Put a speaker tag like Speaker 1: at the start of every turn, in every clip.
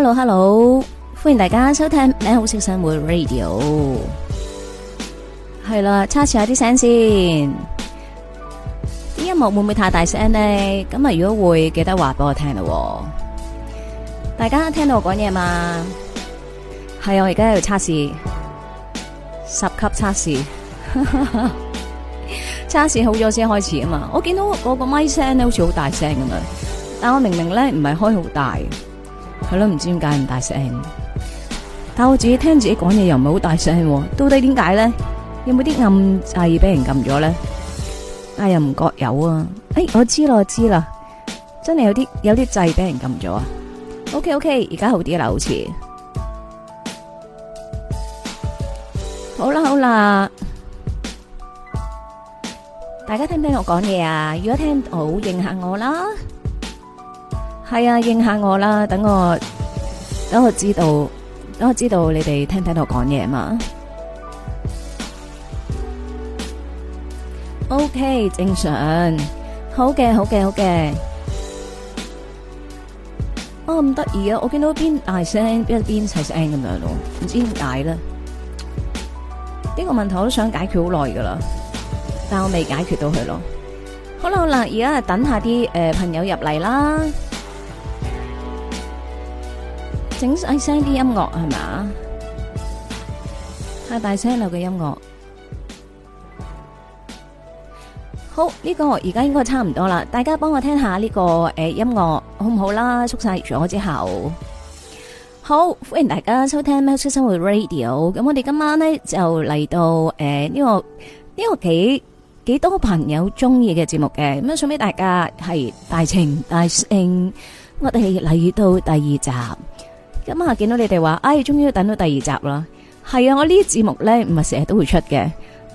Speaker 1: hello hello，歡迎大家收聽喵式生活 radio。係啦，測試下啲聲先。啲音樂會唔會太大聲咧？咁啊，如果會記得話俾我聽咯。大家聽到我講嘢嘛？係啊，我而家喺度測試十級測試，測 試好咗先開始啊嘛。我見到嗰個咪聲咧，好似好大聲咁樣，但我明明咧，唔係開好大。係咯，唔知點解唔大聲，但我自己聽自己講嘢又唔係好大聲，到底點解咧？有冇啲暗掣俾人撳咗咧？哎又唔覺有啊！哎，我知啦，我知啦，真係有啲有啲掣俾人撳咗啊！OK，OK，而家好啲啦，好似好啦，好啦，大家聽唔聽我講嘢啊？如果聽好，應下我啦。係啊，應下我啦，等我等我知道，等我知道你哋聽唔聽到我講嘢嘛？O、okay, K，正常，好嘅，好嘅，好嘅。哦咁得意啊！我見到邊大聲一邊細聲咁樣咯，唔知點解咧？呢、這個問題我都想解決好耐噶啦，但我未解決到佢咯。好啦好啦，而家就等下啲誒、呃、朋友入嚟啦。整細聲啲音樂係嘛，太大聲啦！嘅音樂好，呢個而家應該差唔多啦，大家幫我聽下呢個誒音樂好唔好啦？縮晒咗之後，好歡迎大家收聽《喵式生活 Radio》。咁我哋今晚咧就嚟到誒呢個呢個幾幾多朋友中意嘅節目嘅咁啊！送俾大家係大情大性，我哋嚟到第二集。今晚見到你哋話，哎，終於等到第二集啦！係啊，我呢啲節目咧唔係成日都會出嘅，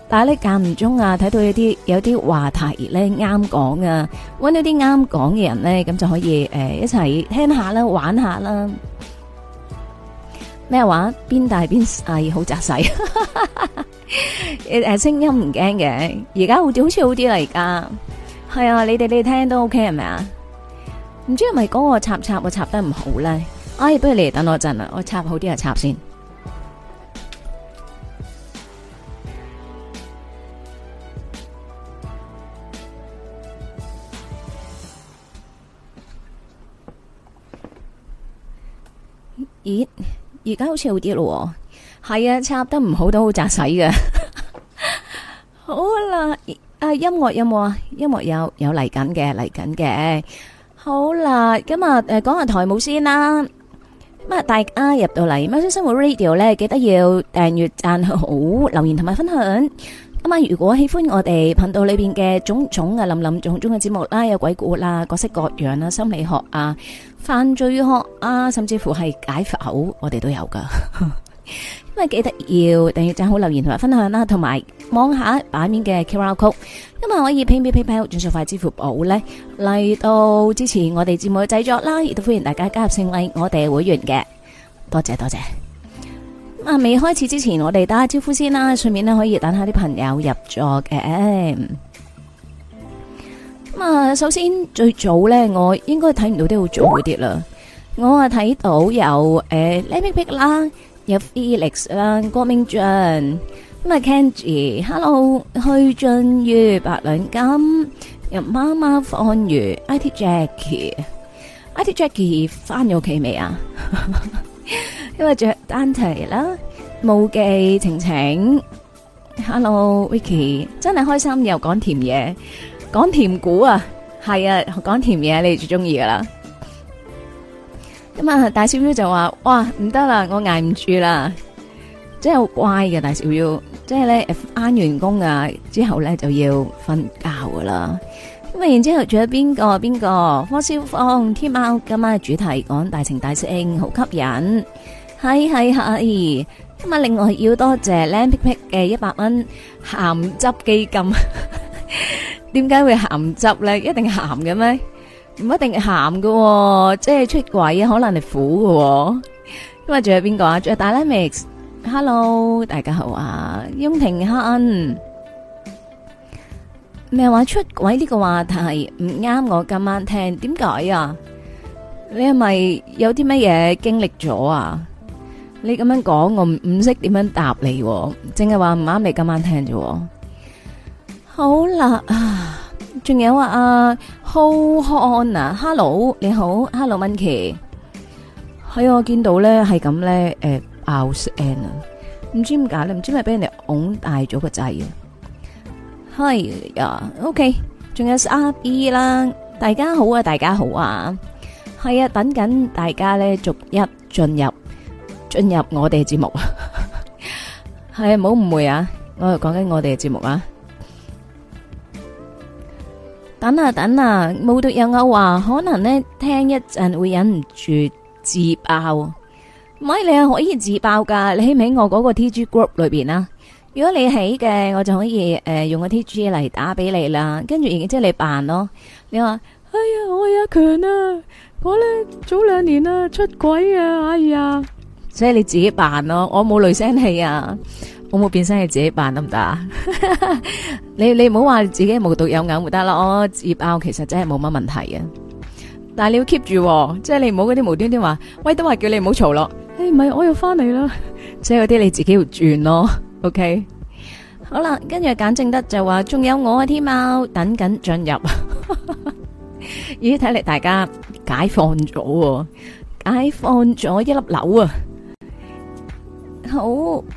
Speaker 1: 但係咧間唔中啊，睇到有啲有啲話題咧啱講啊，搵到啲啱講嘅人咧，咁就可以誒、呃、一齊聽下啦，玩下啦。咩話啊？邊大邊細，好紮實。誒， 聲音唔驚嘅，而家好似好啲嚟㗎，而家係啊，你哋你聽都 OK 係咪啊？唔知係咪嗰個插插我插得唔好咧？我、哎、不如你嚟等我一陣啊。我插好啲就插先。咦，而家好似好啲咯，係啊，插得唔好都很窄的 好扎使嘅。好啦，啊音樂有冇啊？音樂有，有嚟緊嘅，嚟緊嘅。好啦，今日誒講下台舞先啦。咁啊！大家入到嚟《喵式生活 Radio》咧，記得要訂閱、讚好、留言同埋分享。今晚如果喜歡我哋頻道裏邊嘅種種嘅林林總總嘅節目啦，有鬼故啦，各式各樣啦，心理學啊，犯罪學啊，甚至乎係解剖，我哋都有噶。 因為幾得意，訂閱好留言同埋分享啦，同埋網下版面嘅 QR Code。R o、ode, 今日可以 Pick p a y p a l 轉數快支付寶咧，嚟到之前我哋節目嘅製作啦，亦都歡迎大家加入成為我哋會員嘅，多謝多謝。咁啊，未開始之前，我哋打下招呼先啦，順便咧可以等下啲朋友入座嘅。咁啊，首先最早咧，我應該睇唔到啲好早嗰啲啦，我啊睇到有誒 l e Pick 啦。有 Felix 啦，郭明俊咁啊，Kenji，Hello，許俊宇，白朗金，有媽媽方如，IT Jackie，IT Jackie 翻咗屋企未啊？因為着單提啦，冇記晴晴，Hello，Vicky，真係開心又講甜嘢，講甜古啊，係啊，講甜嘢你最中意噶啦。咁啊，大少少就話：哇，唔得啦，我挨唔住啦，真係好乖嘅大少少，即係咧啱完工啊之後咧就要瞓覺噶啦。咁啊，然之後仲有邊個邊個？方少方，天貓，今晚嘅主題講大情大性，好吸引，係係係。咁啊，另外要多謝靚皮皮嘅一百蚊咸汁基金，點解會咸汁咧？一定咸嘅咩？唔一定鹹噶、哦，即係出軌啊，可能係苦噶、哦。因為 啊，仲有邊個啊？仲有 Dynamics，Hello，大家好啊，雍庭欣。咩話出軌呢個話題唔啱我今晚聽？點解啊？你係咪有啲乜嘢經歷咗啊？你咁樣講，我唔唔識點樣答你，啊，淨係話唔啱你今晚聽啫。好啦啊！仲有啊，啊，浩瀚啊，Hello，你好，Hello，Minkey，係我見到咧，係咁咧，誒，House N 啊，唔知點解咧，唔知係咪俾人哋㧬大咗個掣啊？係啊，OK，仲有 R B 啦，大家好啊，大家好啊，係啊，等緊大家咧，逐一進入進入我哋嘅節目啊，係啊，唔好誤會啊，我係講緊我哋嘅節目啊。等啊等啊，冇獨有偶話，可能咧聽一陣會，會忍唔住自爆。唔係，你啊可以自爆㗎，你喺唔喺我嗰個 T G group 裏邊啊？如果你喺嘅，我就可以誒、呃、用個 T G 嚟打俾你啦。跟住然之後你扮咯。你話哎呀，我阿強啊，我咧早兩年啊出軌啊，哎呀，所以你自己扮咯，我冇雷聲氣啊。我冇變聲，你自己扮得唔得啊？你你唔好話自己無獨有眼，唔得啦！我葉凹其實真係冇乜問題嘅，但係你要 keep 住，即係你唔好嗰啲無端端話，喂，都話叫你唔好嘈咯，誒唔係我又翻嚟啦，即係嗰啲你自己要轉咯。OK，好啦，跟住簡正德就話仲有我啊，天喵等緊進入，咦睇嚟，大家解放咗，解放咗一粒紐啊好，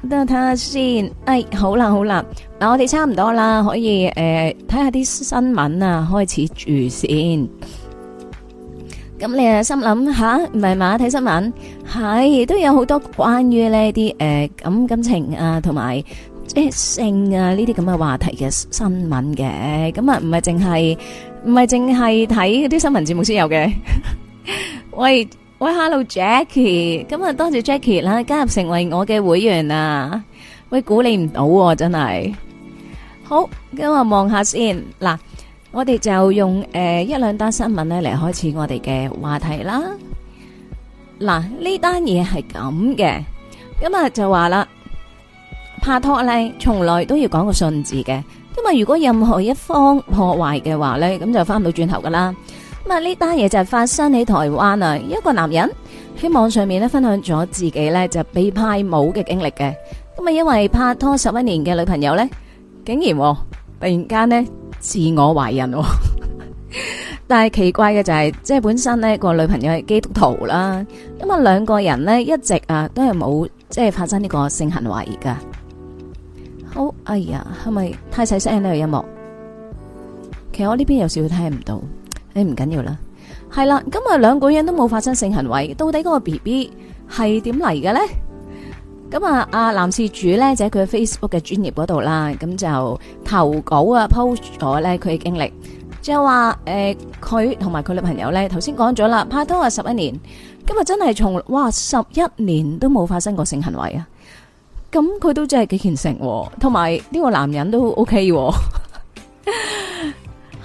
Speaker 1: 等我睇下先。哎，好啦好啦，嗱我哋差唔多啦，可以誒睇下啲新聞啊，開始住先。咁你啊心諗吓，唔係嘛？睇新聞係，亦都有好多關於呢啲誒咁感情啊，同埋即係性啊呢啲咁嘅話題嘅新聞嘅。咁啊唔係淨係唔係淨係睇啲新聞節目先有嘅。喂。喂，Hello，Jackie，咁啊多謝 Jackie 啦，加入成為我嘅會員啊，喂，估你唔到喎真係，好咁啊望下先，嗱，我哋就用誒、呃、一兩單新聞咧嚟，開始我哋嘅話題啦，嗱呢單嘢係咁嘅，咁啊就話啦，拍拖咧從來都要講個信字嘅，因為如果任何一方破壞嘅話咧，咁就翻唔到轉頭噶啦。今日呢單嘢就係發生喺台灣啊，一個男人喺網上面咧分享咗自己咧就被派冇嘅經歷嘅。咁啊，因為拍拖十一年嘅女朋友咧，竟然突然間呢，自我懷孕。 但係奇怪嘅就係，即係本身呢個女朋友係基督徒啦，咁啊兩個人呢，一直啊都係冇即係發生呢個性行為噶。好，哎呀，係咪太細聲呢、呢個音樂，其實我呢邊有少少聽唔到。你唔緊要啦，係啦，今日兩個人都冇發生性行為，到底嗰個 B B 係點嚟嘅呢？咁啊，阿男事主咧就喺、是、佢 Facebook 嘅專頁嗰度啦，咁就投稿啊 post 咗咧佢嘅經歷，就係話，誒，佢同埋佢女朋友咧頭先講咗啦，拍拖啊十一年，今日真係從哇十一年都冇發生過性行為啊！咁佢都真係幾虔誠，同埋呢個男人都 O、OK、K、啊。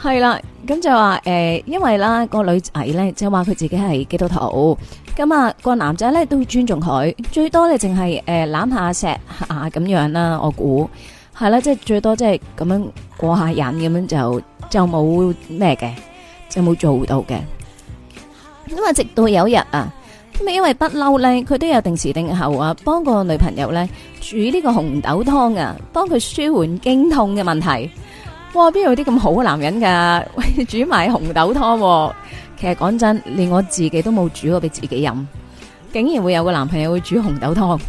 Speaker 1: 係啦，咁就話誒、呃，因為啦個女仔咧，就話佢自己係基督徒，咁、那、啊個男仔咧都尊重佢，最多咧淨係誒攬下錫吓下咁樣啦，我估係啦，即係、就是、最多即係咁樣過下癮咁樣就就冇咩嘅，就冇做到嘅。因為直到有一日啊，咁啊因為不嬲咧，佢都有定時定候啊幫個女朋友咧煮呢個紅豆湯啊，幫佢舒緩經痛嘅問題。哇！邊有啲咁好嘅男人噶？喂，煮埋紅豆湯。其實講真，連我自己都冇煮過俾自己飲，竟然會有個男朋友會煮紅豆湯。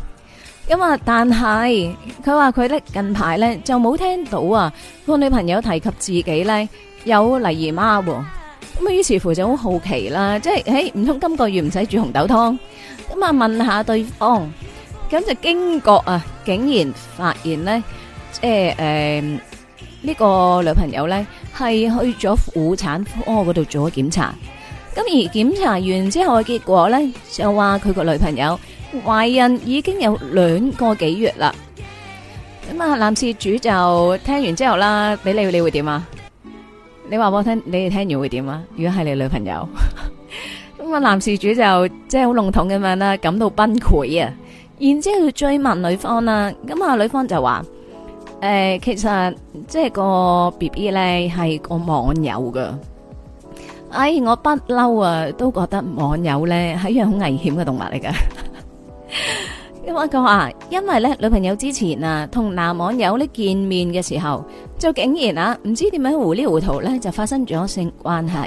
Speaker 1: 咁啊，但係佢話佢咧近排咧就冇聽到啊個女朋友提及自己咧有嚟姨媽。咁啊，於是乎就好好奇啦，即係誒，唔通今個月唔使煮紅豆湯？咁啊，問下對方，咁就驚覺啊，竟然發現咧，即係誒。呢個女朋友呢，係去咗婦產科嗰度做咗檢查，咁而檢查完之後嘅結果呢，就話佢個女朋友懷孕已經有兩個幾月啦。咁啊，男事主就聽完之後啦，你你，你會點啊？你話我聽，你哋聽完會點啊？如果係你女朋友，咁啊，男事主就即係好籠統咁樣啦，感到崩潰啊！然之後再問女方啦，咁啊，女方就話。誒、呃，其實即係個 B B 咧係個網友噶，哎，我不嬲啊，都覺得網友咧係一樣好危險嘅動物嚟噶。 因為佢話，因為咧女朋友之前啊同男網友呢見面嘅時候，就竟然啊唔知點樣糊里糊塗咧就發生咗性關係，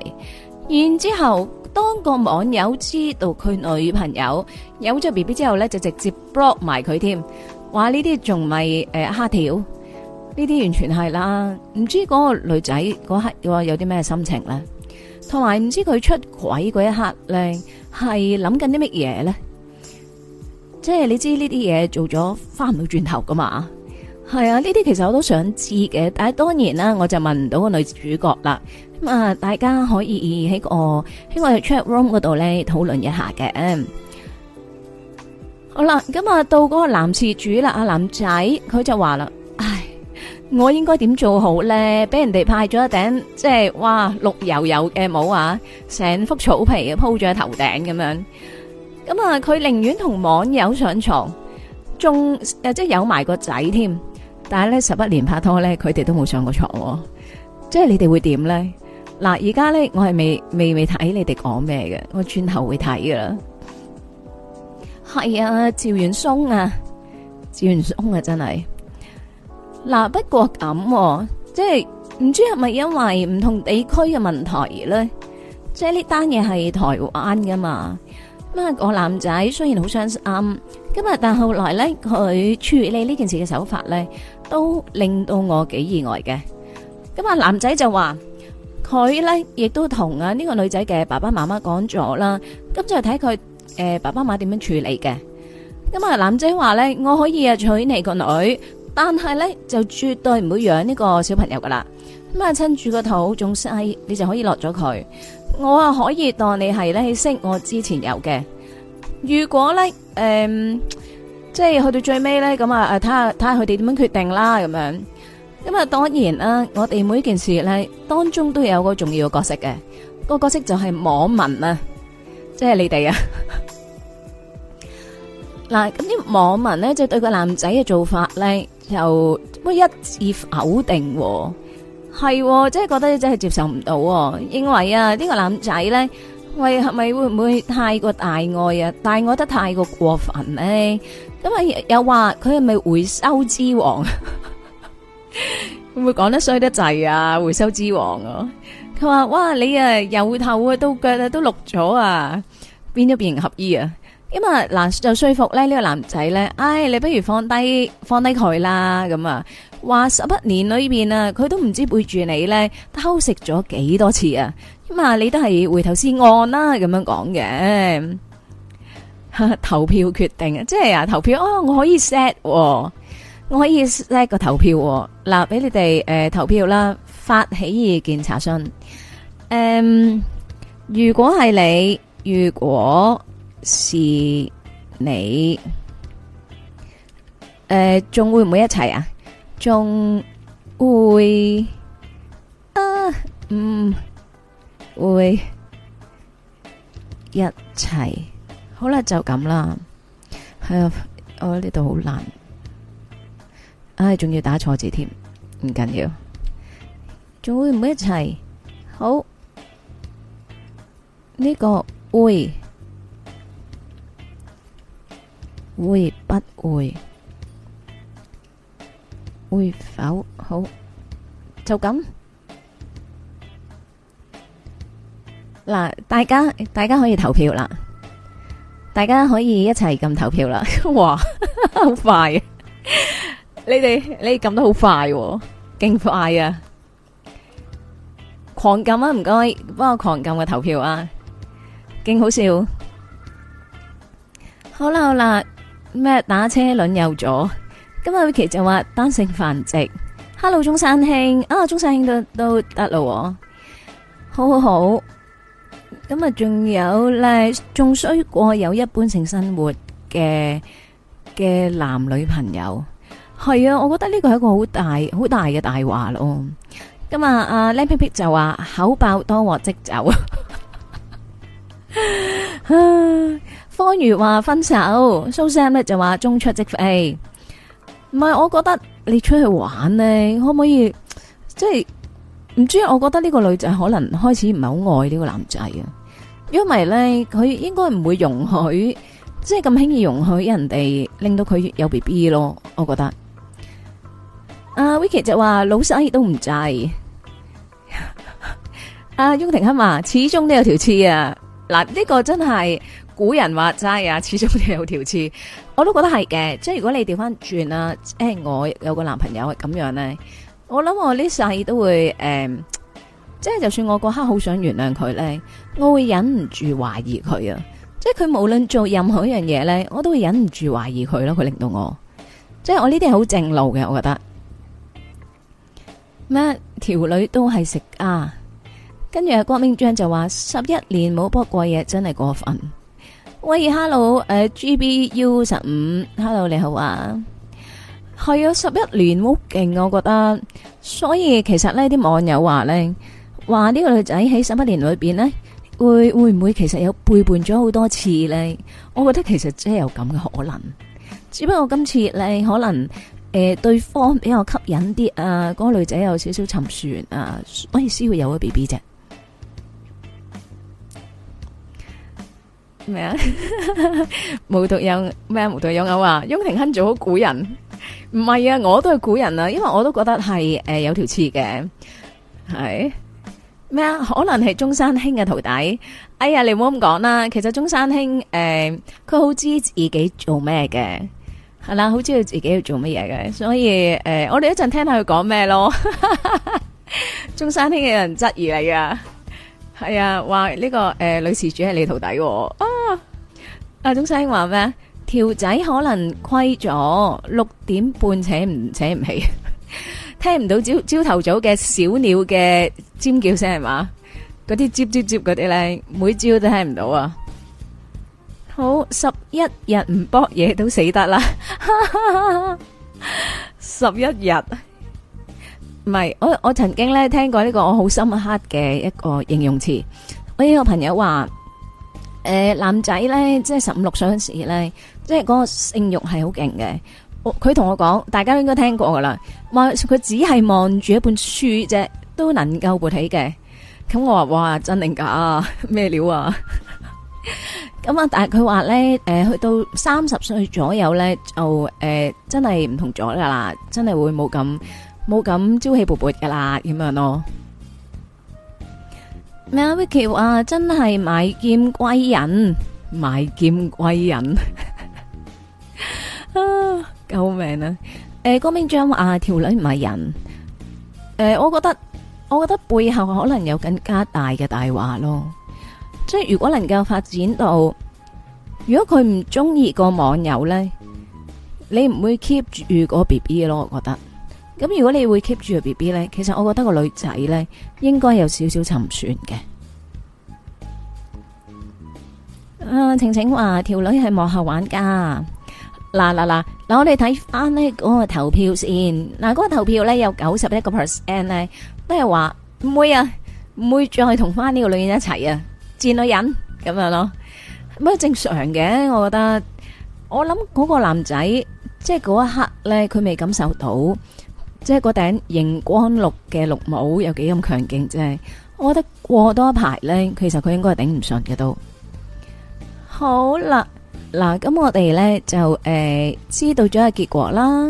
Speaker 1: 然之後當個網友知道佢女朋友有咗 B B 之後咧，就直接 block 埋佢添，話呢啲仲咪誒蝦條。呃呢啲完全係啦，唔知嗰個女仔嗰刻有啲咩心情咧，同埋唔知佢出軌嗰一刻咧係諗緊啲乜嘢咧？即係你知呢啲嘢做咗返唔到轉頭噶嘛？係啊，呢啲其實我都想知嘅，但係當然啦，我就問唔到個女主角啦。咁啊，大家可以喺個喺我嘅 chat room 嗰度咧討論一下嘅。好啦，咁啊到嗰個男事主啦，阿男仔佢就話啦。我應該點做好咧？俾人哋派咗一頂即係哇綠油油嘅帽啊，成幅草皮啊鋪咗喺頭頂咁樣。咁啊，佢寧願同網友上床，仲誒即係有埋個仔添。但係咧，十一年拍拖咧，佢哋都冇上過床。即係你哋會點咧？嗱，而家咧我係未未未睇你哋講咩嘅，我轉頭會睇噶喇。係啊，趙元松啊，趙元松啊，真係。嗱，不過咁，即係唔知係咪因為唔同地區嘅問題而咧，即係呢單嘢係台灣噶嘛。咁啊，個男仔雖然好想，咁啊，但後來咧佢處理呢呢件事嘅手法咧，都令到我幾意外嘅。咁啊，男仔就話佢咧亦都同啊呢個女仔嘅爸爸媽媽講咗啦，咁就睇佢誒爸爸媽媽點樣處理嘅。咁啊，男仔話咧，我可以啊娶你個女。但係咧，就絕對唔會養呢個小朋友噶啦。咁啊，趁住個肚仲細，你就可以落咗佢。我啊，可以當你係咧識我之前有嘅。如果咧，誒，即係去到最尾咧，咁啊，誒，睇下睇下佢哋點樣決定啦。咁樣，咁啊，當然啦，我哋每一件事咧當中都有個重要嘅角色嘅，個角色就係網民啊，即係你哋啊。嗱，咁啲網民咧就對個男仔嘅做法咧。又乜一以否定，係真係覺得真係接受唔到，認為啊呢個男仔咧，喂，係咪會唔會太過大愛啊？大愛得太過過分咧，因為又話佢係咪回收之王？ 會唔會講得衰得滯啊？回收之王啊！佢話哇你啊由頭啊到腳啊都綠咗啊，變咗變形合衣啊！咁啊，嗱，就說服咧呢個男仔咧，唉，你不如放低放低佢啦，咁啊，話十一年裏邊啊，佢都唔知背住你咧偷食咗幾多次啊，咁啊，你都係回頭是岸啦，咁樣講嘅，投票決定啊，即係啊，投票哦，我可以 set，哦，我可以 set 個投票哦，嗱，俾你哋誒投票啦，發起意見查詢，誒、嗯，如果係你，如果。是你誒，仲會唔會一齊啊？仲會啊？嗯，會一齊？好啦，就咁啦。係啊，我呢度好難。唉，仲要打錯字添，唔緊要。仲會唔會一齊？好，呢個會。會不會，會否，好，就咁嗱？大家，大家可以投票啦，大家可以一齊撳投票啦。哇，好快啊！你哋你哋撳得好快，勁快啊！狂撳啊！唔該，幫我狂撳個投票啊！勁好笑。好啦，好啦。咩打車輪有咗？今日 Vicky 就話單性繁殖。Hello 中山興啊，oh, 中山興都都得咯，哦，好好好。咁 啊，仲有咧，仲衰過有一般性生活嘅嘅男女朋友。係 啊，我覺得呢個係一個好大好大嘅大話咯。咁啊，阿靚皮皮就話口爆多獲即走。方如話分手，蘇珊咧就話中出即飛。唔係，我覺得你出去玩呢，可唔可以即係？唔知道，我覺得呢個女仔可能開始唔係好愛呢個男仔啊，因為咧佢應該唔會容許，即係咁輕易容許人哋令到佢有 B B 咯。我覺得阿、啊、Vicky 就話老細都唔制。阿、 啊、雍婷欣話始終都有條刺啊！嗱，呢、這個真係。古人話齋啊，始終有條刺，我都覺得係嘅。即係如果你調翻轉啦，誒、欸，我有個男朋友咁樣呢。我諗我呢世都會誒、欸，即係就算我嗰刻好想原諒佢呢，我會忍唔住懷疑佢啊。即係佢無論做任何一樣嘢呢，我都會忍唔住懷疑佢咯。佢令到我，即係我呢啲係好正路嘅。我覺得咩條女都係食啊。跟住郭明章就話十一年冇剝過嘢，真係過分。喂，Hello，誒、uh,，G B U 十五，Hello，你好啊，係啊十一年好勁，我覺得，所以其實呢啲網友話呢，話呢個女仔喺十一年裏邊呢，會會唔會其實有背叛咗好多次呢？我覺得其實真係有咁嘅可能，只不過今次呢可能誒、呃，對方比較吸引啲啊，嗰、那個女仔有少少沉船啊，所以先會有個 B B 啫。咩啊？無獨什 有咩無獨有偶啊？翁廷鏗做好古人，唔係啊，我都係古人啊，因為我都覺得係誒、呃、有條刺嘅，係咩啊？可能係中山興嘅徒弟。哎呀，你唔好咁講啦，其實中山興誒，佢、呃、好知自己做咩嘅，係啦、啊，好知道自己要做乜嘢嘅，所以誒、呃，我哋一陣聽下佢講咩咯。 中山興嘅人質疑嚟噶。係啊，話呢、這個誒、呃、女事主係你徒弟喎、哦。啊，阿鍾生話咩？條仔可能虧咗六點半扯，扯唔扯唔起？ 聽唔到朝朝頭早嘅小鳥嘅尖叫聲係嘛？嗰啲尖尖尖嗰啲咧，每朝都聽唔到啊！好，十一日唔搏嘢都死得啦，十 一日。唔係我我曾經咧，聽過呢個我好深刻嘅一個形容詞，我有一個朋友話，誒男仔咧即係十五六歲嗰時咧，即係嗰個性慾係好勁嘅。我佢同我講，大家應該聽過噶啦，話佢只係望住一本書啫，都能夠勃起嘅。咁我話哇真定假啊咩料啊？咁啊但係佢話咧，誒去到三十歲左右咧就誒真係唔同咗噶啦，真係會冇咁。冇咁朝氣勃勃噶啦，咁樣咯。咩啊？Vicky 話真係買劍歸人，買劍歸人、 啊、救命啊！誒、欸，江冰章啊，條女唔係人。誒、欸，我覺得，我覺得背後可能有更加大嘅大話咯。即係如果能夠發展到，如果佢唔中意個網友咧，你唔會 keep 住個 B B 咯，我覺得。咁如果你會 keep 住個 BB 咧，其實我覺得個女仔咧應該有少少沉船嘅。啊，晴晴話條女係幕後玩家。嗱嗱嗱嗱，我哋睇翻咧呢個投票先。嗱，嗰個投票咧有九十一個 percent 咧，都係話唔會啊，唔會再同翻呢個女人一齊啊，賤女人咁樣咯。乜正常嘅？我覺得我諗嗰個男仔即係嗰一刻咧，佢未感受到。即係個頂熒光綠嘅綠帽有幾咁強勁？即係我覺得過多一排呢，其實佢應該係頂唔順嘅都好啦。嗱，咁我哋呢就誒、呃、知道咗個結果啦。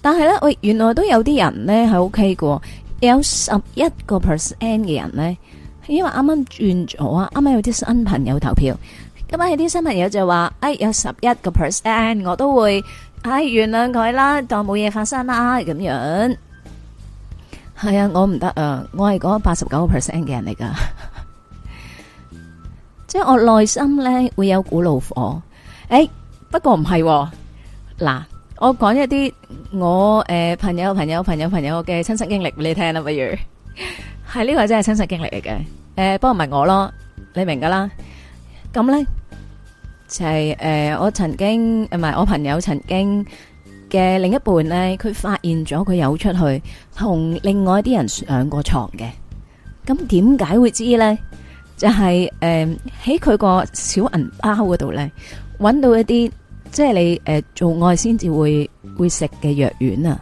Speaker 1: 但係呢，喂，原來都有啲人呢係 OK 嘅，有十一個 percent 嘅人呢，因為啱啱轉咗啊，啱啱有啲新朋友投票，咁啊，有啲新朋友就話，哎，有十一個 percent，我都會。唉，原諒佢啦，當冇嘢發生啦，咁樣。係啊，我唔得啊，我係嗰八十九個 percent 嘅人嚟噶，即係我內心咧會有股怒火。誒，不過唔係喎，嗱，我講一啲我誒朋友、朋友、朋友、朋友嘅親身經歷俾你聽啦，不如？係呢個真係親身經歷嚟嘅，誒，不過唔係我咯，你明噶啦。咁咧？就係誒，我曾經誒唔係，我朋友曾經嘅另一半呢，佢發現咗佢有出去同另外啲人上過床嘅。咁點解會知呢？就係誒喺佢個小銀包嗰度呢，搵到一啲即係你誒做愛先至會會食嘅藥丸啊。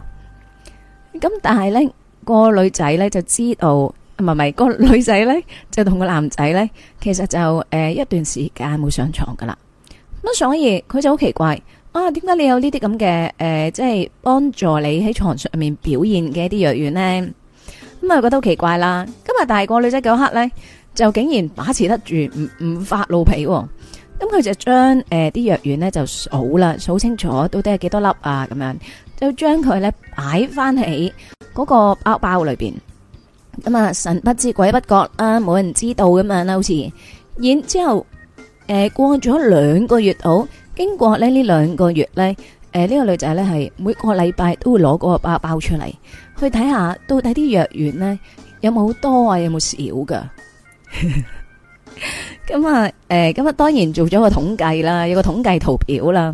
Speaker 1: 咁但係呢個女仔呢就知道，唔係唔係個女仔呢就同個男仔呢，其實就誒一段時間冇上床㗎喇。咁所以佢就好奇怪啊！點解你有呢啲咁嘅，誒，即係幫助你喺床上面表現嘅一啲藥丸呢？咁啊覺得好奇怪啦！今日大個女仔嗰刻呢，就竟然把持得住唔唔發露皮、哦。咁佢就將誒啲藥丸呢就數啦，數清楚到底係幾多粒啊？咁樣就將佢呢擺翻喺嗰個包包裏邊。咁啊神不知鬼不覺啊，冇人知道咁樣啦。好似然之後。誒，過咗兩個月好，經過呢呢兩個月呢，誒呢個女仔呢係每個禮拜都會攞嗰個包包出嚟去睇下到底啲藥丸呢有冇多啊，有冇少噶？咁啊，誒，咁啊，當然做咗個統計啦，有個統計圖表啦。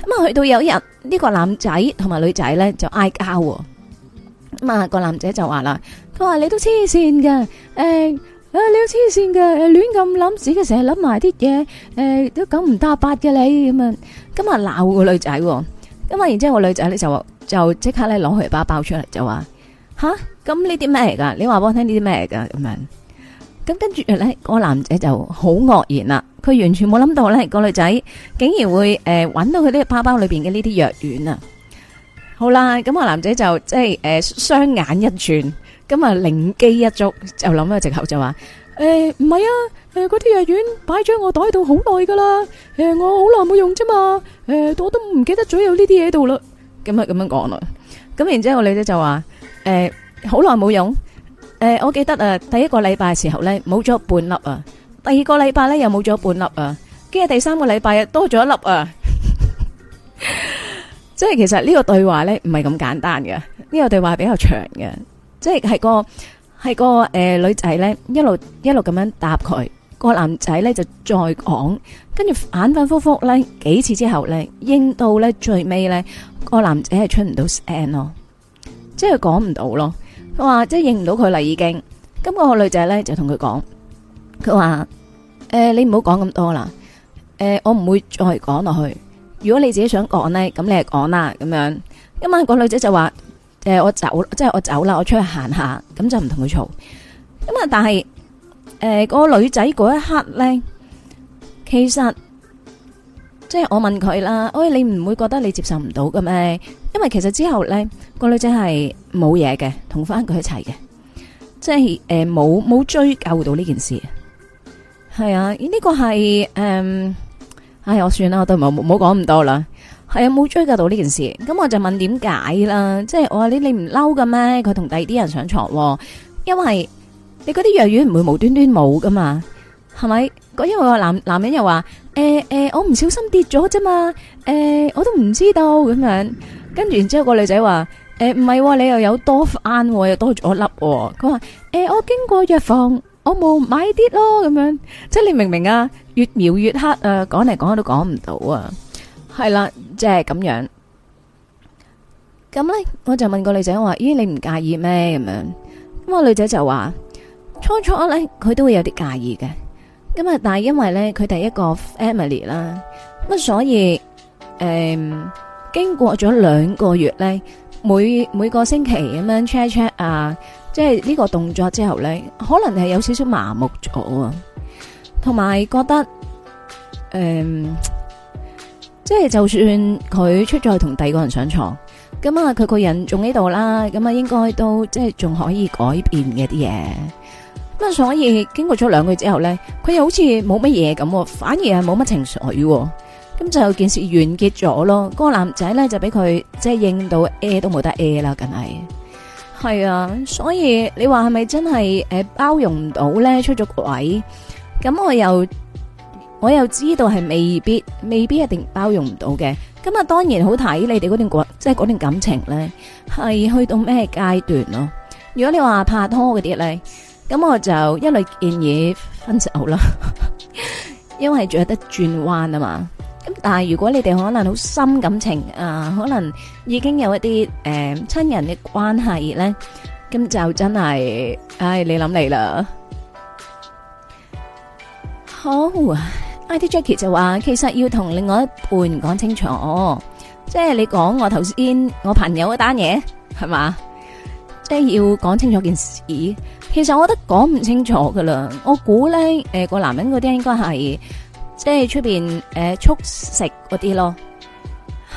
Speaker 1: 咁啊，去到有一日，呢個男仔同埋女仔呢就嗌交。咁啊，個男仔就話啦，佢話你都黐線㗎，誒。啊！你黐線嘅，亂咁諗，自己成日諗埋啲嘢，誒、欸，都咁唔搭八嘅你咁啊！咁話鬧個女仔，咁話然之後個女仔咧就就即刻咧攞佢包包出嚟，就話吓，咁呢啲咩嚟噶？你話幫我聽呢啲咩嚟噶咁樣？咁跟住咧，個男仔就好愕然啦，佢完全冇諗到咧，個女仔竟然會誒搵、呃、到佢啲包包裏邊嘅呢啲藥丸啊！好啦，咁、個男仔就即係誒雙眼一轉。咁、欸、啊，靈機一觸就諗咗直口就話：誒，唔係啊，誒，嗰啲藥丸擺咗我袋度好耐噶啦，誒，我好耐冇用啫嘛，誒、欸，我都唔記得咗有呢啲嘢度啦。咁啊咁樣講咯。咁然之後我女，女仔就話：誒，好耐冇用，誒、欸，我記得啊第一個禮拜時候咧，冇咗半粒啊，第二個禮拜咧又冇咗半粒啊，跟住第三個禮拜又多咗一粒啊。即 係其實呢個對話咧唔係咁簡單嘅，呢、這個對話比較長嘅。即係係個係個誒女仔咧，一路一路咁樣答佢，個男仔咧就再講，跟住反反复覆咧幾次之後咧，應到咧最尾咧個男仔係出唔到聲咯，即係講唔到咯。佢話即係應唔到佢喇已經，咁個女仔咧就同佢講，佢話誒你唔好講咁多啦，誒我唔會再講落去。如果你自己想講咧，咁你就講啦咁樣。今晚個女仔就話。誒、呃，我走即係我走啦，我出去行下，咁就唔同佢嘈。咁啊，但係誒，呃嗰個女仔嗰一刻咧，其實即係我問佢啦，喂，你唔會覺得你接受唔到嘅咩？因為其實之後咧，嗰個女仔係冇嘢嘅，同返佢一齊嘅，即係誒冇冇追究到呢件事。係啊，呢、呢個係誒、呃，唉，我算啦，我都唔好，唔好講咁多啦。係啊，冇追究到呢件事，咁我就問點解啦？即係我話你，你唔嬲噶咩？佢同第二啲人上床，因為你嗰啲藥丸唔會無端端冇噶嘛，係咪？因為個男男人又話，誒誒，我唔小心跌咗啫嘛，誒，我都唔知道咁樣。跟住然之後個女仔話，誒，唔係，你又有多翻，又多咗粒。佢話，誒，我經過藥房，我冇買啲咯，咁樣。即係你明明啊，越描越黑啊，講嚟講去都講唔到啊。係啦，即係咁樣。咁咧，我就問個女仔我話：，咦，你唔介意咩？咁樣。咁啊，女仔就話：初初咧，佢都會有啲介意嘅。咁啊，但係因為咧，佢第一個 family 啦，咁啊，所以，誒，經過咗兩個月咧，每每個星期咁樣 check check 啊，即係呢個動作之後咧，可能係有少少麻木咗啊，同埋覺得，誒。即係就算佢出咗去同第二個人上床，咁啊，佢個人仲喺度啦，咁啊，應該都即係仲可以改變嘅啲嘢。咁啊，所以經過咗兩個月之後咧，佢又好似冇乜嘢咁，反而係冇乜情緒。咁就件事完結咗咯。嗰、嗰個男仔咧就俾佢即係應到 a、欸、都冇得 A 啦，梗係係啊。所以你話係咪真係誒包容唔到咧？出咗軌，咁我又。我又知道係未必，未必一定包容唔到嘅。咁啊，當然好睇你哋嗰段關，即係嗰段感情咧，係去到咩階段咯？如果你話拍拖嗰啲咧，咁我就一律建議分手啦，因為仲有得轉彎啊嘛。咁但係如果你哋可能好深感情啊，可能已經有一啲誒親人嘅關係咧，咁就真係，唉，你諗你啦，好啊。I.T.Jackie 就話，其實要同另外一半講清楚，即係你講我頭先我朋友嗰單嘢係咪，即係要講清楚件事。其實我覺得講唔清楚噶啦，我估咧誒個男人嗰啲應該係即係出邊誒速食嗰啲咯。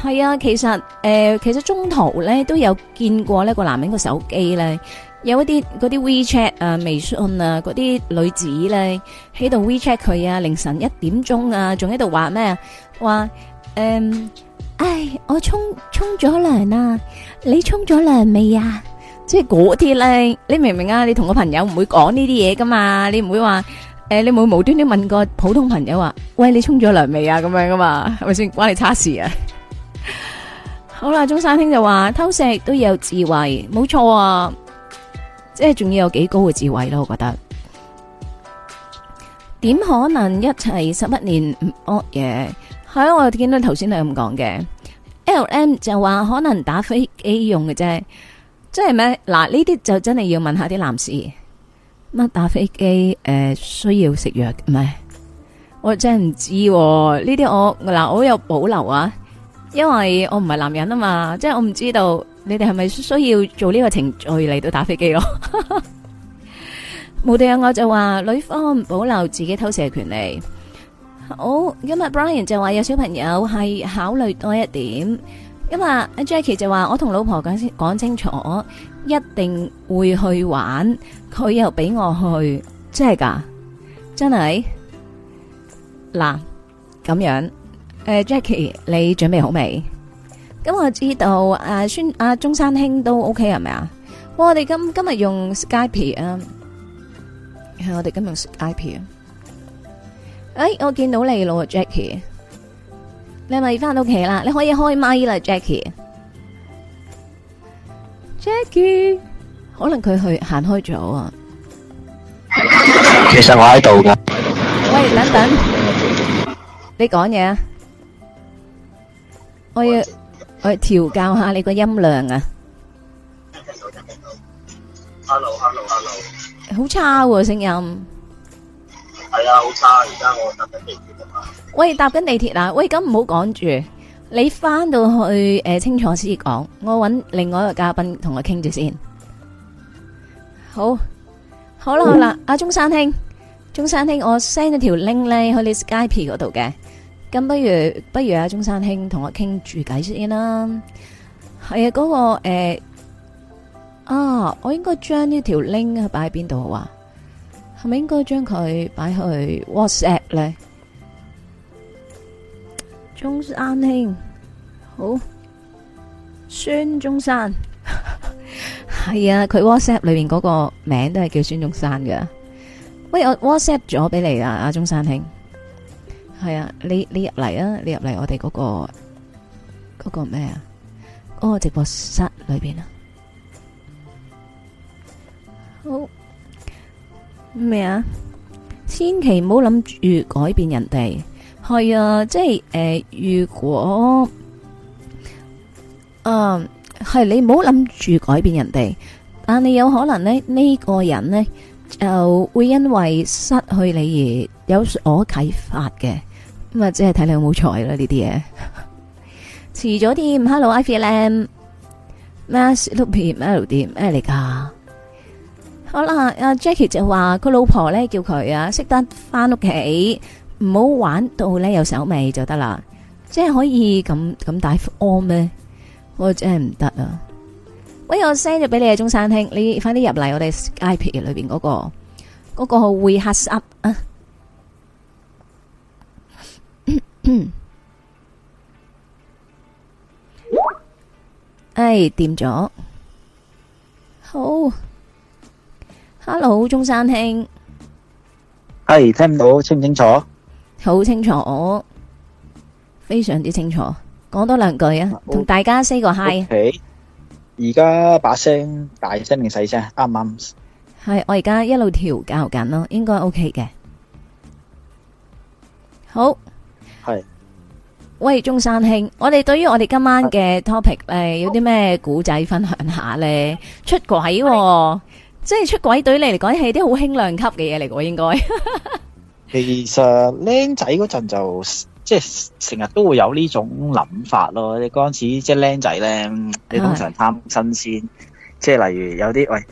Speaker 1: 係啊，其實誒、呃，其實中途咧都有見過呢個男人個手機咧。有一啲啲 WeChat 啊、微信啊嗰啲女子咧喺度 WeChat 佢啊，凌晨一點鐘啊，仲喺度話咩？話誒、嗯，唉，我沖沖咗涼啊，你沖咗涼未啊？即係嗰啲咧，你明唔明啊？你同個朋友唔會講呢啲嘢噶嘛？你唔會話誒、呃，你冇無端端問個普通朋友話，喂，你沖咗涼未啊？咁樣噶嘛，係咪先關你叉事啊？ 好啦，中山兄就話偷食都有智慧，冇錯啊！即係仲要有幾高嘅智慧咯，我覺得點可能一齊十一年唔惡嘢？係啊，我又見到頭先你咁講嘅。L M 就話可能打飛機用嘅啫，即係咩？嗱呢啲就真係要問下啲男士乜打飛機誒、呃、需要食藥嘅咩？我真係唔知呢啲我，嗱、呃、我有保留啊，因為我唔係男人啊嘛，即係我唔知道。你哋係咪需要做呢個程序嚟到打飛機咯？冇理由我就話女方唔保留自己偷食嘅權利。好、哦，今日 Brian 就話有小朋友係考慮多一點。今日 Jackie 就話我同老婆講清講清楚，一定會去玩，佢又俾我去，真係噶，真係。嗱，咁樣，誒、呃、Jackie，你準備好未？咁我知道啊，孫啊，中山兄都 OK 係咪啊？我哋今今日用 Skype 啊，係我哋今日用 Skype 啊。誒，我見到你咯，Jackie，你係咪翻到屋企啦？你可以開麥啦，Jackie。Jackie，可能佢去行開咗啊。
Speaker 2: 其實我喺度㗎。
Speaker 1: 喂，等等，你講嘢啊，我要。我調教下你個音量啊
Speaker 2: ！Hello，Hello，Hello，
Speaker 1: 好差喎聲音。
Speaker 2: 係啊，好差！而家我搭緊地鐵
Speaker 1: 啊。喂，搭緊地鐵啊！喂，咁唔好講住，你翻到去誒清楚先講，我搵另外一個嘉賓同我傾住先。好，好啦，好啦，阿中山兄，中山兄，我 send 咗條 link 咧去你 Skype 嗰度嘅。咁不如不如阿中山兄同我傾住偈先啦。係啊，嗰個誒，啊，我應該將呢條 link 擺喺邊度啊？係咪應該將佢擺去 WhatsApp 咧？中山兄，好，孫中山，係啊，佢 WhatsApp 裏面嗰個名都係叫孫中山噶。喂，我 WhatsApp 咗俾你啦，阿中山兄。係啊，你你入嚟啊，你入嚟我哋嗰個嗰個咩啊？嗰個直播室裏邊啊，
Speaker 2: 好
Speaker 1: 咩啊？千祈唔好諗住改變人哋。係啊，即係誒，如果嗯係你唔好諗住改變人哋，但你有可能呢，呢個人呢，就會因為失去你而有所啟發嘅。咁啊，即係睇你有冇彩啦，呢啲嘢。遲咗啲，Hello，Ivan，Mass，Loop，M，l 咩嚟噶？好啦，阿 Jackie 就話佢老婆咧叫佢啊，識得翻屋企，唔好玩到咧有手尾就得啦。即係可以咁咁大 all 咩？我真係唔得啊！喂，我 send 咗俾你啊，中山兄，你快啲入嚟我哋 IP 裏邊嗰、嗰個嗰、嗰個嗰個會客室啊！嗯，哎，掂咗，好，Hello，中山兄，
Speaker 3: 係聽唔到清唔清楚？
Speaker 1: 好清楚，非常之清楚。講多兩句啊，同大家 say 個 hi。
Speaker 3: 而家把聲大聲定細聲？啱唔啱？
Speaker 1: 係我而家一路調校緊咯，應該 OK 嘅。好。係，喂，中山兄，我哋對於我哋今晚嘅 topic，誒，有啲咩古仔分享下咧？出軌，即係出軌，對你嚟講係啲好輕量級嘅嘢嚟嘅，應該。
Speaker 3: 其實僆仔嗰陣就即係成日都會有呢種諗法咯。你嗰陣時即係僆仔咧，你通常貪新鮮，即係例如有啲喂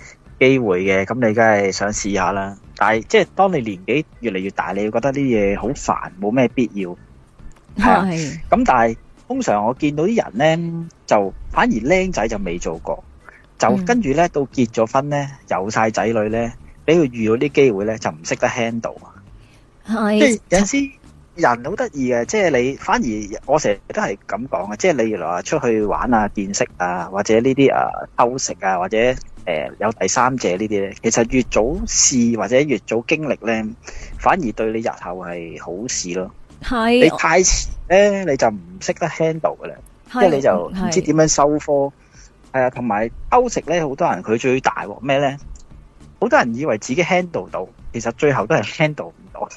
Speaker 3: 機會嘅，咁你梗係想試下啦。但係即係當你年紀越嚟越大，你會覺得啲嘢好煩，冇咩必要。
Speaker 2: 係，
Speaker 3: 咁但係通常我見到啲人咧，就反而僆仔就未做過，就跟住咧到結咗婚咧，有晒仔女咧，俾佢遇到啲機會咧，就唔識得 handle 啊。
Speaker 2: 係，即係有
Speaker 3: 陣時人好得意嘅，即係你反而我成日都係咁講嘅，即係你原來出去玩啊、見識啊，或者呢啲啊偷食啊，或者誒有第三者呢啲咧，其實越早試或者越早經歷咧，反而對你日後係好事咯。係是你太遲咧，你就唔識得 handle
Speaker 1: 嘅啦，即係是你就唔知
Speaker 3: 點樣收科。係是啊，同埋歐食咧，好多人佢最大鑊咩咧？好多人以為自己 handle 到，其實最後都係 handle 唔到。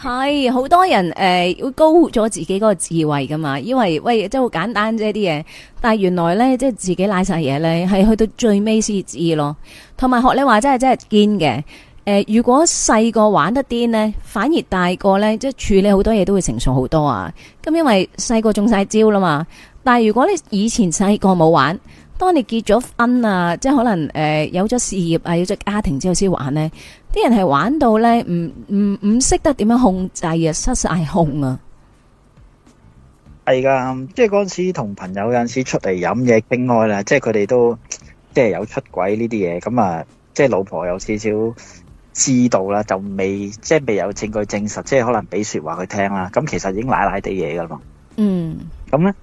Speaker 1: 係好多人誒，會、呃、高咗自己嗰個智慧噶嘛？因為喂，即係好簡單啫啲嘢，但係原來咧，即係自己瀨晒嘢咧，係去到最尾先知咯。同埋學你話，真係真係堅嘅。誒、呃，如果細個玩得癲呢，反而大個呢，即係處理好多嘢都會成熟好多啊。咁因為細個中晒招啦嘛。但係如果你以前細個冇玩，當你結咗婚啊，即係可能誒、呃、有咗事業啊，有咗家庭之後先玩呢，啲人係玩到呢，唔唔唔識得點樣控制，又失晒控啊。
Speaker 3: 係噶，即係嗰時同朋友有陣時出嚟飲嘢傾開啦，即係佢哋都即係有出軌呢啲嘢，咁啊，即係老婆有少少。知道啦，就未即係未有證據證實，即係可能俾說話佢聽啦。咁其實已經奶奶地嘢噶啦嘛。嗯，
Speaker 2: 咁咧，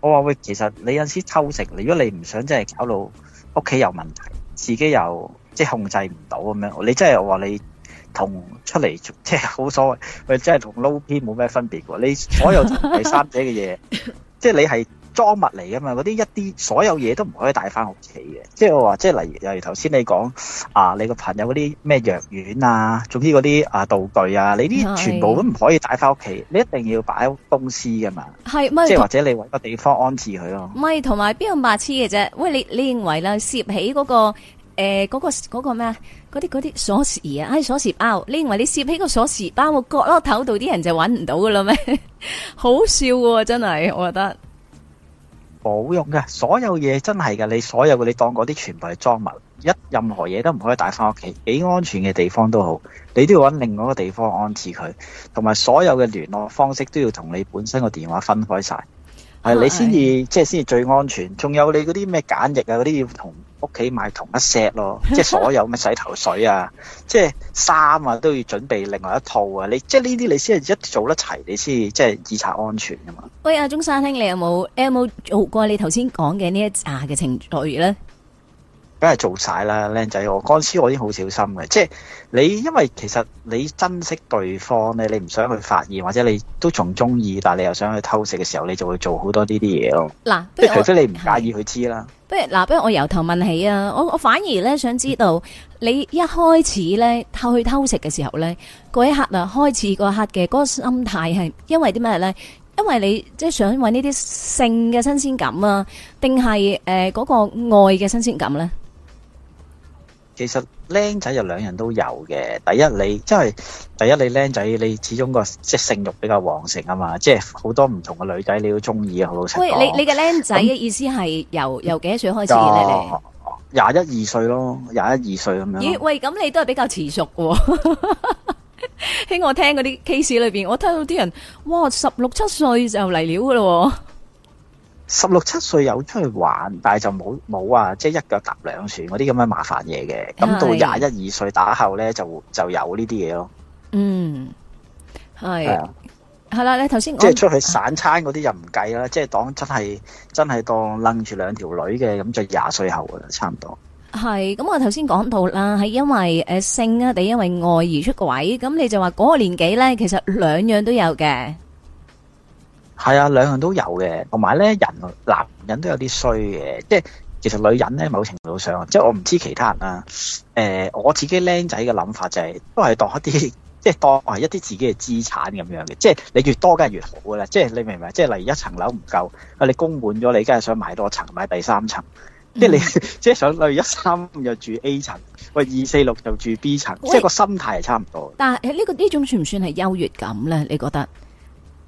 Speaker 3: 我話喂，其實你有時偷食，如果你唔想即係搞到屋企有問題，自己又即係控制唔到咁樣，你真係話你同出嚟即係好所謂，喂，真係同 low 片冇咩分別嘅喎。你所有第三者嘅嘢， 即係你係。贓物嚟啊嘛，嗰啲一啲所有嘢都唔可以帶翻屋企嘅，即係我話，即係例如例如頭先你講啊，你個朋友嗰啲咩藥丸啊，總之嗰啲啊道具啊，你啲全部都唔可以帶翻屋企，是你一定要擺喺公司噶嘛，
Speaker 1: 係，即係或者
Speaker 3: 你揾個地方安置佢
Speaker 1: 咯，啊。唔係，同埋邊有，有白痴嘅啫？喂，你你認為啦，攝起嗰、那個誒嗰、呃那個咩啊？嗰啲嗰啲鎖匙啊，唉、啊，鎖匙包，你認為你攝起個鎖匙包個角落頭度啲人就揾唔到嘅啦咩？ 好笑喎，真係我覺得。
Speaker 3: 冇用嘅，所有嘢真係㗎。你所有嘅，你當嗰啲全部係裝物，一任何嘢都唔可以帶翻屋企，幾安全嘅地方都好，你都要揾另外一個地方安置佢，同埋所有嘅聯絡方式都要同你本身個電話分開晒，係的你先至即係先至最安全，仲有你嗰啲咩簡易啊嗰啲要同。屋企買同一 set 咯，即係所有咁嘅洗頭水啊，即係衫啊都要準備另外一套啊，你即係呢啲你先係一做得齊，你先即係以策安全噶嘛。
Speaker 1: 喂，阿中山兄，你有冇你有冇做過你頭先講嘅呢一下嘅程序咧？
Speaker 3: 梗係做晒啦，靚仔，我嗰陣時我已經好小心嘅，即係你因為其實你珍惜對方咧，你唔想去發現，或者你都仲中意，但係你又想去偷食嘅時候，你就會做好多呢啲嘢咯。
Speaker 1: 嗱，除非
Speaker 3: 你唔介意佢知啦。
Speaker 1: 不如嗱、啊，不如我由頭問起啊！我我反而咧想知道、嗯、你一開始咧偷去偷食嘅時候咧，嗰一刻啊，開始嗰刻嘅嗰、嗰個心態係因為啲咩咧？因為你即係想搵呢啲性嘅新鮮感啊，定係誒嗰個愛嘅新鮮感咧？
Speaker 3: 其實僆仔就兩人都有嘅，第一你，即係第一你僆仔你始終個即性欲比較旺盛啊嘛，即好多唔同嘅女仔你都中意、嗯、啊好多。喂，你你
Speaker 1: 嘅僆仔嘅意思係由由幾多歲開始咧？你廿
Speaker 3: 一二歲咯，廿一二歲咁樣。咦，
Speaker 1: 喂，咁你都係比較遲熟喎？喺 我聽嗰啲 case 裏邊，我聽到啲人，哇，十六七歲就嚟料噶咯。
Speaker 3: 十六七歲有出去玩，但係就冇冇啊，即係一腳踏兩船嗰啲咁嘅麻煩嘢嘅。咁到廿一二歲打後咧，就就有呢啲嘢咯。嗯，
Speaker 1: 係係啦，你頭先即係出去
Speaker 3: 散餐嗰啲又唔計啦，啊、即係當真係真係當掹住兩條女嘅咁，咁就廿歲後噶啦，差唔多。
Speaker 1: 係咁，我頭先講到啦，係因為誒性啊，定因為愛而出軌。咁你就話嗰個年紀咧，其實兩樣都有嘅。
Speaker 3: 係啊，兩樣都有嘅，同埋咧，男人男人都有啲衰嘅，即係其實女人咧，某程度上，即係我唔知其他人啊。誒，我自己僆仔嘅諗法就係，都係當一啲，即係當我係一啲自己嘅資產咁樣嘅，即係你越多梗係越好噶啦，即係你明唔明？即係例如一層樓唔夠，你供滿咗，你梗係想買多層，買第三層，即係你即係，嗯，想例如一三五就住 A 層，喂二四六又住 B 層，即係喂個心態係差唔多。
Speaker 1: 但係呢個呢種算唔算係優越感咧？你覺得？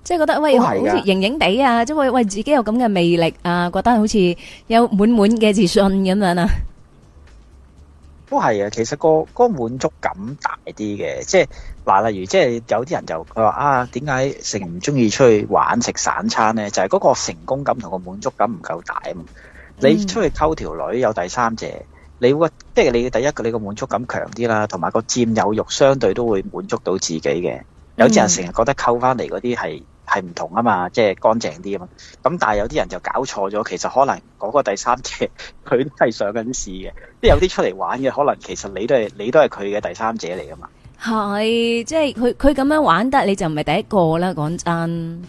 Speaker 1: 即係覺得喂，好似盈盈地啊，即係喂喂，自己有咁嘅魅力啊，覺得好似有滿滿嘅自信咁樣啊，
Speaker 3: 都係啊。其實個個滿足感大啲嘅，即係嗱，例如即係有啲人就佢話啊，點解成唔中意出去玩食散餐咧？就係嗰個成功感同個滿足感唔夠大。你出去溝條女有第三者，你會即係你嘅第一個，你個滿足感強啲啦，同埋個佔有慾相對都會滿足到自己嘅。有啲人成日覺得溝翻嚟嗰啲係。係唔同啊嘛，即係乾淨啲啊嘛。咁但係有啲人就搞錯咗，其實可能嗰個第三者佢都係上緊試嘅，即係有啲出嚟玩嘅，可能其實你都係你都係佢嘅第三者嚟㗎嘛。
Speaker 1: 係，即係佢佢咁樣玩得，你就唔係第一個啦。講真的，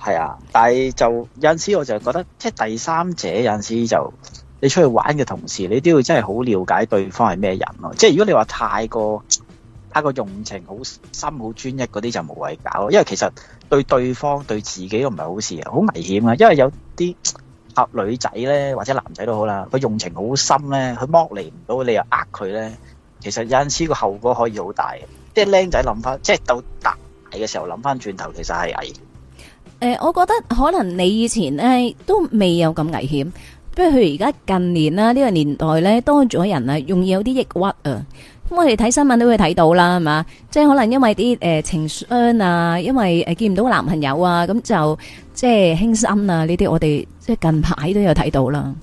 Speaker 3: 係啊，但係就有陣時我就覺得，即係第三者有陣時就你出去玩嘅同時，你都要真係好了解對方係咩人咯。即係如果你話太過。一個用情好深、好專一嗰啲就無謂搞，因為其實對對方、對自己都唔係好事啊，好危險啊！因為有啲阿女仔咧，或者男仔都好啦，佢用情好深咧，佢剝離唔到你又呃佢咧，其實有陣時個後果可以好大。即係僆仔諗翻，即係到大嘅時候諗翻轉頭，其實係危險。
Speaker 1: 誒、呃，我覺得可能你以前咧都未有咁危險，不過佢而家近年啦呢、呢個年代咧，多咗人啊，容易有啲抑鬱啊。咁我哋睇新聞都會睇到啦，係嘛？即係可能因為啲誒、呃、情傷啊，因為誒見唔到男朋友啊，咁就即係輕生啊呢啲，呢啲我哋即係近排都有睇到啦。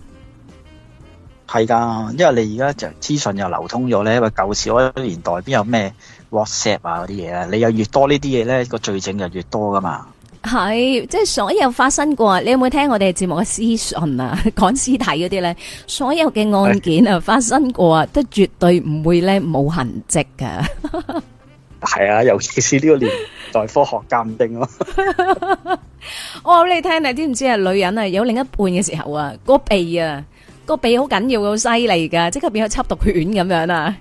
Speaker 3: 係噶，因為你而家就資訊又流通咗咧，因為舊時嗰個年代邊有咩 WhatsApp 啊嗰啲嘢啊，你又越多呢啲嘢呢啲嘢咧，個罪證就越多噶嘛。
Speaker 1: 係，即係所有發生過啊！你有冇聽我哋節目嘅私信啊，講屍體嗰啲咧，所有嘅案件啊發生過啊，是都絕對唔會咧冇痕跡噶。
Speaker 3: 係 啊，尤其是呢個年代科學鑑定咯。
Speaker 1: 我話俾你聽啊，你知唔知啊？女人啊，有另一半嘅時候啊，個鼻啊，個鼻好緊要，好犀利噶，即刻變咗緝毒犬咁樣啊！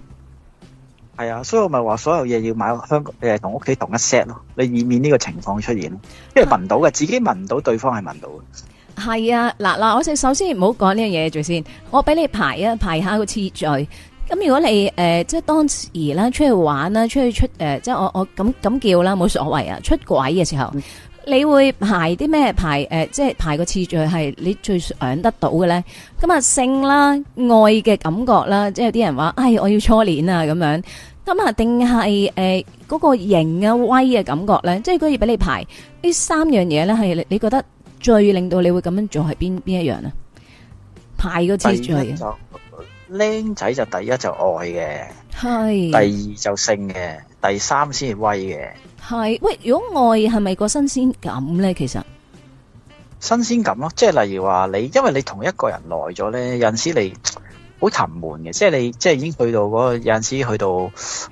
Speaker 3: 係啊，所以我咪話所有嘢要買香誒同屋企同一 set 咯，你以免呢個情況出現，因為聞到嘅，自己聞唔到，對方係聞到
Speaker 1: 嘅。係啊，嗱嗱，我先首先唔好講呢樣嘢住先，我俾你排啊排下個次序。咁如果你誒、呃、即係當時啦出去玩啦，出去出誒、呃、即係我我咁咁叫啦，冇所謂啊，出軌嘅時候。嗯。你會排啲咩排誒、呃？即係排個次序係你最想得到嘅咧？咁啊性啦、愛嘅感覺啦，即係有啲人話，唉，我要初戀啊咁樣。咁啊，定係誒嗰個型啊威嘅感覺咧？即係佢要俾你排呢三樣嘢咧，係你你覺得最令到你會咁樣做係邊邊一樣啊？排個次序，
Speaker 3: 僆仔就，就第一就愛
Speaker 1: 嘅，係是第二
Speaker 3: 就性嘅，第三先係威嘅。
Speaker 1: 係喂，如果愛係咪個新鮮感咧？其實
Speaker 3: 新鮮感咯，即係例如話你，因為你同一個人耐咗咧，有陣時你好沉悶嘅，即係你即係已經去到嗰個，有陣時去到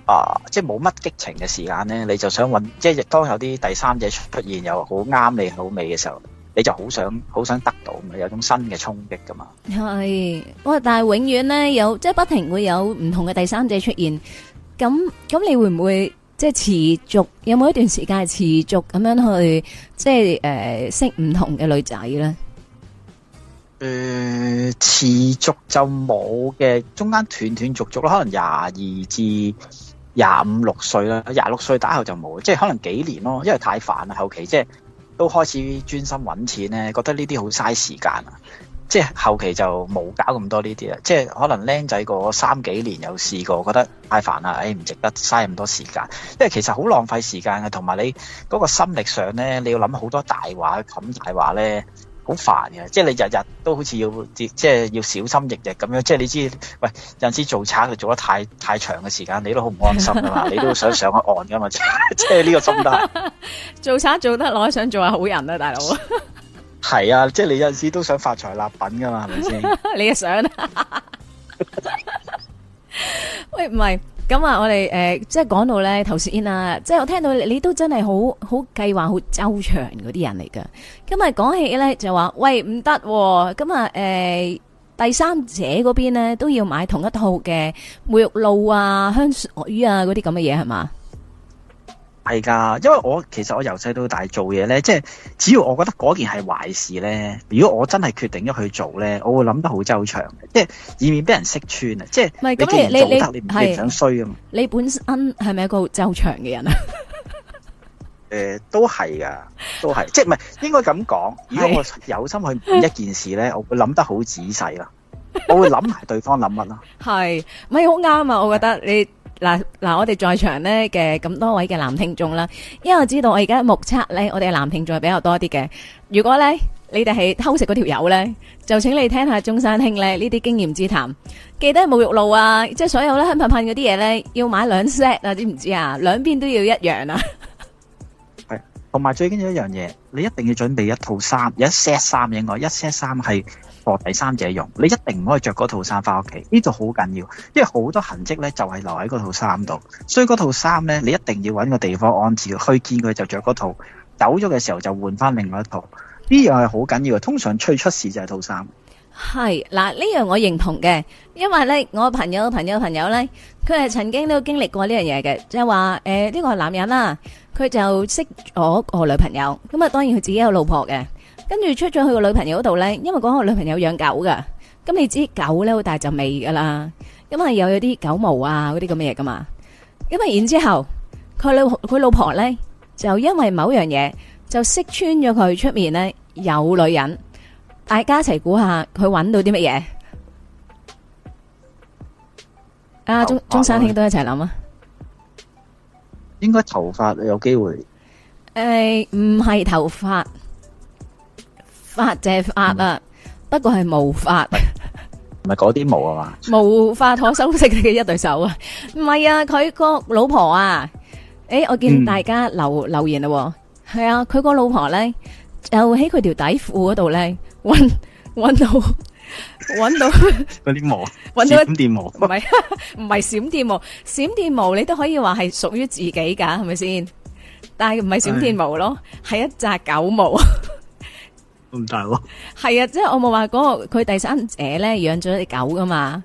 Speaker 3: 啊，即係冇乜激情嘅時間咧，你就想揾，即係當有啲第三者出現，又好啱你，好味嘅時候，你就好想好想得到，咪有種新嘅衝擊噶嘛。
Speaker 1: 係喂，但係永遠咧有，即係不停會有唔同嘅第三者出現。咁咁你會唔會？即係持續有冇一段時間係持續咁樣去即係誒、呃、識唔同嘅女仔咧？
Speaker 3: 誒、呃，持續就冇嘅，中間斷斷續續咯，可能廿二至廿五六歲啦，廿六歲打後就冇，即係可能幾年咯，因為太煩啦後期，即係都開始專心搵錢咧，覺得呢啲好嘥時間啊。即係後期就冇搞咁多呢啲啦，即係可能僆仔過三幾年有試過，覺得太煩啦，誒、哎、唔值得嘥咁多時間，因為其實好浪費時間嘅，同埋你嗰個心力上咧，你要諗好多大話，咁大話咧好煩嘅，即係你日日都好似要即係要小心翼翼咁樣，即係你知，喂有陣時做賊，佢做得太太長嘅時間，你都好唔安心㗎嘛， 你都想上個岸噶嘛，即係呢個心得。
Speaker 1: 做賊做得耐，我想做下好人啊，大佬。
Speaker 3: 係啊，即係你有陣時都想發財立品噶嘛，係咪先？
Speaker 1: 你也想、啊？ 喂，唔係，咁啊，我哋誒，即係講到咧，頭先啊，即係我聽到你，你都真係好好計劃，好周長嗰啲人嚟噶。咁啊講起咧，就話喂唔得，咁啊誒、呃，第三者嗰邊咧都要買同一套嘅沐浴露啊、香水啊嗰啲咁嘅嘢，係嘛？
Speaker 3: 係噶，因為我其實我由細到大做嘢咧，即係只要我覺得嗰件係壞事咧，如果我真係決定咗去做咧，我會諗得好周詳嘅，即係以免俾人識穿啊！即係唔係咁你你唔想衰㗎嘛？
Speaker 1: 你本身係咪一個周詳嘅人啊？
Speaker 3: 誒、 呃，都係噶，都係，即係唔係應該咁講。如果我有心去一件事咧， 我會諗得好仔細啦，我會諗埋對方諗乜咯。
Speaker 1: 係咪好啱啊？我覺得的你。嗱嗱，我哋在場咧嘅咁多位嘅男聽眾啦，因為我知道我而家目測咧，我哋嘅男聽眾係比較多啲嘅。如果咧你哋係偷食嗰條友咧，就請你聽下中山兄咧呢啲經驗之談。記得沐浴露啊，即係所有咧香噴噴嗰啲嘢咧，要買兩 set 啊，知唔知啊？兩邊都要一樣啊。
Speaker 3: 係，同埋最緊要一樣嘢，你一定要準備一套衫，有一 set 衫應該，一 set 衫係。第三者用，你一定唔可以着嗰套衫翻屋企，呢度好緊要，因為好多痕迹呢就係留喺嗰套衫度，所以嗰套衫呢，你一定要揾個地方安置，去見佢就着嗰套，走咗嘅時候就換翻另外一套，呢樣係好緊要，通常最出事就係套衫。
Speaker 1: 係，嗱呢樣我認同嘅，因為呢，我朋友朋友朋友呢，佢係曾經都經歷過呢樣嘢嘅，即係話誒呢個係男人啦、啊，佢就識我個女朋友，咁啊當然佢自己有老婆嘅。跟住出咗去女個女朋友嗰度呢，因為講我女朋友養狗噶，咁你知狗呢，好大隻味噶啦，咁啊又有啲狗毛啊嗰啲咁嘅嘢噶嘛，咁啊然之後佢老佢老婆呢，就因為某樣嘢就識穿咗佢出面呢有女人，大家一齊估下佢搵到啲乜嘢？阿鍾鍾生兄都一齊諗啊，
Speaker 3: 應該頭髮有機會。誒、呃，
Speaker 1: 唔係頭髮。髮謝髮啊，是不，是不過係毛髮唔係，唔係嗰啲毛啊嘛，毛髮，可修飾嘅一對手啊，唔係啊，佢個老婆啊，誒、欸，我見大家留留言喎，係啊，佢個、嗯啊、老婆咧就喺佢條底褲嗰度咧，搵搵到搵
Speaker 3: 到到，啲 電毛，閃電毛，
Speaker 1: 唔係唔係閃電毛，閃電毛你都可以話係屬於自己噶，係咪先？但係唔係閃電毛咯，係唉 一扎狗毛。
Speaker 3: 咁大鑊
Speaker 1: 係啊！即係我冇話嗰個佢第三者咧養咗隻狗噶嘛，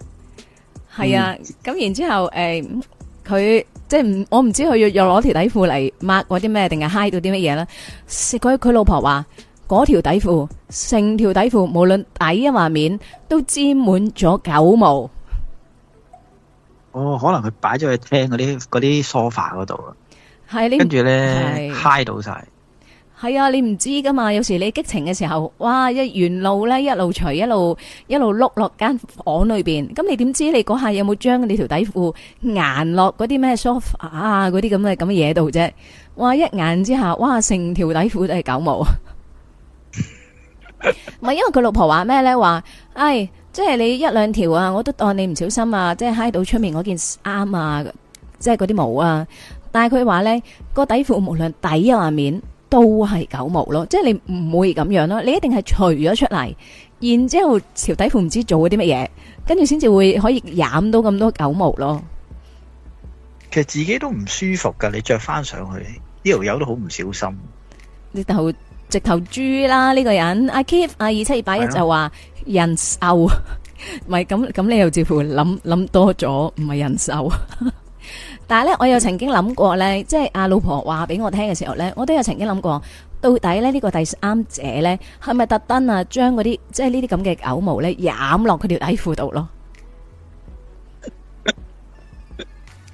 Speaker 1: 係啊！咁、嗯、然之後誒，佢、欸、即係唔我唔知佢又攞條底褲嚟抹嗰啲咩，定係嗨到啲乜嘢啦佢佢老婆話嗰條底褲，成條底褲，無論底啊或面都沾滿咗狗毛。
Speaker 3: 哦，可能佢擺咗去廳嗰啲嗰啲 sofa 嗰度啊，
Speaker 1: 係跟住咧
Speaker 3: 嗨到晒。
Speaker 1: 係啊，你唔知噶嘛？有時你激情嘅時候，哇！一沿路咧，一路除，一路一路碌落間房裏邊。咁你點知你嗰下有冇將你條底褲顏落嗰啲咩梳化啊？嗰啲咁嘅咁嘢度啫。哇！一眼之下，哇，成條底褲都係狗毛。 唔係因為佢老婆話咩咧？話唉、哎，即係你一兩條啊，我都當你唔小心啊，即係喺到出面嗰件衫啊，即係嗰啲毛啊。但係佢話咧，個底褲無論底啊面。都係狗毛咯，即係你唔會咁樣咯，你一定係除咗出嚟，然之後條底褲唔知做咗啲乜嘢，跟住先至會可以染到咁多狗毛咯。其實
Speaker 3: 自己都唔舒服噶，你着翻上去，呢條友都好唔小心。
Speaker 1: 你頭直頭豬啦呢、這個人，阿 Kiep 啊二七二八一就話、啊、人瘦羞，唔係咁咁你又似乎諗諗多咗唔係人瘦。 但係咧，我又曾經諗過咧，即係阿老婆話俾我聽嘅時候咧，我都有曾經諗過，到底咧，呢個第三者咧，係咪特登啊，將嗰啲即係呢啲咁嘅狗毛咧，染落佢條底褲度咯？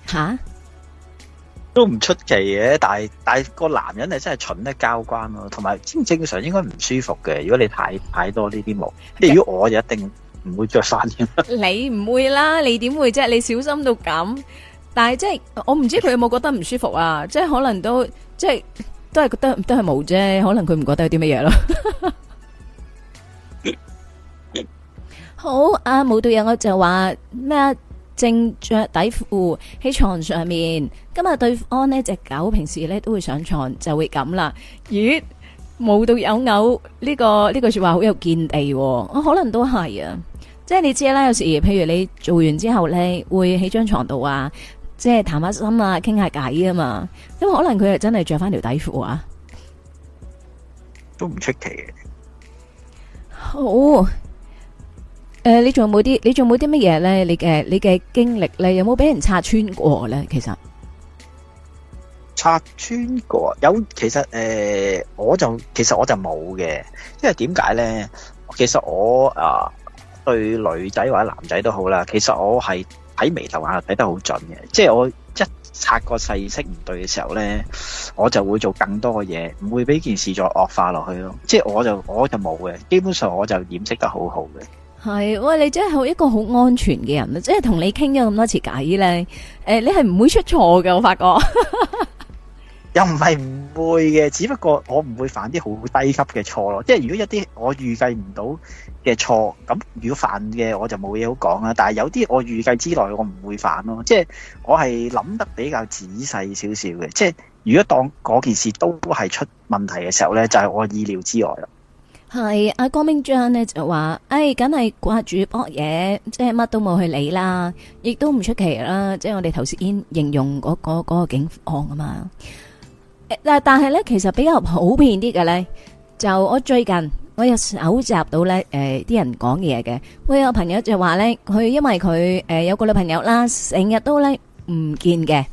Speaker 1: 吓，
Speaker 2: 都
Speaker 3: 唔出奇嘅。但係但係個男人係真係蠢得交關咯，同埋正正常應該唔舒服嘅，如果你太太多呢啲毛，如果我就一定唔會着
Speaker 1: 翻添。你唔會啦，你點會即係？你小心到咁。但係即係我唔知佢有冇覺得唔舒服啊！即係可能都即係都係覺得，都係冇啫，可能佢唔覺得有啲乜嘢咯。好啊，冇到有我就話咩正着底褲喺床上面。今日對方呢隻狗平時咧都會上床就會咁啦。咦，冇到有偶。呢、這個呢句，這個說話好有見地啊。我，啊、可能都係啊，即係你知啦，有時譬如你做完之後咧會喺張床度啊。即係談下心啊，傾下偈啊嘛，因為可能佢係真係着翻條底褲啊，都唔出奇嘅。好，誒、呃，你仲有冇啲？你仲有冇啲乜嘢咧？你嘅你嘅經歷咧，有冇俾人拆穿過咧？其實拆
Speaker 3: 穿過，穿過有，其實誒、呃，我就其實我就冇嘅，因為點解咧？其實我啊、呃，對女仔或者男仔都好啦，其實我係。睇眉頭眼睇得好準嘅，即係我一察個細色唔對嘅時候呢，我就會做更多嘅嘢，唔會俾件事再惡化落去咯。即係我就我就冇嘅，基本上我就掩飾得好好嘅。
Speaker 1: 係，喂，你真係好一個好安全嘅人啦，即係同你傾咗咁多次偈呢，誒你係唔會出錯嘅，我發覺。
Speaker 3: 又唔係唔會嘅，只不過我唔會犯啲好低級嘅錯咯。即係如果一啲我預計唔到嘅錯，咁如果犯嘅我就冇嘢好講啦。但係有啲我預計之內，我唔會犯咯。即係我係諗得比較仔細少少嘅。即係如果當嗰件事都係出問題嘅時候呢，就係、是、我意料之外咯。
Speaker 1: 係阿郭明章呢就話：誒、哎，梗係掛住噏嘢，即係乜都冇去理啦，亦都唔出奇啦。即係我哋頭先形容嗰嗰嗰個景象啊嘛。嗱，但係咧，其實比較普遍啲嘅咧，就我最近我有收集到咧，誒、呃，啲人講嘢嘅，我有朋友就話咧，佢因為佢誒、呃、有個女朋友啦，成日都咧唔見嘅，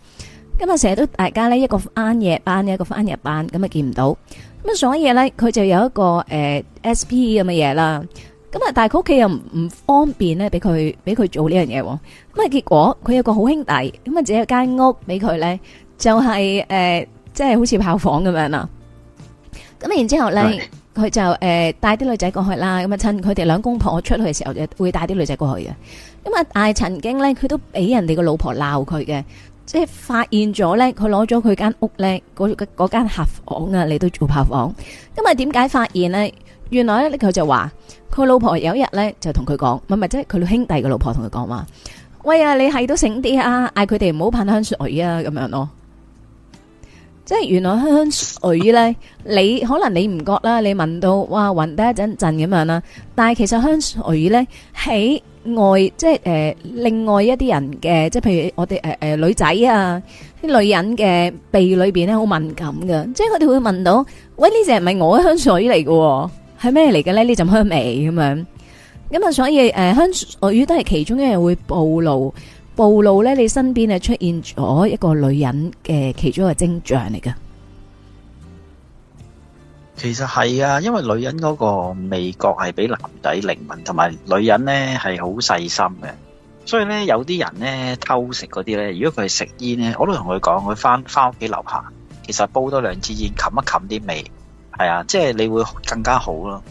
Speaker 1: 咁、嗯、啊，成日都大家咧一個翻夜班，一個翻日班，咁啊見唔到咁啊、嗯，所以咧佢就有一個誒 S P 咁嘅嘢啦，咁啊，但係佢屋企又唔方便咧，俾佢俾佢做呢樣嘢咁啊，結果佢有個好兄弟咁啊，自己有、嗯、一間屋俾佢咧，就係、是、誒。呃即係好似炮房咁樣啊！咁然之後咧，佢的就誒帶啲女仔過去啦。咁啊，趁佢哋兩公婆我出去嘅時候，就會帶啲女仔過去嘅。咁啊，但係曾經咧，佢都俾人哋個老婆鬧佢嘅，即係發現咗咧，佢攞咗佢間屋咧，嗰嗰間客房啊嚟到做炮房。咁啊，點解發現咧？原來咧，呢佢就話佢老婆有一日咧就同佢講，咪咪，即係佢兄弟嘅老婆同佢講話：，喂啊，你係都醒啲啊，嗌佢哋唔好噴香水啊，咁樣咯、啊。即係原來香水呢，你可能你唔覺啦，你聞到哇暈得一陣陣咁樣啦。但係其實香水呢，喺外，即係誒、呃，另外一啲人嘅，即係譬如我哋誒誒女仔啊，啲女人嘅鼻裏邊呢好敏感㗎。即係佢哋會聞到，喂，呢隻唔係我香水嚟喎，係咩嚟嘅呢？呢陣香味咁樣，咁啊、嗯、所以誒、呃、香水都係其中一樣會暴露。暴露咧，你身邊係出現咗一個女人嘅其中一個徵象嚟噶。
Speaker 3: 其實係啊，因為女人嗰個味覺係比男仔靈敏，同埋女人咧係好細心嘅，所以咧有啲人咧偷食嗰啲咧，如果佢係食煙咧，我都同佢講，佢翻翻屋企樓下，其實煲多兩支煙，冚一冚啲味，係啊，即係你會更加好咯。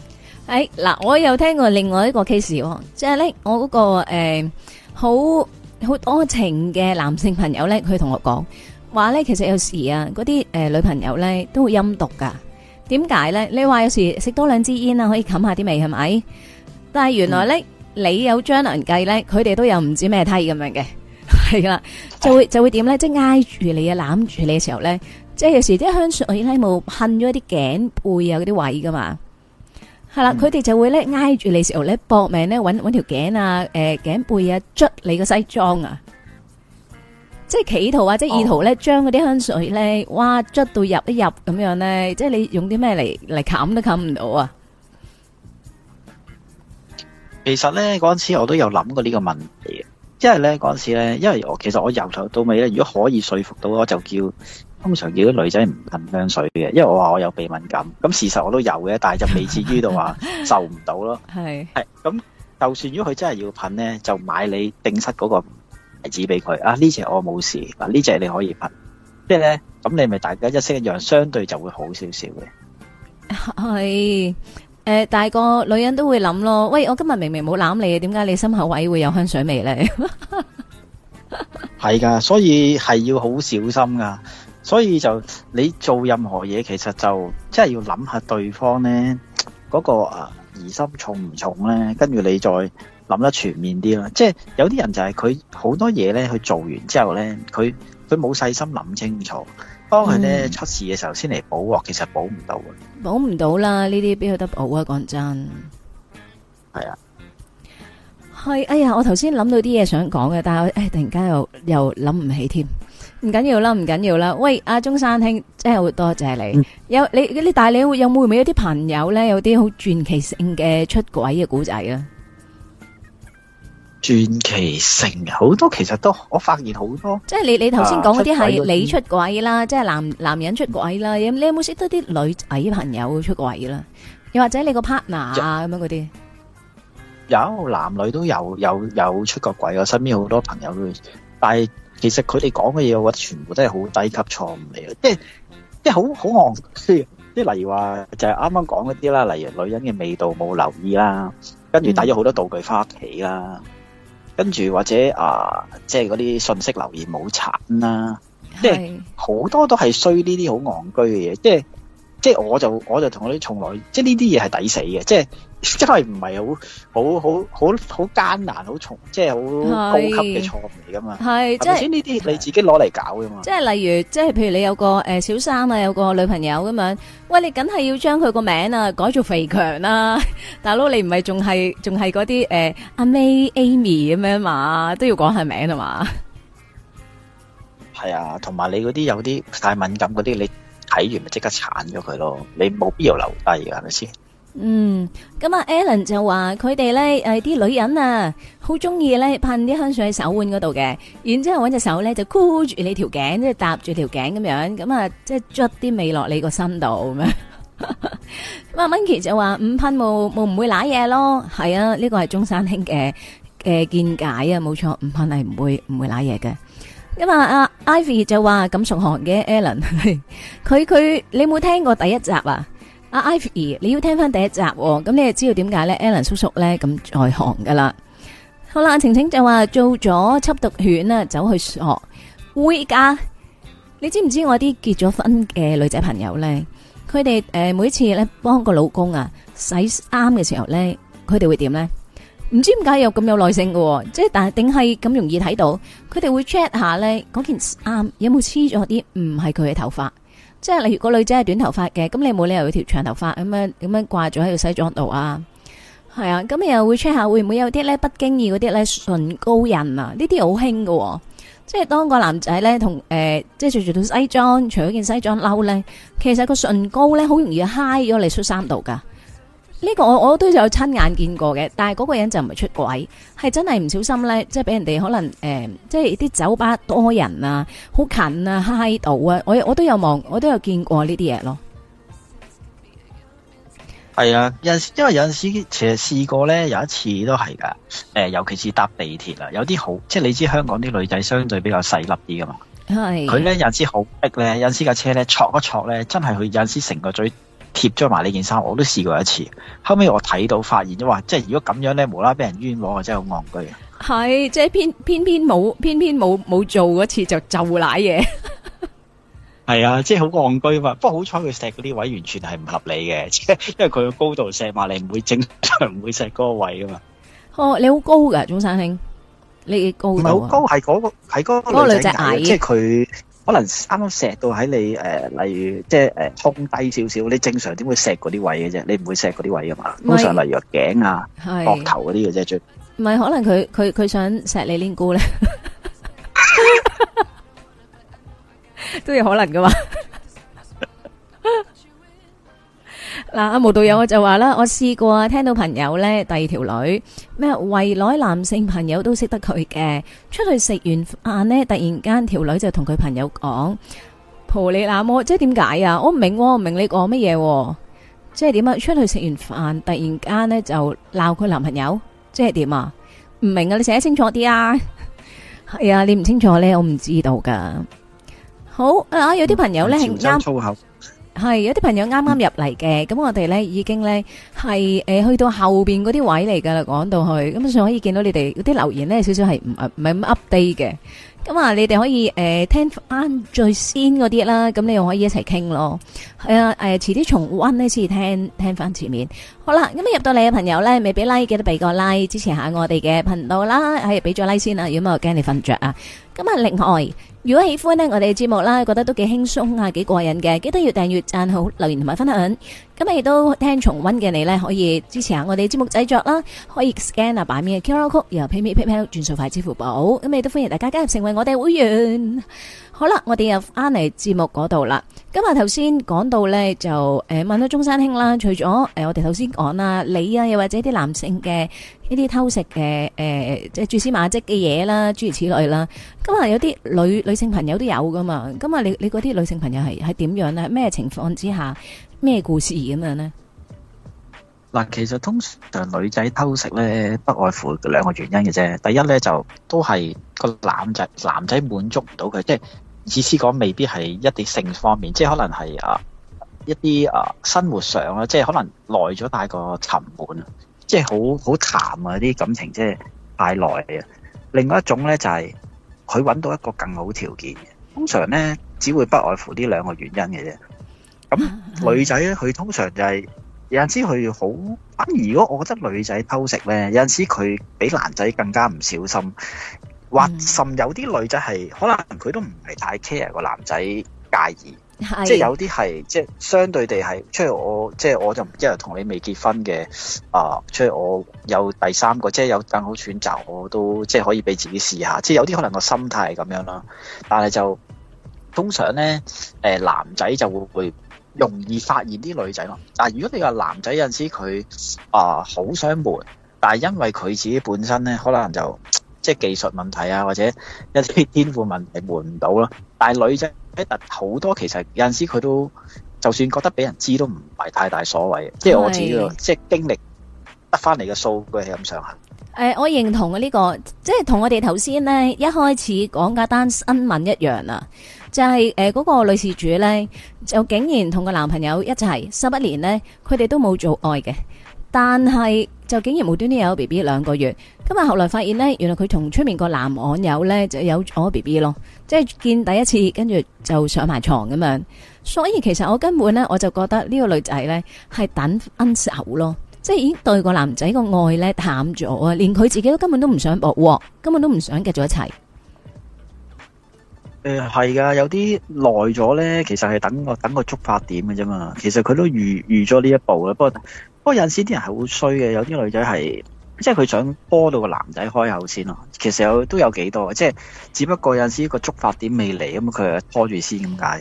Speaker 1: 誒，嗱，我又聽過另外一個 case 喎，即係咧，我嗰個誒好。好多情嘅男性朋友咧，佢同我講話咧，其實有時啊，嗰啲誒女朋友咧都好陰毒噶。點解咧？你話有時食多兩支煙啊，可以冚下啲味係咪？但係原來咧，嗯、你有張良計咧，佢哋都有唔知咩梯咁樣嘅，係 啦，就會就會點咧？即係挨住你啊，攬住你嘅時候咧，即係有時啲香水咧冇噴咗啲頸背啊嗰啲位噶嘛。係啦，佢哋、嗯、就會咧挨住你時候咧搏命咧揾揾條頸啊，誒、呃、頸背啊，捽你個西裝啊，即係企圖或、啊、者意圖咧將嗰啲香水咧，哇捽到入一入咁樣咧，即係你用啲咩嚟嚟冚都冚唔到啊！
Speaker 3: 其實咧嗰時我都有諗過呢個問題，因為咧嗰時咧，因為我其實我由頭到尾咧，如果可以說服到，我就叫。通常如果女仔唔噴香水嘅，因為我話我有鼻敏感，咁事實我都有嘅，但係就未至於到話受唔到咯。係係咁，就算如果佢真係要噴咧，就買你定室嗰個牌子俾佢。啊，呢隻我冇事，嗱呢隻你可以噴，即係咧，咁你咪大家一式一樣，相對就會好少少嘅。
Speaker 1: 係誒，大個女人都會諗咯。喂，我今日明明冇攬你啊，點解你心口位會有香水味咧？
Speaker 3: 係噶，所以係要好小心噶。所以就你做任何嘢，其實就即係要諗下對方咧嗰個啊疑心重唔重咧，跟住你再諗得全面啲咯。即係有啲人就係佢好多嘢咧，佢做完之後咧，佢佢冇細心諗清楚，當佢咧出事嘅時候先嚟補鑊，其實補唔到嘅。
Speaker 1: 補唔到啦，呢啲邊有得補啊？講真，係啊，係哎呀，我頭先諗到啲嘢想講嘅，但係我突然間又又諗唔起添。唔緊要啦，唔緊要啦。喂，阿中山兄，真係好多謝你。有你嗰啲大你，有冇唔冇有啲朋友咧？有啲好傳奇性嘅出軌嘅古仔啊！
Speaker 3: 傳奇性好多，其實都我發現好多。
Speaker 1: 即係你你頭先講嗰啲係你出軌啦，即係男男人出軌啦。有你有冇識得啲女仔朋友出軌啦？又或者你個 partner 啊咁樣嗰啲？
Speaker 3: 有男女都有有有出過軌，我身邊好多朋友都，但係。其實佢哋講嘅嘢，我覺得全部都係好低級錯誤嚟嘅，即係即係好好戇即係例如話就係啱啱講嗰啲啦，例如女人嘅味道冇留意啦，跟住帶咗好多道具翻屋企啦，跟住或者啊即係嗰啲信息留言冇查啦，即係好多都係衰呢啲好戇居嘅嘢，即係即係我就我就同佢啲從來即係呢啲嘢係抵死嘅，即係。真係唔係好，好好好好艱難，好重，即係好
Speaker 1: 高級嘅錯誤嚟噶嘛？係，即係呢
Speaker 3: 啲你自己攞嚟搞噶嘛？
Speaker 1: 即係例如，即係譬如你有個誒、呃、小三啊，有個女朋友咁樣，喂，你梗係要將佢個名改啊改做肥強啦，大佬你唔係仲係仲係嗰啲誒阿 May Amy 咁樣嘛，都要講下名啊嘛？
Speaker 3: 係啊，同埋你嗰啲有啲太敏感嗰啲，你睇完咪即刻鏟咗佢咯，你冇必要留低嘅，係咪先？
Speaker 1: 嗯，咁啊 Alan 就話佢哋咧，誒，啲女人啊，好中意咧噴啲香水喺手腕嗰度嘅，然之後搵隻手咧就箍住你條頸，就是，即係搭住條頸咁樣，咁 啊，即係捽啲味落你個身度咁樣。咁啊，Micky 就話唔噴冇冇唔會瀨嘢咯，係啊，呢個係中山兄嘅嘅見解啊，冇錯，唔噴係唔會唔會瀨嘢嘅。咁啊，阿、啊、Ivy 就話咁同學嘅 Alan 佢佢你冇聽過第一集啊？阿艾芙你要聽翻第一集，咁你就知道點解咧，Alan 叔叔咧咁在行噶啦。好啦，晴晴就話做咗緝毒犬啦，走去學會噶。你知唔知我啲結咗婚嘅女仔朋友咧？佢哋誒，每次咧幫個老公啊洗衫嘅時候咧，佢哋會點咧？唔知點解又咁有耐性喎，啊。即係但係定係咁容易睇到，佢哋會 check 下咧嗰件衫有冇黐咗啲唔係佢嘅頭髮。即係例如個女仔係短頭髮嘅，咁你冇理由有條長頭髮咁樣咁樣掛住喺個西裝度啊，係啊，咁你又會 check 下會唔會有啲咧不經意嗰啲咧唇膏印啊？呢啲好興噶，即係當個男仔咧同誒、呃，即係着住套西裝，除咗件西裝褸咧，其實個唇膏咧好容易嗨咗你恤衫度噶。呢個我我都有親眼見過嘅，但係嗰個人就唔係出軌，係真係唔小心咧，即係俾人哋可能誒、呃，即係啲酒吧多人啊，好近啊，揩到啊，我我都有望，我都有見過呢啲嘢咯。
Speaker 3: 係啊，有因為有陣時其實試過咧，有一次都係㗎。誒、呃，尤其是搭地鐵啊，有啲好即係你知香港啲女仔相對比較細粒啲㗎嘛。
Speaker 2: 係、啊。佢咧
Speaker 3: 有陣時好逼咧，有陣時架車咧坐一坐咧，真係佢有陣時成個嘴。貼咗埋呢件衫，我都試過一次。後尾我睇到發現，話即係如果咁樣咧，無啦啦俾人冤枉，我真係好戇居。係，即
Speaker 1: 係偏偏偏冇，偏偏冇冇做嗰次就就瀨嘢。
Speaker 3: 係 啊，即係好戇居嘛。不過好彩佢錫嗰啲位完全係唔合理嘅，即係因為佢嘅高度錫埋你唔會正常，唔會錫嗰個位噶嘛。
Speaker 1: 哦，你好高噶，鍾生兄，你高唔係好
Speaker 3: 高，係嗰、嗰個係嗰個女仔矮，即係佢。可能啱啱錫到喺你誒，例如即係誒沖低少少，你正常點會錫嗰啲位嘅啫？你唔會錫嗰啲位噶嘛？通常例如頸啊、
Speaker 1: 膊頭嗰啲嘅啫，最唔係可能佢佢佢想錫你靚骨咧，都有可能噶嘛？阿毛、啊、導友我就話啦，我試過啊，聽到朋友呢，第二條女咩圍內男性朋友都識得佢嘅，出去食完飯呢，突然間條女就同佢朋友講仆你老母，即係點解啊？我唔明，我唔明你講乜嘢？即係點啊？出去食完飯，突然間呢就鬧佢男朋友，即係、啊、點啊？唔 明啊？你寫清楚啲啊？係啊，你唔清楚呢，我唔知道噶。好，啊有啲朋友呢，係唔啱、嗯。係有啲朋友啱啱入嚟嘅，咁我哋咧已經咧係誒去到後邊嗰啲位嚟噶啦，講到去，咁、嗯、所以可以見到你哋嗰啲留言咧，少少係唔唔係咁 update 嘅。咁啊、嗯嗯，你哋可以誒、呃、聽翻最先嗰啲啦，咁、嗯、你又可以一齊傾咯。係、嗯、啊，誒、呃，遲啲重溫呢先至聽聽翻前面。好啦，咁、嗯、入到嚟嘅朋友咧，未俾 like 記得俾個 like 支持下我哋嘅頻道啦。係俾咗 like 先啦，如果唔係驚你瞓着啊。咁、嗯、啊，另外。如果喜歡呢，我哋嘅節目啦，覺得都幾輕鬆啊，幾過癮嘅，記得要訂閱、讚好、留言同埋分享。咁亦都聽重温嘅你咧，可以支持下我哋節目製作啦，可以 scan 啊，版面嘅 QR code，然後 pay me, pay pay pay pal 轉數快支付寶。咁、嗯、亦都歡迎大家加入成為我哋會員。好啦，我哋又翻嚟節目嗰度啦。咁啊頭先講到咧，就誒、呃、問咗中山兄啦，除咗誒、呃、我哋頭先講啦，你啊，又或者啲男性嘅呢啲偷食嘅誒即係蛛絲馬跡嘅嘢啦，諸如此類啦。咁啊有啲女女性朋友都有噶嘛？咁啊你你嗰啲女性朋友係係點樣咧？咩情況之下？咩故事咁樣
Speaker 3: 咧？嗱，其實通常女仔偷食咧，不外乎兩個原因嘅啫。第一咧就都係個男仔，男仔滿足唔到佢，即係意思講未必係一啲性方面，即係可能係啊一啲啊生活上啦，即係可能耐咗太過沉悶啊，即係好好淡啊啲感情，即係太耐啊。另外一種咧就係佢揾到一個更好條件嘅，通常咧只會不外乎呢兩個原因嘅啫。咁女仔咧，佢通常就係、是、是有陣時佢好，反而如果我覺得女仔偷食咧，有陣時佢比男仔更加唔小心，或甚有啲女仔係可能佢都唔係太 care 個男仔介意，
Speaker 1: 是即係有
Speaker 3: 啲係即係相對地係，出去我即係我就因為同你未結婚嘅啊，出去我有第三個，即係有更好選擇，我都即係可以俾自己試下，即係有啲可能個心態係咁樣啦，但係就通常咧，誒男仔就會會。容易發現啲女仔咯，但如果你話男仔，有陣時佢啊好想瞞，但係因為佢自己本身咧，可能就即係技術問題啊，或者一啲天賦問題瞞唔到啦。但係女仔咧，好多其實有陣時佢都就算覺得俾人知都唔係太大所謂，即係我知是即係經歷得翻嚟嘅數據係咁上
Speaker 1: 下。誒、呃，我認同嘅、這、呢個，即係同我哋頭先咧一開始講嗰單新聞一樣啊。就係誒嗰個女事主呢，就竟然同個男朋友一齊十一年呢，佢哋都冇做愛嘅，但係就竟然無端端有 B B 兩個月，咁啊後來發現呢，原來佢同出面個男網友呢，就有咗 B B 咯，即係見第一次跟住就上埋床咁樣，所以其實我根本呢，我就覺得呢個女仔呢係等恩仇咯，即係已經對個男仔個愛呢淡咗啊，連佢自己都根本都唔想搏，根本都唔想繼續一齊。
Speaker 3: 誒，係噶，嗯，有啲耐咗咧，其實係等個等個觸發點嘅啫嘛。其實佢都預預咗呢一步啦，不過不過有陣時啲人係好衰嘅，有啲女仔係即係佢想拖到個男仔開口先咯。其實有都有幾多，即係只不過有陣時個觸發點未嚟，咁嘛，佢就拖住先咁解。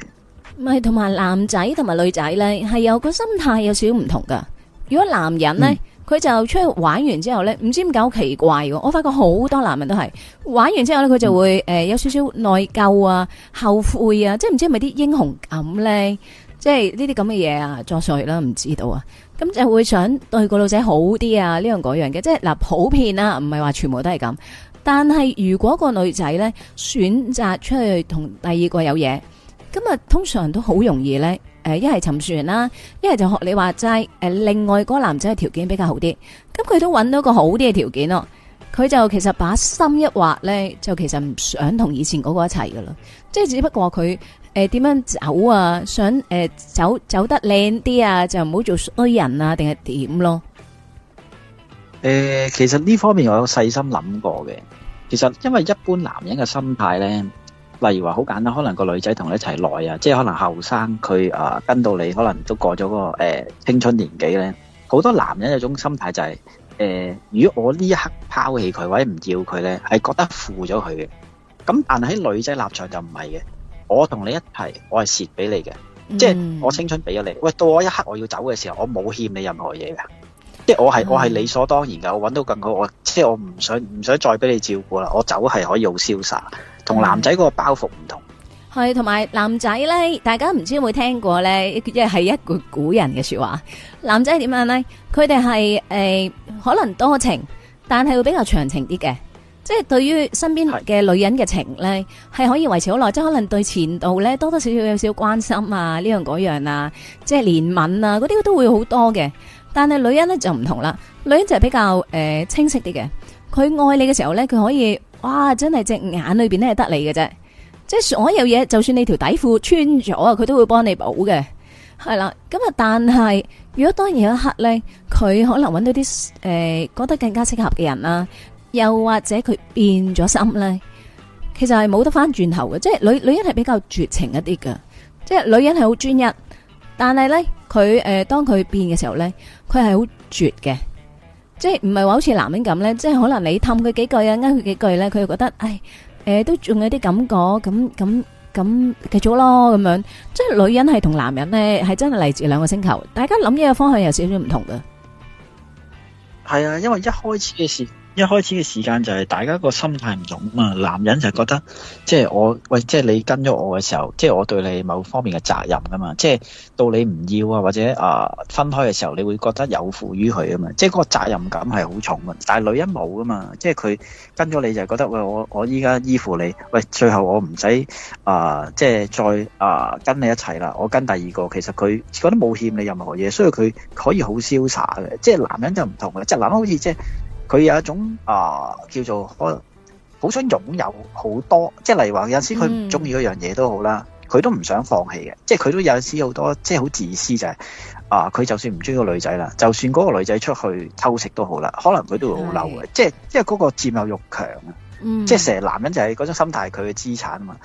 Speaker 1: 唔係，同埋男仔同埋女仔咧，係有個心態有少少唔同噶。如果男人咧。嗯佢就出去玩完之後呢，唔知點解好奇怪喎。我發覺好多男人都係玩完之後呢，佢就會誒有少少內疚啊、後悔啊，即係唔知係咪啲英雄感呢？即係呢啲咁嘅嘢啊作祟啦，唔知道啊。咁就會想對個女仔好啲啊，呢樣嗰樣嘅，即係嗱普遍啦，唔係話全部都係咁。但係如果個女仔呢，選擇出去同第二個有嘢，咁啊通常都好容易呢。誒，一係沉船啦，一係就學你話齋，誒，另外嗰個男仔嘅條件比較好啲，咁佢都揾到一個好啲嘅條件咯，佢就其實把心一劃呢，就其實唔想同以前嗰個一齊噶啦，即係只不過佢誒點樣走啊，想誒、呃、走走得靚啲啊，就唔好做衰人啊，定係點咯？
Speaker 3: 誒、呃，其實呢方面我有細心諗過嘅，其實因為一般男人嘅心態呢。例如話好簡單，可能個女仔同你一齊耐啊，即係可能後生佢啊跟到你，可能都過咗、個誒、呃、青春年紀咧。好多男人有種心態就係、是、誒、呃，如果我呢一刻拋棄佢或者唔要佢咧，係覺得負咗佢嘅。咁但係喺女仔立場就唔係嘅，我同你一齊，我係蝕俾你嘅，嗯、即係我青春俾咗你。喂，到我一刻我要走嘅時候，我冇欠你任何嘢嘅，即係我係我係理所當然嘅。嗯、我揾到更好，我即係我唔想唔想再俾你照顧啦。我走係可以好瀟灑。同男仔個包袱唔同，
Speaker 1: 係同埋男仔呢，大家唔知有冇聽過呢，即係一句古人嘅說話。男仔點樣呢？佢哋係誒可能多情，但係會比較長情啲嘅，即係對於身邊嘅女人嘅情呢，係可以維持好耐。即係可能對前度呢，多多少少有少關心啊，呢樣嗰樣啊，即係憐憫啊，嗰啲都會好多嘅。但係女人呢，就唔同啦，女人就係比較誒清晰啲嘅。佢愛你嘅時候呢，佢可以。哇，真係只眼裏邊咧係得你嘅啫，即係所有嘢，就算你條底褲穿咗，佢都會幫你補嘅，係啦。咁啊，但係如果當然有一刻呢，佢可能搵到啲誒、呃、覺得更加適合嘅人啦，又或者佢變咗心呢，其實係冇得翻轉頭嘅，即係女女人係比較絕情一啲嘅，即係女人係好專一，但係呢，佢誒、呃、當佢變嘅時候呢，佢係好絕嘅。即係唔係話好似男人咁咧，即係可能你氹佢幾句，呃佢幾句咧，佢又覺得，唉，誒、呃，都仲有啲感覺，咁咁咁，繼續咯，咁樣，即係女人係同男人咧，係真係嚟自兩個星球，大家諗嘢嘅方向有少少唔同㗎。係啊，因
Speaker 3: 為一開始嘅時。一開始嘅時間就係大家個心態唔同啊嘛，男人就係覺得即係我喂，即係你跟咗我嘅時候，即係我對你某方面嘅責任啊嘛，即係到你唔要啊或者啊、呃、分開嘅時候，你會覺得有負於佢啊嘛，即係嗰個責任感係好重噶。但係女人冇噶嘛，即係佢跟咗你就係覺得喂，我我依家依附你，喂，最後我唔使啊即係再啊、呃、跟你一齊啦，我跟第二個，其實佢覺得冇欠你任何嘢，所以佢可以好瀟灑嘅。即係男人就唔同嘅，即係男人好似即係。佢有一種啊、呃，叫做可能好想擁有好多，即係例如話有陣時佢唔中意嗰樣嘢都好啦，佢、嗯、都唔想放棄嘅，即係佢都有陣時好多即係好自私就係、是、啊，佢、呃、就算唔中意個女仔啦，就算嗰個女仔出去偷食都好啦，可能佢都會好嬲嘅，是即係因為嗰個佔有欲強啊，
Speaker 2: 嗯、即係成
Speaker 3: 日男人就係、是、嗰種心態，係佢嘅資產啊嘛。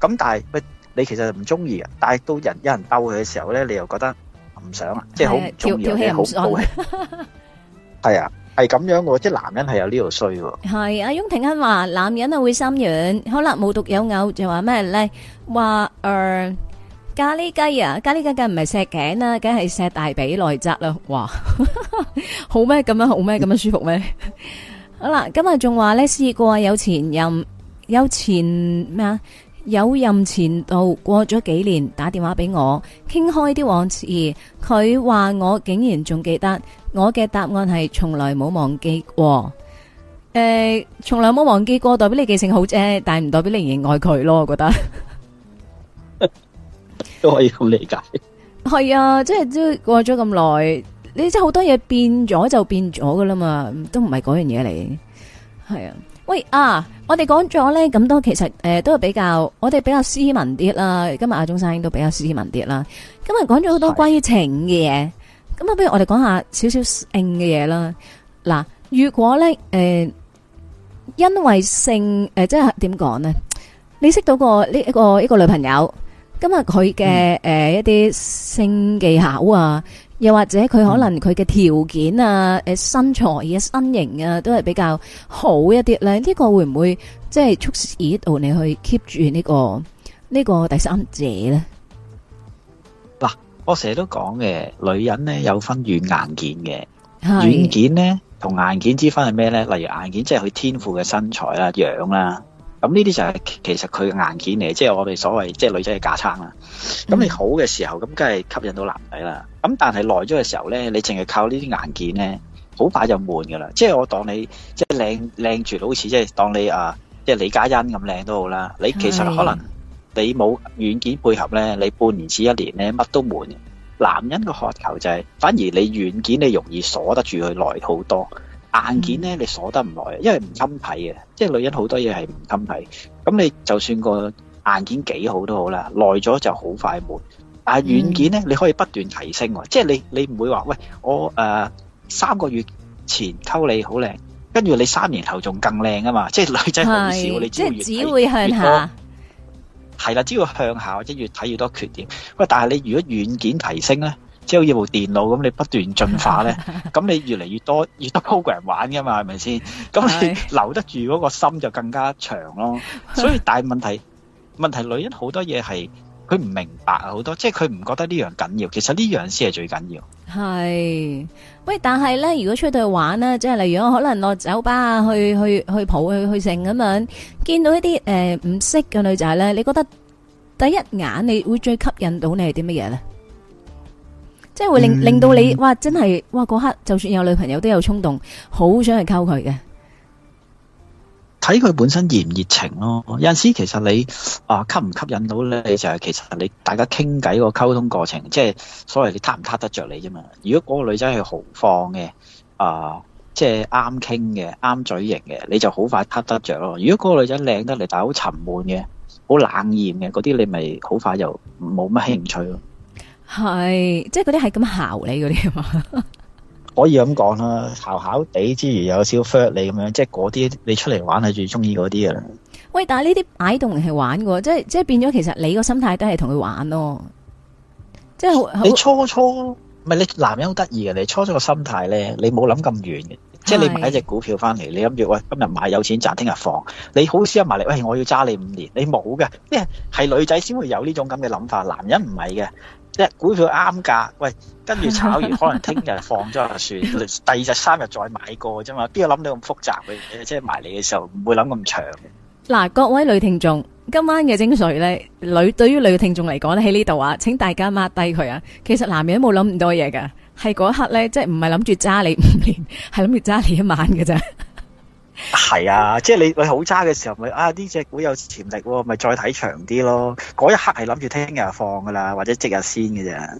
Speaker 3: 咁但係喂，你其實唔中意嘅，但係到人有人嬲佢嘅時候咧，你又覺得唔想啊，是即係好鍾意嘅，好
Speaker 1: 係
Speaker 3: 啊。 係咁樣喎，即係男人係有呢度衰喎。
Speaker 1: 係阿、啊、雍廷恩話男人啊會心軟，好啦，冇獨有偶，就話咩咧？話誒、呃、咖喱雞啊，咖喱雞梗唔係石頸啦、啊，梗係石大髀內側啦。哇， 好咩咁樣好？好咩咁樣舒服咩？好啦，今日仲話咧試過有前任，有前咩啊？有任前度過咗幾年，打電話俾我傾開啲往事。佢話我竟然仲記得，我嘅答案係從來冇忘記過。誒、欸，從來冇忘記過，代表你記性好啫，但唔代表你仍然愛佢咯。我覺得
Speaker 3: 都可以咁理解。
Speaker 1: 係啊，即係都過咗咁耐，你即係好多嘢變咗就變咗噶啦嘛，都唔係嗰樣嘢嚟，係啊。喂啊！我哋講咗咧咁多，其實誒、呃、都係比較，我哋比較斯文啲啦。今日阿鍾生都比較斯文啲啦。今日講咗好多關於情嘅嘢，咁啊的不如我哋講下少少性嘅嘢啦。嗱，如果咧誒、呃，因為性誒、呃，即係點講呢？你識到個呢一個一個，一個女朋友，今日佢嘅誒一啲性技巧啊？又或者佢可能佢嘅條件啊、誒、嗯、身材或、啊身，啊、身形啊，都係比較好一啲咧。呢、呢個會唔會即係促使到你去 keep 住呢個呢、呢個第三者咧？
Speaker 3: 嗱、啊，我成日都講嘅，女人咧有分軟硬件嘅，是軟件咧同硬件之分係咩咧？例如硬件即係佢天賦嘅身材啦、樣啦。咁呢啲就係其實佢嘅硬件嚟，即係我哋所謂即係女仔嘅架撐啦。咁你好嘅時候，咁梗係吸引到男仔啦。咁但係耐咗嘅時候呢，你淨係靠呢啲硬件呢，好快就悶噶啦。即係我當你即係靚靚住，好似即係當你啊，即係李嘉欣咁靚都好啦。你其實可能你冇軟件配合呢，你半年至一年呢，乜都悶。男人嘅渴求就係，反而你軟件你容易鎖得住佢耐好多。硬件咧，你鎖得唔耐，因為唔襟睇嘅，即係女人好多嘢係唔襟睇。咁你就算個硬件幾好都好啦，耐咗就好快悶。但係軟件咧，嗯、你可以不斷提升喎。即係你你唔會話喂，我誒、呃、三個月前溝你好靚，跟住你三年後仲更靚啊嘛。即係女仔好少，你
Speaker 1: 只會向下。
Speaker 3: 係啦，只要向下，即係越睇越多缺點。喂，但係你如果軟件提升咧？即係要部電腦咁，你不斷進化咧，咁你越嚟越多，越多 group 人玩㗎嘛，係咪先？咁你留得住嗰個心就更加長咯。所以大問題，問題女人好多嘢係佢唔明白啊，好多，即係佢唔覺得呢樣緊要，其實呢樣先係最緊要。
Speaker 1: 係。喂，但係咧，如果出去玩咧，即係例如可能落酒吧啊，去去去蒲去去剩咁樣，見到一啲誒唔識嘅女仔咧，你覺得第一眼你會最吸引到你係啲乜嘢咧？即係會令令到你，哇！真係哇！嗰刻就算有女朋友，都有衝動，好想去溝佢嘅。
Speaker 3: 睇佢本身熱唔熱情咯，有陣時其實你啊吸唔吸引到咧，就係、是、其實你大家傾偈個溝通過程，即係所謂你撻唔撻得着你啫嘛。如果嗰個女仔係豪放嘅啊，即係啱傾嘅啱嘴型嘅，你就好快撻得着咯。如果嗰個女仔靚得嚟，但係好沉悶嘅，好冷艷嘅，嗰啲你咪好快就冇乜興趣咯。嗯
Speaker 1: 係，即係嗰啲係咁姣你嗰啲嘛？
Speaker 3: 可以咁講啦，姣姣地之餘又有少 feel 你咁樣，即係嗰啲你出嚟玩係最中意嗰啲噶啦。
Speaker 1: 喂，但係呢啲擺動嚟玩噶，即係即係變咗，其實你個心態都係同佢玩咯。即係你初初唔係你男人好得意嘅，你初
Speaker 3: 初個心態咧，你冇諗咁遠嘅，是即係你買一隻股票翻嚟，你諗住，喂，今日買有錢賺，聽日放，你好似阿埋嚟，喂，我要揸你五年，你冇嘅，即係係女仔先會有呢種咁嘅諗法，男人唔係嘅。即係股票啱價，喂，跟住炒完可能聽日放咗就算， 第二日、三日再買過啫嘛，邊個諗到咁複雜嘅嘢？即係買嚟嘅時候唔會諗咁長。
Speaker 1: 嗱，各位女聽眾，今晚嘅精髓咧，女對於女聽眾嚟講咧喺呢度啊，請大家抹低佢啊。其實男人都冇諗咁多嘢噶，係嗰刻咧，即係唔係諗住揸你五年，係諗住揸你一晚㗎。啫。
Speaker 3: 係 啊，即係你你好差嘅時候，咪啊呢隻股有潛力喎、哦，咪再睇長啲咯。嗰一刻係諗住聽日放噶啦，或者即日先嘅啫。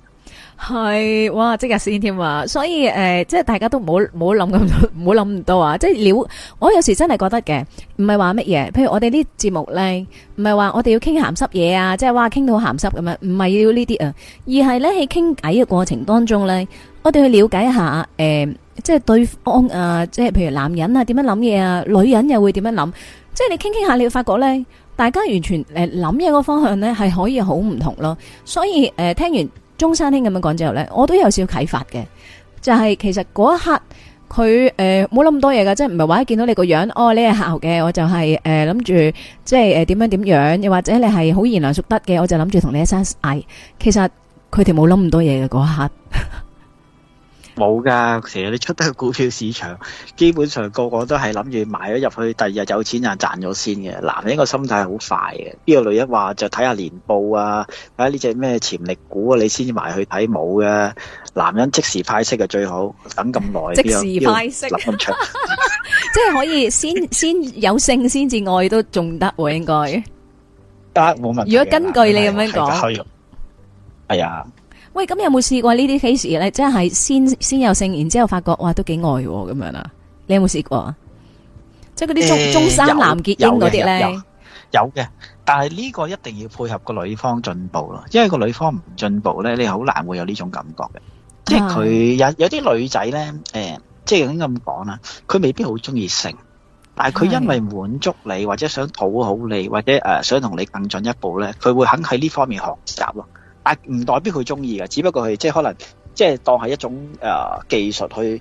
Speaker 1: 係哇，即日先添啊！所以誒、呃，即係大家都唔好唔好諗咁唔好諗咁多啊！即係了，我有時真係覺得嘅，唔係話乜嘢。譬如我哋啲節目咧，唔係話我哋要傾咸濕嘢啊，即係哇，傾到咸濕咁啊，唔係要呢啲啊。而係咧喺傾偈嘅過程當中咧，我哋去了解一下誒、呃，即係對方啊，即係譬如男人啊，點樣諗嘢啊，女人又會點樣諗？即係你傾傾下，你會發覺咧，大家完全誒諗嘢個方向咧係可以好唔同咯。所以誒、呃，聽完。中山兄咁樣講之後咧，我都有少啟發嘅，就係、是、其實嗰一刻佢誒冇諗咁多嘢噶，即係唔係話見到你個樣，哦你係客嘅，我就係誒諗住即係誒點樣點樣，又或者你係好賢良淑德嘅，我就諗住同你一生嗌。其實佢哋冇諗咁多嘢嘅嗰一刻。
Speaker 3: 冇㗎，成日你出得去股票市場，基本上個個都係諗住買咗入去，第二日有錢就賺咗先嘅。男人個心態好快嘅，呢個女人話就睇下年報啊，睇下呢隻咩潛力股啊，你先至埋去睇冇嘅。男人即時派息就最好，等咁耐即時派息，
Speaker 1: 即係可以先先有性先至愛都仲得喎，應該
Speaker 3: 得冇問題。如果根據你咁樣講，係啊。
Speaker 1: 喂，咁有冇試過呢啲 case 咧？即、就、係、是、先先有性，然之後發覺哇，都幾愛咁、啊、樣啦、啊。你有冇試過啊？即係嗰啲中、呃、中三
Speaker 3: 男結英嗰啲咧，有嘅。但係呢個一定要配合個女方進步咯，因為個女方唔進步咧，你好難會有呢種感覺嘅。即係佢、啊、有有啲女仔咧，誒、呃，即係應該咁講啦。佢未必好中意性，但係佢因為滿足你，的或者想討好你，或者誒想同你更進一步咧，佢會肯喺呢方面學習咯。啊，唔代表佢中意㗎，只不過佢即係可能，即係當係一種誒、呃、技術去誒、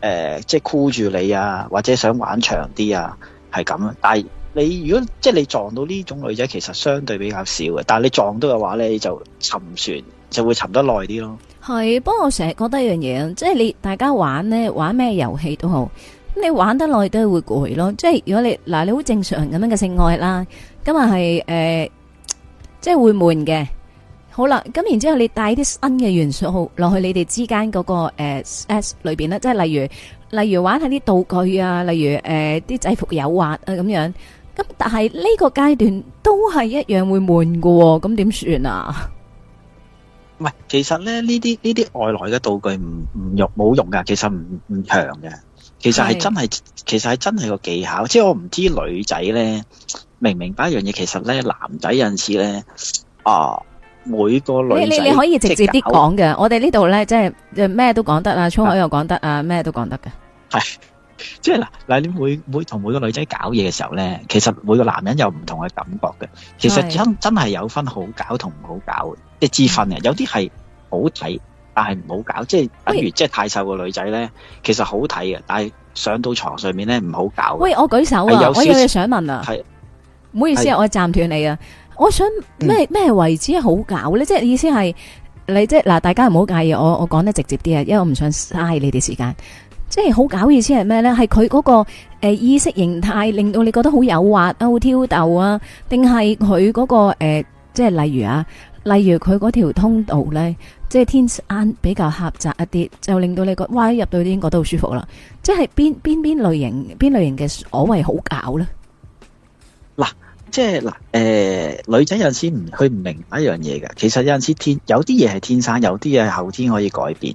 Speaker 3: 呃，即係箍住你啊，或者想玩長啲啊，係咁。但係你如果即係你撞到呢種女仔，其實相對比較少嘅。但係你撞到嘅話咧，你就沉船就會沉得耐啲咯。
Speaker 1: 係，不過我成日覺得一樣嘢，即係你大家玩咧，玩咩遊戲都好，你玩得耐都係會攰咯。即係如果你嗱你好正常咁樣嘅性愛啦，咁啊係誒，即係會悶嘅。好啦，咁然之後你帶啲新嘅元素落去你哋之間嗰個誒 S 裏邊咧，即係例如例如玩下啲道具啊，例如誒啲制服誘惑啊咁樣。咁但係呢個階段都係一樣會悶㗎喎，咁點算啊？
Speaker 3: 唔係，其實咧呢啲呢啲外來嘅道具唔唔用冇用噶，其實唔唔強嘅，
Speaker 1: 其實係真
Speaker 3: 係其實係真係個技巧。即係我唔知女仔咧明唔明白一樣嘢，其實咧男仔有陣時咧啊～每個女仔，你可以直接啲講
Speaker 1: 嘅。我哋呢度咧，即係咩都講得啊，粗口又講得啊，咩都講得嘅。
Speaker 3: 係，即係嗱嗱啲每每同每個女仔搞嘢嘅時候咧，其實每個男人有唔同嘅感覺嘅。其實真真係有分好搞同唔好搞，即係之分嘅。有啲係好睇，但係唔好搞。即係，等如即係太瘦嘅女仔咧，其實好睇嘅，但係上到床上面咧唔好搞。喂，我舉手啊！我有嘢想
Speaker 1: 問啊。係，唔好意思啊，我暫斷你啊。我想咩咩位置好搞咧？即係意思係，你即係嗱，大家唔好介意我，我我講得直接啲啊，因為我唔想嘥你哋時間。即係好搞意思係咩咧？係佢嗰個誒意識形態令到你覺得好誘惑啊，好挑逗啊？定係佢嗰個誒、呃，即係例如啊，例如佢嗰條通道咧，即係天安比較狹窄一啲，就令到你覺得，哇！入到已經覺得好舒服啦、啊。即係邊邊邊類型，邊類型嘅所謂好搞咧？
Speaker 3: 即係嗱，誒、呃，女仔有陣時唔，佢唔明白一樣嘢嘅。其實有陣時天，有啲嘢係天生，有啲嘢係後天可以改變。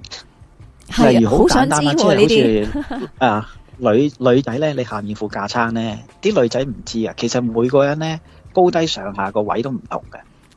Speaker 3: 是例如好簡單，即係好似啊，女女仔咧，你下面副架撐咧，啲女仔唔知啊。其實每個人咧，高低上下個位都唔同嘅，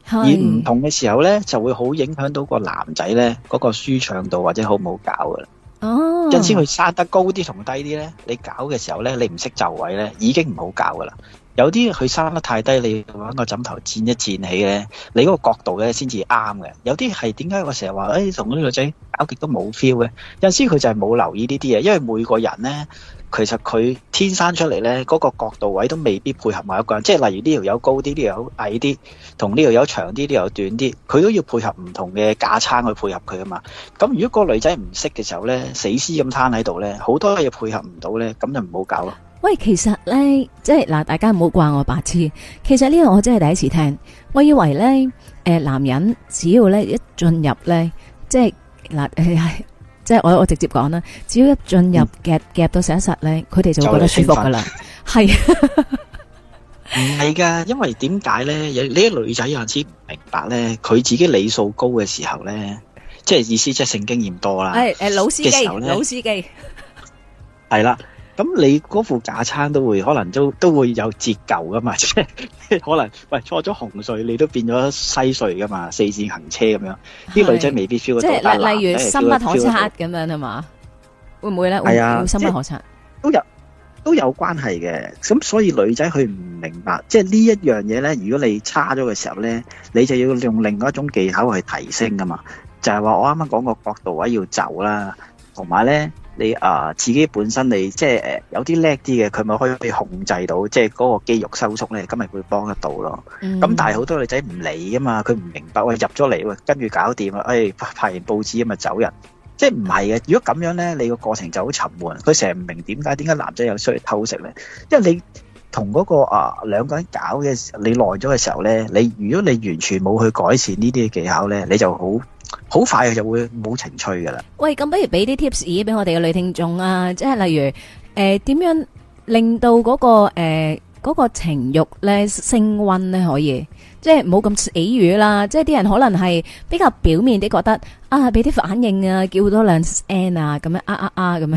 Speaker 2: 是而唔
Speaker 3: 同嘅時候咧，就會好影響到個男仔咧，嗰、那個舒暢度或者好唔好搞噶啦。哦，有陣時佢生得高啲同低啲咧，你搞嘅時候咧，你唔識就位咧，已經唔好搞噶啦。有啲佢生得太低，你揾個枕頭墊一墊起咧，你嗰個角度咧先至啱嘅。有啲係點解我成日話誒，同嗰啲女仔搞極都冇 feel 嘅？因此有陣時佢就係冇留意呢啲嘢，因為每個人咧其實佢天生出嚟咧嗰個角度位都未必配合埋一個人。即係例如呢條友高啲，呢條友矮啲，同呢條友長啲，呢條友短啲，佢都要配合唔同嘅架撐去配合佢噶嘛。咁如果個女仔唔識嘅時候咧，死屍咁攤喺度咧，好多嘢配合唔到咧，咁就唔好搞咯。
Speaker 1: 喂，其實咧，即係嗱，大家唔好怪我白痴。其實呢個我真係第一次聽。我以為咧，誒、呃，男人只要咧一進入咧，即係嗱，係、呃、即係我我直接講啦，只要一進入夾夾、嗯、到實一實咧，佢哋就會覺得舒服噶啦。係
Speaker 3: 唔係噶？因為點解咧？有呢個女仔有啲唔明白咧，佢自己理數高嘅時候咧，即係意思即係性經驗多啦。誒
Speaker 1: 誒，老司機，老司機，
Speaker 3: 係 啦。咁你嗰副架撐都會可能都都會有折舊噶嘛，即係可能喂錯咗紅隧，你都變咗西隧噶嘛，四線行車咁樣，啲是女仔未必 feel 到。即係例例如深不可測
Speaker 1: 咁樣啊嘛，會唔會咧？係啊，深不可測都有
Speaker 3: 都有關係嘅。咁所以女仔佢唔明白，即係呢一樣嘢咧。如果你差咗嘅時候咧，你就要用另外一種技巧去提升噶嘛。就係話我啱啱講個角度位要走啦，同埋咧。你啊，自己本身你即係誒，有啲叻啲嘅，佢咪可以俾控制到，即係嗰個肌肉收縮咧，咁咪會幫得到咯。咁但係好多女仔唔理啊嘛，佢唔明白喂，入咗嚟，跟住搞掂啦，誒、哎，派完報紙咁咪走人，即係唔係嘅，如果咁樣咧，你個過程就好沉悶，佢成日唔明點解，點解男仔又需要偷食咧？因為你同嗰個啊兩個人搞嘅，你耐咗嘅時候咧，你如果你完全冇去改善呢啲技巧咧，你就好。好快就會冇情趣噶啦。
Speaker 1: 喂，咁不如俾啲 tips 俾我哋嘅女聽眾啊，即係例如，誒、呃、點樣令到嗰、嗰個誒嗰、呃嗰個情欲咧升温咧？可以，即係唔好咁似死魚啦。即係啲人可能係比較表面啲，覺得啊，俾啲反應啊，叫多兩聲啊，咁樣啊啊啊咁樣。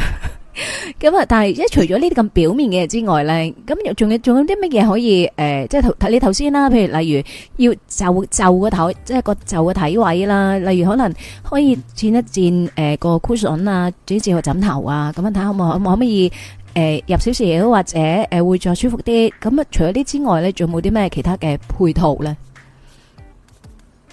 Speaker 1: 咁啊！但係即除咗呢啲咁表面嘅之外咧，咁仲有仲有啲乜嘢可以誒、呃，即係頭你頭先啦，譬如例如要就就個頭，即係個就個體位啦，例如可能可以墊一墊誒個 cushion 啊，即、呃、係枕頭終終枕頭啊，咁樣睇下可唔可以誒、呃、入少少，或者誒會再舒服啲。咁啊，除咗啲之外咧，仲有冇啲咩其他嘅配套咧？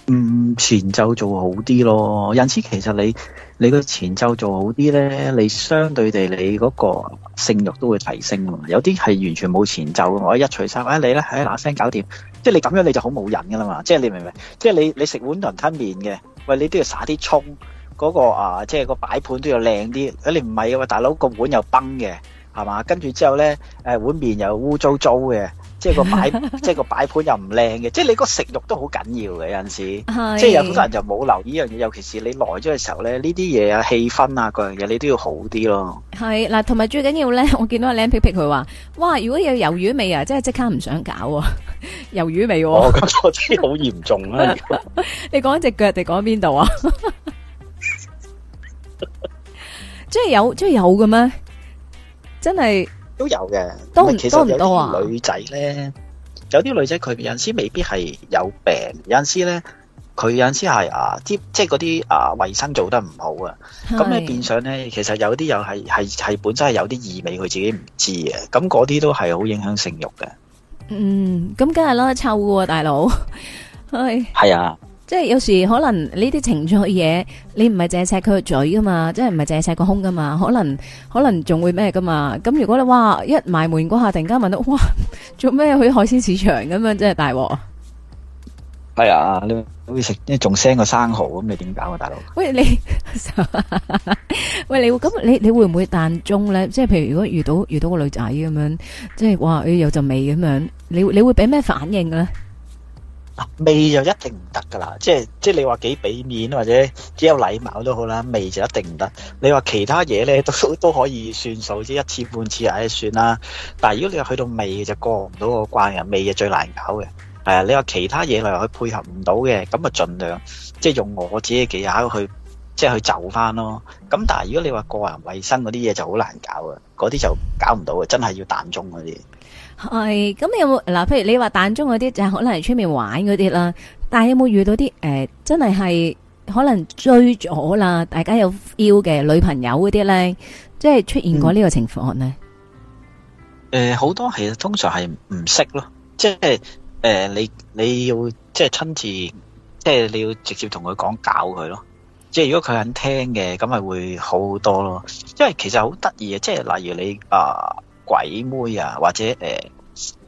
Speaker 2: 嗯，
Speaker 3: 前奏做好啲咯。因此，其實你。你個前奏做好啲呢，你相對地你嗰個性慾都會提升嘛。有啲係完全冇前奏，我一除衫，啊，你呢唉喇聲搞掂，即係你咁樣你就好冇癮㗎啦嘛。即係你明唔明？即係你你食碗雲吞麵嘅，喂你都要撒啲葱，嗰、嗰個啊即係個擺盤都要靚啲啊。你唔係大佬，個碗又崩嘅係嘛，跟住之後呢，碗面又污糟糟嘅。即係個擺，即係個擺盤又唔靚嘅，即係你個食欲都好緊要嘅。有陣時，即係有好多人就冇留意呢樣嘢，尤其是你耐咗嘅時候咧，呢啲嘢啊氣氛啊各樣嘢，你都要好啲咯。
Speaker 1: 係嗱，同埋最緊要咧，我見到阿靚皮皮佢話：，哇，如果有魷魚味啊，即係即刻唔想搞啊，魷魚味。我感覺
Speaker 3: 真係好嚴重啊！
Speaker 1: 你講一隻腳你講邊度啊？即係有，即係有嘅咩？真係。
Speaker 3: 都有嘅，都不其實有啲女仔咧，啊、有啲女仔佢有陣時未必係有病，有陣時咧佢有陣時係啊，啲即係嗰啲啊衛生做得唔好啊，
Speaker 2: 咁咧是變
Speaker 3: 相咧其實有啲又係係係本身係有啲異味，佢自己唔知嘅，咁嗰啲都係好影響性欲嘅。嗯，
Speaker 1: 咁梗係啦，臭嘅大佬，係係啊。即係有時可能呢啲情趣嘢，你唔係淨係錫佢嘴噶嘛，即係唔係淨係錫個胸噶嘛，可能可能仲會咩噶嘛？咁如果你哇一埋門嗰下，突然間聞到哇做咩去海鮮市場咁樣，真係大鑊
Speaker 3: 啊！係啊、哎，你你食一仲腥個生蠔咁，你點搞啊，大 佬？
Speaker 1: 喂你，喂你，你會咁你你會唔會彈中咧？即係譬如如果遇到遇到個女仔咁樣，即係哇有陣味咁樣，你你會俾咩反應咧？味就一定唔
Speaker 3: 得噶啦，即係即係你話幾俾面或者只有禮貌都好啦，味就一定唔得。你話其他嘢咧都都可以算數，即係一次半次唉，算啦。但係如果你話去到味就過唔到個關嘅，味就最難搞嘅。係啊，你話其他嘢嚟去配合唔到嘅，咁啊盡量即係用我自己嘅技巧去即係去就翻咯。咁但係如果你話個人衛生嗰啲嘢就好難搞嘅，嗰啲就搞唔到嘅，真係要彈鐘嗰啲。
Speaker 1: 係，咁你有冇嗱？譬如你話彈中嗰啲，就是可能係出面玩嗰啲啦。但係有冇遇到啲誒、呃，真係係可能追咗啦，大家有要嘅女朋友嗰啲咧，即係出現過呢個情況咧？
Speaker 3: 誒、嗯，好、呃、多係通常係唔識咯，即係誒、呃，你你要即係親自，即係你要直接同佢講搞佢咯。即係如果佢肯聽嘅，咁咪會好好多咯。因為其實好得意嘅，即係例如你啊。鬼妹啊，或者誒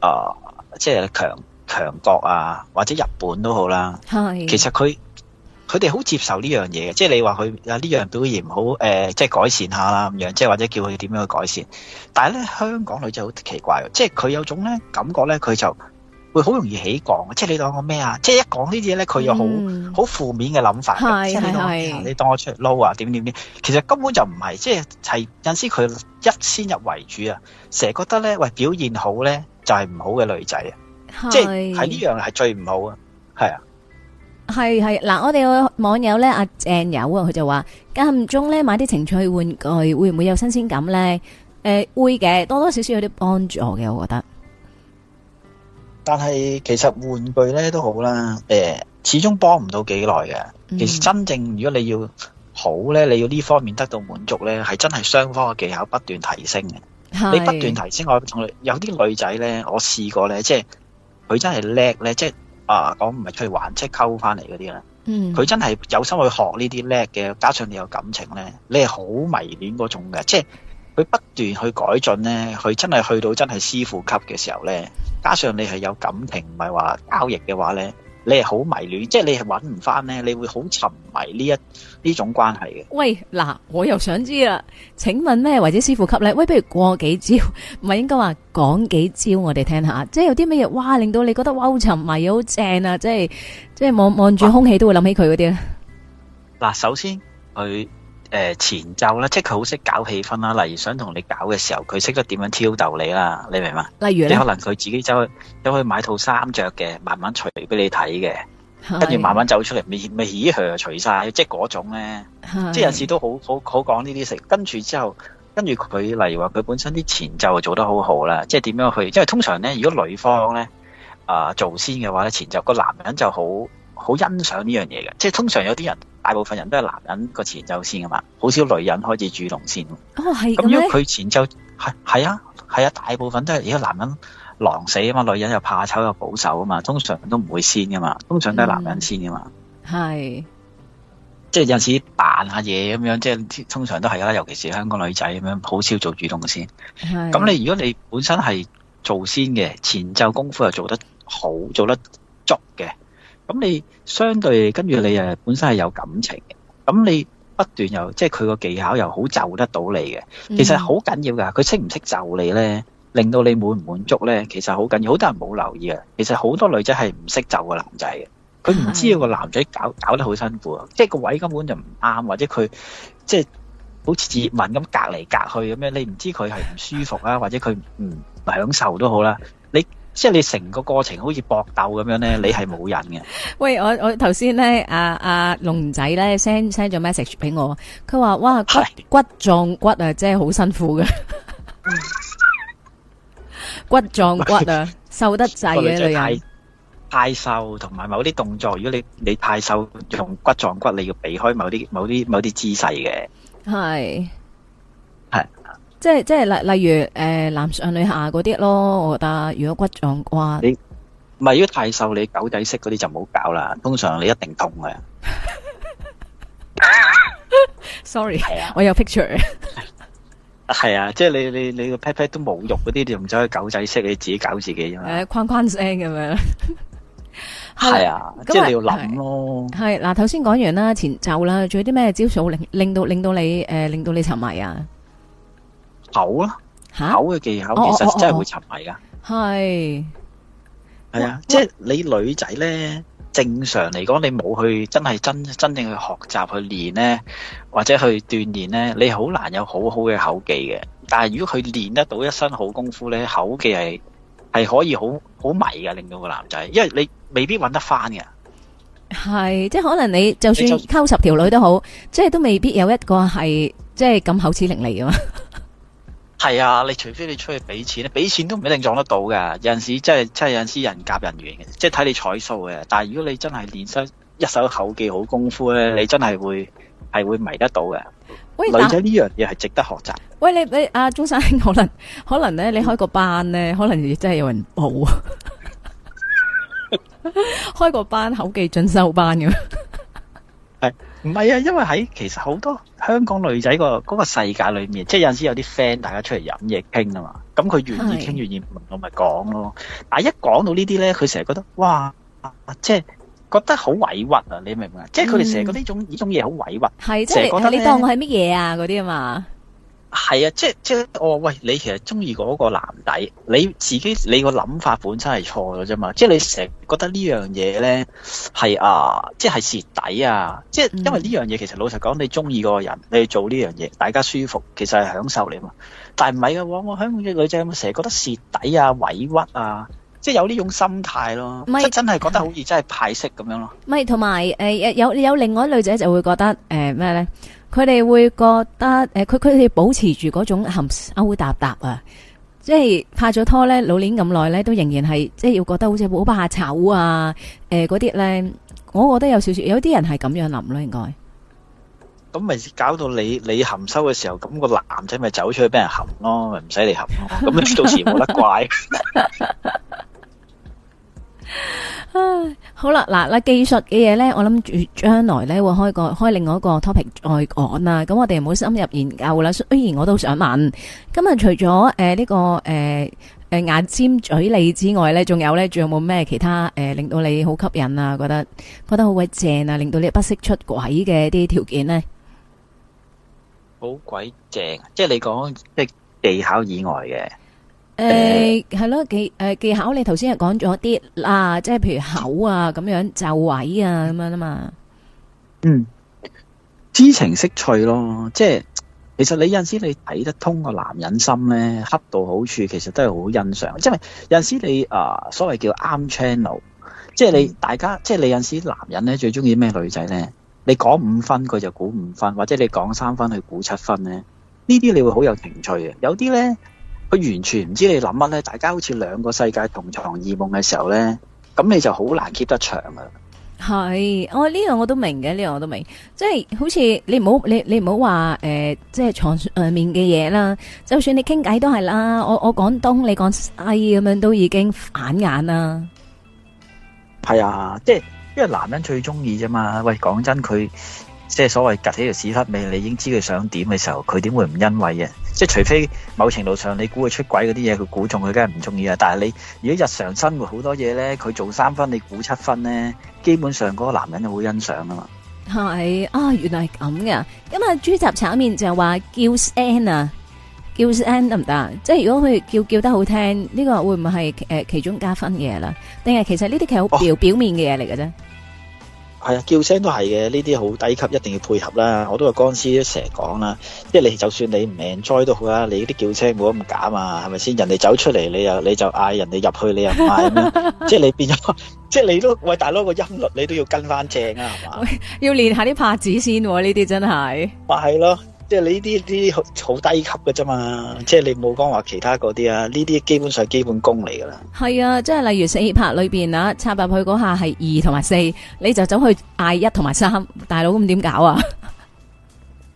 Speaker 3: 啊、呃呃，即係強強國啊，或者日本都好啦。係的，其實佢佢哋好接受呢樣嘢嘅，即係你話佢啊呢樣表現唔好，誒、呃、即係改善下啦咁樣，即係或者叫佢點樣去改善。但係咧，香港女仔好奇怪，即係佢有種咧感覺咧，佢就。會好容易起講，即係你當我咩啊？即係一講呢啲嘢咧，佢有好好負面嘅諗法嘅。係係係，你當我出撈啊？點點點？其實根本就唔係，即係，係有陣時佢一先入為主啊，成日覺得咧，喂，表現好咧就係唔好嘅女仔啊，
Speaker 1: 即係喺呢樣
Speaker 3: 係最唔好啊，係啊。
Speaker 1: 係係嗱，我哋嘅網友咧阿鄭友啊，佢就話間唔中咧買啲情趣玩具會唔會有新鮮感咧？誒，會嘅，多多少少有啲幫助嘅，我覺得。
Speaker 3: 但係其實玩具咧都好啦，誒、欸、始終幫唔到幾耐嘅。嗯、其實真正如果你要好咧，你要呢方面得到滿足咧，係真係雙方嘅技巧不斷提升嘅。
Speaker 2: 是你不斷
Speaker 3: 提升我，有啲女仔咧，我試過咧，即係佢真係叻咧，即係啊講，唔係出去玩即溝翻嚟嗰啲啦。嗯，
Speaker 2: 佢真係
Speaker 3: 有心去學呢啲叻嘅，加上你有感情咧，你係好迷戀嗰種嘅，即係。佢不斷去改進呢，佢真係去到真係師傅級嘅時候呢。加上你係有感情，唔係話交易嘅話呢，你係好迷戀，即係你係揾唔返呢，你會好沉迷呢一呢種關係
Speaker 1: 嘅。喂，嗱，我又想知啦。請問咩或者師傅級呢？喂，不如過幾招，唔係應該話講幾招我哋聽下。即係有啲咩嘢，哇，令到你覺得哇好沉迷，好正啊！即係即係望望住空氣都會諗起佢嗰啲。
Speaker 3: 嗱，首先佢。誒前奏啦，即係佢好識搞氣氛啦。例如想同你搞嘅時候，佢識得點樣挑逗你啦，你明嘛？
Speaker 1: 例如，你可能
Speaker 3: 佢自己走，走去走去買套衫着嘅，慢慢除俾你睇嘅，
Speaker 1: 的跟住慢慢
Speaker 3: 走出嚟，咪咪咦佢又除晒。即係嗰種咧，
Speaker 2: 的即係有時
Speaker 3: 都好好好講呢啲食。跟住之後，跟住佢例如話佢本身啲前奏做得好好啦，即係點樣去？因為通常咧，如果女方咧啊、呃、做先嘅話咧，前奏個男人就好。好欣賞呢樣嘢嘅，即係通常有啲人，大部分人都係男人個前奏先噶嘛，好少女人開始主動先。
Speaker 1: 哦係，咁如果佢
Speaker 3: 前奏係係啊係啊，大部分都係而家男人狼死啊嘛，女人又怕醜又保守啊嘛，通常都唔會先噶嘛，通常都係男人先噶嘛。
Speaker 1: 係、
Speaker 2: 嗯，
Speaker 3: 即係有陣時扮下嘢咁樣，即係通常都係啦，尤其是香港女仔咁樣，好少做主動先。咁是你如果你本身係做先嘅，前奏功夫又做得好，做得足嘅。咁你相對跟住你本身係有感情嘅，咁你不斷又即係佢個技巧又好就得到你嘅，其實好緊要㗎。佢識唔識就你咧，令到你滿唔滿足咧，其實好緊要。好多人冇留意啊，其實好多女仔係唔識就個男仔嘅，佢唔知個男仔搞搞得好辛苦啊，的即係個位根本就唔啱，或者佢即係好似熱吻咁隔嚟隔去咁樣，你唔知佢係唔舒服啊， 或者佢唔享受都好啦，你。即係你成個過程好似搏鬥咁樣咧，你係冇癮嘅。
Speaker 1: 喂，我我頭先咧，阿阿龍仔咧 send send 咗 message 俾我，佢話：，哇，骨骨撞骨啊，真係好辛苦㗎。骨撞骨啊，瘦得滯嘅女人。
Speaker 3: 太瘦同埋某啲動作，如果你你太瘦用骨撞骨，你要避開某啲某啲某啲姿勢嘅。
Speaker 1: 係係。即係即係例例如，誒、呃、男上女下嗰啲咯。我覺得如果骨狀啩，你
Speaker 3: 唔係，如果太瘦你狗仔式嗰啲就唔好搞啦，通常你一定痛嘅。
Speaker 1: Sorry，我有 picture。
Speaker 3: 係啊，即係你你你個 pat pat 都冇肉嗰啲，唔使去狗仔式，你自己搞自己啫
Speaker 1: 嘛，啊。框框聲咁樣。係 啊，那即係你要諗咯。係嗱，頭先講完啦，前奏啦，仲有啲咩招數令令到令到你誒令到你沉迷啊？
Speaker 3: 口咯，口嘅技巧其實真係會沉迷噶，
Speaker 1: 係係啊，
Speaker 3: 即係你女仔咧，正常嚟講，你冇去真係真真正去學習去練咧，或者去鍛煉咧，你好難有好好嘅口技嘅。但係如果佢練得到一身好功夫咧，口技係係可以好好迷噶，令到個男仔，因為你未必揾得翻嘅，
Speaker 1: 係即係可能你就算溝十條女都好，即係都未必有一個係即係咁口齒伶俐噶嘛。
Speaker 3: 係啊，你除非你出去俾錢，俾錢都唔一定撞得到嘅。有陣時真係真係有陣時人夾人緣嘅，即係睇你彩數嘅。但係如果你真係練出一手口技好功夫咧，你真係會係會迷得到
Speaker 2: 嘅。
Speaker 3: 喂女仔呢樣嘢係值得學習。
Speaker 1: 喂，你你阿中山兄可能可能咧，你開個班咧，可能,可能, 可能真係有人報啊。 開個班口技進修班咁。係。
Speaker 3: 唔係啊，因為喺其實好多香港女仔個嗰世界裏面，即係有陣時有啲 friend，大家出嚟飲嘢傾啊嘛。咁佢願意傾，的願意同我咪講咯。但係一講到呢啲咧，佢成日覺得哇，即係覺得好委屈啊！你明唔明啊？即係佢哋成日覺得呢種呢種嘢好委屈。
Speaker 1: 係，即係你當我係乜嘢啊？嗰啲啊嘛。
Speaker 3: 係啊，即即我、哦、喂你其實中意嗰個男仔，你自己你個諗法本身係錯嘅啫嘛，即係你成日覺得呢樣嘢咧，係啊，即係蝕底啊，即係因為呢樣嘢其實老實講，你中意嗰個人，你做呢樣嘢大家舒服，其實係享受你嘛，但係唔係噶喎，我香港嘅女仔有冇成日覺得蝕底啊、委屈啊？即係有呢種心態咯，即係真係講得好易，真係派息咁樣
Speaker 1: 咯。唔係同埋誒，有有另外一女仔就會覺得誒咩咧？佢哋會覺得誒，佢佢哋保持住嗰種含羞答答啊，即係拍咗拖咧，老捻咁耐咧，都仍然係即係要覺得好似好怕醜啊，誒嗰啲咧，我我覺得有少少，有啲人係咁樣諗咯，應該。
Speaker 3: 咁咪搞到你你含羞嘅時候，咁個男仔咪走出去俾人含
Speaker 1: 咯，咪唔使你
Speaker 3: 含咯，咁到時冇得怪。
Speaker 1: 唉，好啦，嗱，嗱，技術嘅嘢呢，我諗住將來呢會開個，開另外一個 topic 再講啦。咁我哋唔好深入研究啦。雖然我都想問，今日除咗誒呢個誒誒牙尖嘴利之外呢，仲有呢？仲有冇咩其他誒、呃、令到你好吸引啊？覺得覺得好鬼正啊！令到你不惜出軌嘅啲條件呢？
Speaker 3: 好鬼正，即係你講即技巧以外嘅。
Speaker 1: 誒，係咯、uh, 技誒、呃、技巧你剛才了一些，你頭先係講咗啲啊，即係譬如口啊咁樣就位啊咁樣啦嘛。
Speaker 2: 嗯，
Speaker 3: 知情識趣咯，即係其實你有陣時你睇得通個男人心咧，恰到好處，其實都係好欣賞。即係有陣時你啊，所謂叫啱 channel，即係你大家，即係你有陣時男人咧最中意咩女仔咧，你講五分佢就估五分，或者你講三分佢估七分咧，呢啲你會好有情趣嘅。有啲咧。佢完全唔知你諗乜咧，大家好似兩個世界同床異夢嘅時候咧，咁你就好難 keep 得長噶啦。
Speaker 1: 係，哦呢個、我呢樣、呢個、我都明嘅，呢樣我都明，即係好似你唔好你你唔好話誒，即係床上面嘅嘢啦，就算你傾偈都係啦，我我講東你講西咁樣都已經反眼啦。
Speaker 3: 係啊，即係因為男人最中意啫嘛。喂，講真，佢即係所謂夾起條屎忽尾，你已經知佢想點嘅時候，佢點會唔欣慰啊？即係除非某程度上你估佢出軌嗰啲嘢，佢估中佢梗係唔中意啊！但係你如果日常生活好多嘢咧，佢做三分你估七分咧，基本上嗰個男人就會欣賞噶嘛？
Speaker 1: 係啊、哦，原來係咁嘅。咁啊豬雜炒麵就係話叫聲啊，叫聲得唔得？即係如果佢叫叫得好聽，呢、這個會唔會係誒其中加分嘅嘢啦？定係其實呢啲其實好表、哦、表面嘅嘢嚟嘅啫。
Speaker 3: 係啊，叫聲都係嘅，呢啲好低級，一定要配合啦。我都話江師都成日講啦，即係你就算你唔名栽都好啦，你啲叫聲冇咁假啊，係咪先？人哋走出嚟，你又你就嗌人哋入去，你又唔嗌即係你變咗，即係你都喂大佬個音律，你都要跟翻正
Speaker 1: 啊，係嘛？ 要練下啲拍子先，哦，呢啲真係。咪係咯。即係你呢啲啲好低
Speaker 3: 級嘅啫嘛，即係你冇講話其他嗰啲啊，呢啲基本上是基本功嚟噶啦。
Speaker 1: 係啊，即係例如四拍裏邊啊，插入去嗰下係二同埋四，你就走去嗌一同埋三，大佬咁點搞啊？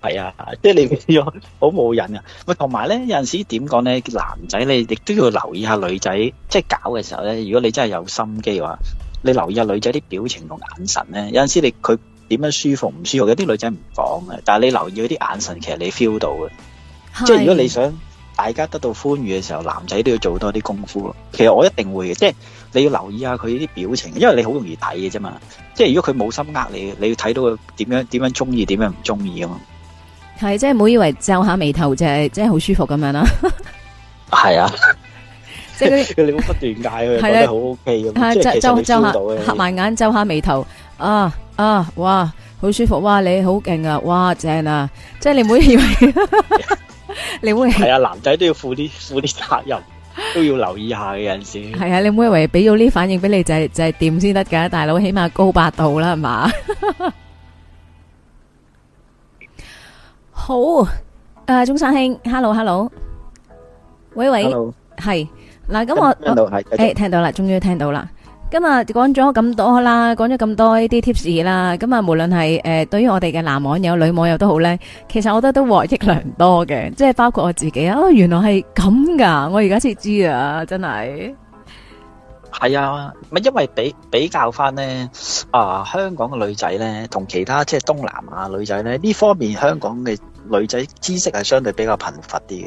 Speaker 3: 係啊，即係你唔知好冇癮啊。喂， 同埋咧，有陣時點講咧？男仔你亦都要留意一下女仔，即係搞嘅時候咧。如果你真係有心機話，你留意下女仔啲表情同眼神咧，有陣時你佢。點樣舒服唔舒服？有啲女仔唔講嘅，但係你留意嗰啲眼神，其實你 feel 到嘅。
Speaker 1: 是即係如果你
Speaker 3: 想大家得到歡愉嘅時候，男仔都要做多啲功夫咯。其實我一定會嘅，即係你要留意下佢啲表情，因為你好容易睇嘅啫嘛。即係如果佢冇心呃你，你要睇到佢點樣點樣中意，點樣唔中意啊嘛。
Speaker 1: 係，即係唔好以為皺下眉頭就係真係好舒服咁樣啦。
Speaker 3: 係啊，
Speaker 1: 即 係、啊、 你
Speaker 3: 會不斷嗌佢，覺
Speaker 1: 得好
Speaker 2: OK 咁，啊、即係皺皺下，合埋
Speaker 1: 眼，皺下眉頭。啊啊！哇，好舒服哇！你好勁啊！哇，正啊！即係你唔好以為你唔好以為係啊，男
Speaker 3: 仔都要負啲負啲責任，都要留意下嘅人先。係啊，你
Speaker 1: 唔好以為俾咗呢反應俾你就係就係掂先得噶，大佬起碼高八度啦，係嘛？好，誒，中山兄，hello hello，喂喂，係嗱，咁我誒聽到啦，終於聽到啦。今日講咗咁多啦，講咗咁多呢啲 tips 啦。咁啊，無論係誒對於我哋嘅男網友、女網友都好咧。其實我覺得都獲益良多嘅，即係包括我自己啊。原來係咁噶，我而家先知啊，真係。
Speaker 3: 係啊，咪因為比比較翻咧啊，香港嘅女仔咧，同其他即係東南亞女仔咧呢方面，香港嘅女仔知識係相對比較貧乏啲嘅。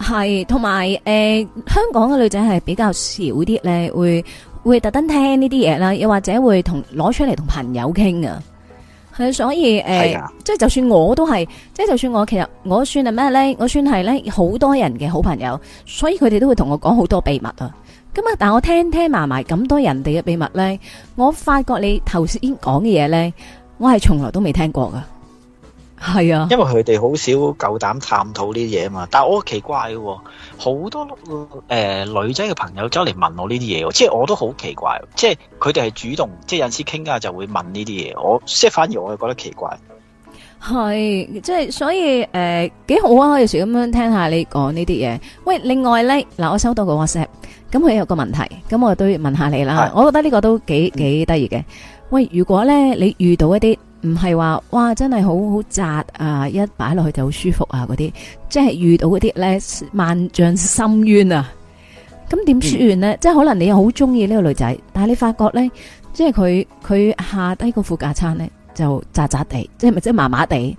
Speaker 1: 係，同埋誒，香港嘅女仔係比較少啲咧，會。會特登聽呢啲嘢啦，又或者會同攞出嚟同朋友傾啊，係所以誒，即係的、呃、就算我都係，即係就算我其實我算係咩咧？我算係咧好多人嘅好朋友，所以佢哋都會同我講好多秘密啊。咁啊，但我聽聽埋埋咁多人哋嘅秘密咧，我發覺你頭先講嘅嘢咧，我係從來都未聽過噶。係是啊，
Speaker 3: 因為佢哋好少夠膽探討呢啲嘢啊嘛，但係我奇怪嘅，好多誒、呃、女仔嘅朋友走嚟問我呢啲嘢，即係我都好奇怪，即係佢哋係主動，即係有時傾下就會問呢啲嘢，我即係反而我又覺得奇怪。係，即、
Speaker 1: 就、係、是、所以誒幾、呃、好啊，有時咁樣聽下你講呢啲嘢。喂，另外咧，嗱我收到個 WhatsApp，咁佢有個問題，咁我都要問下你啦。是我覺得呢個都幾幾得意嘅。喂，如果咧你遇到一啲。唔係話哇，真係好好窄啊！一擺落去就好舒服啊，嗰啲即係遇到嗰啲咧萬丈深淵啊！咁點算呢？嗯、即係可能你又好中意呢個女仔，但係你發覺呢，即係佢佢下低個副駕餐呢，就窄窄地，即係咪即係麻麻地？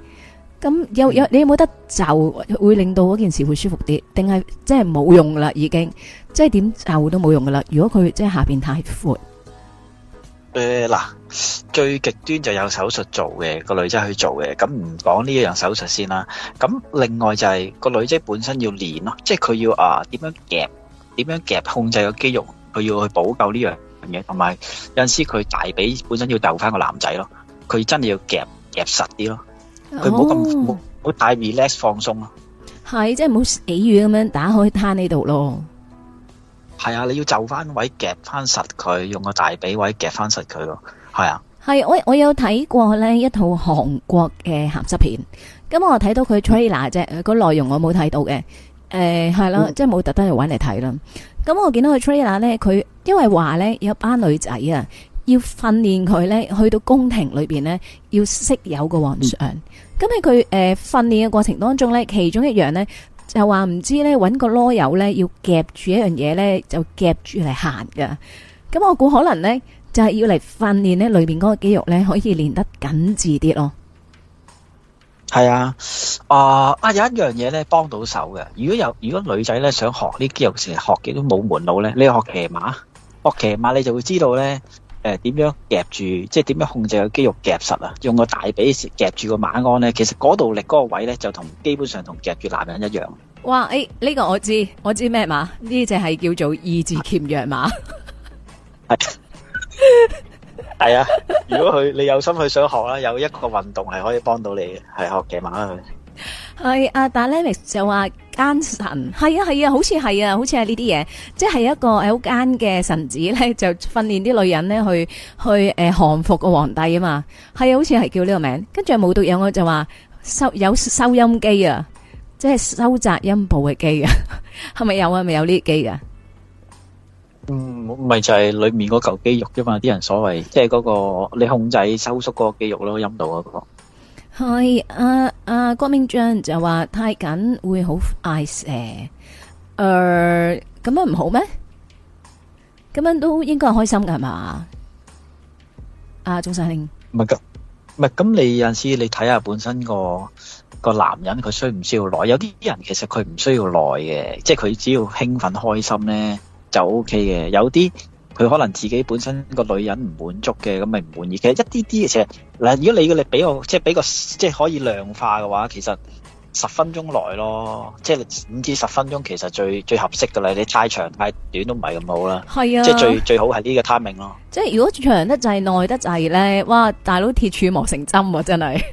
Speaker 1: 咁又有你有冇得就？會令到嗰件事會舒服啲，定係即係冇用啦？已經即係點就都冇用噶啦！如果佢即係下邊太闊。
Speaker 3: 誒，嗱，最極端就有手術做嘅個女仔去做嘅，咁唔講呢樣手術先啦。咁另外就係個女仔本身要練咯，即係佢要啊點樣夾，點樣夾控制個肌肉，佢要去補救呢樣嘢。同埋有陣時佢大髀本身要逗翻個男仔咯，佢真係要夾夾實啲咯，
Speaker 1: 佢唔好咁唔好唔
Speaker 3: 好太 relax 放鬆咯。
Speaker 1: 係即係唔好幾遠咁樣打開攤呢度咯。
Speaker 3: 係啊，你要就翻位夾翻實佢，用個大髀位夾翻實佢咯，係啊。
Speaker 1: 係我我有睇過呢一套韓國嘅咸濕片，咁我睇到佢 trailer 啫，個內容我冇睇到嘅，誒係啦，啊嗯、即係冇特登去搵嚟睇啦。咁我見到佢 trailer 呢佢因為話呢有班女仔啊，要訓練佢呢去到宮廷裏邊呢要識有個皇上。咁喺佢誒訓練嘅過程當中呢其中一樣呢就話唔知呢搵個囉柚呢要夾住一樣嘢呢，就夾住嚟行噶。咁我估可能呢，就係要嚟訓練呢裏邊嗰個肌肉，啊呃、呢，可以練得緊緻啲咯。
Speaker 3: 係啊，啊啊有一樣嘢呢幫到手嘅。如果有如果女仔呢想學啲肌肉，成日學嘅都冇門路呢。你學騎馬，學騎馬你就會知道呢。誒，呃，點樣夾住，即係點樣控制個肌肉夾實啊？用個大髀夾住個馬鞍咧，其實嗰度力嗰個位咧，就同基本上同夾住男人一樣。
Speaker 1: 哇！誒、欸，呢個我知，我知咩馬？呢隻係叫做二字鉗羊馬。
Speaker 3: 係是 啊，如果佢你有心去想學啦，有一個運動係可以幫到你嘅，係學騎馬去。
Speaker 1: 係阿達 lemix 就話奸臣。係啊係啊，好似係啊，好似係呢啲嘢，即係一個好奸嘅臣子咧，就訓練啲女人咧去去誒降服個皇帝啊嘛，係啊，好似係叫呢個名。跟住冇讀有我就話收有收音機啊，即係收集音部嘅機啊，係咪有啊？咪有呢機噶？嗯，
Speaker 3: 唔係就係裏面嗰嚿肌肉啫嘛，啲人所謂，即係嗰個你控制收縮嗰個肌肉咯，音度嗰個。
Speaker 1: 係阿阿郭明章就話太緊會、呃、好 ice 誒，咁樣唔好咩？咁樣都應該係開心噶係嘛？阿鍾生興
Speaker 3: 唔係咁，唔係咁。你有陣時你睇下本身個個男人佢需唔需要耐？有啲人其實佢唔需要耐嘅，即係佢只要興奮開心咧就 O K 嘅。有啲。佢可能自己本身、個女人唔滿足嘅，咁咪唔滿意。其實一啲啲嘅，其實嗱，如果你嘅你俾我即係俾個即係可以量化嘅話，其實十分鐘內咯，即係五至十分鐘，其實最最合適嘅喇。你太長太短都唔係咁好啦。
Speaker 1: 係啊，即係最最
Speaker 3: 好係呢個 timing 咯。
Speaker 1: 即係如果長得滯、耐得滯咧，哇！大佬鐵杵磨成針喎、啊，真係。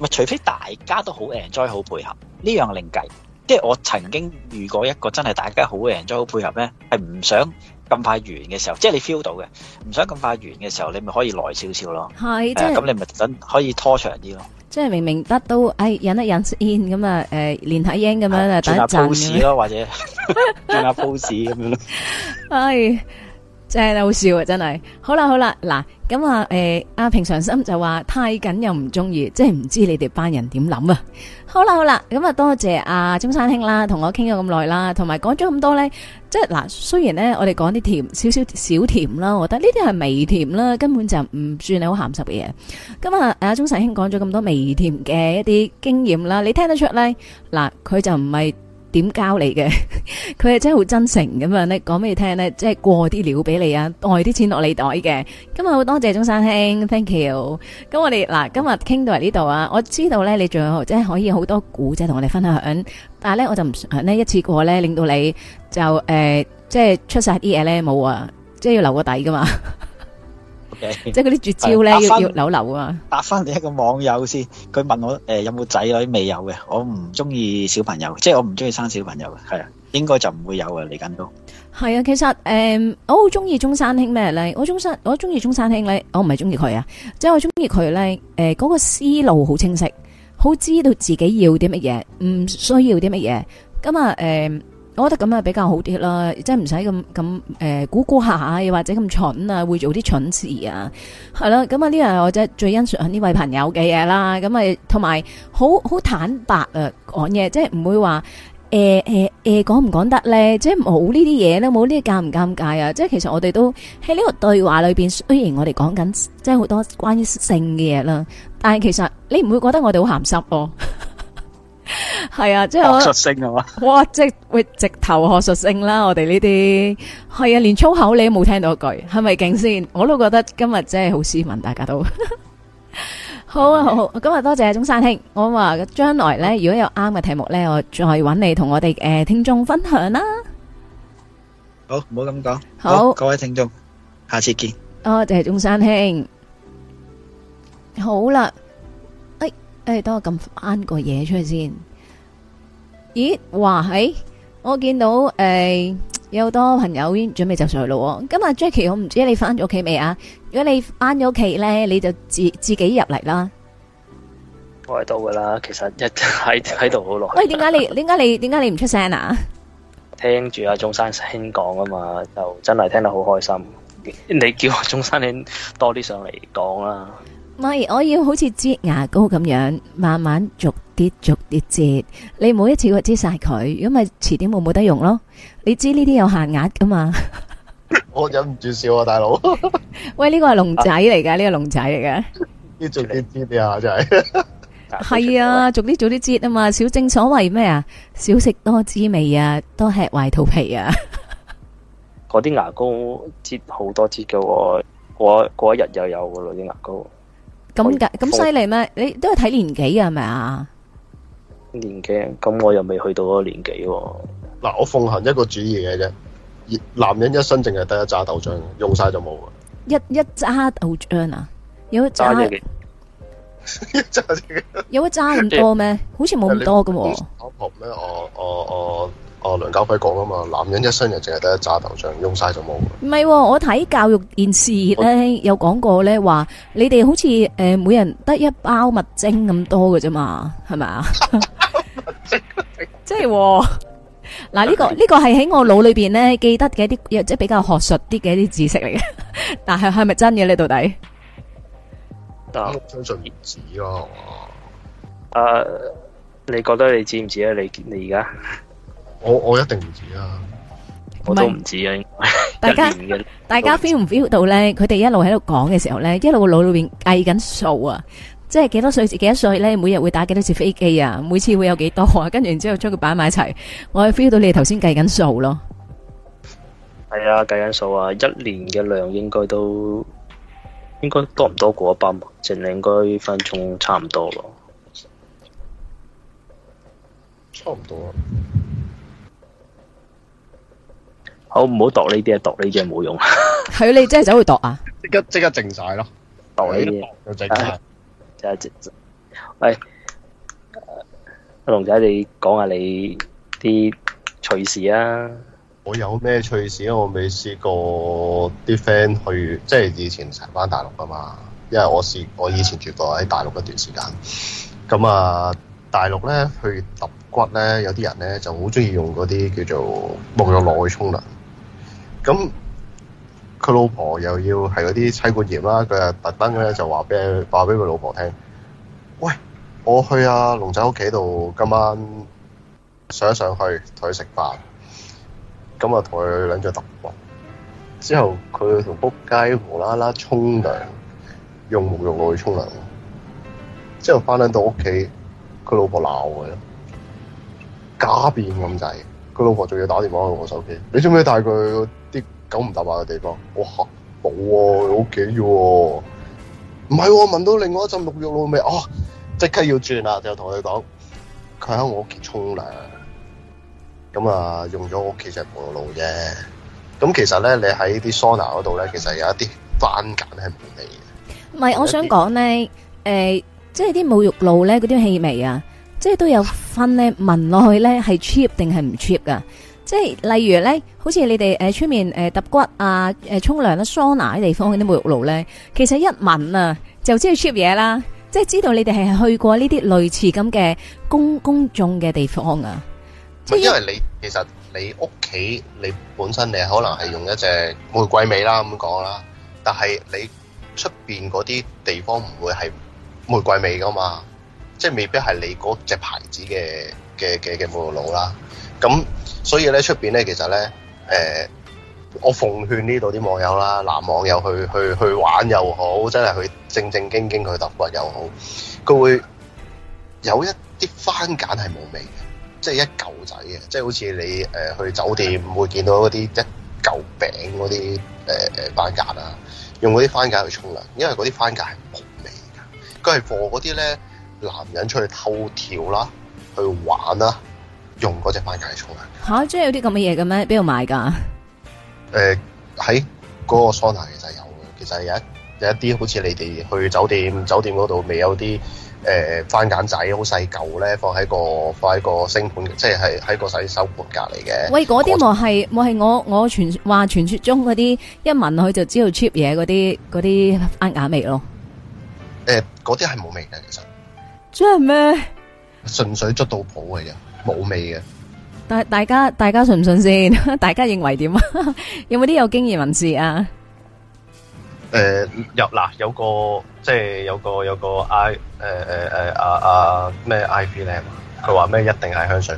Speaker 3: 唔 除非大家都好 enjoy
Speaker 4: 好配合，
Speaker 1: 呢
Speaker 3: 樣另計。即係我曾經遇過一個真係大家好 enjoy 好配合咧，係唔想，咁快完嘅時候，即係你 feel 到嘅，唔想咁快完嘅時候，你咪可以耐少少咯。
Speaker 1: 係，即係咁
Speaker 3: 你咪等可以拖長啲咯。
Speaker 1: 即係明明得到，誒，忍一忍先咁啊，誒，連體嬰咁樣啊，等一陣咯，或者做下 pose 咯，或
Speaker 3: 者轉下 pose 咁
Speaker 1: 樣。唉真係你好笑啊！真係。好啦好啦，嗱，咁啊，誒，阿平常心就話太緊又唔中意，即係唔知你哋班人點諗啊。好啦好啦，咁啊，多謝阿中山兄啦，同我傾咗咁耐啦，同埋講咗咁多咧。即係嗱，雖然咧，我哋講啲甜少少少甜啦，我覺得呢啲係微甜啦，根本就唔算係好咸濕嘅嘢。今日阿鐘神兄講咗咁多微甜嘅一啲經驗啦，你聽得出咧？嗱，佢就唔係。點交你嘅，佢 係真係好真誠咁樣！咧講俾你聽咧，即係過啲料俾你啊，袋啲錢落你袋嘅。今日好多謝中山兄，thank you、嗯。咁我哋嗱，今日傾到嚟呢度啊，我知道咧你仲有即係可以有好多股仔同我哋分享，但係咧我就唔想呢一次過咧令到你就誒、呃，即係出晒啲嘢咧冇啊，即係要留個底噶嘛。
Speaker 2: 即係嗰啲絕招咧要要扭
Speaker 1: 扭啊！
Speaker 3: 答翻你一個網友先，佢問我誒、呃、有冇仔女未有嘅？我唔中意小朋友，即係我唔中意生小朋友，係啊，應該就唔會有啊嚟緊都。
Speaker 1: 係啊，其實誒、嗯，我好中意中山兄咩咧？我中山我中意中山兄咧，我唔係中意佢啊，即、就、係、是、我中意佢咧。誒、呃、嗰、那個思路好清晰，好知道自己要啲乜嘢，唔需要啲乜嘢。咁、嗯、啊、誒、嗯。我覺得咁啊比較好啲啦，即係唔使咁咁誒估估下，又或者咁蠢啊，會做啲蠢事啊，係啦。咁啊呢樣我真係最欣賞呢位朋友嘅嘢啦。咁啊同埋好好坦白啊講嘢，即係唔會話誒誒誒講唔講得咧，即係冇呢啲嘢咧，冇呢啲，尷唔尷尬啊！即係其實我哋都喺呢個對話裏面，雖然我哋講緊即係好多關於性嘅嘢啦，但係其實你唔會覺得我哋好鹹濕喎.。 係啊，即係學術性係嘛，哇！即係喂，直頭學術性啦，我哋呢啲係啊，連粗口你都冇聽到句，係咪勁先？我都覺得今日真係好斯文，大家都好啊好。今日多謝中山兄，我話將來咧，如果有啱嘅題目咧，我再搵你同我哋誒聽眾分享啦。
Speaker 3: 好，唔好咁講。好，各位聽眾，下次見。
Speaker 1: 多謝中山兄。好啦。誒，等我撳翻個嘢出去先。咦？哇！誒，我見到誒，有好多朋友已經準備就坐咯。咁啊，Jacky，我唔知你翻咗屋企未啊？如果你翻咗屋企咧，你就自自己入嚟啦。
Speaker 4: 我喺度噶啦，其實一喺喺度好耐。喂，點
Speaker 1: 解你點解你點解你唔出聲啊？
Speaker 4: 聽住阿鍾山兄講啊嘛，就真係聽得好開心。你叫我鍾山兄多啲上嚟講啦。
Speaker 1: 唔係，我要好似擠牙膏咁樣，慢慢逐啲逐啲擠。你每一次會擠晒佢，如果咪遲啲冇冇得用咯。你知呢啲有限額噶嘛？
Speaker 5: 我忍唔住笑啊，大佬！
Speaker 1: 喂，呢個係龍仔嚟噶，呢個龍仔嚟噶。
Speaker 4: 要逐啲擠啲啊，真係。
Speaker 1: 係啊，逐啲逐啲擠啊嘛。小正所謂咩啊？少食多滋味啊，多吃壞肚皮啊。
Speaker 4: 嗰 啲牙膏擠好多擠噶，過過一日又有噶啦啲牙膏。
Speaker 1: 咁咁犀利咩？你都係睇年紀啊，係咪啊？
Speaker 4: 年紀，咁我又未去到個年紀喎。嗱，我奉行一個主義嘅啫，男人一生
Speaker 5: 淨係得一揸豆漿，用晒就冇。
Speaker 1: 一一揸豆漿啊？有一揸？ 有一揸咁多咩？好似冇咁多㗎我
Speaker 5: 咩？哦哦哦。哦、啊，梁家輝講啊嘛，男人一生人淨係得一炸頭像，用晒就
Speaker 2: 冇。
Speaker 1: 唔係、啊，我睇教育電視咧，我有講過咧話，你哋好似誒、呃，每人得一包物精咁多㗎啫嘛，係咪啊？墨、這、晶、個這個，即係嗱呢個呢個係喺我腦裏邊咧記得嘅一啲，即係比較學術啲嘅一啲知識嚟嘅。 但係係咪真嘅呢？到底？
Speaker 2: 但
Speaker 4: 係相信唔止咯，係誒、啊，你覺得你知唔知咧？你你而家？我我一定唔止啦，我都唔止啊！
Speaker 1: 大家大家 feel 唔 feel 到咧？佢哋一路喺度講嘅時候咧，一路腦裏邊計緊數啊！即係幾多歲？幾多歲咧？每日會打幾多次飛機啊？每次會有幾多啊？跟住然之後將佢擺埋一齊，我係 feel 到你哋頭先計緊數咯。
Speaker 4: 係啊，計緊數啊！一年嘅量應該都應該多唔多過一斤啊？淨係應該分重差唔多咯，差唔多。我唔好度呢啲啊？度呢啲冇用。
Speaker 1: 係你真係走去度啊？
Speaker 4: 即刻即刻靜晒咯！度呢啲，就靜晒。即即，喂阿龍仔，你講下你啲趣事啊！我有咩趣事？我未試
Speaker 5: 過啲 friend 去，即係以前成班大陸噶嘛，因為我試我以前住過喺大陸一段時間。咁啊，大陸咧去揼骨咧，有啲人咧就好中意用嗰啲叫做沐浴露去沖涼。咁佢老婆又要係嗰啲妻管嚴啦，佢又特登咧就話俾話俾佢老婆聽：喂，我去呀、啊！龍仔屋企度今晚上一上去同佢食飯，咁啊同佢兩隻揼骨。之後佢同仆街無啦啦沖涼，用沐浴露去沖涼。之後翻返到屋企，佢老婆鬧佢咯，家變咁滯。佢老婆仲要打電話去我手機，你做咩帶佢？好唔搭話嘅地方，我哇、啊！冇佢屋企喎，唔係，聞到另外一浸沐浴露味，哦、啊，即刻要轉啦！就同佢講，佢喺我屋企沖涼，咁、嗯、啊用咗我屋企隻沐浴露啫。咁、嗯啊、其實咧，你喺啲桑拿嗰度咧，其實有一啲番鹼係味嘅。唔
Speaker 1: 係不，我想講咧，誒、呃，即係啲沐浴露咧，嗰啲氣味啊，即係都有分咧，聞落 去咧係 cheap 定係唔 cheap 噶。即係例如咧，好似你哋誒出面誒揼骨啊，誒沖涼啦、桑拿啲地方嗰啲沐浴露咧，其實一聞啊就知係 cheap 嘢啦，即係知道你哋係去過呢啲類似咁嘅公公眾嘅地方啊。
Speaker 5: 唔係因為你其實你屋企你本身你可能係用一隻玫瑰味啦咁講啦，但係你出邊嗰啲地方唔會係玫瑰味噶嘛，即係未必係你嗰隻牌子嘅嘅嘅嘅沐浴露啦，咁。所以咧出邊咧，其實咧，誒、呃，我奉勸呢度啲網友啦，男網友去去去玩又好，真係去正正經經去揼骨又好，佢會有一啲番梘係冇味嘅，即係一嚿仔嘅，即係好似你、呃、去酒店會見到嗰啲一嚿餅嗰啲，呃、番梘啊，用嗰啲番梘去沖涼，因為嗰啲番梘係冇味嘅，佢係俾嗰啲咧男人出去偷條啦，去玩啦、啊。用嗰隻番茄醋啊！
Speaker 1: 嚇，即係、呃、有啲咁嘅嘢嘅咩？邊度買㗎？誒，
Speaker 5: 喺嗰個桑拿其實有嘅，其實有一有一啲好似你哋去酒店，酒店嗰度未有啲誒、呃、番茄仔，好細嚿咧，放喺個放喺個蒸盤，即係喺個洗手盆隔離嘅。喂，
Speaker 1: 嗰啲冇係冇係我我傳話傳説中嗰啲一聞落去就知道 cheap 嘢嗰啲嗰啲番茄味咯。
Speaker 5: 誒、呃，嗰啲係冇味嘅，其實。
Speaker 1: 即係咩？
Speaker 5: 純粹捉到普嘅啫。冇味嘅，
Speaker 1: 但係大家大家信唔信先？大家認為點啊？有冇啲有經驗人士啊？
Speaker 5: 誒，有嗱，有個即係有個有個 I 誒誒誒阿阿咩 I P 咧，佢話咩一定係香水，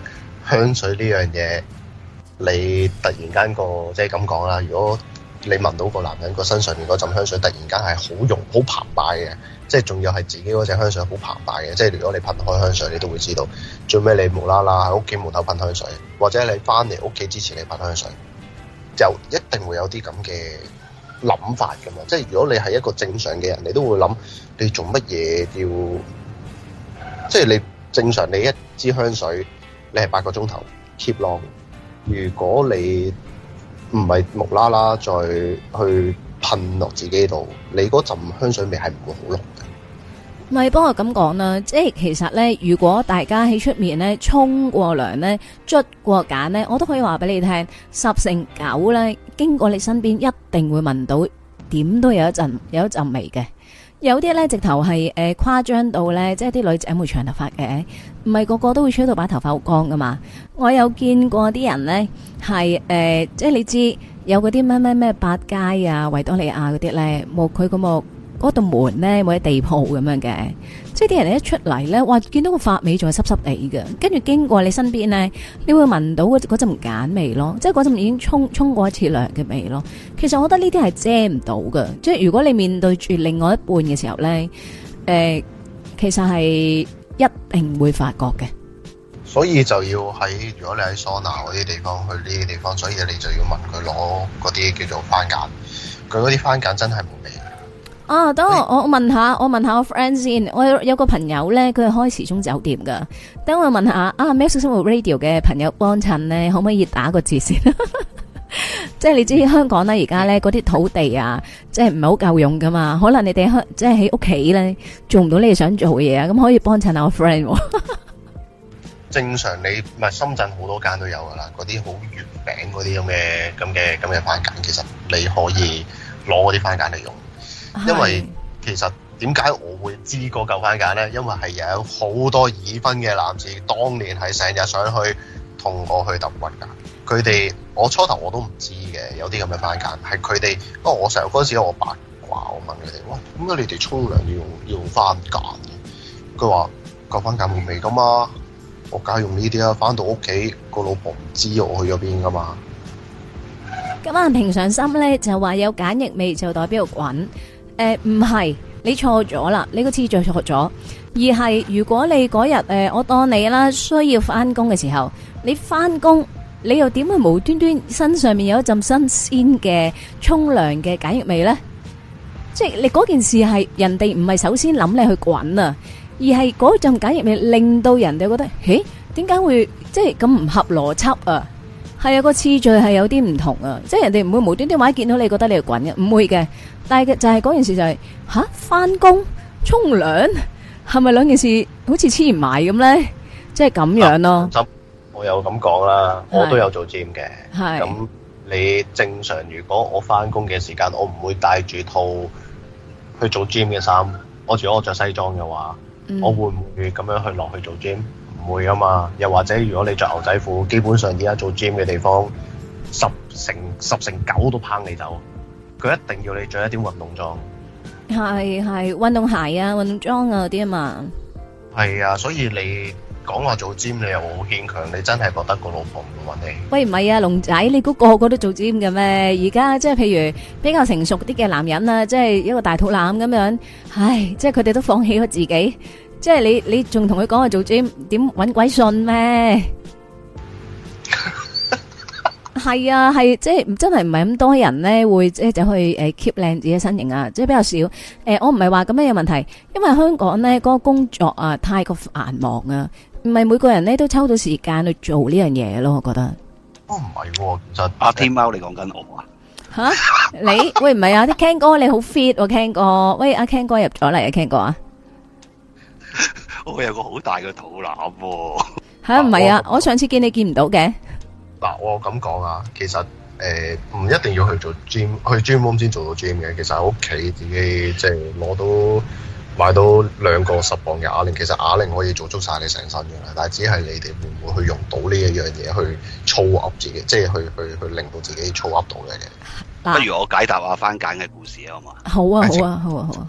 Speaker 5: 香水呢樣嘢，你突然間個即係咁講啦，如果你聞到個男人個身上面嗰陣香水，突然間係好濃好澎湃嘅。即係仲要係自己嗰隻香水好澎湃嘅，即係如果你噴開香水，你都會知道最尾你無啦啦喺屋企門口噴香水，或者你翻嚟屋企之前你噴香水，就一定會有啲咁嘅諗法㗎嘛。即係如果你係一個正常嘅人，你都會諗你做乜嘢要，即係你正常你一支香水你係八個鐘頭 keep long。如果你唔係無啦啦再去。噴落自己度，你嗰陣香水味係唔會好濃嘅。
Speaker 1: 咪幫我咁講啦，即係其實呢，如果大家喺出面呢，沖過涼呢，捽過梘，呢我都可以話俾你聽，十成九呢，經過你身邊，一定會聞到，點都有一陣有一陣味嘅。有啲咧直頭係誒誇張到咧，即係啲女仔冇長頭髮嘅，唔係個個都會吹到把頭髮好光噶嘛。我有見過啲人咧係誒，即係你知有嗰啲咩咩咩八街啊、維多利亞嗰啲咧，冇佢個木。嗰道門咧，或者地鋪咁樣嘅，即係啲人一出嚟咧，哇！見到個髮尾仲係濕濕地嘅，跟住經過你身邊咧，你會聞到嗰嗰陣梘味咯，即係嗰陣已經沖沖過一次涼嘅味咯。其實我覺得呢啲係遮唔到嘅，即係如果你面對住另外一半嘅時候咧，誒，其實係一定會發覺嘅。
Speaker 5: 所以就要喺如果你喺桑拿嗰啲地方、去呢啲地方，所以你就要問佢攞嗰啲叫做番梘，佢嗰啲番梘真係冇味。
Speaker 1: 啊，等我你我問下，我問下我 friend 先，我有有個朋友咧，佢係開時鐘酒店噶。等我問下啊喵式生活 Radio 嘅朋友幫襯咧，可唔可以打個字先？ 即係你知香港咧，而家咧嗰啲土地啊，即係唔係好夠用噶嘛？可能你哋即係喺屋企咧做唔到你想做嘅嘢啊，咁可以幫襯下我 friend。
Speaker 5: 正常你唔係深圳好多間都有噶啦，嗰啲好月餅嗰啲咁嘅咁嘅咁嘅番枧，其實你可以攞嗰啲番枧嚟用。 因為其實點解我會知個舊番梘咧因為係有好多已婚嘅男士當年係成日想去同我去揼骨噶。佢哋我初頭我都唔知嘅，有啲咁嘅番梘，係佢哋。不、啊、過我成日嗰陣時我八卦，我問佢哋，喂，點解你哋沖涼要，要他說用要用番梘嘅？佢話舊番梘冇味噶嘛，我梗係用呢啲啦。返到屋企個老婆唔知我去咗邊噶嘛。
Speaker 1: 咁啊，平常心咧就話有梘液味就代表滾。誒，唔係，你錯咗啦，你個次序錯咗，而係如果你嗰日誒，我當你啦，需要翻工嘅時候，你翻工，你又點會無端端身上面有一陣新鮮嘅沖涼嘅梘液味呢？即係你嗰件事係人哋唔係首先諗你去滾啊，而係嗰陣梘液味令到人哋覺得，咦，點解會即係咁唔合邏輯啊？係啊，是有個次序係有啲唔同啊，即係人哋唔會無端端話見到你覺得你係滾嘅，唔會嘅。但係就係嗰件事就係、是，吓翻工沖涼係咪兩件事好似黐唔埋咁咧？即係咁樣咯。啊、
Speaker 5: 我有咁講啦，是我都有做 gym 嘅。
Speaker 1: 係咁
Speaker 2: 是，
Speaker 5: 你正常如果我翻工嘅時間，我唔會帶住套去做 gym 嘅衫。我如果我着西裝嘅話，嗯、我會唔會咁樣去落去做 gym？唔會啊嘛，又或者如果你着牛仔褲，基本上而家做 gym 嘅地方十成十成九都攀你走，佢一定要你着一啲運動裝，
Speaker 1: 係係運動鞋啊、運動裝啊嗰啲啊嘛。
Speaker 5: 係啊，所以你講話做 gym，你又好堅強，你真係覺得個老婆唔揾你？
Speaker 1: 喂唔係啊，龍仔，你估個，個個都做 gym 嘅咩？而家即係譬如比較成熟啲嘅男人呀，即係一個大肚腩咁樣，唉，即係佢哋都放棄咗自己。即係你，你仲同佢講話做 gym，點搵鬼信咩？係啊，係即係真係唔係咁多人咧會即係走去誒 keep 靚自己身形啊，即係比較少。誒，我唔係話咁樣有問題，因為香港咧嗰個工作啊太過繁忙啊，唔係每個人咧都抽到時間去做呢樣嘢咯。我覺得。哦唔
Speaker 6: 係，其實阿天喵你講緊我啊。
Speaker 1: 吓，你喂唔係啊？啲 Ken 哥你好 fit，喎 Ken 哥，喂阿 Ken 哥入咗嚟啊，Ken 哥啊。
Speaker 6: 我有個好大嘅肚腩喎，吓唔
Speaker 1: 係啊？啊，我我上次見你見唔到嘅。
Speaker 5: 嗱，我咁講啊，其實誒唔，呃、一定要去做 gym，去 gym room 先做到 gym 嘅。其實喺屋企自己即係攞到買到兩個十磅嘅啞鈴，其實啞鈴可以做足晒你成身嘅。但係只係你哋會唔會去用到
Speaker 6: 呢一樣嘢去操 up 自己，即係去去去令到自己操 up 到嘅嘢？
Speaker 2: 啊，不
Speaker 6: 如我解答下番簡嘅故事啊，好嘛，啊？
Speaker 1: 實好啊，好啊，好啊，好啊。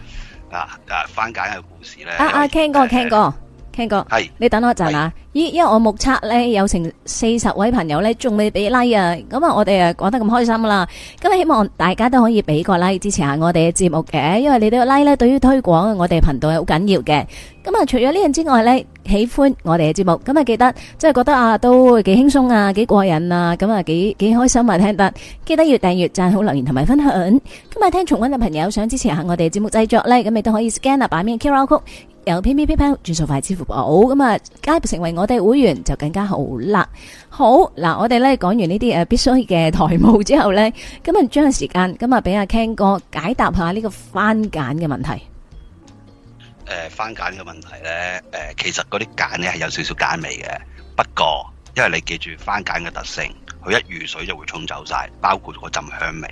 Speaker 6: 啊啊！翻解嘅故
Speaker 2: 事咧，啊為啊，Ken
Speaker 1: 哥 Ken 哥，聽過聽過聽過，係是你等我一陣啊！咦是，因為我目測呢，有成四十位朋友呢，仲未俾 like 啊，咁啊我哋誒講得咁開心啦！咁啊希望大家都可以俾個 like 支持下我哋嘅節目嘅，因為你啲 like 呢對於推廣我哋頻道係好緊要嘅。咁啊除咗呢樣之外呢，喜歡我哋嘅節目，咁啊記得即係、就是、覺得啊都幾輕鬆啊，幾過癮啊，咁啊幾幾開心咪、啊、聽得，記得要訂閱讚，讚好留言同埋分享。咁咪聽重温嘅朋友想支持下我哋節目製作呢，咁你都可以 scan 啊版面 QR 曲。有 P P P P 轉數快支付寶咁啊，加入成為我哋會員就更加好啦。好嗱，我哋咧，講完呢啲誒必須嘅台務之後咧，今日將個時間咁啊，俾阿 Ken 哥解答下呢個番梘嘅問題。
Speaker 2: 誒，
Speaker 6: 番梘嘅問題咧，誒，其實嗰啲梘咧係有少少梘味嘅。不過，因為你記住番梘嘅特性，佢一遇水就會沖走晒，包括嗰陣香味。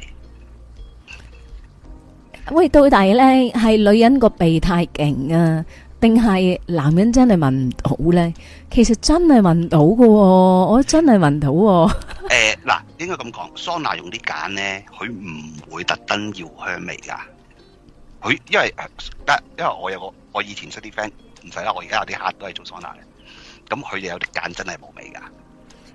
Speaker 1: 喂，到底咧係女人個鼻太勁啊！定係男人真係聞唔到咧，其實真係聞唔到噶、哦，我真係聞唔到。
Speaker 6: 誒，嗱，應該咁講， 桑拿用啲鹼咧，佢唔會特登要香味噶。佢因為得，因為我有個我以前識啲 friend，唔使啦，我而家有啲客都係做桑拿嘅，咁佢哋有啲鹼真係冇味噶。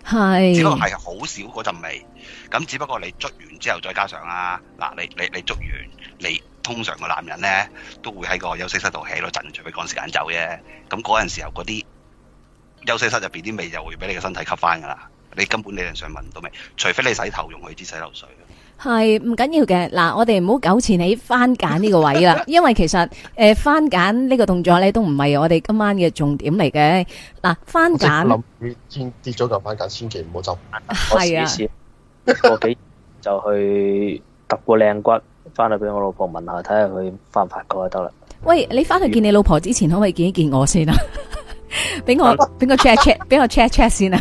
Speaker 2: 係，是只不過係
Speaker 6: 好少嗰陣味。咁只不過你捽完之後，再加上啦、啊，嗱，你你你捽完，你通常個男人咧都會喺個休息室度起多陣，除非趕時間走啫。咁嗰陣時候嗰啲休息室入邊啲味就會俾你個身體吸翻噶啦。你根本理論上聞到未？除非你洗頭用佢支洗頭水。
Speaker 1: 係唔緊要嘅嗱，我哋唔好糾纏你番梘呢個位啦，因為其實誒，番梘呢個動作咧都唔係我哋今晚嘅重點嚟嘅嗱。番梘我
Speaker 5: 諗，先跌咗
Speaker 4: 嚿番梘，千祈唔好走！係啊，過幾就去揼個靚骨，翻去俾我老婆聞下，睇下佢翻唔發覺就得啦。
Speaker 1: 喂，你翻去見你老婆之前，可唔可以見一見我先啊？俾我俾我 check check，俾我 check check 先啊！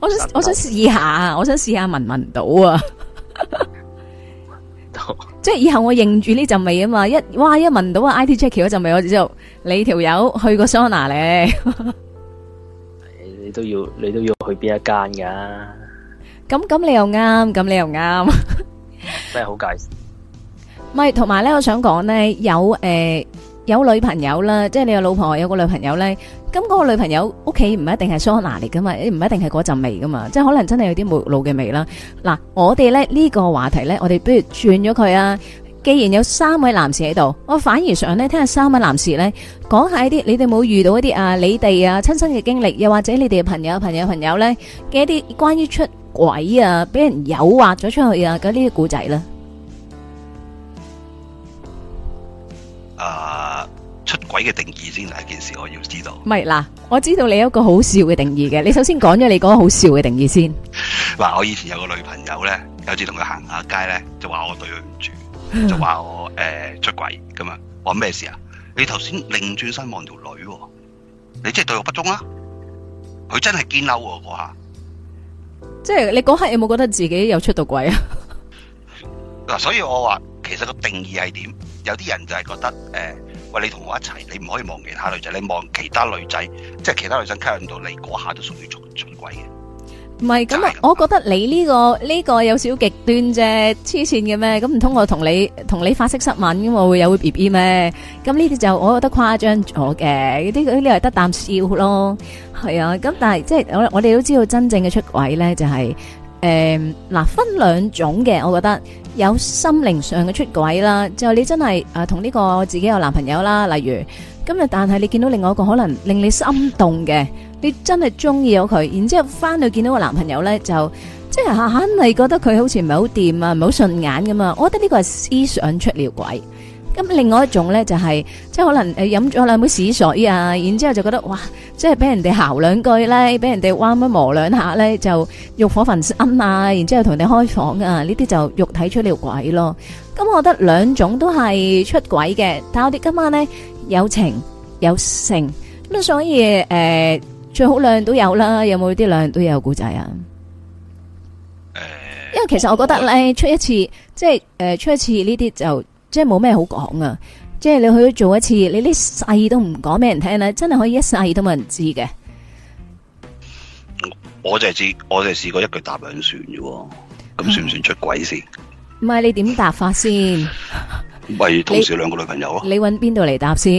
Speaker 1: 我想我想試下，我想試下聞唔聞到啊！即係以後我認住呢陣味啊嘛，一哇一聞到啊 IT Jacky 嘅一陣味，我就知道你條友去過 sauna 呢？
Speaker 4: 你都要你都要去邊一間噶？
Speaker 1: 咁咁你又啱，咁你又啱。
Speaker 4: 真係好介？
Speaker 1: 唔係，同埋咧，我想講咧，有誒。有女朋友啦，即係你有老婆，有個女朋友呢。咁、那、嗰個女朋友屋企唔一定係桑拿嚟噶嘛，唔一定係嗰陣味噶嘛，即係可能真係有啲沐浴露嘅味啦。嗱，我哋呢、這個話題呢，我哋不如轉咗佢啊。既然有三位男士喺度，我反而想呢，聽下三位男士呢，講下一啲你哋冇遇到一啲啊，你哋啊親身嘅經歷，又或者你哋嘅朋友、朋友、朋友呢，嘅一啲關於出軌啊，俾人誘惑咗出去啊嗰啲故仔啦。
Speaker 6: 誒、啊，出軌嘅定義先第一件事，我要知道。
Speaker 1: 唔係嗱，我知道你有個好笑嘅定義嘅，你首先講咗你嗰個好笑嘅定義先。
Speaker 6: 嗱，我以前有個女朋友咧，有次同佢行下街咧，就話我對佢唔住，就話我誒、呃、出軌咁啊，我咩事啊？你頭先擰轉身望條女，你即係對我不忠啦、啊。佢真係堅拗喎嗰下，
Speaker 1: 即係你嗰刻你有冇覺得自己有出到軌
Speaker 6: 啊？嗱、啊，所以我話其實個定義係點？有啲人就係覺得，誒、呃，喂，你同我一齊，你唔可以望其他女仔，你望其他女仔，即係其他女仔吸引到你，嗰下都屬於出出軌嘅。
Speaker 1: 唔係，咁啊，我覺得你呢個呢個有少少極端啫，黐線嘅咩？咁唔通我同你同你法式濕吻，我會有會 BB 咩？咁呢啲就我覺得誇張咗嘅，呢啲佢呢係得啖笑咯。係啊，咁但係即係我我哋都知道，真正嘅出軌咧就係、是。誒，嗱、嗯啊，分兩種嘅，我覺得有心靈上嘅出軌啦，就你真係誒、啊、同呢個自己有男朋友啦，例如今日，但係你見到另外一個可能令你心動嘅，你真係中意咗佢，然之後翻去見到個男朋友呢，就即係下下你覺得佢好似唔係好掂啊，唔係好順眼咁嘛。我覺得呢個係思想出了軌。咁另外一種咧就係、是，即係可能誒飲咗兩杯屎水啊，然之後就覺得哇，即係俾人哋姣兩句咧，俾人哋彎乜磨兩下咧，就欲火焚身啊，然之後同你開房啊，呢啲就肉體出了軌咯。咁我覺得兩種都係出軌嘅，但我哋今晚呢，有情有性咁，所以誒、呃、最好兩樣都有啦。有冇啲兩樣都有故仔啊？誒、嗯，因為其實我覺得咧、嗯、出一次，即係誒、呃、出一次呢啲就。即係冇咩好講啊！即係你去咗做一次，你呢世都唔講俾人聽啦，真係可以一世都冇人知嘅。
Speaker 6: 我就係知，我就係試過一句答兩船嘅。咁算唔算出軌先？
Speaker 1: 唔係你點答法先？
Speaker 6: 咪同時兩個女朋友咯？
Speaker 1: 你揾邊度嚟答先？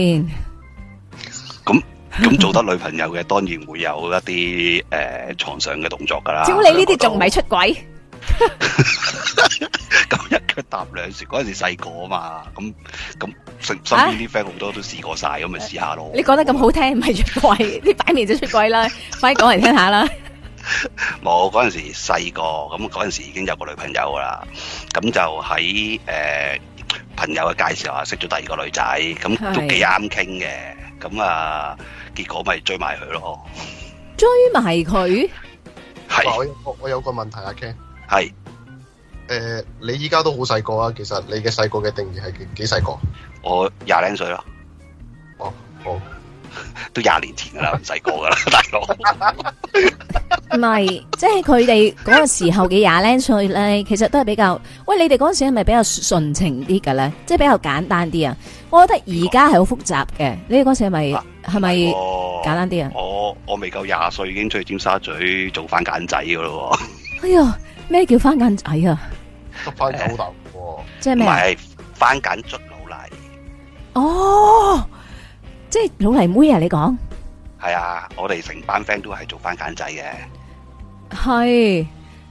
Speaker 6: 咁咁做得女朋友嘅，當然會有一啲誒床上嘅動作噶啦。只要你
Speaker 1: 呢啲仲唔係出軌？
Speaker 6: 咁一腳踏兩船，嗰陣時細個啊嘛，咁咁身邊啲 friend 好多都試過晒，咁咪試下咯。
Speaker 1: 你講得咁好聽，唔係出軌，你擺明就出軌啦，快講嚟聽下啦。
Speaker 6: 冇，嗰陣時細個，咁嗰陣時已經有個女朋友啦。咁就喺誒朋友嘅介紹下，識咗第二個女仔，咁都幾啱傾嘅。咁啊，結果咪追埋佢咯。
Speaker 1: 追埋佢係我有我我有個問題啊，Ken。
Speaker 6: 係，誒是、呃，你依家都好細
Speaker 5: 個啊！其實你嘅細個嘅定義係幾細個、哦？
Speaker 6: 我廿零歲啦。哦，好，都廿年前噶啦，唔細個噶啦，大佬。
Speaker 1: 唔係， 即係佢哋嗰個時候嘅廿零歲咧，其實都係比較，喂，你哋嗰陣時係咪比較純情啲嘅咧？即、就、係、是、比較簡單啲啊？我覺得而家係好複雜嘅，你哋嗰時係咪係咪簡單啲啊？
Speaker 6: 我未夠廿歲已經出去尖沙咀做反簡仔噶咯、啊。哎
Speaker 1: 呀！咩叫番簡仔啊？捽翻、
Speaker 6: 啊就是、老泥，
Speaker 1: 即係咩？唔係
Speaker 6: 番簡捽老泥。
Speaker 1: 哦，即係老泥妹啊！你講
Speaker 6: 係啊，我哋成班 friend 都係做番簡仔嘅。
Speaker 1: 係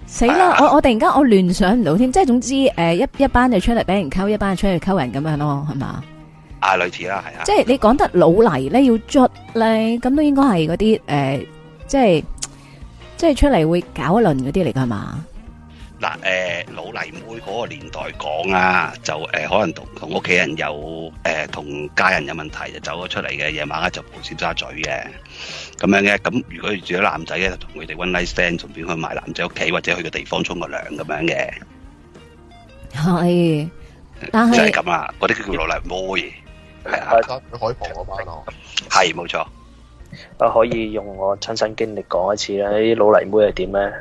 Speaker 1: 死啦！了啊、我我突然間我聯想唔到添，即係總之誒，一一班就出嚟俾人溝，一班就出去溝人咁樣咯，係嘛？
Speaker 6: 是啊，類似啦，係啊。即係
Speaker 1: 你講得老泥咧，你要捽咧，咁都應該係嗰啲誒，即係即係出嚟會搞一輪嗰啲嚟噶，係嘛？
Speaker 6: 嗱，誒老泥妹嗰個年代講啊，就誒可能同同屋企人有誒同家人有問題就走咗出嚟嘅，夜晚咧就蒲尖沙咀嘅咁樣嘅。咁如果住咗男仔咧，就同佢哋 one night stand，順便去埋男仔屋企或者去個地方沖個涼咁樣嘅。
Speaker 1: 係，就係咁
Speaker 4: 啦。嗰啲叫老泥妹，係啊，喺海旁嗰班哦。係冇錯，可以用我親身經歷講一次啦。啲老泥妹係點咧？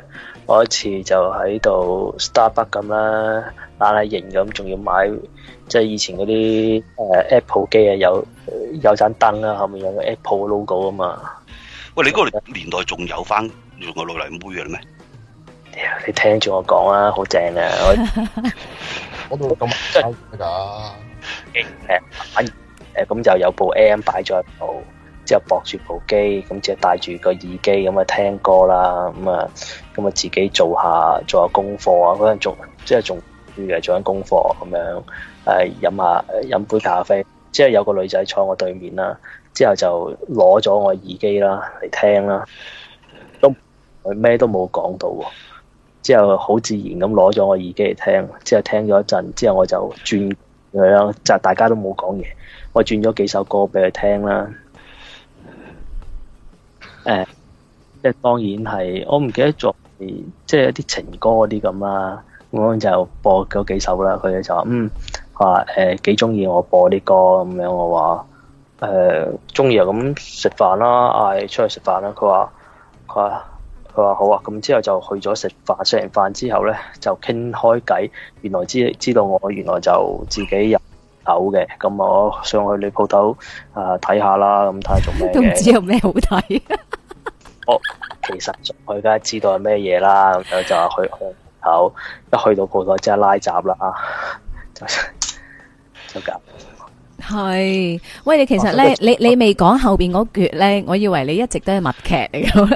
Speaker 4: 我一次就喺度 Starbucks 咁啦，拉拉型咁，仲要買即係以前嗰啲誒 Apple 機啊，有有盞燈啦，後面有個 Apple logo 啊嘛。喂，你嗰個年代仲有翻仲有女嚟妹嘅咩？你聽住我講啊，好正啊！我我度咁即係噶，
Speaker 2: 誒反
Speaker 4: 而誒咁就有部 Air M 擺咗喺度。之後駁住部機，咁即係戴住個耳機咁啊聽歌啦，咁啊咁啊自己做下做下功課啊，嗰陣仲即係仲誒做緊功課咁樣，誒飲下飲杯咖啡，之後有個女仔坐我對面啦，之後就攞咗我耳機啦嚟聽啦，都佢咩都冇講到，之後好自然咁攞咗我耳機嚟聽，之後聽咗一陣之後我就轉咁樣，就大家都冇講嘢，我轉咗幾首歌俾佢聽啦。誒、嗯，即係當然係，我唔記得仲即係一啲情歌嗰啲咁啦，我就播咗幾首啦。佢咧就話嗯，話、啊、誒、呃、幾中意我播啲歌咁樣。我話誒中意啊，咁食飯啦，嗌出去食飯啦。佢話佢話佢話好啊，咁之後就去咗食飯。食完飯之後咧就傾開偈。原來知知道我原來就自己有鋪頭嘅，咁我上去你鋪頭啊睇下啦，咁睇下做咩。都唔知有
Speaker 1: 咩好睇。
Speaker 4: 我、哦、其實我而家知道係咩嘢啦，咁樣就去門口，一去到鋪頭即係拉閘啦啊！就咁
Speaker 1: 係，喂你其實咧、哦，你你未講後邊嗰句咧，我以為你一直都係默劇嚟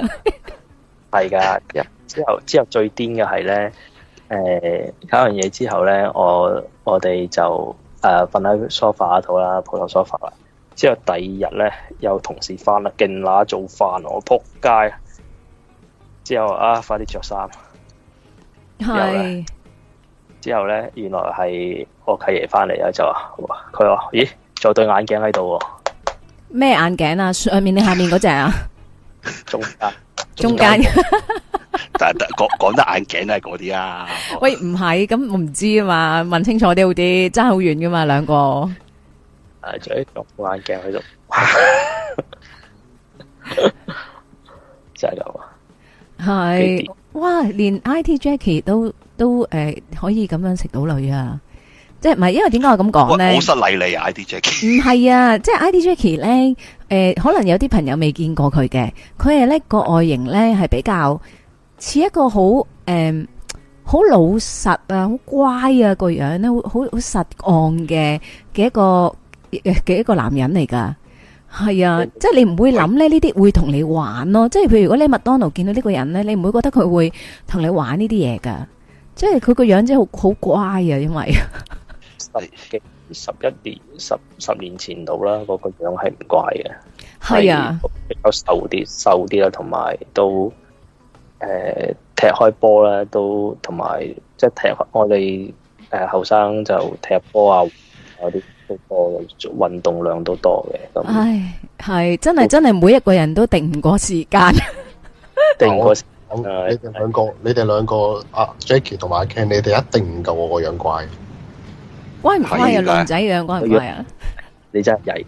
Speaker 4: 噶。係噶，之後之後最癲嘅係咧，誒、 欸、搞完嘢之後咧，我我哋就誒瞓喺梳化度啦，鋪頭梳化。之後第二日咧，又同事翻啦，勁乸做飯，我仆街。之後啊，快啲着衫。
Speaker 2: 係。
Speaker 4: 之後咧是，原來係我契爺翻嚟，啊，就話佢話：咦，仲有對眼鏡喺度？
Speaker 1: 咩眼鏡啊？上面定下面嗰隻啊？
Speaker 4: 中間
Speaker 1: 中間
Speaker 6: 但係講講得眼鏡都係嗰啲啊。
Speaker 1: 喂，唔係，咁我唔知啊嘛，問清楚啲好啲，爭好遠噶嘛，兩個。啊！着一副眼鏡喺度，真係咁啊！係哇，連 IT Jackie 都都誒、呃、可以咁樣食到女啊！即係唔係？因為點解我咁講咧？好失禮
Speaker 6: 你啊！IT Jackie
Speaker 1: 唔係啊！即、就、係、是、IT Jackie 咧，誒、呃，可能有啲朋友未見過佢嘅，佢係咧個外形咧係比較似一個好誒好老實啊，好乖啊個樣咧，好好好實幹嘅嘅一個。嘅一個男人嚟噶，係啊，即係你唔會諗咧，呢啲會同你玩咯。即係譬如，如果你喺麥當勞見到呢個人咧，你唔會覺得佢會同你玩呢啲嘢噶？即係佢個樣真係好好乖啊，因為
Speaker 4: 十幾十一年十十年前度啦，嗰個樣係唔乖嘅，係啊，比較瘦啲，瘦啲啦，同埋都誒踢開波咧，都同埋即係踢開我哋誒後生就踢波啊嗰啲。好運動量都多嘅，咁唉
Speaker 1: 係真係真係每一個人都定唔過時間。
Speaker 4: 定唔過時
Speaker 5: 間，你哋兩個，對你哋兩個阿的、啊、Jackie 同埋阿 Ken，你哋一定唔夠我個樣乖。
Speaker 1: 乖唔乖啊？靚仔樣乖唔乖啊？
Speaker 4: 你真係曳，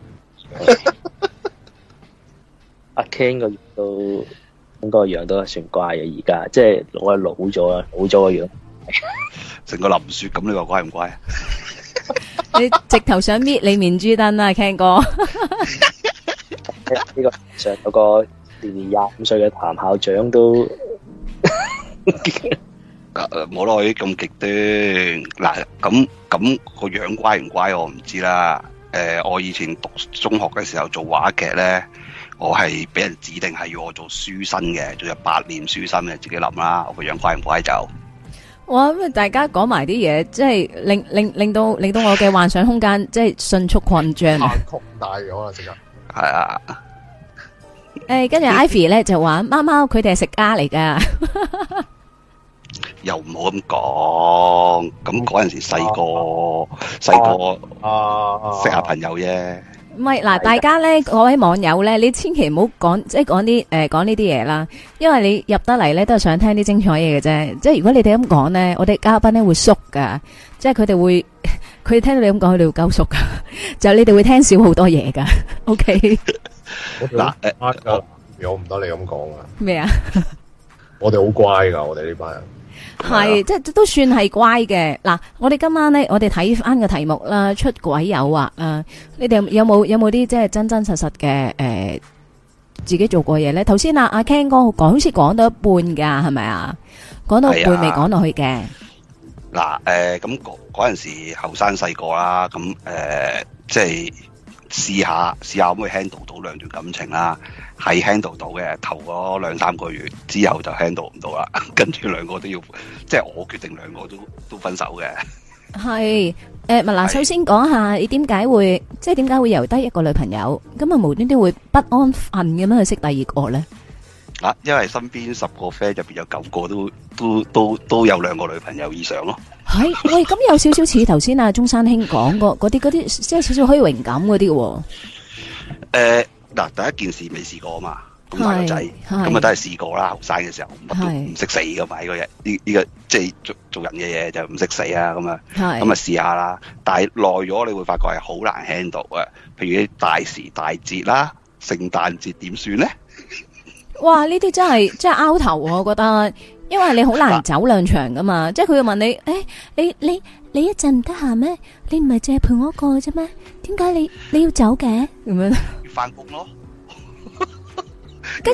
Speaker 4: 阿 Ken 個都，應該樣都算乖嘅、啊。而家即係我係老咗啦，老咗個樣，成個林雪咁，你話乖唔乖？
Speaker 1: 你直頭想搣你面珠燈啊？聽過？
Speaker 4: 呢 個上嗰個年年廿五歲嘅譚校長都，
Speaker 6: 誒冇咯，咁極端嗱，咁咁個樣乖唔乖我唔知啦。誒、呃，我以前讀中學嘅時候做話劇咧，我係俾人指定係要我做書生嘅，做咗八年書生嘅，自己諗啦。我個樣乖唔乖就？
Speaker 1: 哇！咁啊，大家講埋啲嘢，即係令令令到令到我嘅幻想空間即係迅速擴張啊！
Speaker 6: 擴大咗啊！即係
Speaker 1: 係啊！誒，跟住 Ivy 咧就話貓貓佢哋係食家嚟㗎，
Speaker 6: 又唔好咁講。咁嗰陣時細個，細個識下朋友啫。
Speaker 1: 唔係嗱，大家咧，各位網友咧，你千祈唔好講，即係講啲誒，講呢啲嘢啦，因為你入得嚟咧都係想聽啲精彩嘢嘅啫。即係如果你哋咁講咧，我哋嘉賓咧會縮噶，即係佢哋會，佢聽到你咁講，佢哋會夠縮噶，就你哋會聽少好多嘢噶。O K，
Speaker 5: 嗱，有唔得你咁講啊！咩啊？我哋好乖噶，我哋呢班人。
Speaker 1: 係，是是啊，即係都算係乖嘅。嗱，我哋今晚咧，我哋睇翻個題目啦，出軌誘惑啊，啊你哋有冇有冇啲即係真真實實嘅誒、呃，自己做過嘢咧？頭先啊，阿 Ken 哥講好似講到一半噶，係咪啊？講到一半未講落去嘅。
Speaker 6: 嗱、啊，誒，咁嗰時陣時後生細個啦，咁、呃、誒、那個呃，即係。試下試下可唔可以 handle 到兩段感情啦？係 handle 到嘅，頭嗰兩三個月之後就 handle 唔到啦。跟住兩個都要，即係我決定兩個都都分手嘅。
Speaker 1: 係誒，嗱，呃，首先講下你點解會，即係點解會由得一個女朋友，咁啊無端端會不安分咁樣去識第二個咧？
Speaker 6: 嗱、啊，因為身邊十個 friend 入邊有九個都都都都有兩個女朋友以上咯、
Speaker 1: 欸。係、欸、喂，咁有少少似頭先阿中山兄講過嗰啲啲，即係少少虛榮感嗰啲嘅。
Speaker 6: 誒，嗱，第一件事未試過啊嘛，
Speaker 1: 咁大個仔，咁啊
Speaker 6: 都係試過啦。後生嘅時候乜都唔識死嘅嘛，呢是、這個呢呢、這個、這個、即係做做人嘅嘢就唔識死啊咁啊，咁啊試下啦。但係耐咗你會發覺係好難 handle 啊。譬如啲大時大節啦，聖誕節點算咧？
Speaker 1: 哇！呢啲真係真係拗頭，我覺得，因為你好難走兩場噶嘛， 即係佢就問你，誒、欸，你你你一陣唔得閒咩？你唔係淨係陪我一個啫咩？點解你你要走嘅？咁樣，要翻
Speaker 6: 工
Speaker 2: 咯。 跟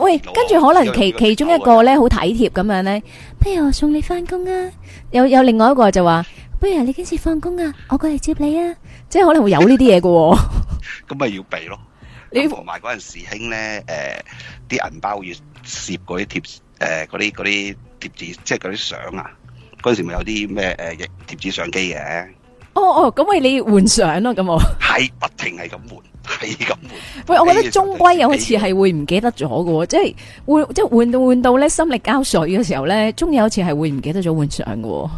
Speaker 2: 喂，
Speaker 1: 跟住可能其 其中一個咧好體貼咁樣咧， 不如我送你翻工啊？有有另外一個就話， 不如你幾時放工啊？我過嚟接你啊！即係可能會有呢啲嘢喎。
Speaker 6: 咁咪要俾咯。 你和埋嗰陣時興咧，誒，啲銀包要攝嗰啲貼誒，嗰啲嗰啲貼紙，即係嗰啲相啊。嗰陣時咪有啲咩誒，貼紙相機嘅。
Speaker 1: 哦哦，咁咪你換相咯，咁我。係，不停係咁換，係咁換。喂，我覺得終歸有一次係會唔記得咗嘅，即係換，即係換到換到咧心力交瘁嘅時候咧，終有一次係會唔記得咗換相嘅。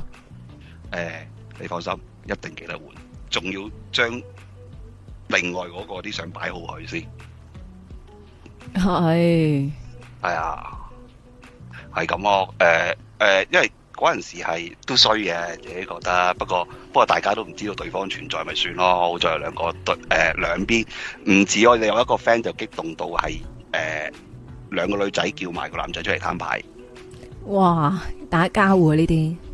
Speaker 6: 誒，你放心，一定記得換，仲要將。另外嗰、那個啲想擺好佢先，
Speaker 2: 係、哎，
Speaker 6: 係啊、哎，係咁咯。誒誒、呃呃，因為嗰陣時係都衰嘅自己覺得，不過不過大家都唔知道對方存在咪算咯。好在有兩個對誒、呃、兩邊唔止我哋有一個 friend 就激動到係誒、呃、兩個女仔叫埋個男仔出嚟攤牌，
Speaker 1: 哇！打交啊呢啲～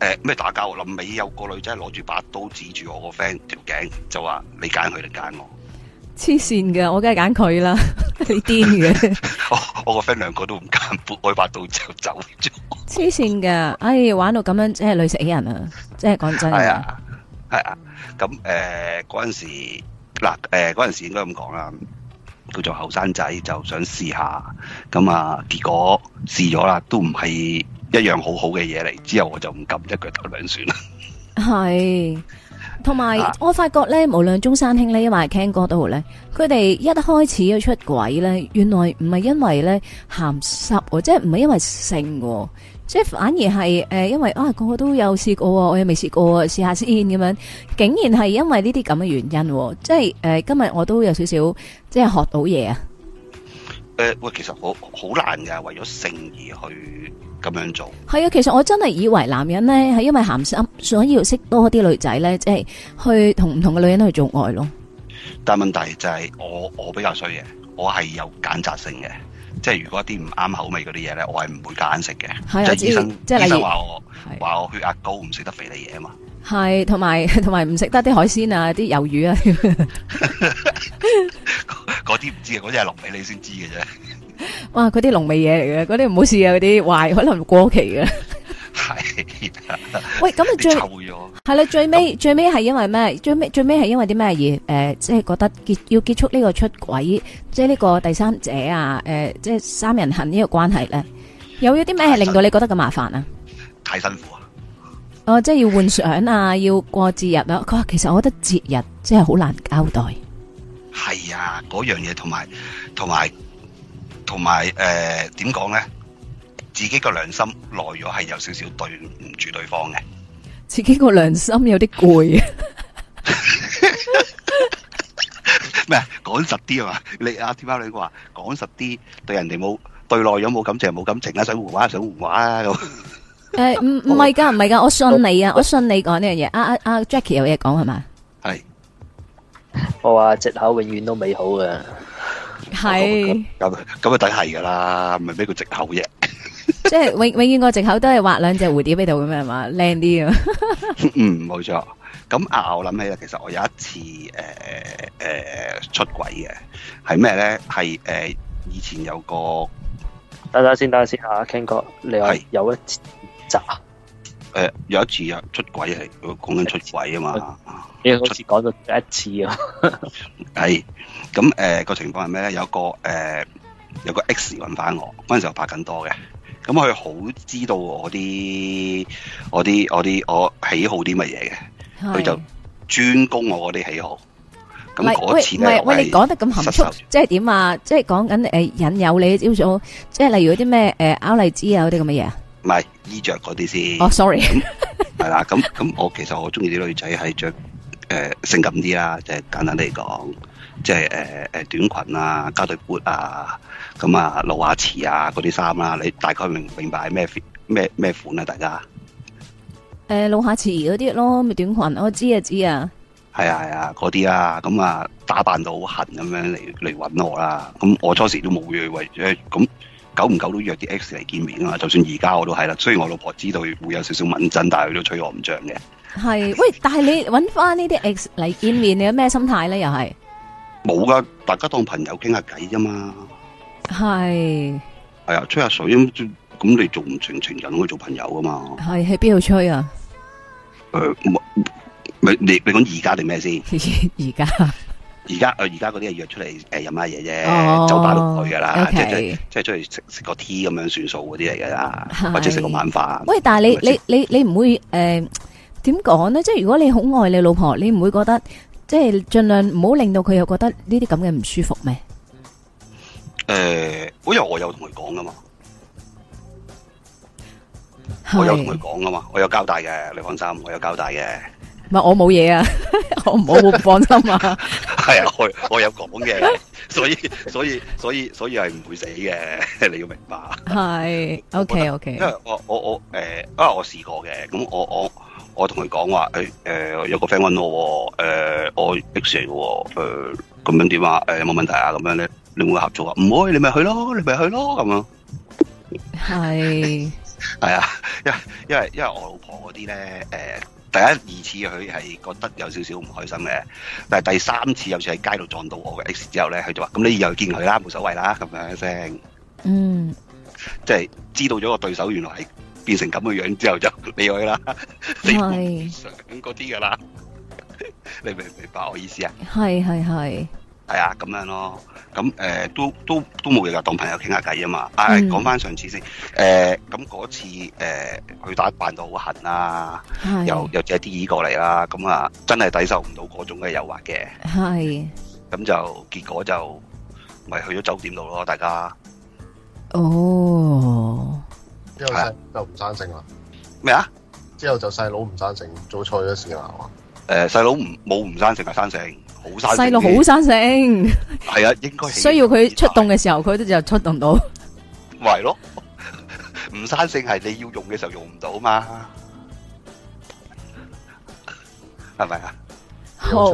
Speaker 6: 誒咩、欸、打交？臨尾有個女仔攞住把刀指住我個 friend 條頸，就話你揀佢定揀我？
Speaker 1: 黐線嘅，我梗係揀佢啦！ 你癲嘅的 ？
Speaker 6: 我我個 friend 兩個都唔揀，撥一把刀就走咗。
Speaker 1: 黐線嘅，哎玩到咁樣真係累死人啊！即係講真。係啊係啊，
Speaker 6: 咁誒嗰陣時嗱誒嗰陣時應該咁講啦，叫做後生仔就想試下，咁啊結果試咗啦，都唔係。一樣好好嘅嘢嚟，之後我就唔敢一腳踏兩船啦。
Speaker 1: 係，同埋我發覺咧，無論中山兄咧，或者 Ken 哥都好咧，佢哋一開始嘅出軌咧，原來唔係因為咧鹹濕喎，即係唔係因為性喎，即係反而係誒，因為啊，個個都有試過，我又未試過，試下先咁樣，竟然係因為呢啲咁嘅原因，即係誒、呃，今日我都有點少少即係學到嘢
Speaker 6: 啊！誒、呃、喂，其實我好難㗎，為咗性而去。咁樣做
Speaker 1: 係啊，其實我真係以為男人咧，係因為鹹濕，所以要識多啲女仔咧，即係去同唔同嘅女人去做愛咯。
Speaker 6: 但係問題就係我我比較衰嘅，我係有揀擇性嘅，即係如果啲唔啱口味嗰啲嘢咧，我係唔會揀食嘅。係啊，醫生，醫生話我話我血壓高，唔食得肥膩嘢啊嘛。
Speaker 1: 係，同埋同埋唔食得啲海鮮啊，啲魷魚啊，
Speaker 6: 嗰啲唔知嘅，嗰啲係龍尾，你先知嘅啫。
Speaker 1: 哇！嗰啲濃味嘢嚟嘅，嗰啲唔好試啊！嗰啲壞，可能過期嘅的。係 喂，咁啊最臭咗。係啦，最尾那最尾係因為咩？最尾最尾係因為啲咩嘢？誒、呃，即、就、係、是、覺得結要結束呢個出軌，即係呢個第三者啊，誒、呃，即、就、係、是、三人行呢個關係咧，有咗啲咩係令到你覺得咁麻煩啊？
Speaker 6: 太辛苦啊！
Speaker 1: 哦，即、就、係、是、要換相啊，要過節日啊。佢話其實我覺得節日真係好難交代。
Speaker 6: 係啊，嗰樣嘢同埋同埋。還有還有同埋誒，點講咧？自己個良心內疚係有少少對唔住對方嘅，
Speaker 1: 自己個良心有啲攰。
Speaker 6: 咩啊講實啲啊嘛，你阿天貓你話講實啲，對人哋冇對內喐冇感情冇感情啊，想胡話就
Speaker 4: 想胡話啊咁。
Speaker 1: 誒，唔唔係噶，唔係噶，我信你啊，我信你講呢樣嘢。阿阿阿 Jacky 有嘢講係嘛？
Speaker 4: 係，我話借口永遠都美好嘅。係咁咁啊，梗係噶啦，咪俾個藉口
Speaker 1: 啫。 即係永永遠個藉口都係畫兩隻蝴蝶喺度咁樣係嘛，靚啲啊。嗯，
Speaker 6: 冇錯。咁啊，我諗起啦，其實我有一次誒誒、呃呃、出軌嘅，係咩咧？係誒、呃、以前有個，
Speaker 4: 等等先，等等先吓，King 哥，你有是有一集、啊。
Speaker 6: 誒、呃，有一次啊，出軌係講緊出軌啊嘛。你好似講咗一次啊。係出，咁誒個情況係咩咧？有個誒、呃、有個 X 揾翻我，嗰陣時候拍緊多嘅。咁佢好知道我啲我啲我啲我，我喜好啲乜嘢嘅，佢是就專攻我嗰啲喜好。咁次唔係喂喂，你講得咁含蓄，臭
Speaker 1: 即係點啊？即係講緊誒引誘你，叫做即係例如啲咩誒歐麗茲啊嗰啲咁嘅嘢啊？
Speaker 6: 唔係衣着嗰啲先。哦，sorry。係啦，咁咁，我其實我中意啲女仔係着誒性感啲啦，即係簡單地講，即係誒誒短裙啊，加對 boot 啊，咁啊露下臍啊嗰啲衫啦，你大概明唔明白咩咩咩款啊大家？
Speaker 1: 誒露、呃、下臍嗰啲咯，咪短裙，我知啊知啊。
Speaker 6: 係啊係啊，嗰啲啊。咁啊打扮到好痕咁樣嚟嚟揾我啦，咁我初時都冇去為咗咁。欸久唔久都約啲 X 嚟見面啊嘛！就算而家我都係啦，雖然我老婆知道會有少少敏震，但係佢都吹我唔脹嘅。
Speaker 1: 係，喂！ 但係你揾翻呢啲 X 嚟見面，你有咩心態咧？又係
Speaker 6: 冇噶，大家當朋友傾下偈啫嘛。
Speaker 1: 係是。
Speaker 6: 係啊、哎，吹下水咁，咁你做唔成情人，可以做朋友啊嘛。
Speaker 1: 係喺邊度吹啊？
Speaker 6: 呃、你你講而家定咩先？
Speaker 1: 而家。
Speaker 6: 而家誒，而家嗰啲係約出嚟誒飲下嘢啫，呃 oh，酒吧都唔去噶啦，okay. 即係即係出去食食個 tea 咁樣算數嗰啲嚟噶啦，是或者食個晚飯。喂，
Speaker 1: 但係你、就係、你你你唔會誒點講咧？即係如果你好愛你老婆，你唔會覺得即係盡量唔好令到佢又覺得呢啲咁嘅唔舒服
Speaker 6: 咩？好嗰日我有同佢講噶嘛，我有同佢講噶嘛，我有交代嘅，你放心，我有交代嘅。
Speaker 1: 唔係我冇嘢啊，我唔好唔放心啊。
Speaker 6: 係 啊，我，我有講嘅，所以所以所以所以係唔會死嘅，你要明白。
Speaker 1: 係，OK OK。因為
Speaker 6: 我我我誒，我試、呃、過嘅，咁我我我同佢講話，誒、欸、誒、呃，有個 friend 搵我，誒、呃，我 X 嘅，誒、呃，咁樣點啊？誒、呃，有冇問題啊？咁樣咧，你會合作啊？唔會，你咪去咯，你咪去咯，咁啊。
Speaker 1: 係是。係
Speaker 6: 啊，因因為因為我老婆嗰啲咧，誒、呃。第一、二次佢係覺得有少少唔開心嘅，但係第三次有次喺街度撞到我嘅 X 之後咧，佢就話，咁你以後見佢啦，冇所謂啦，咁樣一聲。嗯。即係知道咗個對手原來係變成咁嘅樣之後就離去了，
Speaker 1: 就悲哀啦，
Speaker 6: 你唔想嗰啲噶啦， 你明唔明白我意思啊？係係
Speaker 1: 係。係係。
Speaker 6: 係啊，咁樣咯，咁誒、呃、都都都冇嘢噶，當朋友傾下偈啊嘛。嗯、啊，講翻上次先，誒咁嗰次誒、呃、去打扮到好痕啦，又又借啲嘢、e、過嚟啦、啊，咁啊真係抵受唔到嗰種嘅誘惑嘅。
Speaker 1: 係是，
Speaker 6: 咁就結果就咪去咗酒店度咯，大家。
Speaker 1: 哦。
Speaker 5: 之後就唔山城啦。咩啊？啊之後就細佬唔生性做錯咗事啦，係嘛、
Speaker 6: 呃？誒細佬唔冇唔生性係生性，細路好生性，係啊，應該需
Speaker 1: 要佢出動嘅時候，佢都就出動到。
Speaker 6: 咪咯，唔生性係你要用嘅時候用唔到嘛，係咪啊？好，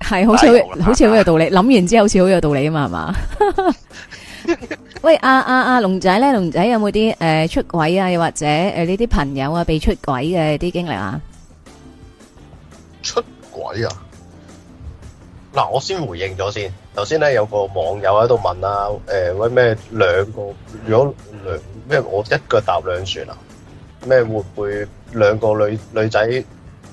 Speaker 1: 係好似好似好有道理，諗完之後好似好有道理啊嘛，係嘛？喂，阿阿阿龍仔咧，龍仔有冇啲誒出軌啊？又或者誒呢啲朋友啊被出軌嘅啲經歷啊？
Speaker 5: 出軌啊？嗱，我先回應咗先。頭先咧有個網友喺度問啊，誒，喂咩兩個如果兩咩我一腳踏兩船啊？咩會唔會兩個女女仔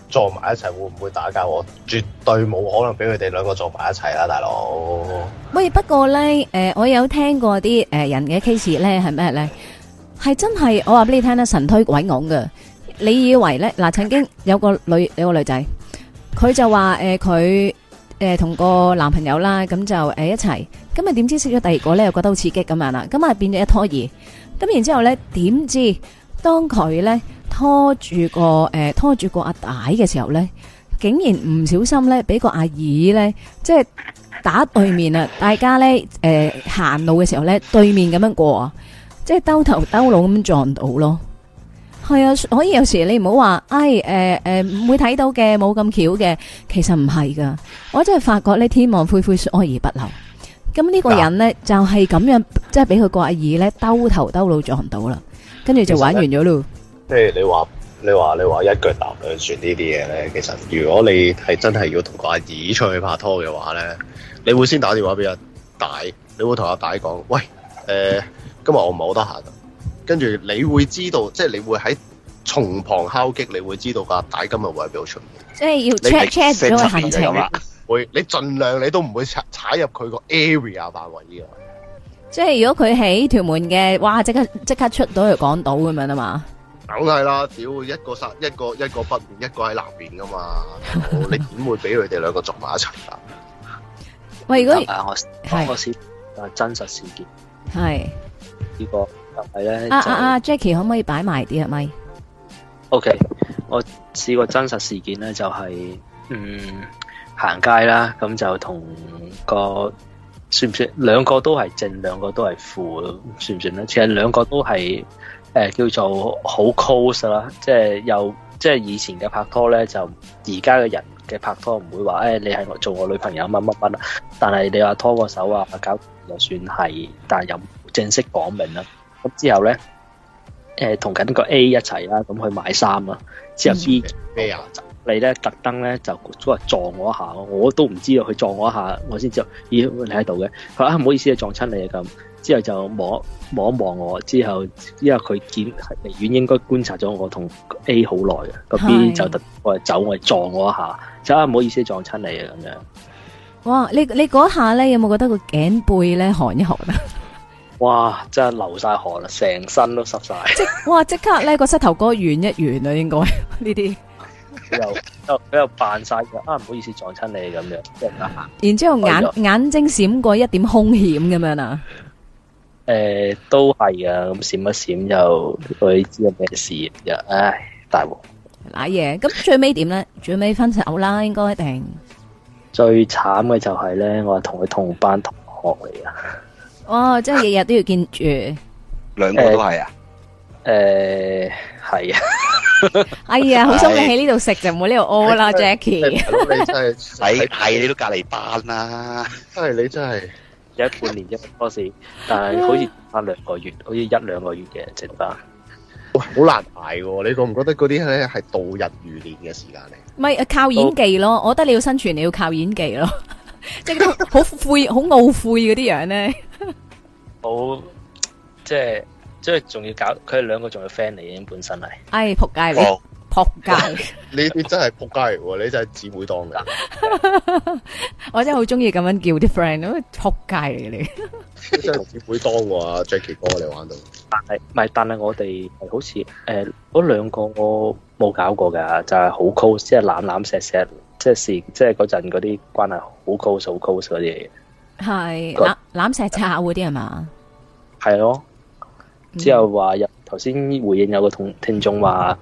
Speaker 5: 撞埋一齊會唔會打交？我絕對冇可能俾佢哋兩個撞埋一齊啦，大佬。
Speaker 1: 喂，不過咧，誒，我有聽過啲誒人嘅 case 咧，係咩咧？係真係我話俾你聽咧，神推鬼拱㗎。你以為咧？嗱，曾經有個女有個女仔，佢就話誒佢。誒，同、呃、個男朋友啦，咁就誒、欸、一齊。咁啊，點知識咗第二個咧，又覺得好刺激咁樣啦，咁啊變咗一拖二。咁然之後咧，點知當佢咧拖住個誒、呃、拖住個阿大嘅時候咧，竟然唔小心咧，俾個阿二咧，即係打對面啊！大家咧誒、呃、行路嘅時候咧，對面咁樣過，即係兜頭兜腦咁撞到咯。係啊，可以有時你唔好話，哎，誒、呃、誒，呃、唔會睇到嘅，冇咁巧嘅，其實唔係噶，我真係發覺呢，天網恢恢，疏而不漏。咁呢個人呢，啊、就係咁樣，即係俾佢個阿姨呢，兜頭兜腦撞到啦，跟住就玩完咗咯。
Speaker 5: 即係你話，你話，你話，你一腳踏兩船呢啲嘢呢，其實如果你係真係要同個阿姨出去拍拖嘅話呢，你會先打電話俾阿大，你會同阿大講，喂，誒、呃，今日我唔係好得閒。跟住你會知道，即係你會喺從旁敲擊，你會知道架大今日會喺邊度出。
Speaker 1: 即係要 check check 咗個行程啦。
Speaker 5: 會，你儘量你都唔會踩踩入佢個 area 範圍內。
Speaker 1: 即係如果佢喺屯門嘅，哇！即刻即刻出到去港島咁樣啊嘛。
Speaker 5: 梗係啦，屌一個殺一個，一個北面一個喺南面噶嘛，
Speaker 4: 你點會俾佢哋兩個撞埋一齊啊？
Speaker 1: 喂，如果、啊、我
Speaker 4: 講個事，啊是真實事件
Speaker 1: 係呢是、
Speaker 4: 這個。係咧，阿
Speaker 1: Jackie 可唔可以擺埋啲啊？咪
Speaker 4: OK，我試過真實事件咧，就係、是、嗯行街啦，咁就同個算唔算兩個都係正，兩個都係負，算唔算咧？其實兩個都係誒、呃、叫做好 close 啦，即係又即係以前嘅拍拖咧，就而家嘅人嘅拍拖唔會話誒、哎、你係做我女朋友乜乜乜啦，但係你話拖個手啊搞，就算係，但係又正式講明啦。咁、嗯、之後咧，誒同緊個 A 一齊啦，咁去買衫啊，之後 B、嗯啊、你咧特登咧就咁話撞我一下，我都唔知道佢撞我一下，我先知道咦你喺度嘅？佢話啊唔好意思撞親你啊咁。之後就望望一望我，之後因為佢見離遠應該觀察咗我同 A 好耐啊。個 B 就特的我係走我係撞我一下，就啊唔好意思撞親你啊咁樣。
Speaker 1: 哇！你你嗰下咧有冇覺得個頸背咧寒一寒啊？
Speaker 4: 哇！真係流晒汗啦，成身都濕晒。
Speaker 1: 即哇，即刻咧個膝頭哥圓一圓啦，應該呢啲
Speaker 4: 又又又扮晒嘅啊！唔好意思撞親你咁樣，真得閒。啊、然之後眼
Speaker 1: 了眼睛閃過一點凶險咁樣啊？
Speaker 4: 誒、呃，都係噶，咁閃一閃又佢知有咩事，又唉大鑊
Speaker 1: 瀨嘢咁，最尾點咧？最尾分手啦，應該一定
Speaker 4: 最慘嘅就係咧，我係同佢同班同學嚟噶。
Speaker 1: 哦，即係日日都要見住，
Speaker 4: 兩個都係啊，誒，係啊，哎呀，好心你喺
Speaker 1: 呢度食就唔好呢度屙啦，Jackie。你真
Speaker 4: 係使牌你都隔離班啦，因為你真係有一半年一波事，但係好似翻兩個月，好似一兩個月嘅值得。
Speaker 5: 好難挨嘅，你覺唔覺得嗰啲咧係度日如年嘅時間嚟？
Speaker 1: 唔係，靠演技咯，我覺得你要生存你要靠演技咯。即係好悔、好懊悔嗰啲樣咧，
Speaker 4: 好即係即係仲要搞佢哋兩個仲係 friend 嚟嘅本身係，
Speaker 1: 哎扑街嚟，扑街，
Speaker 4: 你你真係扑街嚟，你真係姊妹檔㗎，
Speaker 1: 我真係好中意咁樣叫啲 friend，因為扑街嚟，你
Speaker 4: 真係姊妹檔喎，Jackie 哥你玩到，但係唔係，但係我哋係好似誒嗰兩個我冇搞過嘅，就係好 close，即係攬攬錫錫。即係事，即係嗰陣嗰啲關係好 close、好 close 啲嘢，
Speaker 1: 係攬攬錫錫嗰啲係嘛？
Speaker 4: 係咯的。嗯、
Speaker 1: 之後
Speaker 4: 話有頭先回應有個同聽眾話，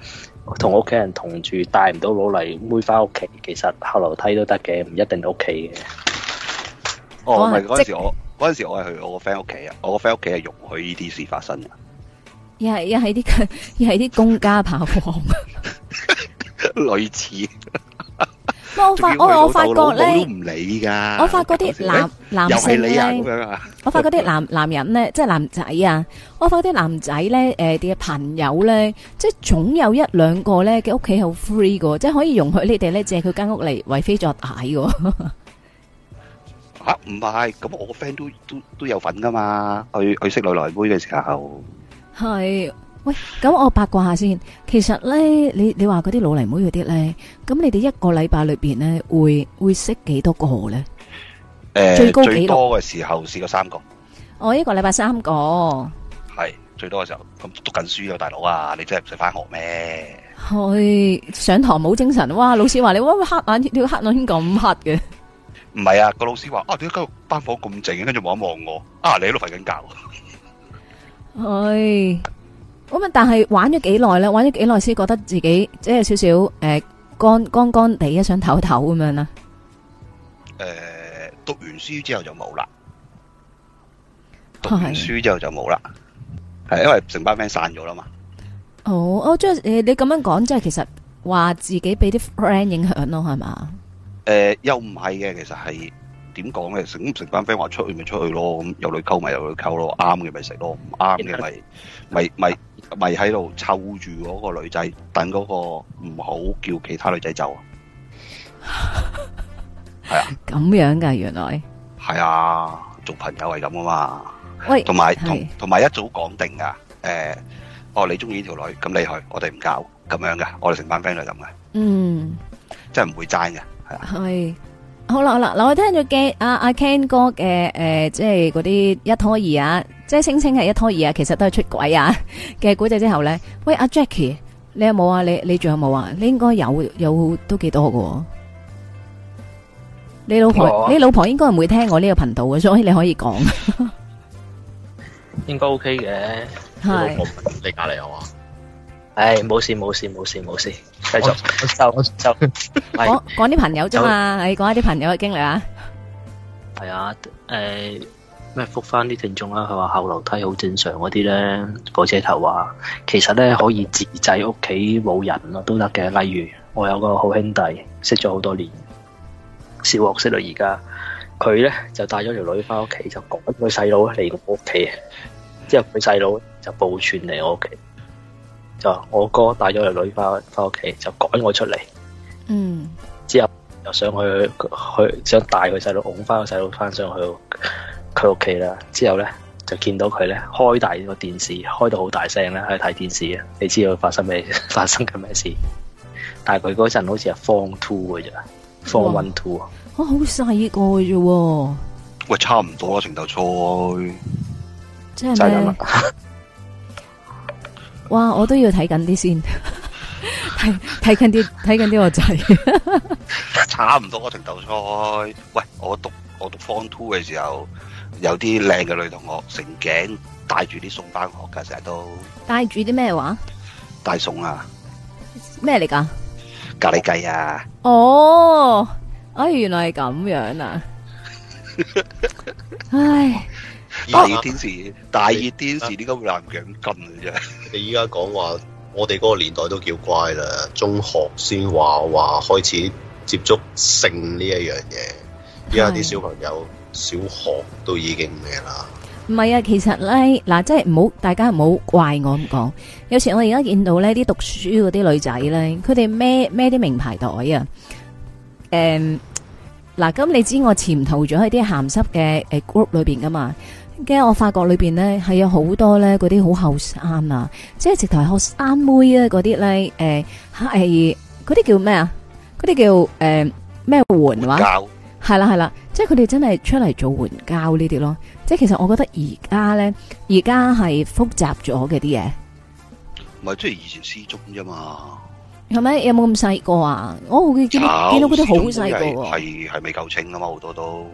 Speaker 4: 同屋企人同住帶唔到攞嚟，唔會返屋企。其實後樓梯都得嘅，唔一定屋企嘅。哦，唔係嗰陣時我，
Speaker 6: 嗰陣、就是、時我係去我個 friend 屋企啊，我個 friend 屋企係容許呢啲事發生
Speaker 1: 嘅。又係又係啲，又係啲公家跑房，
Speaker 6: 類似。
Speaker 1: 我發我我發覺
Speaker 6: 咧，
Speaker 5: 我發
Speaker 1: 覺啲男男性咧，我發覺啲男男人咧，即係男仔啊！我發覺啲男仔咧，誒啲朋友咧，即係總有一兩個咧嘅屋企好 free 嘅，即係可以容許你哋咧借佢間屋嚟為非作歹嘅。
Speaker 6: 吓唔係？咁我個 friend 都都都有份噶嘛？去去識女來妹嘅時候
Speaker 1: 係。喂，咁我八卦下先。其實咧，你你話嗰啲老泥妹嗰啲咧，咁你哋一個禮拜裏邊咧，會會識幾多個咧？誒，最高幾多？最多
Speaker 6: 嘅時候試過三個。
Speaker 1: 我一個禮拜三個。
Speaker 6: 係最多嘅時候，咁讀緊書啊，大佬啊，你真係唔使翻學咩？
Speaker 1: 去上堂冇精神，哇！老師話你，哇哇黑眼，條黑眼圈咁黑嘅。
Speaker 6: 唔係啊，個老師話啊，點解班房咁靜？跟住望一望我，啊，你喺度瞓緊覺。
Speaker 1: 去。咁啊！但係玩咗幾耐咧？玩咗幾耐先覺得自己即係有少少誒，干干干地，想唞唞咁樣啦。
Speaker 6: 誒，讀完書之後就冇啦。讀完書之後就冇啦，係因為成班 friend 散咗啦嘛。
Speaker 1: 哦，哦即係誒，你咁樣講即係其實話自己俾啲 friend 影響咯，係嘛？
Speaker 6: 誒，又唔係嘅，其實係點講咧？成成班 friend 話出去咪出去咯，咁有女溝咪有女溝咯，啱嘅咪食咯，唔啱嘅咪咪咪。咪喺度湊住嗰個女仔，等嗰個唔好叫其他女仔走，
Speaker 1: 係啊，咁樣㗎原來，
Speaker 6: 係啊，做朋友係咁㗎嘛，喂，
Speaker 1: 同埋同
Speaker 6: 同埋一早講定㗎，誒，哦，你中意呢條女，咁你去，我哋唔搞，咁樣嘅，我哋成班 friend 係咁嘅。嗯，即係唔會爭嘅，係啊，
Speaker 1: 係，好啦好啦，嗱我聽咗 Ken 阿 Ken 哥嘅誒，即係嗰啲一拖二啊。即係聲稱係一拖二啊，其實都係出軌啊嘅古仔之後咧，喂阿、啊、Jackie，你有冇啊？你你仲有冇啊？你應該有有都幾多噶，你老婆我、啊、你老婆應該唔會聽我呢個頻道嘅，所以你可以講、OK，應該 OK 嘅。
Speaker 4: 你隔籬有啊？唉有，冇事冇事冇事冇事，繼續。我我
Speaker 1: 講啲朋友啫嘛，你講下啲朋友嘅經歷啊。
Speaker 4: 係啊、哎，誒、哎。咩復翻啲聽眾啦？佢話後樓梯好正常嗰啲咧，個車頭話，其實咧可以自製屋企冇人咯，都得嘅。例如我有個好兄弟，識咗好多年，小學識到而家，佢咧就帶咗條女翻屋企，就趕佢細佬嚟我屋企，之後佢細佬就報串嚟我屋企，就我哥帶咗條女翻翻屋企，就趕我出嚟。嗯，之後就上去去想帶佢細佬，拱翻佢細佬翻上去。佢屋企啦，之後咧就見到佢咧開大個電視，開到好大聲咧喺度睇電視啊！你知道發生咩？發生緊咩事？但係佢嗰陣好似係 Form Two 嘅啫 Form One Two
Speaker 1: 啊，我好細個啫、哦。
Speaker 4: 喂，差唔多啊，
Speaker 6: 成頭菜，
Speaker 1: 就係咁啦。 哇！我都要睇緊啲先，睇睇緊啲，睇緊啲我仔。
Speaker 6: 差唔多啊，成頭菜。喂，我讀我讀 Form Two 嘅時候。有啲靚嘅女同學，成頸帶住啲送返學嘅，成日都
Speaker 1: 帶住啲咩話？
Speaker 6: 帶，帶送啊？
Speaker 1: 咩嚟噶？
Speaker 6: 咖喱雞啊？
Speaker 1: 哦，原來係咁樣啊！ 唉，
Speaker 5: 大熱
Speaker 2: 天
Speaker 6: 時，大熱天時，點解會爛頸筋嘅啫？你依家
Speaker 5: 講話，我哋嗰個年代都叫乖啦，中學先話話開始接觸性呢一樣嘢，依家啲小朋友。小學都已
Speaker 2: 經咩啦？
Speaker 1: 唔係啊，其實咧嗱，即係唔好，大家唔好怪我咁講。有時我而家見到呢啲讀書嗰啲女仔咧，佢哋孭孭啲名牌袋啊。誒、嗯，嗱、嗯，咁、嗯、你知我潛逃咗喺啲鹹濕嘅誒 group 裏邊噶嘛？驚我發覺裏邊呢，係有好多咧，嗰啲好後生啊，即係直頭學生妹啊嗰啲咧，誒係嗰啲叫咩啊？嗰啲叫誒咩援話？嗯係啦，係啦，即係佢哋真係出嚟做援交呢啲咯，即係其實我覺得而家咧，而家係複雜咗嘅啲嘢，
Speaker 6: 唔係即係以前私鐘啫嘛，
Speaker 1: 係咪有冇咁細個啊？我好似有見到見到啲好細個，
Speaker 6: 係係未夠清噶嘛，好多都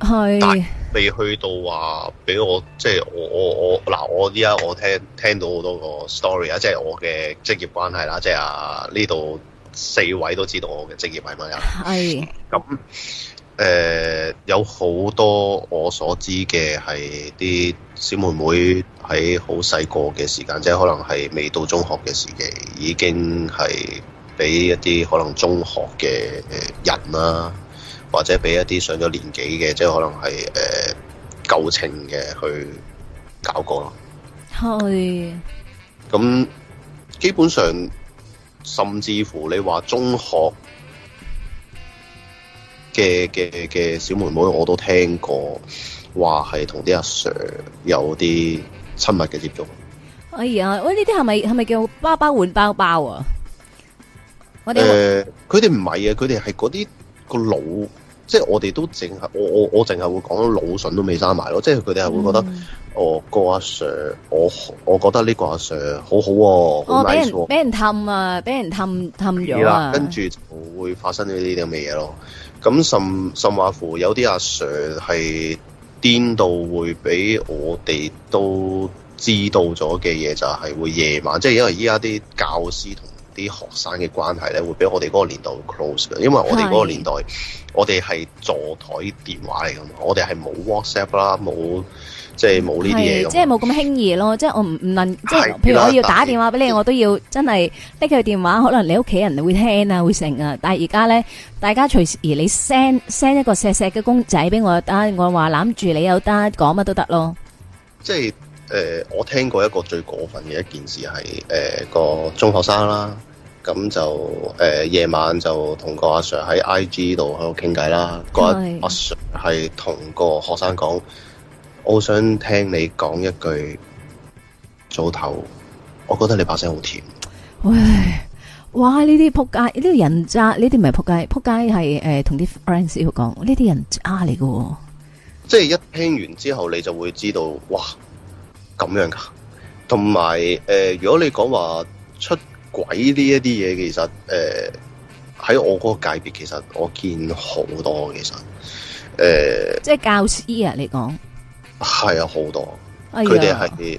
Speaker 1: 係
Speaker 5: 未是去到話俾我，即係我我我嗱，我依家我，我，我聽聽到好多個 story 啊，即係我嘅職業關係啦，即係啊呢度。四位都知道我嘅職業係乜啊？係是。咁，誒、呃，有好多我所知嘅係啲小妹妹喺好細個嘅時間，即係可能係未到中學嘅時期，已經係俾一啲可能中學嘅人啦，或者俾一啲上咗年紀嘅，即係可能係誒舊情嘅去搞過咯。
Speaker 1: 係是。
Speaker 5: 咁，基本上。甚至乎你話中學嘅嘅嘅小妹妹我都聽過，話係同啲阿 Sir 有啲親密嘅接觸。
Speaker 1: 哎呀，喂，呢啲係咪係咪叫包包換包包啊？我哋誒，
Speaker 5: 佢哋唔係啊，佢哋係嗰啲個腦。即係我哋都淨係我我我淨係會講老筍都未揸埋咯，即係佢哋係會覺得，嗯、哦、個阿 Sir，我我覺得呢個阿 Sir 好好喎，好 nice 喎。哦，俾、哦哦、人俾人
Speaker 1: 氹啊，俾人氹氹咗啊，跟
Speaker 5: 住就會發生呢啲咁嘅嘢咯。咁甚甚話乎有啲阿 Sir 係顛到會俾我哋都知道咗嘅嘢，就係、是、會夜晚，即係因為依家啲教師同。啲學生嘅關係咧，會比我哋嗰個年代 close 嘅，因為我哋嗰個年代，是我哋係坐台電話嚟噶嘛，我哋係冇 WhatsApp 啦，冇即係冇呢啲嘢即係
Speaker 1: 冇咁輕易咯。即係我唔唔能即係，譬如我要打電話俾你，哎、呀我都要真係拎佢電話，是可能你屋企人你會聽啊，會成啊。但係而家咧，大家隨時而你 send send 一個錫錫嘅公仔俾我又得，我話攬住你又得，講乜都得咯。
Speaker 5: 即係。誒、呃，我聽過一個最過分嘅一件事係，誒、呃、個中學生啦，咁就誒夜、呃、晚就同個阿 sir 喺 IG 度喺度傾偈啦。個阿 sir 係同個學生講，的我想聽你講一句早唞，我覺得你把聲好甜。
Speaker 1: 喂，哇！呢啲仆街，呢啲人渣，呢啲唔係仆街，仆街係誒同啲 friend 先講，呢、呃、啲人渣嚟噶。
Speaker 5: 即係一聽完之後，你就會知道，哇！咁樣噶同埋誒，如果你講話出軌呢一啲嘢，其實誒喺、呃、我嗰個界別，其實我見好多，其實誒，
Speaker 1: 呃、即係教師啊，你講
Speaker 5: 係啊，好多，
Speaker 1: 佢哋係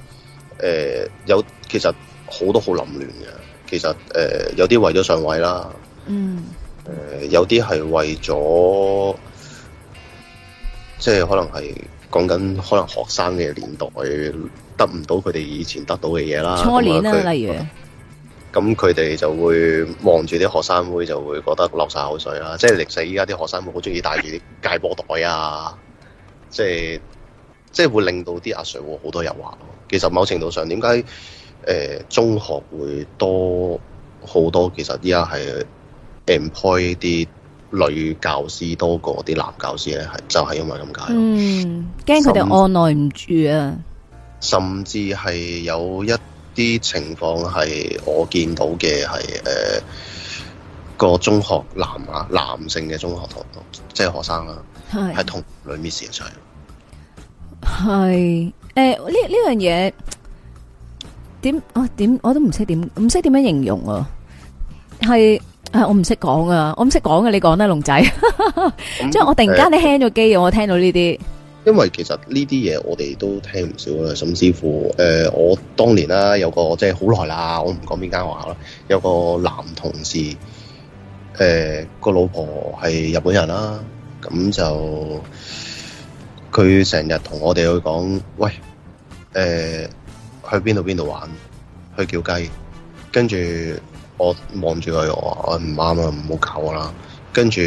Speaker 5: 誒有，其實好多好凌亂嘅，其實誒、呃、有啲為咗上位啦，嗯，誒、呃、有啲係為咗即係可能係講緊可能學生嘅年代。得唔到佢哋以前得到嘅嘢啦，初年啦，他們，例如咁，佢哋就會望住啲學生妹，就會覺得落晒口水啦。嗯、即係即使依家啲學生妹好中意帶住啲街波袋啊，嗯、即係即係會令到啲阿 sir 好多誘惑啊。其實某程度上，點解誒中學會多好多？其實依家係 employ 啲女教師多過啲男教師咧，係就係，是、因為咁解啊。
Speaker 1: 嗯，驚佢哋按耐唔住啊！至
Speaker 5: 甚至係有一啲情況係我見到嘅，係誒個中學男啊，男性嘅中學，即係學生啦，係是同女 miss 一
Speaker 1: 齊。係誒呢，呢樣嘢點啊？點我都唔識，點唔識點樣形容啊？係誒我唔識講啊！我唔識講啊！你講啦龍仔， 嗯、 即係我突然間你 hang 咗機，呃、我聽到呢啲。
Speaker 5: 因為其實呢啲嘢，我哋都聽唔少啦，甚至乎誒、呃，我當年啦有個，即係好耐啦，我唔講邊間學校啦，有個男同事誒個、呃、老婆係日本人啦，咁就佢成日同我哋去講，喂誒、呃、去邊度邊度玩，去叫雞，跟住我望住佢，我話我唔啱啊，唔好搞我啦，跟住。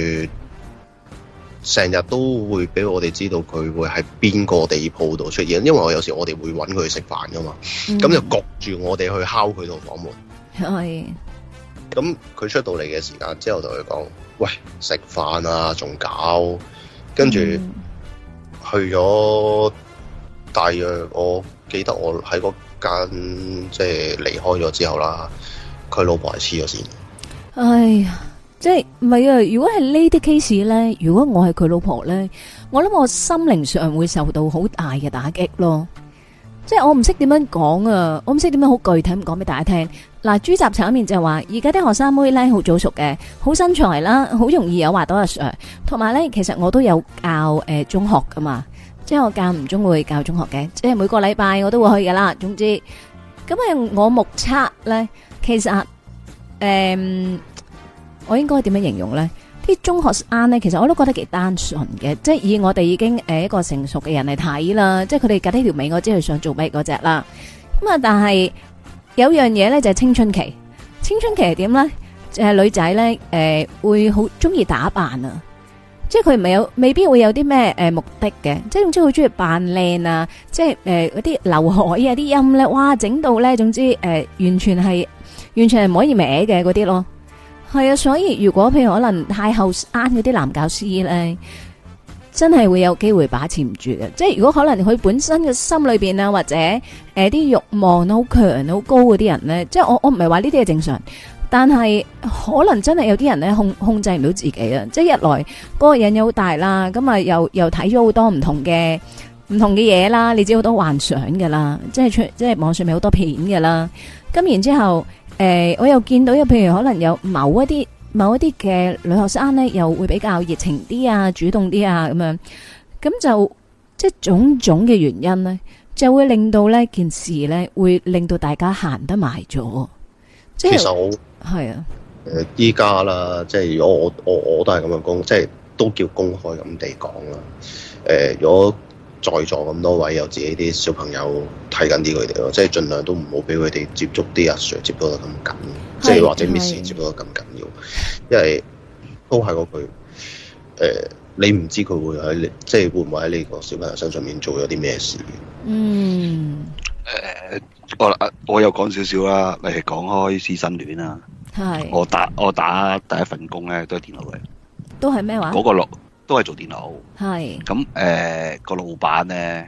Speaker 5: 成日都會俾我哋知道佢會喺邊個地鋪度出現，因為我有時候我哋會揾佢食飯噶嘛，咁、嗯、就焗住我哋去敲佢度房門。係、哎，咁佢出到嚟嘅時間之後，同佢講：喂，食飯啊，仲搞？跟住去咗大約，我記得我喺嗰間即係離開咗之後啦，佢老婆係黐咗線。
Speaker 1: 哎呀！即係唔係啊？如果係呢啲 case 咧，如果我係佢老婆咧，我諗我心靈上會受到好大嘅打擊咯。即係我唔識點樣講啊！我唔識點樣好具體咁講俾大家聽。嗱，豬雜炒麵就係話，而家啲學生妹咧好早熟嘅，好身材啦，好容易誘惑到阿 Sir。同埋咧，其實我都有教誒中學噶嘛，即係我間唔中會教中學嘅，即係每個禮拜我都會去噶啦。總之，咁啊，我目測咧，其實誒。我應該點樣形容咧？啲中學生咧，其實我都覺得幾單純嘅，即係以我哋已經誒一個成熟嘅人嚟睇啦，即係佢哋趷低條尾，我知佢想做咩嗰隻啦。咁啊，但係有樣嘢咧，就係、是、青春期。青春期係點咧？就、呃、係女仔咧，誒、呃、會好中意打扮啊！即係佢唔係有，未必會有啲咩誒目的嘅，即係總之好中意扮靚啊！即係嗰啲劉海啊、啲音咧，哇，整到咧，總之、呃、完全係完全係唔可以歪嘅嗰啲咯。係啊，所以如果譬如可能太後啱嗰啲男教師咧，真係會有機會把持唔住嘅。即係如果可能佢本身嘅心裏邊啊，或者誒啲、呃、欲望都好強、好高嗰啲人咧，即係我我唔係話呢啲係正常，但係可能真係有啲人咧，控控制唔到自己啊！即係一來嗰、嗰個癮又好大啦，咁啊又又睇咗好多唔同嘅唔同嘅嘢啦，你知好多幻想噶啦，即係網即係網上面好多片噶啦，咁然之後。誒、欸，我又見到有譬如可能有某一啲某一啲嘅女學生咧，又會比較熱情啲啊，主動啲啊咁樣，咁就即係種種嘅原因咧，就會令到呢件事咧，會令到大家行得埋咗。即係其實我係啊，誒、
Speaker 5: 呃，依家啦，即係如果我我我都係咁樣講，即係都叫公開咁地講啦，誒、呃，如果。在座咁多位有自己啲小朋友睇緊啲佢哋咯，即係盡量都唔好俾佢哋接觸啲阿 Sir 接觸得咁緊，
Speaker 1: 是即係或者 miss 接觸
Speaker 5: 得咁緊要，因為都係嗰句誒、呃，你唔知佢會喺你，即係會唔會喺你
Speaker 6: 個小朋友身上面做咗啲咩事？
Speaker 2: 嗯。
Speaker 6: 誒、呃，我我有講少少啦，你係講開師生戀啦。
Speaker 1: 係是。我
Speaker 6: 打我打第一份工咧都係電腦嘅。
Speaker 1: 都係咩話？嗰
Speaker 6: 個六都係做電腦，係咁誒個老闆咧，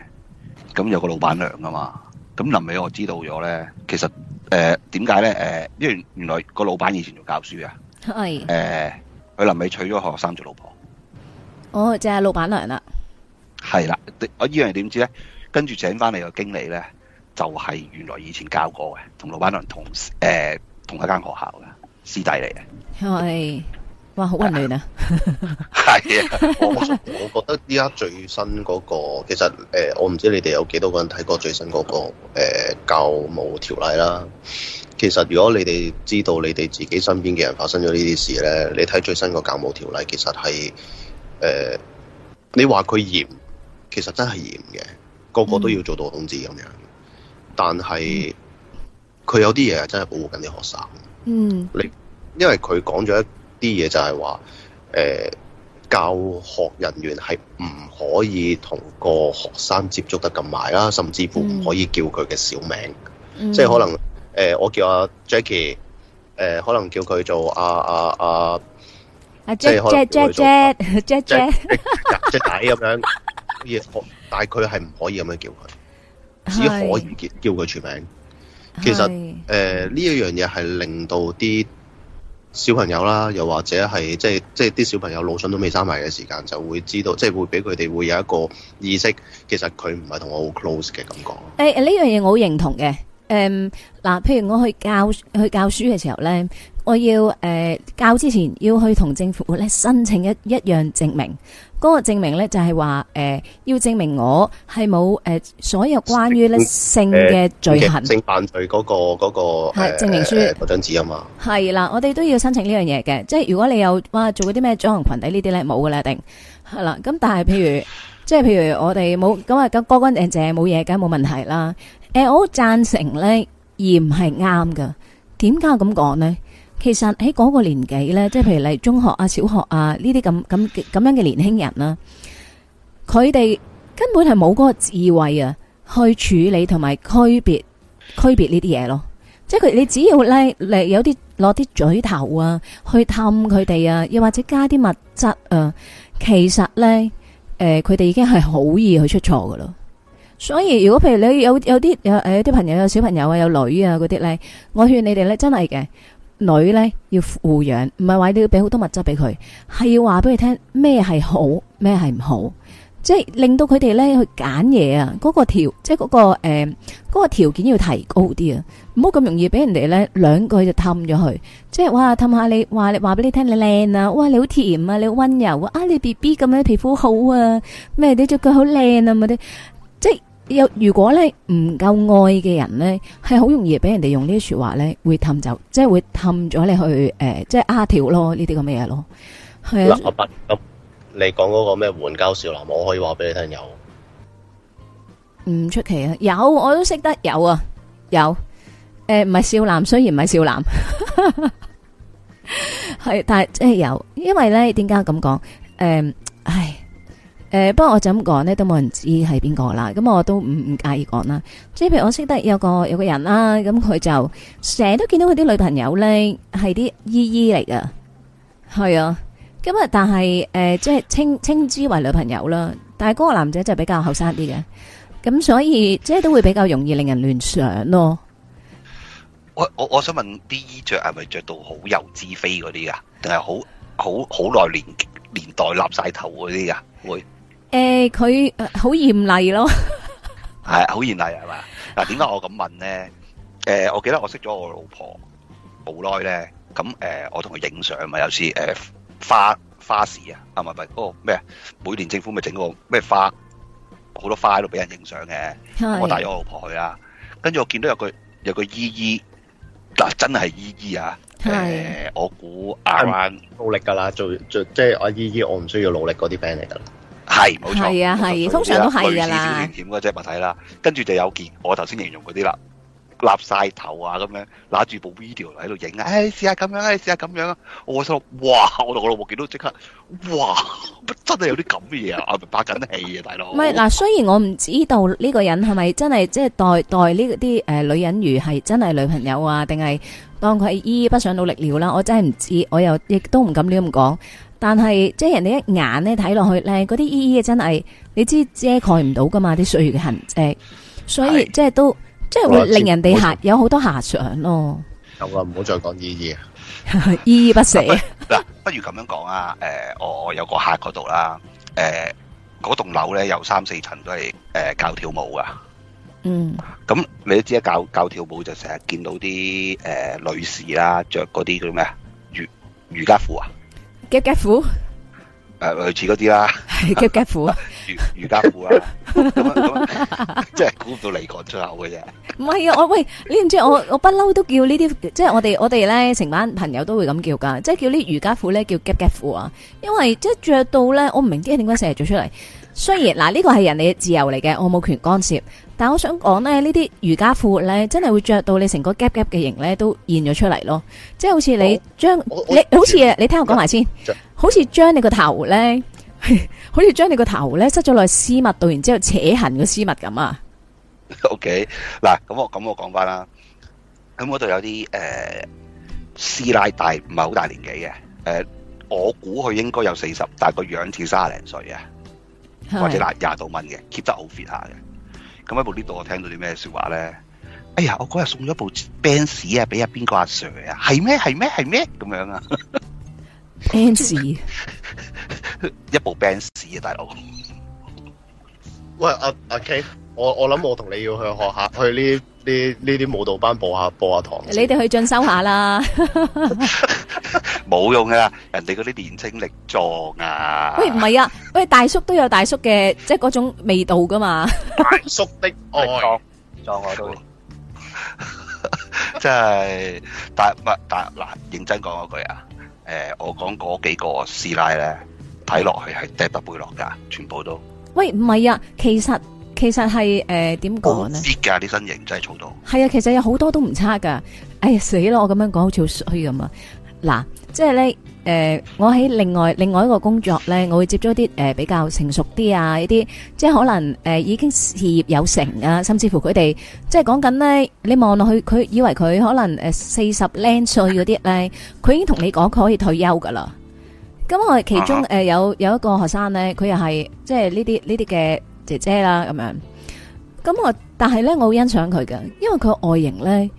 Speaker 6: 咁有個老闆娘噶嘛，咁臨尾我知道咗咧，其實誒點解咧誒，因為原來個老闆以前做教書啊，係誒是，佢、呃、臨尾娶咗學生做老婆，
Speaker 1: 哦就係、是、老闆娘啦，
Speaker 6: 係啦，我依樣點知咧？跟住請翻嚟個經理咧，就係、是、原來以前教過嘅、呃，同老闆娘同誒同一間學校嘅師弟嚟嘅，
Speaker 1: 係。哇！好混亂啊，
Speaker 6: 啊，係 啊，我我覺得依家最新嗰、
Speaker 5: 那個，其實誒、呃，我唔知你哋有幾多個人睇過最新嗰、那個誒、呃、教務條例啦。其實如果你哋知道你哋自己身邊嘅人發生咗呢啲事咧，你睇最新個教務條例，其實係誒、呃，你話佢嚴，其實真係嚴嘅，個個都要做到通知咁樣。嗯、但係佢有啲嘢係真係保護緊啲學生。嗯你，你因為佢講咗一。啲嘢就係話，誒教學人員係唔可以同個學生接觸得咁埋啦，甚至乎唔可以叫佢嘅小名，
Speaker 2: 即係可能
Speaker 5: 誒我叫阿 Jackie，誒可能叫佢做阿阿阿，
Speaker 1: 即係可能叫佢做 Jack
Speaker 5: Jack Jack Jack，Jack 咁樣，但係佢係唔可以咁樣叫佢，
Speaker 1: 只可
Speaker 5: 以叫佢全名。其實誒呢一樣嘢係令到啲。小朋友啦，又或者係即係即係啲小朋友腦筍都未生埋嘅時間，就會知道，即係會俾佢哋會有一個意識，其實佢唔係同我好 close 嘅感
Speaker 1: 覺。誒誒，呢樣嘢我好認同嘅。誒、嗯，嗱，譬如我去教去教書嘅時候咧。我要誒教之前要去同政府咧申請一一樣證明，嗰個證明咧就係話誒要證明我係冇誒所有關於咧性嘅罪行，
Speaker 5: 性犯罪嗰個嗰個係證明書嗰張紙啊嘛
Speaker 1: 係啦，我哋都要申請呢樣嘢嘅。即係如果你有哇做嗰啲咩裝潢群體呢啲咧冇噶啦，定係啦。咁但係譬如即係譬如我哋冇咁啊咁乾乾淨淨冇嘢，梗係冇問題啦。誒，我贊成咧而唔係啱噶，點解我咁講咧？其實喺嗰個年紀呢，即係譬如你中學啊、小學啊呢啲咁咁咁樣嘅年輕人啦，佢哋根本係冇嗰個智慧啊，去處理同埋區別區別呢啲嘢咯。即係佢你只要咧嚟有啲攞啲嘴頭啊去氹佢哋啊，又或者加啲物質啊，其實呢，誒、呃，佢哋已經係好易去出錯噶囉。所以如果譬如你有有啲有誒啲朋友有小朋友啊，有女啊嗰啲呢，我勸你哋咧真係嘅。女咧，要護養，唔係話你要俾好多物質俾佢，係要話俾佢聽咩係好，咩係唔好，即係令到佢哋咧去揀嘢啊。嗰、那個條，即係嗰、那個誒，嗰、呃那個條件要提高啲啊，唔好咁容易俾人哋咧兩句就氹咗去。即係哇氹下你，話你話俾你聽你靚啊，哇你好甜啊，你好溫柔啊，啊你 B B 咁樣你皮膚好啊，咩你着佢好靚啊嗰啲，即係。有如果咧唔夠愛嘅人咧，係好容易俾人哋用呢啲說話咧，會氹走，即係會氹咗你去誒，即係阿條咯，呢啲咁嘅嘢咯。係啊，阿
Speaker 5: 伯咁，你講嗰個咩援交少男，我可以話俾你聽有。
Speaker 1: 唔出奇啊，有，我都識得有啊，有。誒，唔係少男，雖然唔係少男，係但係即係有，因為咧點解咁講？誒，唉。誒、呃，不過我就咁講咧，都冇人知係邊個啦。咁、嗯、我都唔唔介意講啦。即係譬如我識得有個有個人啦、啊，咁、嗯、佢就成日都見到佢啲女朋友咧係啲姨姨嚟噶，係啊。咁、嗯、啊，但係誒、呃，即係稱稱之為女朋友啦。但係嗰個男仔就比較後生啲嘅，咁、嗯、所以即係都會比較容易令人聯想咯我。
Speaker 6: 我我我想問，啲衣着係咪着到好油脂飛嗰啲噶，定係好好好耐年年代立晒頭嗰啲噶會？
Speaker 1: 誒，佢好嚴厲咯 是，
Speaker 6: 係，好嚴厲係嘛？嗱、啊，點解我咁問咧？誒、呃，我記得我識咗我老婆好耐咧，咁誒、呃，我同佢影相咪有次誒花花市啊，啊咪？嗰個咩？每年政府咪整個咩花，好多花都喺度俾人影相嘅。的我帶咗我老婆去啦，跟住我見到有個有個姨姨，嗱、啊、真係姨姨啊！我估啱，努力噶啦，做即係阿姨姨，我唔需要努力嗰啲 friend 嚟噶啦。係
Speaker 5: 冇錯，係啊，係，通常
Speaker 1: 都係噶啦。
Speaker 6: 巨險隻物體啦、就是，跟住就有件、啊、我頭先形容嗰啲啦，立晒頭啊咁樣，拿住部 video 喺度影啊，誒試下咁樣，啊試下咁樣啊，我心諗，哇！我同我老婆見到即刻，哇！真係有啲咁嘅嘢啊，咪拍緊戲啊大
Speaker 5: 佬。
Speaker 2: 唔係
Speaker 1: 嗱，雖然我唔知道呢個人係咪真係即係代代呢啲、呃、女人如係真係女朋友啊，定係當佢依依不想努力了啦，我真係唔知，我又亦都唔敢亂咁講。但係即係人哋一眼咧睇落去咧，嗰啲依依嘅真係你知遮蓋唔到噶嘛，啲歲月嘅痕跡，所以是即係都即係的令人哋說下有好多遐想咯。咁
Speaker 6: 啊，唔好再講依依啊，
Speaker 1: 依依不捨。
Speaker 6: 嗱，不如咁樣講啊，誒、呃，我有個客嗰度啦，誒、呃，嗰棟樓咧有三四層都係誒、呃、教跳舞噶，嗯，咁你都知啦，教教跳舞就成日見到啲誒、呃、女士啦，着嗰啲叫咩啊，瑜伽褲啊。夾夾褲，誒，類似嗰啲啦，
Speaker 1: 夾夾褲啊，
Speaker 6: 瑜伽褲啊，即係估唔到你講出口
Speaker 1: 嘅啫。唔係啊，我喂，你唔知我我不嬲都叫呢啲，即係我哋我哋咧成班朋友都會咁叫噶，即係叫啲瑜伽褲咧叫夾夾褲啊，因為即係着到咧，我唔明點解成日着出嚟。雖然嗱，呢個係人哋嘅自由嚟嘅，我冇權干涉。但我想講咧，呢啲瑜伽褲咧，真係會着到你成個 gap gap 嘅型咧，都現咗出嚟咯。即係好似你將你好似來你聽我講埋先，真好似將你個頭咧， 好似將你個頭咧塞咗落去絲襪度，然之後扯痕個絲襪咁啊。
Speaker 6: OK，嗱，咁我咁我，我講翻啦。咁嗰度有啲誒、呃、師奶大，唔係好大年紀嘅。誒、呃，我估佢應該有四十，但係個樣似卅零歲啊，
Speaker 2: 的或者嗱
Speaker 6: 廿度蚊嘅，keep 得好 fit 下嘅。咁喺部呢度我聽到啲咩説話咧？哎呀，我嗰日送咗部 Benz 啊，俾阿邊個阿 Sir 啊，係咩？係咩？係咩？咁樣啊 Benz 一部 Benz 啊，大、啊、佬。
Speaker 5: 喂，阿阿 K，我我諗我同你要去學下去呢。呢呢啲舞蹈班播下
Speaker 6: 播下堂，
Speaker 1: 你哋去進修下啦，
Speaker 6: 冇 用噶，人哋嗰啲年輕力壯啊！ 喂，
Speaker 1: 唔係啊，喂，大叔都有大叔嘅，即係嗰種味道噶嘛。 大叔
Speaker 6: 的愛，愛都， 即係大係大嗱？認真講一句啊，誒、呃，我講嗰幾個師奶咧，睇落去係踢得背落噶，全部都。
Speaker 1: 喂，唔係啊，其實。其實係誒、呃、點講呢，我噶啲身形真係做到係啊！其實有好多都唔差噶。哎呀死咯！我咁樣講好似好衰咁啊！嗱，即係咧誒，我喺另外另外一個工作咧，我會接觸啲誒比較成熟啲啊，一啲即係可能誒、呃、已經事業有成啊，甚至乎佢哋即係講緊咧，你望落去佢以為佢可能誒四十零歲嗰啲咧，佢已經同你講佢可以退休噶啦。咁我其中誒、啊哈呃、有有一個學生咧，佢又係即係呢啲呢啲嘅。就是姐姐啦咁樣，咁我但係咧，我好欣賞佢嘅，因為佢外形咧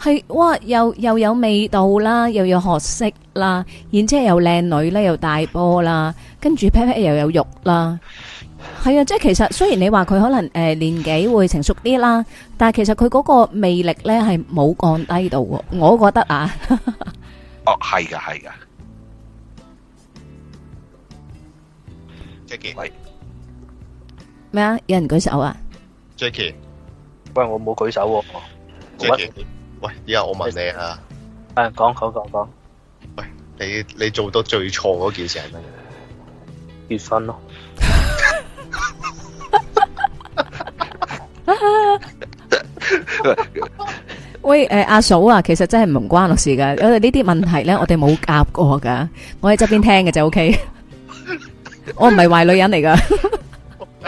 Speaker 1: 係哇，又又有味道啦，又有學識啦，然之後又靚女咧，又大波啦，跟住 pat pat 又有肉啦，係啊，即係其實雖然你話佢可能誒、呃、年紀會成熟啲啦，但係其實佢嗰個魅力咧係冇降低到嘅，我覺得啊，
Speaker 6: 哦係噶係噶，即係幾位。
Speaker 1: 咩啊？有人舉手啊
Speaker 5: ？Jackie，喂，我冇舉手喎。Jackie，喂，依家我問你啊。誒，講講講講。喂，你你做到最
Speaker 4: 錯嗰件事係咩嘢？結婚咯。
Speaker 1: 喂，誒，阿嫂啊，其實真係唔關我事噶。因為呢啲問題咧，我哋冇夾過噶。我喺側邊聽嘅就 OK。我唔係壞女人嚟噶。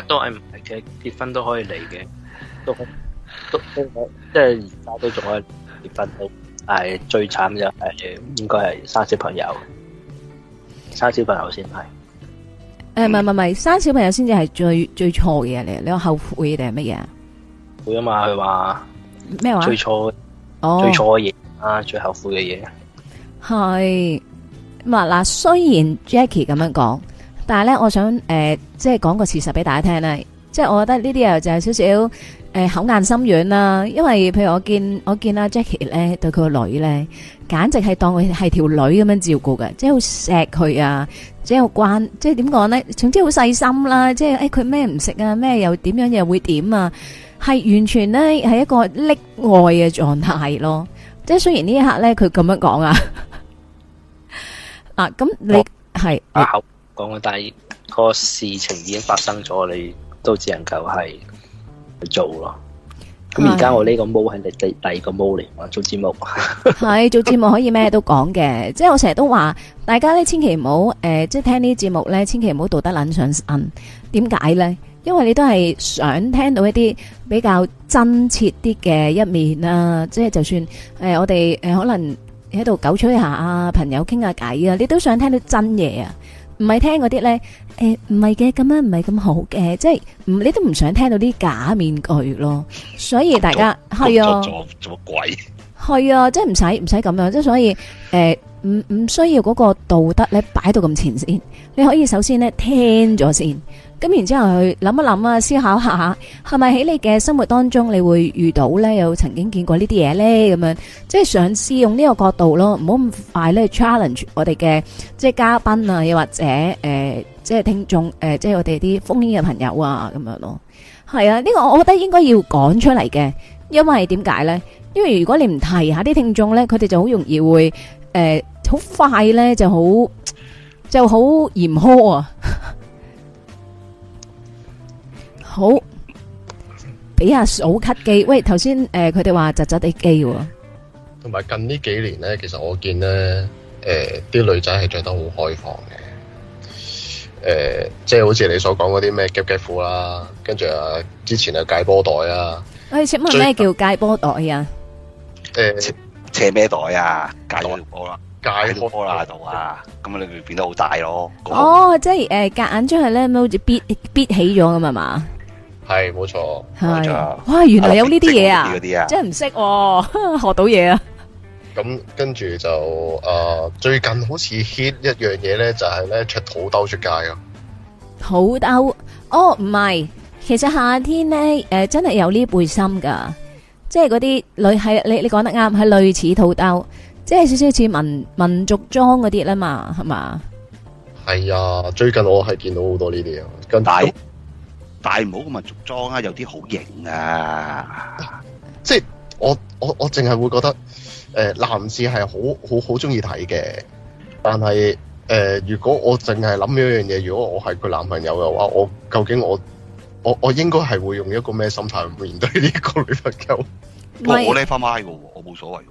Speaker 4: 都係唔係嘅，結婚都可以嚟嘅，都都即係大家都仲可以結婚到，係最慘就係應該係生小朋友，生小朋友先係。
Speaker 1: 誒、欸，唔係唔係，生小朋友先至係最、嗯、最錯嘅嘢嚟，你話後悔定係乜嘢？
Speaker 4: 會啊嘛，佢話咩話？最錯錯哦，最錯嘅嘢啊，最後悔嘅嘢。
Speaker 1: 係，啊嗱，雖然 Jackie 咁樣講，但係咧，我想誒。呃即係講個事實俾大家聽咧，即係我覺得呢啲又就係少少誒口硬心軟啦。因為譬如我見我見阿 Jackie 咧，對佢個女咧，簡直係當佢係條女咁樣照顧嘅，即係好錫佢啊，即係好慣，即係點講咧？總之好細心啦，即係誒佢咩唔食啊，咩又點樣又會點啊？係完全咧係一個溺愛嘅狀態咯。即係雖然呢一刻咧佢咁樣講啊，啊咁你係啊，
Speaker 4: 講個第二。個事情已經發生咗，你都只能夠係去做咯。咁而家我呢個毛係你第第二個毛嚟嘛。
Speaker 1: 做節目係做節目可以咩都講嘅， 即係我成日都話大家咧、呃，千祈唔好誒，即係聽呢啲節目咧，千祈唔好道德捻上身。點解咧？因為你都係想聽到一啲比較真切啲嘅一面啊！即係就算誒、呃，我哋誒可能喺度狗吹一下啊，朋友傾下偈啊，你都想聽到真嘢啊！唔係聽嗰啲咧，誒、欸，唔係嘅咁樣唔係咁好嘅，即係你都唔想聽到啲假面具咯。所以大家係我啊，做
Speaker 6: 乜鬼？
Speaker 1: 係啊，即係唔使唔使咁樣，即係所以誒，唔、欸、唔需要嗰個道德咧擺到咁前先，你可以首先咧聽咗先。咁然之後去諗一諗啊，思考下，係咪喺你嘅生活當中你會遇到呢？有曾經見過呢啲嘢呢？咁樣即係嘗試用呢個角度咯，唔好咁快呢 challenge 我哋嘅即係嘉賓啊，又或者誒、呃，即係聽眾誒、呃，即係我哋啲風險嘅朋友啊，咁樣咯。係啊，呢、這個我覺得應該要講出嚟嘅，因為點解呢？因為如果你唔提下啲聽眾呢，佢哋就好容易會誒，好、呃、快呢，就好就好嚴苛啊。 好，俾下數咳機。喂，頭先誒，佢哋話窒窒地機。
Speaker 5: 同埋、啊、近呢幾年咧，其實我見咧誒，啲、呃、女仔係着得好開放嘅。誒、呃，即係好似你所講嗰啲咩夾夾褲啦，跟住
Speaker 6: 啊之前有戒波袋啊。
Speaker 1: 喂、呃，請以問咩叫戒波袋啊？
Speaker 6: 誒近，斜咩、呃、袋啊？戒波啦，戒波啦袋啊！咁啊，你會變得好大咯。
Speaker 1: 哦，邊哦，即係誒，夾硬將系咧，好似咇咇起咗咁嘛？
Speaker 6: 係冇錯，
Speaker 1: 係哇，原來有呢啲嘢啊，啲啊？真係唔識，學到嘢啊！
Speaker 5: 咁跟住就誒、呃，最近好似 hit 一樣嘢咧，就係、是、咧着肚兜出街啊。
Speaker 1: 肚兜哦，唔係，其實夏天咧誒、呃，真係有呢背心噶，即係嗰啲類，係你你講得啱，係類似肚兜，即係少少似民民族裝嗰啲啦嘛，係嘛？
Speaker 5: 係啊，最近我係見到好多呢啲啊，但跟大。大唔好咁民族裝啊，有啲好型啊！即係我我我淨係會覺得誒、呃、男士係好好好中意睇嘅，但係誒如果我淨係諗呢一樣嘢，如果我係佢男朋友嘅話，我究竟我我我應該係會用一個咩心態去面對呢個女朋友？
Speaker 1: 我呢番嗌嘅
Speaker 5: 喎，我冇所
Speaker 4: 謂嘅
Speaker 1: 喎。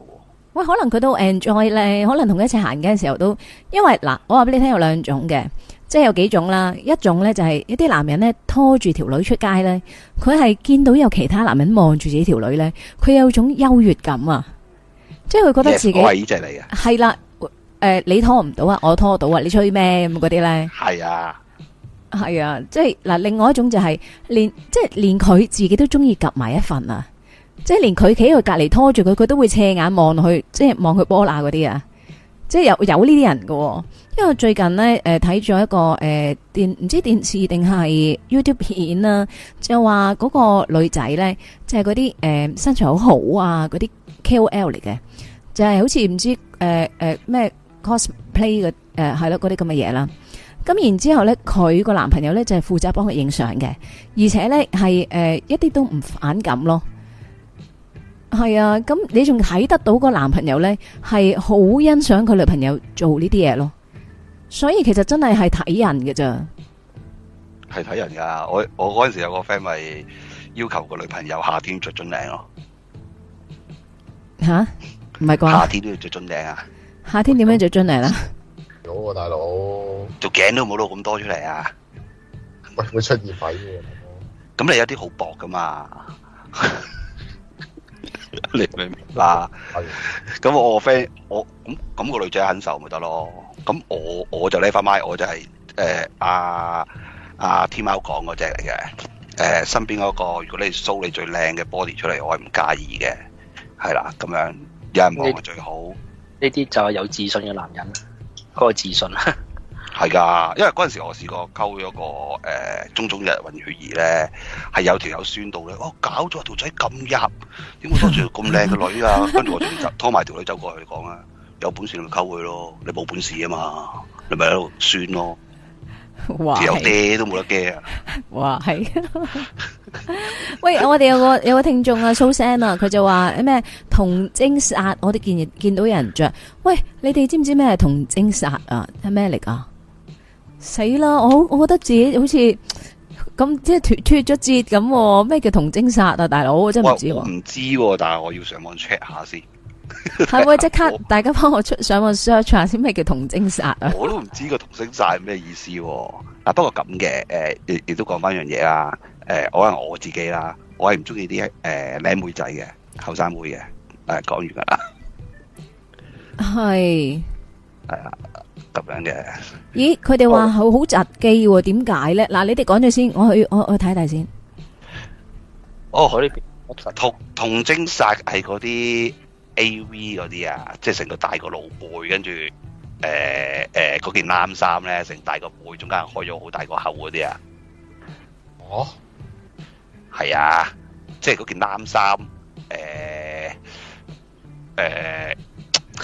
Speaker 1: 喂，可能佢都 enjoy 咧，可能同佢一齊行嘅時候都，因為嗱，我話俾你聽有兩種嘅。即係有幾種啦，一種咧，就係一啲男人咧拖住條女出街咧，佢係見到有其他男人望住自己條女咧，佢有種優越感啊，即係佢覺得自己我係嚟啦，誒你、呃、你拖唔到啊，我拖到啊，你吹咩咁嗰啲咧？係啊，係啊，即係嗱，另外一種就係、是、連即係連佢自己都中意夾埋一份啊，即係連佢企喺度隔籬拖住佢，佢都會斜眼望落去，即係望佢波乸嗰啲啊。即係有有呢啲人喎、哦！因為我最近咧睇咗一個誒、呃、電唔知電視定係 YouTube 片啦，就話嗰個女仔咧就係嗰啲誒身材好好啊嗰啲 KOL 嚟嘅，就係好似唔知誒誒咩 cosplay 嘅誒係咯嗰啲咁嘅嘢啦。咁然後之後咧，佢個男朋友咧就係、是、負責幫佢影相嘅，而且咧係誒一啲都唔反感咯。係啊，咁你仲睇得到個男朋友咧，係好欣賞佢女朋友做呢啲嘢咯。所以其實真係係睇人㗎咋。
Speaker 6: 係睇人噶。我我嗰陣時有個 friend 咪要求個女朋友夏天着樽領咯。
Speaker 1: 吓，唔係啩？夏
Speaker 6: 天都要着樽領啊？啊
Speaker 1: 夏天點樣着樽領啦？
Speaker 6: 有啊，大佬、啊，哥哥做頸都冇露咁多出嚟啊！喂，會出異味嘅。咁你有啲好薄噶嘛？ 你明唔明嗱，咁、 啊、我 friend 我咁咁、那個女仔肯受咪得咯？咁我我就 left 翻麥，我就係誒阿阿天貓講嗰隻嚟嘅，誒、呃、身邊嗰、那個，如果你 show 你最靚嘅 body 出嚟，我係唔介意嘅，係啦，咁樣
Speaker 4: 有人望我最好，呢啲就係有自信嘅男人，嗰、那個自信。 係噶，因為嗰
Speaker 6: 陣時我試過溝咗個誒、呃、中中日混血兒呢咧，係有條友酸到咧，哦搞咗條仔咁陰，點會拖住咁靚嘅女啊？跟住 我仲拖埋條女走過去講啊，有本事咪溝佢咯，你冇本事啊嘛，你咪喺度酸咯，
Speaker 2: 有爹都冇得驚啊！哇，係，
Speaker 1: 喂，我哋有個有個聽眾啊，蘇 sam 啊，佢就話咩同精煞，我哋見見到有人着，喂，你哋知唔知咩同精煞啊？係咩嚟噶？死啦！我我覺得自己好似咁即係脫脫咗節咁，咩、啊、叫童貞殺啊，大佬我真係唔知、啊。唔
Speaker 6: 知、啊，但係我要上網 check 下先。係咪即刻？
Speaker 1: 大家幫我出上網 search 下先咩叫童貞殺啊？我都
Speaker 6: 唔知個童貞殺係咩意思、啊。嗱、 啊，不過咁嘅，誒、呃，亦亦都講翻一樣嘢啦。誒、呃，我係我自己啦，我係唔中意啲誒靚妹仔嘅後生妹嘅。誒，講完啦。
Speaker 1: 係
Speaker 6: 係啊。 是咁樣嘅，
Speaker 1: 咦？佢哋話好好窒機喎，點解咧？嗱、啊，你哋講咗先，我去我去睇睇先。
Speaker 6: 哦，佢呢邊銅銅精煞係嗰啲 A V 嗰啲啊，即係成個大個露背，跟住誒誒嗰件冷衫咧，成大個背中間開咗好大個口嗰啲啊。
Speaker 5: 哦，
Speaker 6: 係啊，即係嗰件冷衫，誒、欸、誒，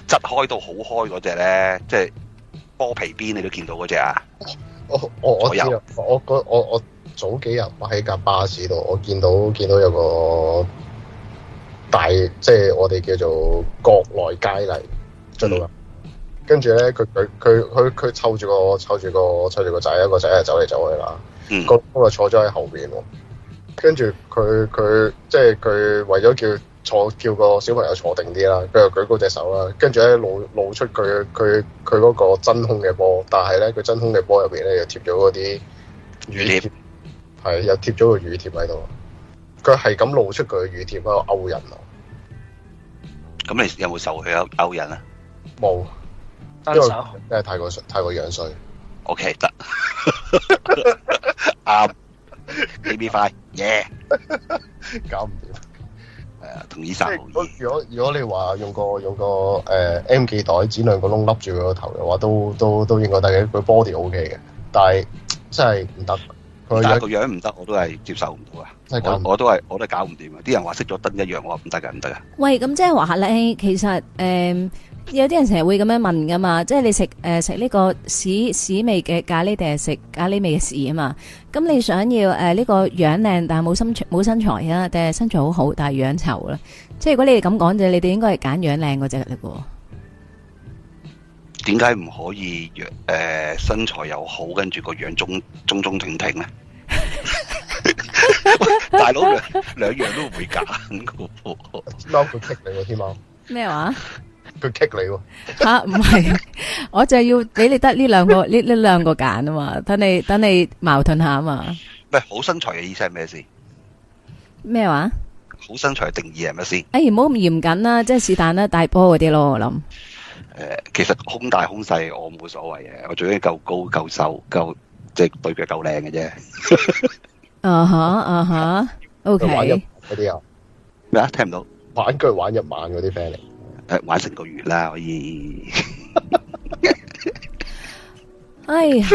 Speaker 6: 側、呃、開到好開嗰隻咧，即係。
Speaker 5: 波皮邊你都見到嗰隻啊？我我我知啦。我我我，我，我早幾日我喺架巴士度，我見到見到有個大，即係我哋叫做國內街嚟，追到啦。跟住咧，佢佢佢佢佢湊住個湊住個湊住個仔，個仔又走嚟走去啦。個哥就坐咗喺後邊喎。跟住佢佢即係佢為咗叫。坐叫個小朋友坐定啲啦，佢又舉高隻手啦，跟住咧露露出佢佢佢嗰個真空嘅波，但係咧佢真空嘅波入邊咧又貼咗嗰啲乳貼，係獵又貼咗個乳貼喺度，佢係咁露出佢乳貼喺度勾人啊！
Speaker 6: 咁你有冇受佢勾勾人啊？
Speaker 5: 冇沒，單手真係太過純，太過樣衰。
Speaker 6: O K，得啱，A B 快，
Speaker 5: 耶！搞唔掂。誒、啊，同醫生如果如果你話用個用個、呃、M 記袋剪兩個窿笠住個頭嘅話，都都都應該得嘅。佢
Speaker 6: body O K 嘅。但係真係唔得，佢係個樣唔得，我都係接受唔到啊！我都係我都係搞唔掂啊！啲人話熄咗燈一樣，我話唔得㗎，唔得啊！
Speaker 1: 喂，咁即係話下咧，其實、嗯有啲人成日會咁樣問噶嘛，即係你食誒食呢個屎屎味嘅咖喱定係食咖喱味嘅屎啊嘛？咁你想要誒呢，呃這個樣靚但係冇身冇身材啊，定係身材很好好但係樣醜咧？即係如果你哋咁講就你哋應該係揀樣靚嗰隻嚟，個
Speaker 6: 點解唔可以誒，呃、身材又好，跟住，個樣中中中挺挺咧？
Speaker 1: 大佬
Speaker 6: 兩 樣都唔會揀個噃 d o u b
Speaker 1: l 咩話？佢棘你喎嚇，唔係，我就要畀你得呢兩個呢呢兩個揀啊嘛，等你等你矛盾下啊嘛。
Speaker 6: 喂，好身材嘅意思係咩先？咩話？好身材嘅定義係咩先？
Speaker 1: 哎，唔好咁嚴謹啦，即係是但啦，大波嗰啲咯，我諗。
Speaker 6: 誒，其實胸大胸細我冇所謂嘅，我最緊要夠高夠瘦夠即係對腳夠靚嘅啫。
Speaker 1: 啊哈啊哈，OK。嗰
Speaker 6: 啲啊咩啊？聽唔到？玩具玩一晚嗰啲 friend 嚟。玩成個月啦，可以。哎呀，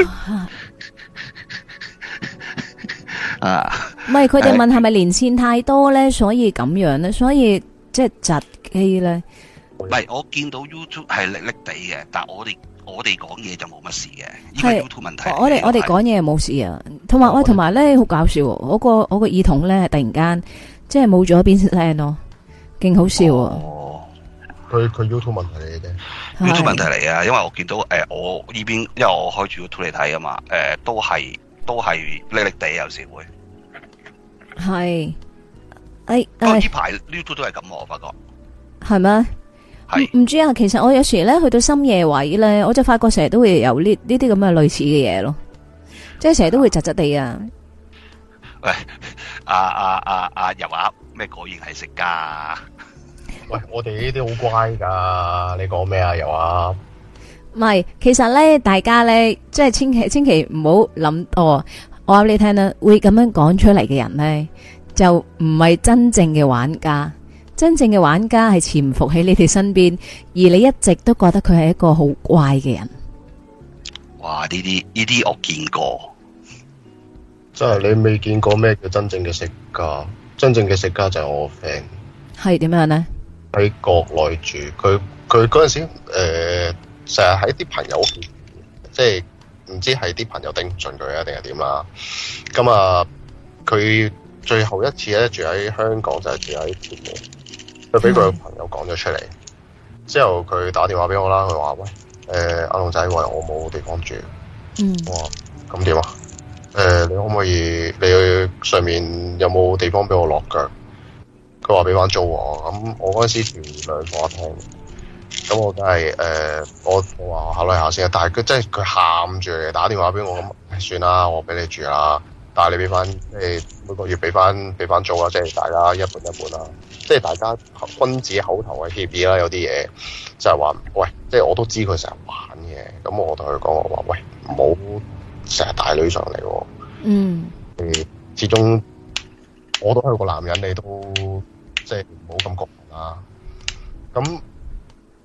Speaker 6: 啊，
Speaker 2: 唔係佢
Speaker 1: 哋問係咪連線太多咧，所以咁樣咧，所以即係窒機咧。
Speaker 6: 唔係、哎、我見到 YouTube 係力力地嘅，但係我哋我哋講嘢就冇乜事
Speaker 1: 嘅，呢個 YouTube 問題。是我哋我哋講嘢冇事啊，同埋喂，同埋咧好搞笑、啊，我個我個耳筒咧突然間即係冇咗邊聲咯，勁好笑啊！哦
Speaker 6: 佢佢 you YouTube 問題嚟嘅 YouTube 問題嚟啊！因為我見到誒、呃，我呢邊，因為我開住 YouTube 嚟睇啊嘛，誒、呃，都係都係叻叻地，有時候會
Speaker 1: 係誒，我呢排、哎
Speaker 6: 哎哦、YouTube 都係咁我發覺，
Speaker 1: 係咩嗎？係唔是知啊！其實我有時咧去到深夜位咧，我就發覺成日都會有呢呢啲咁嘅類似嘅嘢咯，即係成日都會窒窒地啊！
Speaker 6: 喂、啊，阿阿阿阿又話咩果然係食噶？喂，我哋呢啲好乖
Speaker 5: 噶，你講咩啊？又話？
Speaker 1: 唔係，其實咧，大家咧，即係千祈千祈唔好諗多，我話你聽啦，會咁樣講出嚟嘅人咧，就唔係真正嘅玩家。真正嘅玩家係潛伏喺你哋身邊，而你一直都覺得佢係一個好乖嘅人。哇！
Speaker 5: 呢啲呢啲我見過，即係你未見過咩叫真正嘅食家？真正嘅食家就係我 friend。
Speaker 1: 係點樣呢？
Speaker 5: 喺國內住，佢佢嗰陣時，誒、呃，成日喺啲朋友屋企，即係唔知係啲朋友頂唔順佢啊，定係點啦。咁啊，佢最後一次咧住喺香港就係，住喺前面，佢俾佢朋友講咗出嚟，mm hmm. 之後佢打電話俾我啦，佢話：喂，誒、呃，阿龍仔，喂我冇地方住，嗯、mm，hmm. 哇，咁點啊？誒、呃，你可唔可以你去上面有冇地方俾我落腳？佢話俾翻租喎，咁我嗰陣時條兩房一廳，咁我真係誒，我我話考慮下先啊。但係佢真係佢喊住打電話俾我咁，算啦，我俾你住啦。但係你俾翻即係每個月俾翻俾翻租啊，即係大家一半一半啦。即係大家君子口頭嘅協議啦，有啲嘢就係話，喂，即係我都知佢成日玩嘅，咁我同佢講，我話喂，唔好成日帶女上嚟喎。嗯，誒，始終我都係個男人，你都。即係唔好咁過分啦。咁、啊、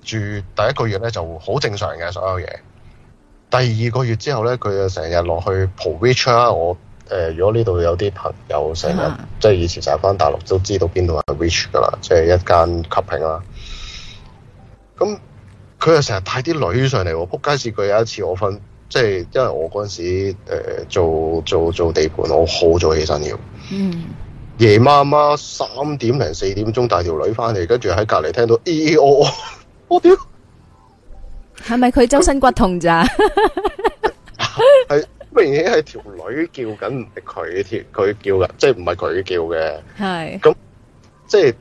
Speaker 5: 住第一個月咧就好正常嘅所有嘢，第二個月之後咧，佢就成日落去蒲 w i c h 啦。我誒、呃，如果呢度有啲朋友成日、mm hmm. 即係以前成日返大陸，都知道邊度係 w i c h 噶啦，即係一間 clubing 啦。咁佢又成日帶啲女上嚟，啊，仆街事，佢有一次我瞓，即係因為我嗰陣時誒、呃、做做做地盤，我好早起身要。嗯、
Speaker 2: mm。Hmm.
Speaker 5: 夜媽媽三點零四點鐘帶條女翻嚟，跟住喺隔籬聽到誒哦、欸，我屌，
Speaker 1: 係咪佢周身骨痛咋？
Speaker 5: 係 明顯係條女叫緊，唔係佢跳，佢叫噶即係唔係佢叫嘅。係咁是，即係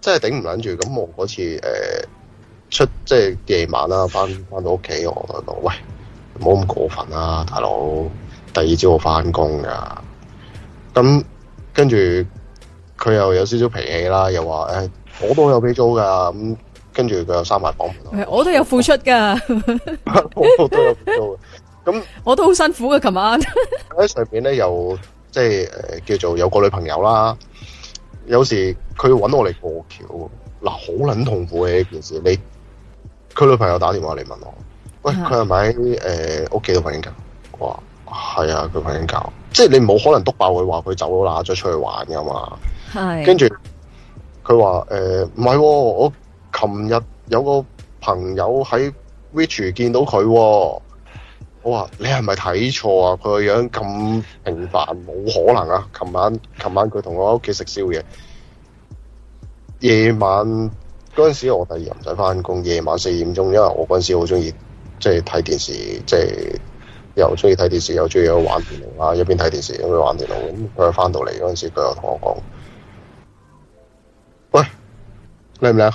Speaker 5: 真係頂唔捻住。咁我嗰次誒、呃、出即係夜晚啦，翻翻到屋企我諗喂，唔好咁過分啦，啊，大佬。第二朝我翻工噶，咁。跟住佢又有少少脾氣啦，又話誒、欸，我都有俾租噶，咁跟住佢又閂埋房門
Speaker 1: 我都有付出噶 ，
Speaker 5: 我都有俾租，
Speaker 1: 咁我都好辛苦嘅。琴晚
Speaker 5: 喺 上邊咧，又即係誒、呃，叫做有個女朋友啦。有時佢要搵我嚟過橋，嗱，好捻痛苦嘅一件事。你佢女朋友打電話嚟問我，喂，佢係咪喺誒屋企度朋友嚟哇！係啊，佢咁教，即係你冇可能督爆佢話佢走佬啦，咗出去玩噶嘛。
Speaker 2: 係的，跟住
Speaker 5: 佢話誒，唔係、呃哦，我琴日有個朋友喺 WeChat 見到佢。哦，我話你係咪睇錯啊？佢個樣咁平凡，冇可能啊！琴晚琴晚佢同我喺屋企食宵夜，夜晚嗰陣時我第二日唔使翻工，夜晚四點鐘，因為我嗰陣時好中意即係睇電視，即係。又中意睇電視，又中意玩電腦啊！一邊睇電視，一邊玩電腦。咁佢翻到嚟嗰陣時，佢又同我講：喂，靚唔靚？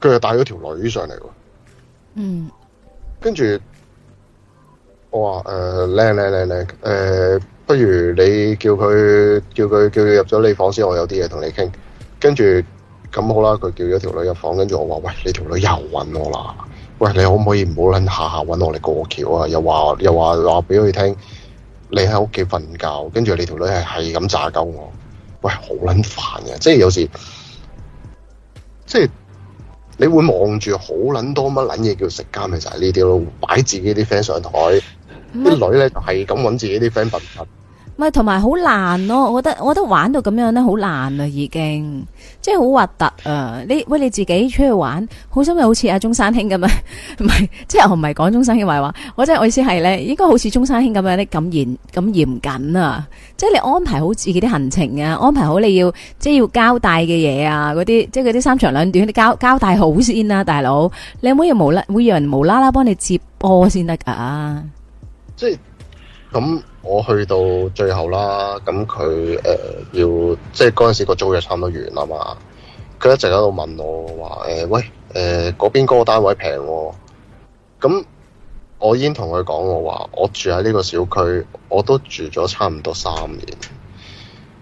Speaker 5: 佢又帶咗條女上嚟。嗯。跟住我話：誒靚靚靚靚！誒、呃呃，不如你叫佢叫佢叫佢入咗你房先，我有啲嘢同你傾。跟住咁好啦，佢叫咗條女入房，跟住我話：喂，你條女又搵我啦！喂，你可唔可以唔好撚下下揾我哋過橋啊？又話又話話俾佢聽，你喺屋企瞓覺，跟住你條女係係咁炸鳩我。喂，好撚煩啊！即係有時，即係你會望住好撚多乜撚嘢叫食監嘅就係呢啲，擺自己啲 friend 上台，啲、嗯、女咧就係咁揾自己啲 friend 頻
Speaker 1: 唔係，同埋好難咯，啊，我覺得我覺得玩到咁樣咧，好難啊。已經，即係好核突啊！你喂你自己出去玩，好想咪好似阿中山兄咁啊？唔 係，即係我唔係講中山兄壞話，我真係我意思係咧，應該好似中山兄咁樣咧，咁嚴咁嚴謹啊！即係你安排好自己啲行程啊，安排好你要即係要交代嘅嘢啊，嗰啲即係嗰啲三長兩短，你交交代好先啦。大佬，你唔好要無啦，會有人無啦啦幫你接波先得噶。即係
Speaker 5: 咁。我去到最後啦，咁佢、呃、要即係嗰陣時個租約差唔多完啦嘛，佢一直喺度問我話，喂嗰邊嗰個單位平喎、啊，咁我已經同佢講我話，我住喺呢個小區，我都住咗差唔多三年，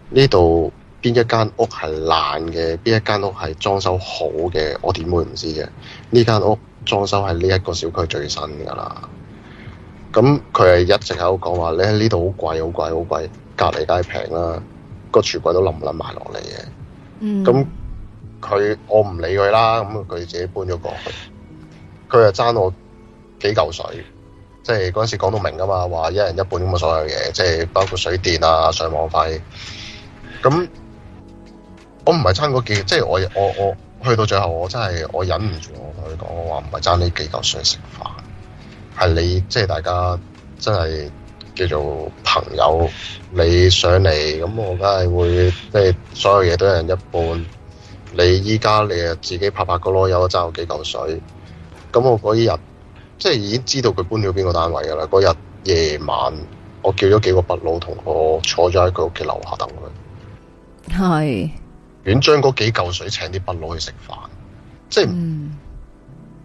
Speaker 5: 呢度邊一間屋係爛嘅，邊一間屋係裝修好嘅，我點會唔知嘅？呢間屋裝修係呢一個小區最新㗎啦。咁佢係一直喺度講話你喺呢度好貴好貴好貴，隔離街平啦，個廚櫃都冧冧埋落嚟嘅。咁佢、嗯、我唔理佢啦，咁佢自己搬咗過去。佢係爭我幾嚿水，即係嗰陣時講到明噶嘛，話一人一半咁嘅所有嘢，即係包括水電啊、上網費。咁我唔係爭嗰幾，即、就、係、是、我我我去到最後我，我真係我忍唔住，我同佢講，我話唔係爭呢幾嚿水食飯。係你即係大家真係叫做朋友，你上嚟，咁我梗係會即係所有嘢都有人一半。你依家你啊自己拍拍個籮柚，揸我幾嚿水。咁我嗰日即係已經知道佢搬咗邊個單位㗎啦。嗰日夜晚，我叫咗幾個北佬同我坐咗喺佢屋企樓下等佢。
Speaker 2: 係是，
Speaker 5: 願將嗰幾嚿水請啲北佬去食飯，即係。嗯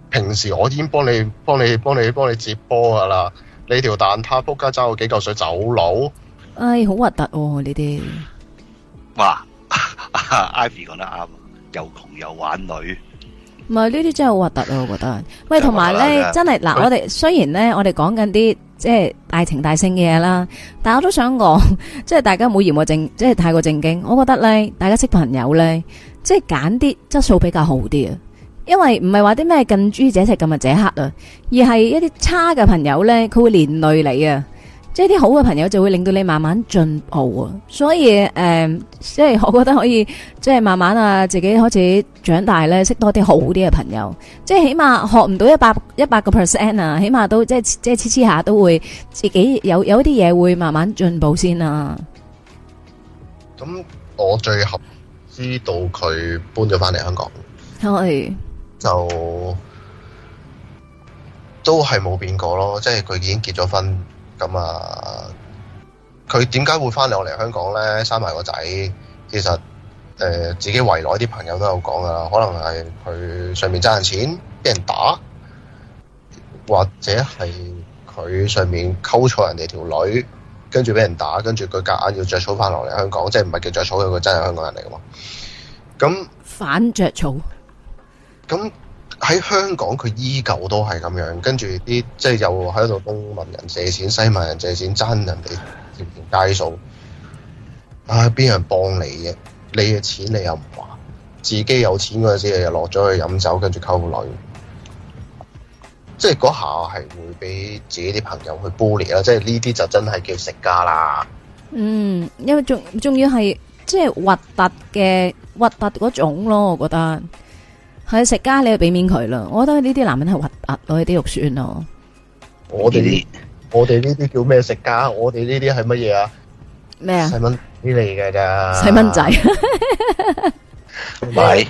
Speaker 5: 平時我已經幫你、幫你、幫你、幫你，幫你接波噶啦，你條彈蛋撻仆街揸我幾嚿水走佬，
Speaker 1: 哎，好核突喎。呢啲。
Speaker 6: 哇、啊、Ivy 講得啱，又窮又玩女。
Speaker 1: 唔係呢啲真係好核突啊！我覺得，喂， 同埋咧，真係是嗱， 我哋雖然咧，我哋講緊啲即係大情大性嘅嘢啦，但係我都想講，即係大家唔好嫌我正，即係太過正經。我覺得咧，大家識朋友咧，即係揀啲質素比較好啲啊。因為唔係話啲咩近朱者赤、近墨者黑啊，而係一啲差嘅朋友呢，佢會連累你啊。即係啲好嘅朋友就會令到你慢慢進步啊。所以誒、嗯，即係我覺得可以，即係慢慢啊，自己開始長大呢，識多啲好啲嘅朋友。即係起碼學唔到一百一百個 percent 啊，起碼都即係即係黐黐下都會自己有有啲嘢會慢慢進步先啊。咁
Speaker 5: 我最後知道佢搬咗翻嚟香港。係。Okay。就都係冇變過咯，即係佢已經結咗婚咁啊！佢點解會翻我嚟香港咧？生埋個仔，其實誒、呃、自己圍內啲朋友都有講噶啦，可能係佢上面爭人錢，俾人打，或者係佢上面溝錯人哋條女，跟住俾人打，跟住佢夾硬要着草翻落嚟香港，即係唔係叫着草，佢真係香港人嚟噶嘛？咁
Speaker 1: 反着草。咁
Speaker 5: 喺香港，佢依舊都係咁樣，跟住啲即係又喺度東問人借錢、西問人借錢，爭人哋條條街數。唉，邊人幫你嘅？你嘅錢你又唔還，自己有錢嗰陣時你又落咗去飲酒，跟住溝女。即係嗰下，係會俾自己啲朋友去 bully 啦。即係呢啲就真係叫食家啦。
Speaker 1: 嗯，因為仲仲要係即係核突嘅核突嗰種咯，我覺得。係食家，你就俾面佢啦！我覺得呢啲男人係核突咯，呢啲肉酸咯。
Speaker 6: 我哋呢，我
Speaker 5: 哋呢啲叫咩食家？我哋呢啲係乜嘢啊？
Speaker 1: 咩啊麼？細蚊
Speaker 5: 啲嚟噶咋？細蚊仔唔係，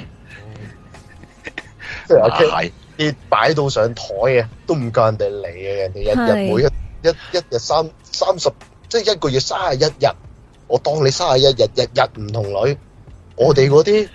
Speaker 5: 即係我睇啲擺到上台嘅，都唔夠人哋嚟嘅。人哋一日每一的一一日三三十，即係一個月卅一日，我當你卅一日日日唔同女。我哋嗰啲。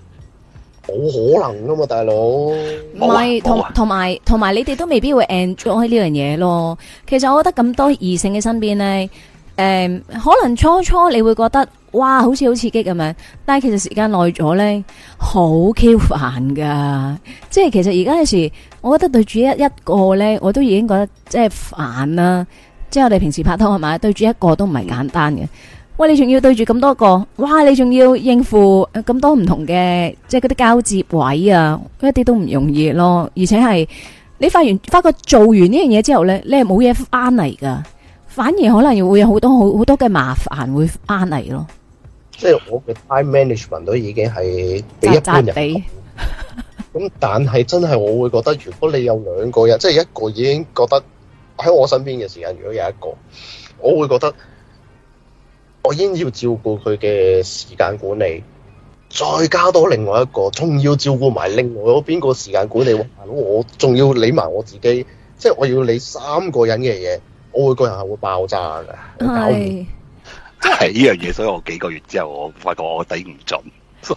Speaker 5: 冇可能噶嘛，大佬。
Speaker 1: 唔係同同埋同埋，你哋都未必會 enjoy 呢樣嘢咯。其實我覺得咁多異性嘅身邊呢，誒、呃，可能初初你會覺得，哇，好似好刺激咁樣。但係其實時間耐咗呢，好 Q 煩噶。即係其實而家有時，我覺得對住一一個呢我都已經覺得即係煩啦。即係我哋平時拍拖係咪，對住一個都唔係簡單嘅。喂，你仲要對住咁多個？哇，你仲要應付咁多唔同嘅，即係啲交接位啊，一啲都唔容易咯。而且係你發完發覺做完呢樣嘢之後咧，你係冇嘢翻嚟噶反而可能會有好多好好多嘅麻煩會翻嚟咯。
Speaker 2: 即係我嘅
Speaker 5: time management 都已經係比一般人。咁紮 但係真係，我會覺得如果你有兩個人，即係一個已經覺得喺我身邊嘅時間，如果有一個，我會覺得。我已經要照顧佢嘅時間管理，再加多另外一個，仲要照顧埋另外嗰邊個時間管理，我仲要理埋我，我自己，即係我要理三個人嘅嘢，我個人係
Speaker 6: 會爆炸噶，係，係呢樣嘢，所以我幾個月之後我發覺我頂唔准，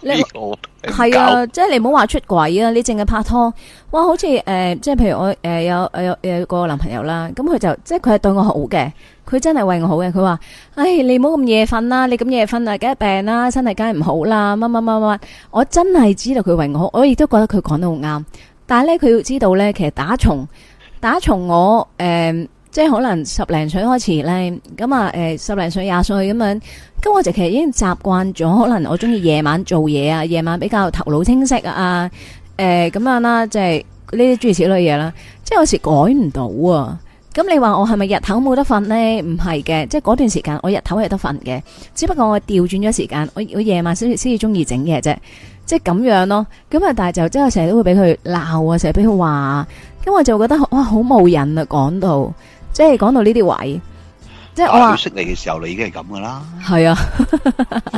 Speaker 6: 呢個係啊，
Speaker 1: 即係你唔好話出軌啊，你淨係拍拖，哇，好似誒、呃，即係譬如我誒、呃、有誒有誒個男朋友啦，咁佢就即係佢係對我好嘅。佢真係為我好嘅，佢話：，唉，你唔好咁夜瞓啦，你咁夜瞓啊，梗係病啦、啊，身體梗係唔好啦，乜乜乜乜。我真係知道佢為我，好。我亦都覺得佢講得好啱。但係咧，佢要知道咧，其實打從打從我，誒、呃，即係可能十零歲開始咧，咁啊，誒、呃，十零歲廿歲咁樣，咁我就其實已經習慣咗，可能我中意夜晚做嘢啊，夜晚比較頭腦清晰啊，誒、呃，咁樣啦，即係呢啲諸如此類嘢啦，即係有時改唔到啊。咁你話我係咪日頭冇得瞓呢？唔係嘅，即係嗰段時間我日頭係得瞓嘅，只不過我調轉咗時間，我我夜晚先至先至中意整嘢啫，即係咁樣咯。咁啊，但係就即係成日都會俾佢鬧啊，成日俾佢話，咁我就覺得哇好冇癮啊！講到即係講到呢啲位，即係我話、啊、識
Speaker 6: 你嘅時候，你已經係咁噶啦。係啊，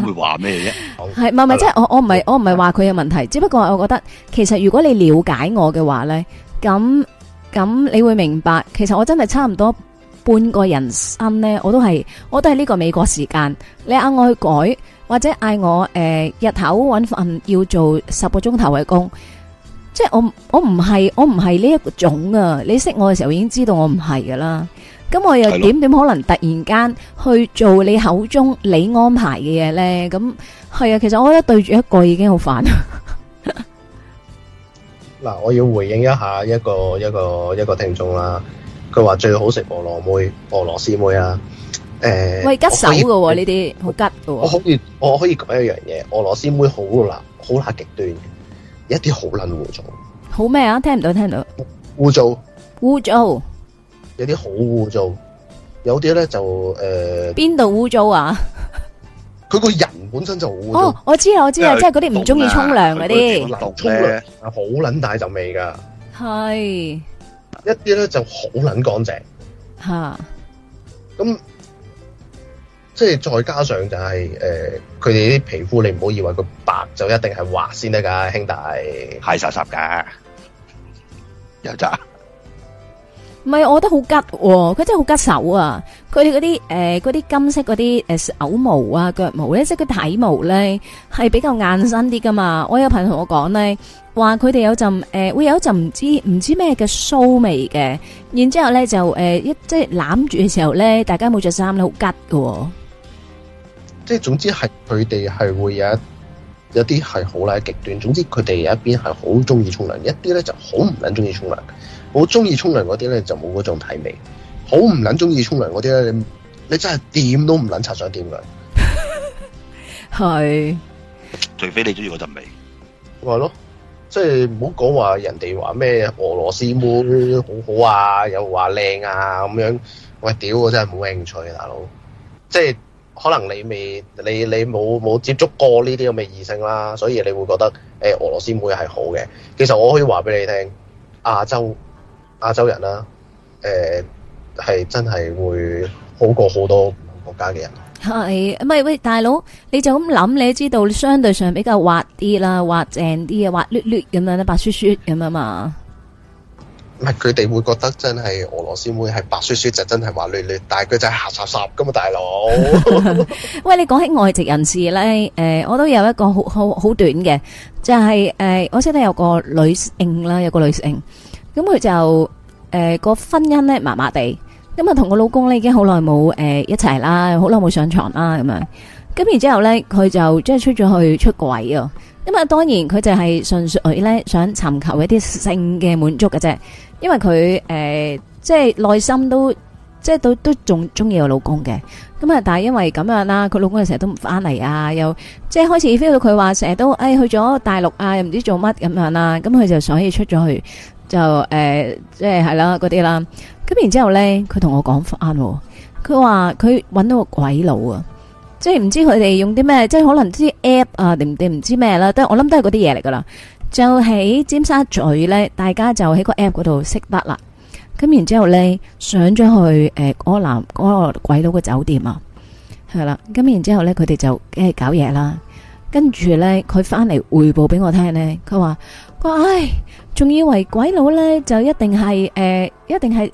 Speaker 6: 會話咩啫？
Speaker 1: 係唔係唔係即係我我唔係我唔係話佢有問題，只不過我覺得其實如果你了解我嘅話咧，咁。咁你會明白，其實我真係差唔多半個人生咧，我都係，我都係呢個美國時間。你嗌我去改，或者嗌我誒日頭搵份要做十個鐘頭嘅工，即係我我唔係我唔係呢一種啊！你識我嘅時候已經知道我唔係噶啦。咁我又點點可能突然間去做你口中你安排嘅嘢咧？咁係啊，其實我覺得對住一個已經好煩。
Speaker 5: 嗱，我要回應一下一個一個一個聽眾啦。佢話最好食菠蘿妹、俄羅斯妹啦、啊。誒、呃，喂我吉手嘅喎，呢啲
Speaker 1: 好吉嘅。我可
Speaker 5: 以我可以講一樣嘢，俄羅斯妹好辣，好辣極端嘅，一啲好撚污糟。
Speaker 1: 好咩啊？聽唔到，聽唔到。污糟髒。污糟髒。
Speaker 5: 有啲好污糟，有啲咧就誒。
Speaker 1: 邊度污糟啊？
Speaker 5: 佢個人本身就好哦，
Speaker 1: 我知啦，我知啦，即係嗰啲唔中意沖涼嗰啲，沖
Speaker 5: 涼好撚大陣味噶。
Speaker 1: 係一
Speaker 5: 啲咧就好撚乾淨
Speaker 1: 吓，咁
Speaker 5: 即係再加上就係、是、誒，佢哋啲皮膚，你唔好以為佢白就一定係滑先得噶，兄弟係濕濕噶，
Speaker 6: 有渣。
Speaker 1: 唔係，我覺得好吉、喔，佢真係好吉手啊！佢哋嗰啲誒，嗰、呃、啲金色嗰啲誒，手、呃、毛啊，腳毛咧，即係佢體毛咧，係比較硬身啲噶嘛。我有朋友同我講咧，話佢哋有陣誒、呃，會有一陣唔知唔知咩嘅騷味嘅。然之後咧就誒，一、呃、即係攬住嘅時候咧，大家冇着衫咧，好吉噶。
Speaker 5: 即係總之係佢哋係會有一啲係好啦，極端。總之佢哋有一邊係好中意沖涼，一啲咧就好唔捻中意沖涼。好中意沖涼嗰啲咧，就冇嗰種體味。好唔撚中意沖涼嗰啲咧，你你真係掂都唔撚擦上掂嘅。
Speaker 1: 係 是，
Speaker 6: 除非你中意嗰陣味。
Speaker 5: 咪咯，即係唔好講話人哋話咩俄羅斯妹好好啊，又話靚啊咁樣。喂，屌我真係冇興趣，大佬。即係可能你未你你冇冇接觸過呢啲咁嘅異性啦，所以你會覺得誒、欸、俄羅斯妹係好嘅。其實我可以話俾你聽，亞洲。亞洲人啦，誒、呃、係真係會好過好多國家嘅人。
Speaker 1: 係唔係？喂，大佬，你就咁諗，你知道你相對上比較滑啲啦，滑正啲啊，滑捋捋咁樣咧，白雪雪咁啊嘛。
Speaker 5: 唔係佢哋會覺得真係俄羅斯妹係白雪雪就真係滑捋捋，但係佢就係黑雜雜噶嘛，大佬。
Speaker 1: 喂，你講起外籍人士咧，誒、呃，我都有一個好好好短嘅，就係、是、誒、呃，我識得有個女性啦，有個女性。咁佢就誒、呃那個婚姻咧麻麻地，咁啊同個老公咧已經好耐冇誒一齊啦，好耐冇上床啦咁樣。咁、嗯、然之後咧，佢就即係出咗去出軌啊。咁、嗯、啊，當然佢就係純粹咧想尋求一啲性嘅滿足嘅啫。因為佢誒、呃、即係內心都即係都都仲中意個老公嘅。咁、嗯、啊，但係因為咁樣啦，佢老公就成日都唔返嚟啊，又即係開始 feel 到佢話成日都誒、哎、去咗大陸啊，又唔知做乜咁樣啦。咁、嗯、佢就所以出咗去。就誒、呃，即係係啦，嗰啲啦。咁然之後咧，佢同我講翻，佢話佢搵到個鬼佬啊，即係唔知佢哋用啲咩，即係可能啲 app 啊，定唔知咩啦。我都我諗都係嗰啲嘢嚟噶啦。就喺尖沙咀咧，大家就喺個 app 嗰度識得啦。咁然之後咧，上咗去誒嗰、呃嗰個男、嗰個鬼佬嘅酒店啊，係、呃、啦。咁然之後咧，佢哋就梗係搞嘢啦。跟住呢，佢翻嚟匯報俾我聽呢，佢話佢唉，仲以為鬼佬呢就一定係誒、呃，一定係誒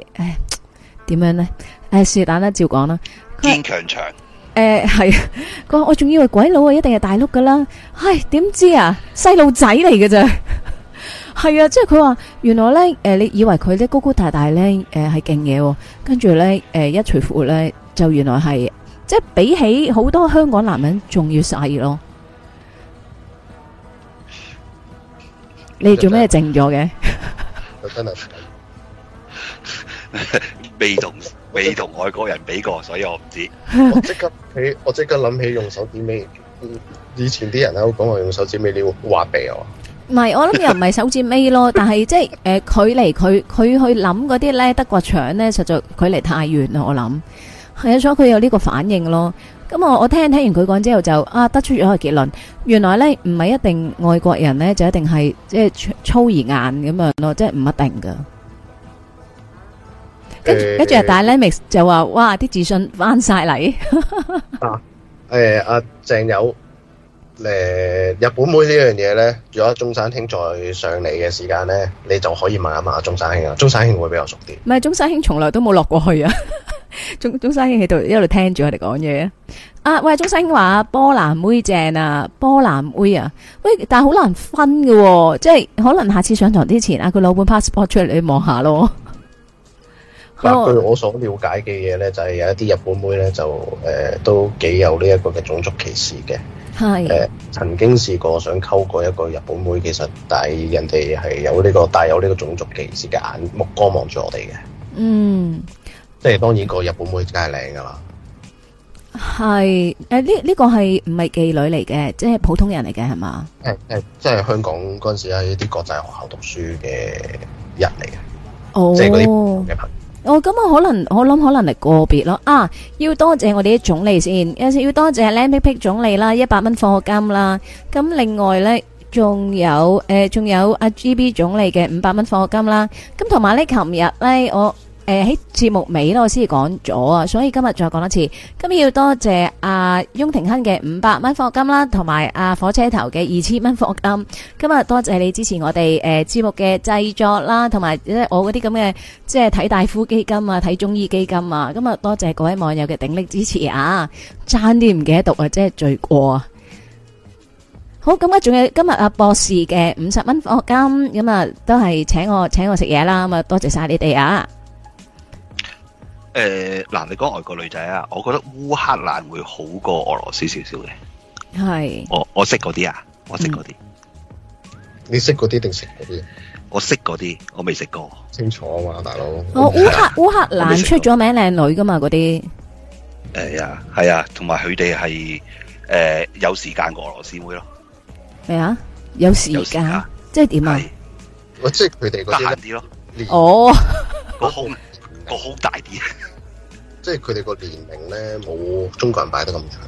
Speaker 1: 點樣呢？誒、呃呃，是但啦，照講啦。堅強強誒係佢話我仲以為鬼佬啊，一定係大碌噶啦，唉，點知啊細路仔嚟㗎咋，係啊，即係佢話原來呢，誒、呃，你以為佢呢高高大大呢誒係勁嘢，跟、呃、住呢，誒、呃、一除褲呢，就原來係即係比起好多香港男人仲要細咯。你做咩靜咗嘅？
Speaker 6: 真係未同未同外國人比過，所以我唔知。 我
Speaker 1: 即刻
Speaker 5: 起，我即刻諗起用手指尾。以前啲人喺度講話用手指尾撩畫鼻啊。唔
Speaker 1: 係，我諗又唔係手指尾咯。 但係即係誒，距離佢佢去諗嗰啲咧，德國腸咧實在距離太遠啦。我諗係啊，所以佢有呢個反應咯。咁我我聽聽完佢講之後就啊得出咗個結論，原來咧唔係一定外國人咧就一定係即係粗而硬咁樣咯，即係唔一定噶。
Speaker 2: 跟跟住阿大
Speaker 1: Nice 就話：哇！啲自信翻晒嚟。
Speaker 5: 啊，誒，阿鄭友。誒日本妹呢樣嘢咧，如果中山兄再上嚟嘅時間咧，你就可以問一問中山兄，啦。中山兄會比較熟
Speaker 1: 啲。唔係，中山兄從來都冇落過去啊！ 中中山兄喺度一路聽住我哋講嘢啊！喂，中山兄話波蘭妹正啊，波蘭妹啊！喂，但好難分㗎喎，哦，即係可能下次上床之前啊，佢攞本 passport 出嚟你望下咯。
Speaker 5: 但 我所了解嘅嘢咧，就係、是、有一啲日本妹咧，就、呃、都幾有呢一個嘅種族歧視嘅。係誒是、呃，曾經試過想溝過一個日本妹，其實但係人哋係有呢、這個帶有呢個種族歧視嘅眼目光望住我哋嘅。
Speaker 1: 嗯，
Speaker 5: 即係當然個日本妹梗係靚噶啦。
Speaker 1: 係誒，呢、呃、呢、這個係唔係妓女嚟嘅，即係普通人嚟嘅係嘛？
Speaker 5: 誒誒、呃，即係香港嗰陣時喺一啲國際學校讀書嘅
Speaker 2: 人嚟嘅，哦、
Speaker 1: 即係嗰啲嘅朋，朋。哦，咁我可能，我諗可能係個別咯。啊，要多謝我哋啲總理先，要要多謝靚 pick 總理啦，一百蚊課金啦。咁另外呢，仲有誒，仲、呃、有阿 G B 總理嘅五百蚊課金啦。咁同埋呢，琴日呢，我。誒，喺節、呃、目尾咧，我先講咗啊，所以今日再講多次。今日要多謝阿、啊、翁庭亨嘅五百蚊課金啦，同埋阿火車頭嘅二千蚊課金。今日多謝你支持我哋誒節目嘅製作啦，同埋我嗰啲咁嘅即係睇大夫基金啊，睇中醫基金啊。今日多謝各位網友嘅鼎力支持啊，差啲唔記得讀啊，真係罪過啊。好，咁啊，啊，仲有今日阿博士嘅五十蚊課金，咁啊都係請我請我食嘢啦，咁啊多謝晒你哋啊。
Speaker 6: 誒，嗱，你講外國女仔啊，我覺得烏克蘭會好過俄羅斯少少嘅。
Speaker 1: 係。
Speaker 6: 我我識嗰啲啊，我識嗰啲。你識嗰啲定食嗰啲？我識嗰啲，我未食過。清楚啊嘛，大佬。我烏克
Speaker 1: 烏克蘭出咗名靚女㗎嘛，嗰啲。
Speaker 6: 係啊，係啊，同埋佢哋係誒有時間過俄羅斯妹咯。
Speaker 1: 咩啊？有時間？即係點啊？我即係佢哋得閒
Speaker 5: 啲咯。哦。好。個好大啲， 即係佢哋個年齡咧，冇
Speaker 6: 中國人擺得咁長。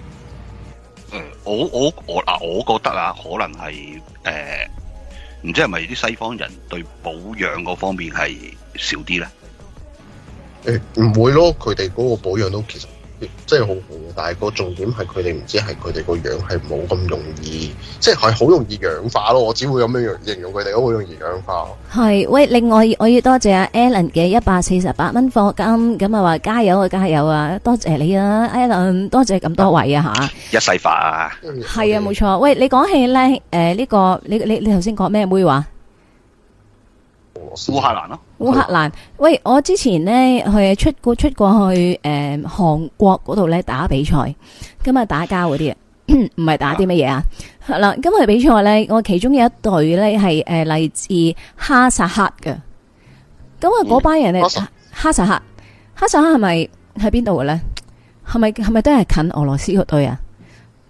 Speaker 6: 嗯，我我我啊，我覺得啊，可能係誒，呃，唔知係咪啲西方人對保養嗰方面係少啲咧？
Speaker 5: 誒、欸，唔會咯，佢哋嗰個保養都其實。真係好好，但係個重點係佢哋唔知係佢哋個樣係冇咁容易，即係係好容易氧化咯。我只會咁樣樣形容佢哋，都好容易氧化。
Speaker 1: 係，喂，另外我要多謝阿 Alan 嘅一百四十八蚊課金，咁啊話加油啊加油啊，多謝你啊，Alan，多謝咁多位啊吓，
Speaker 3: 一世發啊，
Speaker 1: 係啊，冇錯。喂，你講起咧，誒呢個你你你頭先講咩妹話？烏克蘭咯、啊，烏克蘭。喂，我之前咧去出過出過去誒韓、嗯、國嗰度咧打比賽，咁啊打交嗰啲啊，唔係 打啲乜嘢啊？係的今日比賽咧，我其中有一隊咧係誒嚟自哈薩克嘅。咁、嗯、啊，嗰班人咧，哈薩克，哈薩克係咪喺邊度嘅咧？係咪係咪都係近俄羅斯嗰隊啊？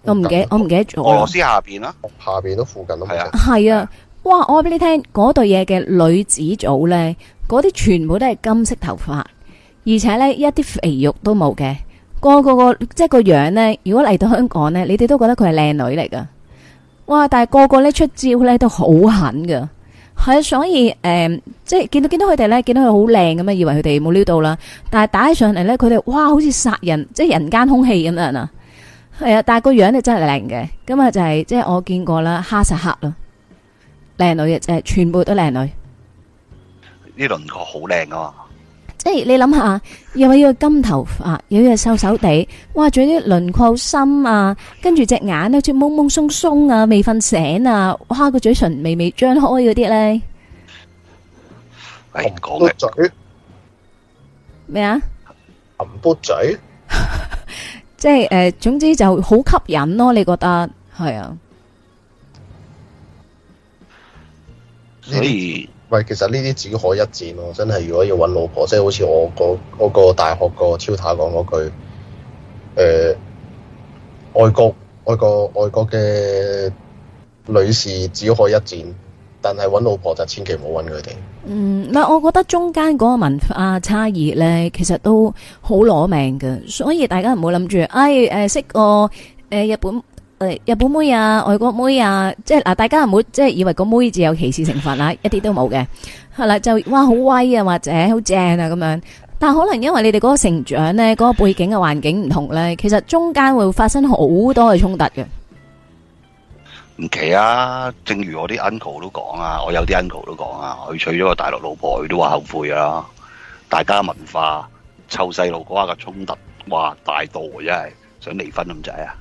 Speaker 1: 我唔記，我唔記得、啊、俄羅斯下邊啦，
Speaker 6: 下邊都附近
Speaker 5: 都
Speaker 1: 係啊？係啊。哇！我話俾你聽，嗰對嘢嘅女子組呢，嗰啲全部都係金色頭髮，而且呢，一啲肥肉都冇嘅。個個個即係個樣呢，如果嚟到香港呢，你哋都覺得佢係靚女嚟噶。哇！但係個個呢出招呢都好狠噶，係啊。所以誒、嗯，即係見到見到佢哋呢，見到佢好靚咁啊，以為佢哋冇料到啦。但係打起上嚟呢，佢哋哇，好似殺人即係人間凶器咁啊！係啊，但係個樣咧真係靚嘅。咁啊就係、是、即係我見過啦，哈薩克咯。靚女嘅，全部都靚女。
Speaker 6: 呢輪廓好靚噶嘛？
Speaker 1: 即係你諗下，有冇一個金頭髮啊？有隻瘦瘦哋，哇！仲啲輪廓深啊，跟住隻眼好似懵懵鬆鬆啊，未瞓醒啊，哇！個嘴唇微微張開嗰啲咧，
Speaker 5: 講嘅嘴咩啊？含波麼、嗯嗯、嘴，
Speaker 1: 即係誒、呃，總之就好吸引咯，你覺得係啊？
Speaker 5: 所以，喂，其實呢啲只可一戰喎，真係如果要揾老婆，即、就、係、是、好似我個大學個超太講嗰句，誒、呃，外國外國外國嘅女士只可一戰，但係揾老婆就千祈唔好揾佢哋。
Speaker 1: 嗯，唔我覺得中間嗰個文化差異咧，其實都好攞命嘅，所以大家唔好諗住，誒、哎、誒識個誒日本。誒，日本妹啊，外國妹啊，即係嗱，大家唔好即係以為個妹就有歧視成分啦，一啲都冇嘅。係啦，就哇好威啊，或者好正啊咁樣。但係可能因為你哋嗰個成長咧，嗰個背景嘅環境唔同咧，其實中間會發生好多嘅衝突嘅。
Speaker 6: 唔奇啊，正如我啲 uncle 都講啊，我有啲 uncle 都講啊，佢娶咗個大陸老婆，佢都話後悔啦。大家文化、湊細路哥嘅衝突，哇，大到真係想離婚咁滯啊！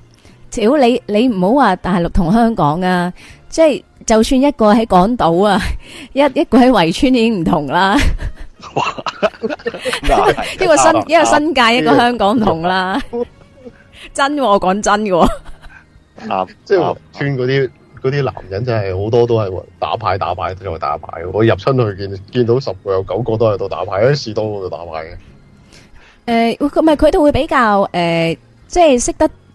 Speaker 1: 屌，你你唔好話大陸同香港啊，即、就、係、是、就算一個喺港島啊，一一個喺圍村已經唔同啦。
Speaker 2: 哇！ 一個新一個新界一個香港唔同
Speaker 1: 啦。 真我講真嘅、啊。啊！
Speaker 5: 即係圍村嗰啲啲男人真係好多都係打牌打牌仲要打牌，打牌，我入親去看見見到十個有九個都係度打牌，喺士多度打牌
Speaker 1: 嘅。誒、呃，佢唔係佢哋會比較誒、呃，即係識得。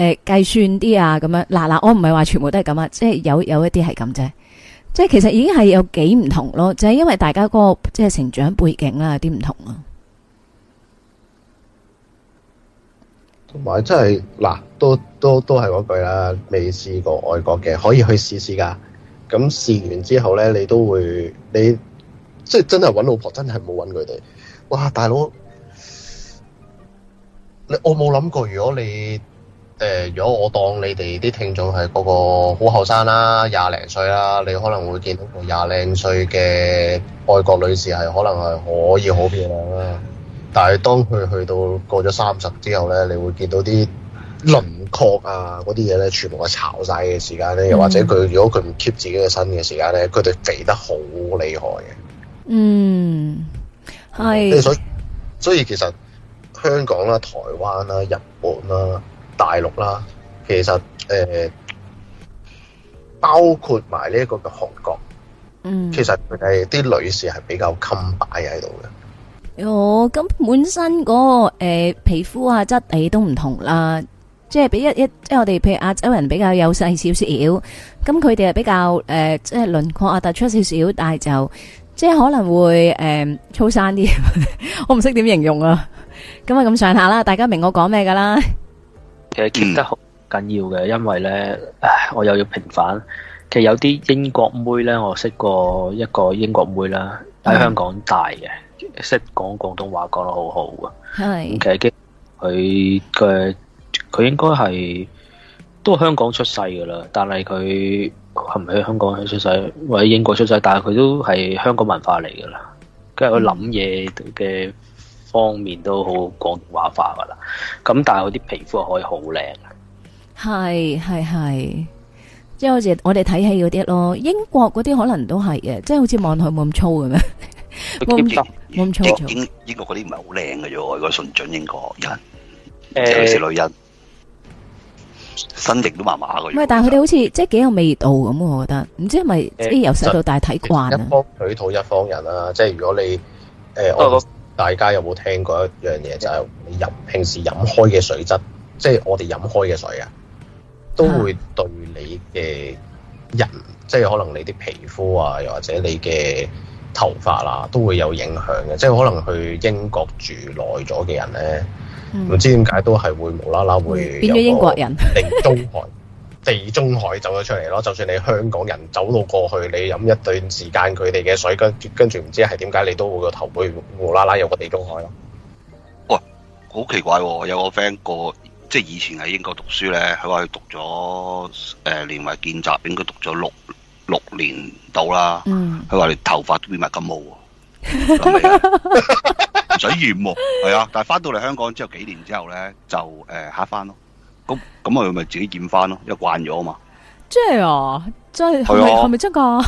Speaker 1: 誒，計算啲啊，咁樣嗱嗱，我唔係話全部都係咁啊，即係有有一啲係咁啫，即係其實已經係有幾唔同咯，就係因為大家嗰個即係成長背景啦，有啲唔同啦。
Speaker 5: 同埋真係嗱，都都都係嗰句啦，未試過外國嘅可以去試試噶，咁試完之後咧，你都會你即係真係搵老婆，真係冇搵佢哋，哇大佬，你我冇諗過如果你。誒、呃，如果我當你哋啲聽眾係嗰個好後生啦，廿零歲啦，啊，你可能會見到個廿零歲嘅外國女士係可能係可以好漂亮啦。但係當佢去到過咗三十之後咧，你會見到啲輪廓啊嗰啲嘢咧，全部係炒晒嘅時間咧，又、嗯、或者佢如果佢唔 keep 自己嘅身嘅時間咧，佢哋肥得好厲害
Speaker 1: 嘅。嗯，係。所以，
Speaker 5: 所以其實香港啦，啊、台灣啦，啊、日本啦、啊。大陸啦，其實誒、呃、包括埋呢一個嘅韓國，嗯，其實係啲女士係比較襟擺喺度嘅。
Speaker 1: 我咁、哦、本身嗰個、呃、皮膚啊質地都唔同啦，即、就、係、是、比一一即係、就是、我哋譬如亞洲人比較幼細少少，咁佢哋係比較誒即係輪廓啊突出少少，但係就即係、就是、可能會誒粗、呃、生啲， 我唔識點形容啊。咁啊咁上下啦，大家明我講咩㗎啦。
Speaker 4: 其實 keep 得好緊要嘅，因為咧，我又要平反。其實有啲英國妹咧，我識過一個英國妹啦，喺香港大嘅，識講廣東話講得好好嘅。係，Hi. 其實佢嘅佢應該係都香港出世噶啦，但係佢係咪喺香港出世，或者英國出世，但係佢都係香港文化嚟噶啦，跟住佢諗嘢嘅。Mm. 方面都好廣東話化噶啦，咁但係佢啲皮膚可以好
Speaker 1: 靚嘅，係係係，即係好似我哋睇戲嗰啲咯，英國嗰啲可能都係嘅，即係好似望落去冇咁粗咁樣。英國冇咁粗，英
Speaker 6: 英國嗰啲唔係好靚嘅啫，我個純準英國人，誒、欸，好似女人，身形都麻麻嘅。
Speaker 1: 唔係不，實但係佢哋好似即係幾有味道咁，我覺得，唔知係咪啲由細到大睇慣啊？一
Speaker 5: 方水土一方人啦、啊，即係如果你誒、呃嗯、我。大家有冇聽過一樣嘢？就係、是、你飲平時飲開嘅水質，即、就、係、是、我哋飲開嘅水啊，都會對你嘅人，嗯、即係可能你啲皮膚啊，又或者你嘅頭髮啊，都會有影響嘅。即係可能去英國住耐咗嘅人咧，唔、嗯、知點解都係會無啦啦會有變咗英
Speaker 1: 國人，定都
Speaker 5: 寒。地中海走咗出嚟咯，就算你香港人走到過去，你飲一段時間佢哋嘅水，跟跟住唔知係點解，你都會個頭會無啦啦
Speaker 6: 有個地中海咯。哇、欸，好奇怪、哦！有個 friend 過即係以前喺英國讀書咧，佢話佢讀咗誒、呃、連埋見習，應該讀咗六六年到啦。佢話、嗯：他說你頭髮都變埋金毛喎，唔使矇目係啊！但係翻到嚟香港之後幾年之後咧，就誒、呃、黑翻咯。咁咁佢咪自己驗翻咯，因為慣咗啊嘛。
Speaker 1: 即係啊，真係真係係咪係咪真噶？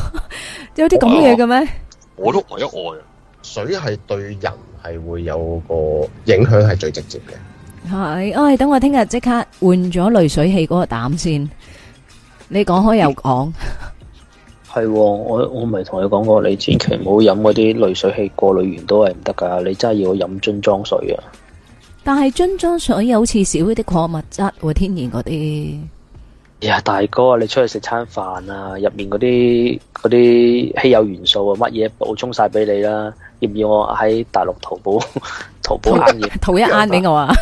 Speaker 1: 有啲咁嘢嘅咩？
Speaker 6: 我都唯一愛啊！ 水係對人
Speaker 5: 係會有個影響，係最直接嘅。
Speaker 1: 係，哎，等我聽日即刻換咗濾水器嗰個膽先。你講開又講。
Speaker 4: 係，我我咪同你講過，你千祈唔好飲嗰啲濾水器過濾完都係唔得噶，你真係要飲樽裝水啊！
Speaker 1: 但係樽裝水好似少啲礦物質，天然嗰啲。
Speaker 4: 哎、呀，大哥，你出去食餐飯啊，入面嗰啲嗰啲稀有元素啊，乜嘢補充晒俾你啦？要唔要我喺大陸淘寶淘寶啱嘢？淘，
Speaker 1: 淘一啱俾我啊！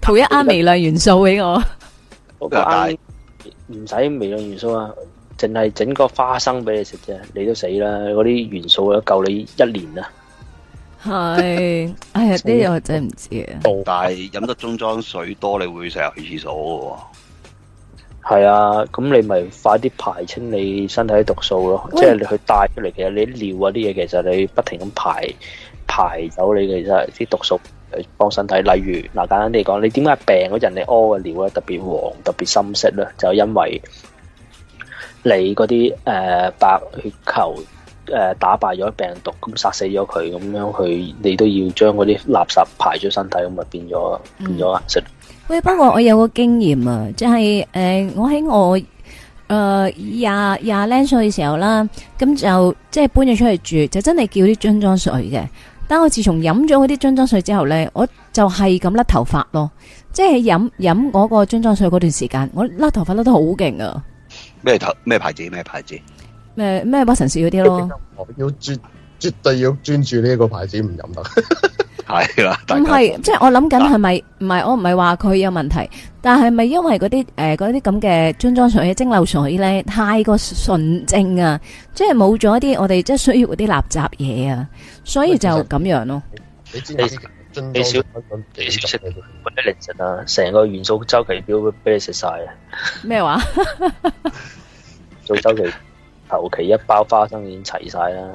Speaker 1: 淘一啱微量元素俾我。
Speaker 4: 唔使微量元素啊，淨係整個花生俾你食啫，你都死啦！嗰啲元素啊，夠你一年啊！
Speaker 1: 係，係啊， 啲、哎、嘢我真係唔知啊。 但係
Speaker 4: 飲得中裝水多，你會成日去廁所嘅。係啊，咁你咪快啲排清你身體毒素咯。即係喂你去帶出嚟，其實你啲尿嗰啲嘢，其實你不停咁排排走，你其實啲毒素去幫身體。例如，嗱、啊、簡單啲嚟講，你點解病嗰陣你屙嘅尿咧特別黃、特別深色咧？就因為你嗰啲誒白血球。誒、呃，打敗咗病毒，咁殺死咗佢，咁樣去你都要將嗰啲垃圾排出身體，咁咪變咗、嗯、變咗顏色。
Speaker 1: 喂，不過我有個經驗啊，就係、是、誒、呃，我喺我誒廿廿零歲嘅時候啦，咁就即係、就是、搬咗出去住，就真係叫啲樽裝水嘅。但我自從飲咗嗰啲樽裝水之後咧，我就係咁甩頭髮咯，即係飲飲嗰個樽裝水嗰段時間，我甩頭髮甩得好勁啊！
Speaker 6: 咩頭咩牌子？咩牌子？
Speaker 1: 誒，咩不神樹嗰啲咯
Speaker 6: 要，要絕絕對要專注呢一個牌子唔飲得，
Speaker 2: 係 啦。唔
Speaker 1: 係，即係我諗緊係咪唔係？我唔係話佢有問題，但係咪因為嗰啲誒啲咁嘅樽裝水、蒸餾水咧太過純正啊，即係冇咗一啲我哋即係需要嗰啲垃圾嘢啊，所以就咁樣咯。你你你少你少
Speaker 4: 食啲零食啊，成 個元素週期表都俾你食晒麼啊！咩話？做週期。求其一包花生已
Speaker 1: 經齊晒啦，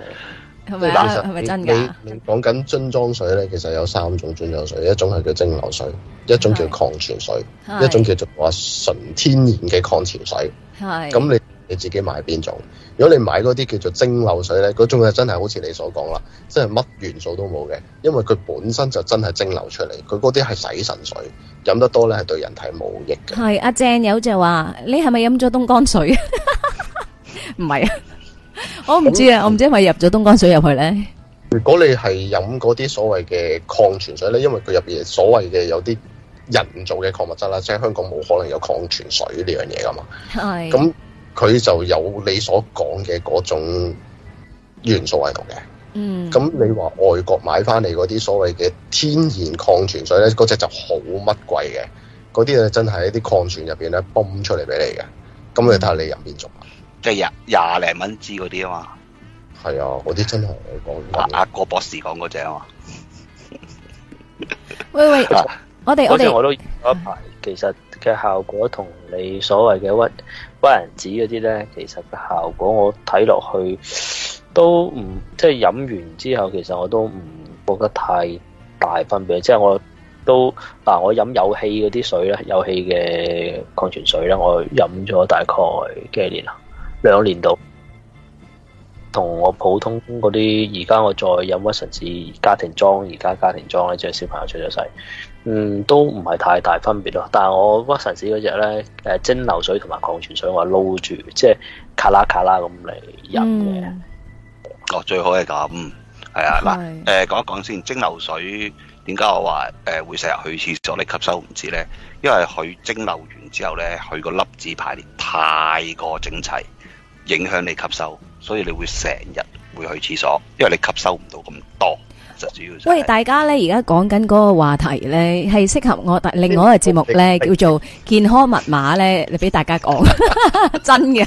Speaker 1: 係咪啊？係咪真嘅？
Speaker 2: 你
Speaker 4: 講緊樽
Speaker 5: 裝水咧，其實有三種樽裝水，一種係叫蒸餾水，一種叫礦泉水，一種叫做話純天然嘅礦泉水。
Speaker 2: 係咁
Speaker 5: 的，你的你自己買邊種？如果你買嗰啲叫做蒸餾水咧，嗰種係真係好似你所講啦，真係乜元素都冇嘅，因為佢本身就真係蒸餾出嚟，佢嗰啲係洗腎水，飲得多咧係對人體冇
Speaker 1: 益嘅。係，阿鄭友就話：你係咪飲咗東江水？ 唔係啊，我唔知啊，嗯、我唔知係咪入咗東江水入去咧。
Speaker 5: 如果你係飲嗰啲所謂嘅礦泉水咧，因為佢入邊所謂嘅有啲人造嘅礦物質啦，即係香港冇可能有礦泉水呢樣嘢噶嘛。係咁的，佢就有你所講嘅嗰種元素喺度嘅。嗯，咁你話外國買翻嚟嗰啲所謂嘅天然礦泉水咧，嗰隻就好乜貴嘅。嗰啲咧真係喺啲礦泉入邊咧，泵出嚟俾你嘅。咁你睇下，你入邊做。
Speaker 6: 即係廿廿零蚊支嗰啲啊嘛，係啊，嗰啲真係我講，阿阿、啊啊、郭博士講嗰隻啊嘛。
Speaker 1: 喂喂，嗱、啊，我哋我哋我
Speaker 4: 都一排，其實嘅效果同你所謂嘅屈屈人子嗰啲咧，其實嘅效果我睇落去都唔，即係飲完之後，其實我都唔覺得太大分別。即、就、係、是、我都，嗱、啊，我飲有氣嗰啲水咧，有氣嘅礦泉水咧，我飲咗大概幾年啦。兩年度，同我普通嗰啲，而家我再飲屈臣氏家庭裝，而家家庭裝咧，即係小朋友，出咗世，嗯，都唔係太大分別咯。但係我屈臣氏嗰隻咧，誒，蒸餾水同埋礦泉水，我撈住，即係卡啦卡啦咁嚟
Speaker 2: 飲嘅。
Speaker 4: 哦、嗯，最好係咁，係啊，嗱的，誒，講、呃、一講先，蒸
Speaker 6: 餾水點解我話誒、呃、會成日去廁所嚟吸收唔切咧？因為佢蒸餾完之後咧，佢個粒子排列太過整齊。影響你吸收，所以你會成日會去廁所，因為你吸收唔到咁多。喂，
Speaker 1: 大家呢，而家講緊嗰個話題呢，係適合我第另外一個節目呢，叫做健康密碼呢，你俾大家講。真嘅，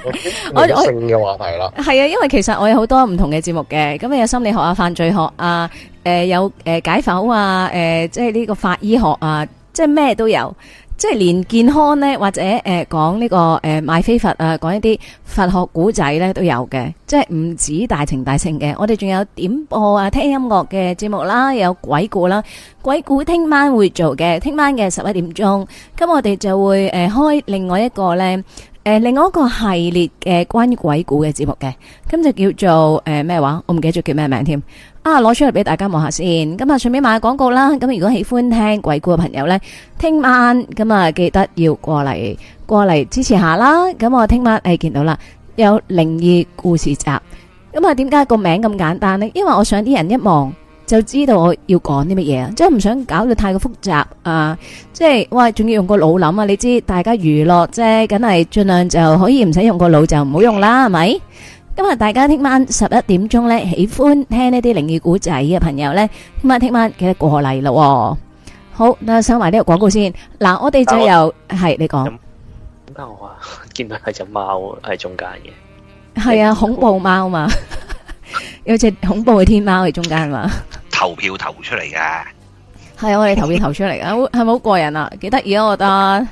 Speaker 1: 我我性嘅話題啦。係啊，因為其實我有好多唔同嘅節目嘅，咁有心理學啊、犯罪學啊、誒有誒解剖啊、誒即係呢個法醫學啊，即係咩都有。即係連健康呢，或者誒講呢個誒賣飛佛啊，講一啲佛學古仔呢都有嘅，即係唔止大情大性嘅。我哋仲有點播啊、聽音樂嘅節目啦，有鬼故啦，鬼故聽晚會做嘅，聽晚嘅十一點鐘，咁我哋就會誒、呃、開另外一個呢，誒、呃、另外一個系列嘅關於鬼故嘅節目嘅，咁就叫做誒咩、呃、話，我唔記得咗叫咩名添。啊，攞出嚟俾大家望下先。咁啊，順便買下廣告啦。咁如果喜歡聽鬼故嘅朋友呢，聽晚咁啊，記得要過嚟過嚟支持下啦。咁我聽晚誒見到啦，有靈異故事集。咁啊，點解個名咁簡單呢？因為我想啲人一望就知道我要講啲乜嘢啊，即係唔想搞到太過複雜啊。即係哇，仲要用個腦諗啊？你知大家娛樂啫，梗係盡量就可以唔使用個腦就唔好用啦，係咪？今日大家聽晚十一點鐘咧，喜歡聽呢啲靈異古仔嘅朋友咧，聽晚聽晚記得過嚟咯。好，等收埋呢個廣告先。嗱，我哋就有係你講。中
Speaker 4: 間我話見到係隻貓喺中間嘅。
Speaker 1: 係啊，恐怖貓嘛，有隻恐怖嘅天貓喺中間嘛。
Speaker 4: 投票投出嚟嘅。
Speaker 6: 係
Speaker 1: 啊，我哋投票投出嚟啊，係咪好過癮啊？幾得意啊，我覺得。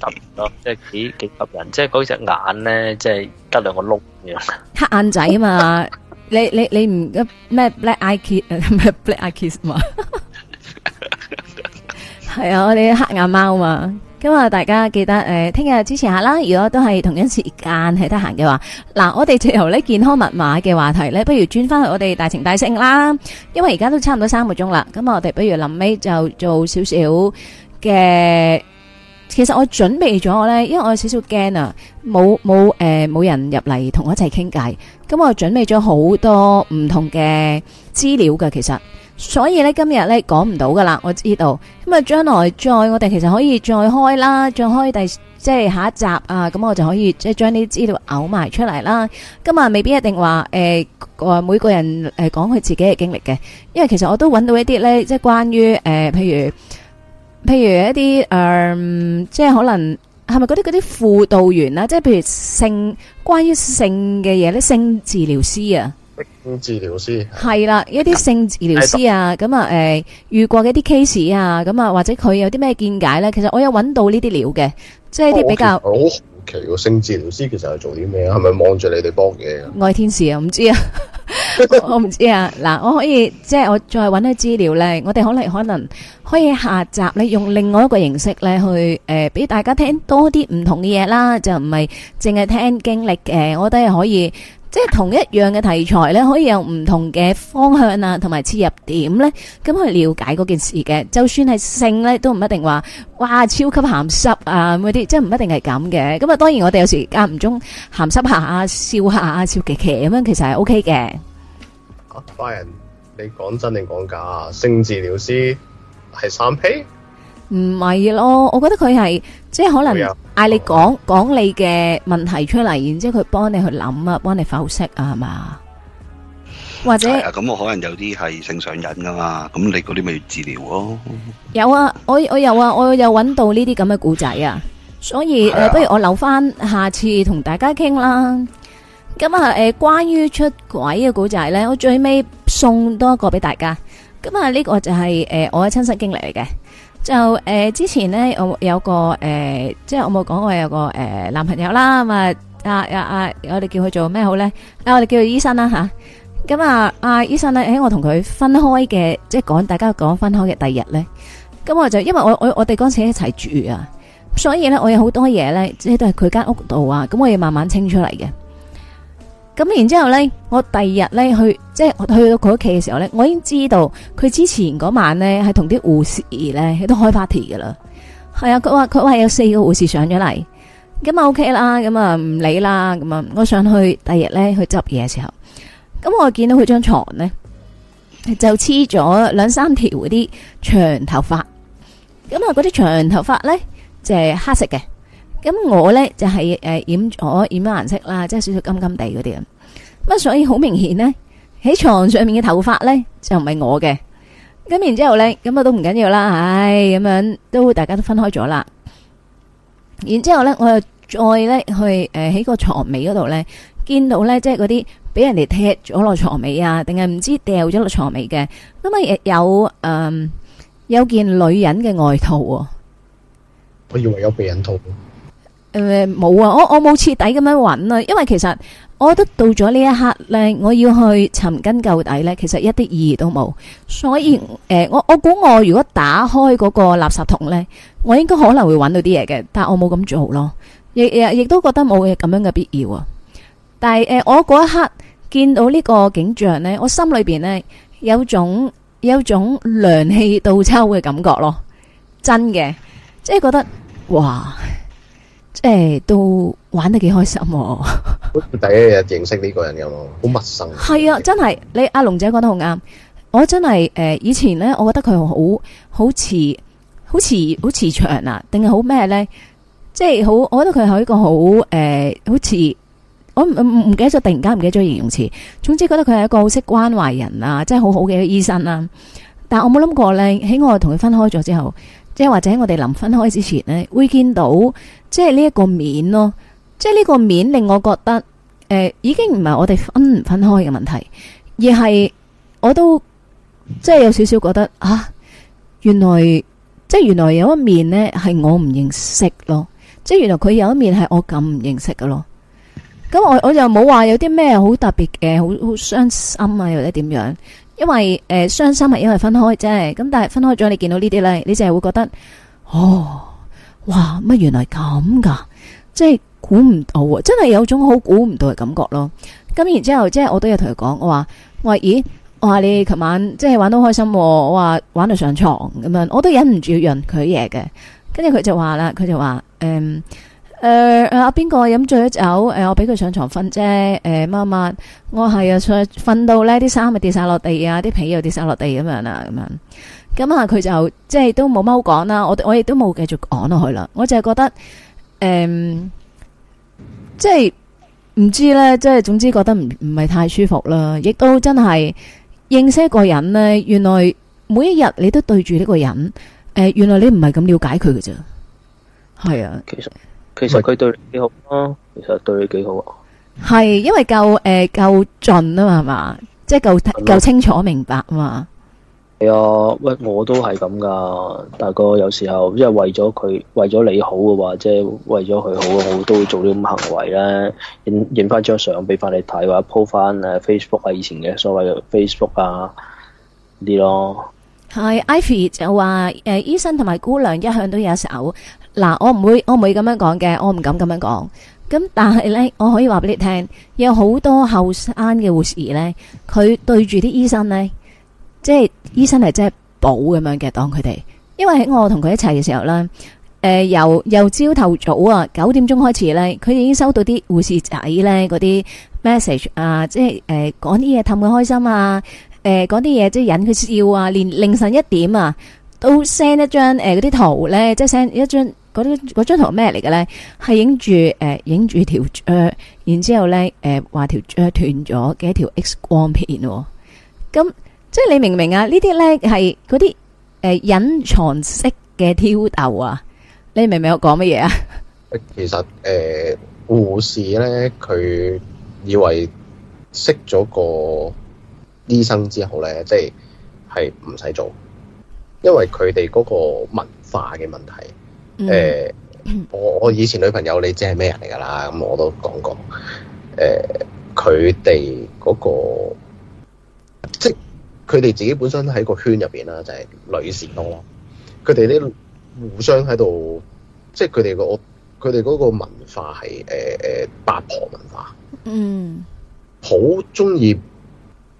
Speaker 4: 得咯，即係幾幾十人，即係嗰隻眼咧，即係得兩個碌咁樣。
Speaker 1: 黑眼仔啊嘛，你你你唔咩咩 black eyes，咩 black eyes 嘛？係啊，我哋黑眼貓啊嘛。咁啊大家記得誒，聽日支持下啦。如果都係同一時間係得閒嘅話，嗱，我哋由呢健康密碼嘅話題咧，不如轉翻去我哋大情大性啦。因為而家都差唔多三個鐘啦，咁我哋不如臨尾就做少少嘅。其實我準備咗呢，因為我有少少驚啊，冇冇誒冇人入嚟同我一齊傾偈，咁、嗯、我準備咗好多唔同嘅資料㗎。其實，所以呢，今日呢講唔到噶啦，我知道，咁、嗯、啊將來再我哋其實可以再開啦，再開第即係下一集啊，咁、嗯、我就可以即係將啲資料嘔埋出嚟啦。今日未必一定話誒、呃、每個人誒講佢自己嘅經歷嘅，因為其實我都揾到一啲呢，即係關於誒、呃、譬如。譬如一啲誒、呃，即係可能係咪嗰啲嗰啲輔導員啦？即係譬如性，關於性嘅嘢咧，性治療師啊，
Speaker 2: 治療師，性
Speaker 1: 治療師係啦，一啲性治療師啊，咁啊誒，遇過一啲 case 啊，咁啊或者佢有啲咩見解咧？其實我有揾到呢啲料嘅，即係一啲比較。
Speaker 5: 其個性治療師其實係做啲咩啊？係咪望住你哋幫嘢啊？
Speaker 1: 愛天使啊，唔知啊，我唔知啊。嗱，我可以即係我再搵啲資料咧。我哋可能可能可以下集咧用另外一個形式咧去誒俾大家聽多啲唔同嘅嘢啦，就唔係淨係聽經歷嘅。我都係可以。即係同一樣嘅題材咧，可以有唔同嘅方向啊，同埋切入點咧，咁去了解嗰件事嘅。就算係性咧，都唔一定話哇超級鹹濕啊嗰啲，即係唔一定係咁嘅。咁啊，當然我哋有時間唔中鹹濕下，啊，笑下，啊，笑騎騎咁樣，其實係 O K 嘅。
Speaker 5: 阿法人，你講真定講假啊？性治療師係三 P？
Speaker 1: 唔係咯，我覺得佢係即係可能嗌你講講你嘅問題出嚟，然之後佢幫你去諗啊，幫你剖析啊，係嘛？
Speaker 6: 或者啊，咁我可能有啲係性上癮噶嘛，咁你嗰啲咪治療咯？
Speaker 1: 有啊，我我有啊，我有揾到呢啲咁嘅古仔啊，所以誒，不如我留翻下次同大家傾啦。咁啊，誒，關於出軌嘅古仔咧，我最尾送多一個俾大家。咁啊，呢個就係誒我嘅親身經歷嚟嘅。就誒、呃，之前咧，我有個誒、呃，即係我冇講我有個誒、呃、男朋友啦，咁啊，啊阿阿，我哋叫佢做咩好咧？啊，我哋叫佢、啊、醫生啦吓。咁啊，阿、啊、醫生咧喺我同佢分開嘅，即係講大家講分開嘅第二日咧。咁我就因為我我我哋嗰時一齊住啊，所以咧我有好多嘢咧，即係都係佢間屋度啊。咁我要慢慢清出嚟嘅。咁然之後呢，我第二日呢去，即係去到佢屋企嘅時候呢，我已經知道佢之前嗰晚呢係同啲護士呢喺度開 party 噶啦。係啊，佢話佢話有四個護士上咗嚟，咁啊 OK 啦，咁啊唔理啦，咁啊我上去第二日呢去執嘢嘅時候，咁我見到佢張床呢，就黐咗兩三條嗰啲長頭髮，咁啊嗰啲長頭髮呢，就係黑色嘅。咁我咧就係誒染咗染咗顏色啦，即係少少金金地嗰啲啊。咁啊，所以好明顯咧，喺床上面嘅頭髮咧就唔係我嘅。咁然之後咧，咁啊都唔緊要啦，唉，咁樣都大家都分開咗啦。然之後咧，我又再咧去誒喺個床尾嗰度咧，見到咧即係嗰啲俾人哋踢咗落床尾啊，定係唔知掉咗落床尾嘅。咁啊有誒有件女人嘅外套喎，
Speaker 5: 我以為有避孕套。
Speaker 1: 誒，冇、呃、啊！我我冇徹底咁樣揾啊，因為其實我覺得到咗呢一刻咧，我要去尋根究底咧，其實一啲意義都冇。所以誒、呃，我我估我如果打開嗰個垃圾桶咧，我應該可能會揾到啲嘢嘅，但係我冇咁做咯。亦亦都覺得冇咁樣嘅必要啊。但係誒、呃，我嗰一刻見到呢個景象咧，我心裏邊咧有種有種涼氣倒抽嘅感覺咯，真嘅，即係覺得哇！誒，都玩得幾開心啊。
Speaker 5: 第一日認識呢個人嘅，好陌生。係
Speaker 1: 啊，真係你阿龍姐講得好啱。我真係誒、呃，以前呢，我覺得佢好好慈，好慈，好慈祥啊。定係好咩呢？即係好，我覺得佢係一個好誒，好、呃、好似我唔唔記得咗，突然間唔記得咗形容詞。總之覺得佢係一個好識關懷人啊，即係好好嘅醫生啊。但我冇諗過呢，喺我同佢分開咗之後，即係或者喺我哋臨分開之前呢，會見到。即係呢一個面咯，即係呢個面令我覺得，誒、呃，已經唔係我哋分唔分開嘅問題，而係我都即係有少少覺得啊，原來即係原來有一面呢係我唔認識咯，即係原來佢有一面係我咁唔認識嘅咯。咁我我就冇話有啲咩好特別嘅，好好傷心啊，又或者點樣？因為誒，傷心係因為分開啫。咁但係分開咗，你見到呢啲呢，你就係會覺得，哦。哇！乜原來咁噶，即係估唔到，真係有種好估唔到嘅感覺咯。咁然之後，即係我都有同佢講，我話我話咦，我話你琴晚即係玩到開心，我話玩到上床咁樣我都忍唔住讓佢嘢嘅。跟住佢就話啦，佢就話誒誒誒阿邊個飲醉咗酒，誒我俾佢上床瞓啫，誒乜乜，我係啊上瞓到咧啲衫咪跌晒落地啊，啲被又跌晒落地咁樣啦，咁樣。咁啊，佢、嗯、就即係都冇乜好講啦，我我亦都冇繼續講落去啦。我就係覺得，誒、嗯，即係唔知咧，即係總之覺得唔唔係太舒服啦。亦都真係認識一個人咧，原來每一日你都對住呢個人，誒、呃，原來你唔係咁了解佢嘅咋。係啊其，其實
Speaker 4: 其實佢對你幾好啊，是其實對你幾好啊。
Speaker 1: 係因為夠誒夠盡啊嘛，係、呃、嘛，即係夠夠清楚明白啊嘛。
Speaker 4: 係啊，喂，我都係咁噶，大哥。有時候因為為咗佢，為咗你好嘅話，即係為咗佢好，的好的，我都會做啲咁行為咧，影影翻張相俾翻你睇，或者 po 翻誒 Facebook 啊，以前嘅所謂嘅 Facebook 啊啲咯。
Speaker 1: 係，Ivy 就話誒、呃，醫生同埋姑娘一向都有仇。嗱，我唔會，我唔會咁樣講嘅，我唔敢咁樣講。咁但係咧，我可以話俾你聽，有好多後生嘅護士咧，佢對住啲醫生咧。即係醫生係真係保咁樣嘅，當佢哋，因為喺我同佢一齊嘅時候咧、呃，由由朝頭早啊九點鐘開始咧，佢已經收到啲護士仔咧嗰啲 message 啊，即係誒講啲嘢氹佢開心啊，誒講啲嘢即係引佢笑啊。連凌晨一點啊，都 send 一張誒嗰啲圖咧，即係 send 一張嗰啲嗰張圖咩嚟嘅咧？係影住影住條誒，然之後咧誒話條腳斷咗嘅一條 X 光片喎、啊，咁。即係你明唔明啊？呢啲咧係嗰啲誒隱藏式嘅挑逗啊！你明唔明我講乜嘢
Speaker 5: 啊？其實誒，呃、護士咧佢以為識咗個醫生之後咧，即係係唔使做，因為佢哋嗰個文化嘅問題。誒、嗯，我、呃、我以前女朋友你知係咩人嚟㗎喇。咁我都講過，誒、呃，佢哋嗰個即佢哋自己本身喺個圈入邊啦，就係、是、女士多。佢哋啲互相喺度，即係佢哋個佢哋嗰個文化係誒誒八婆文化。嗯，好中意，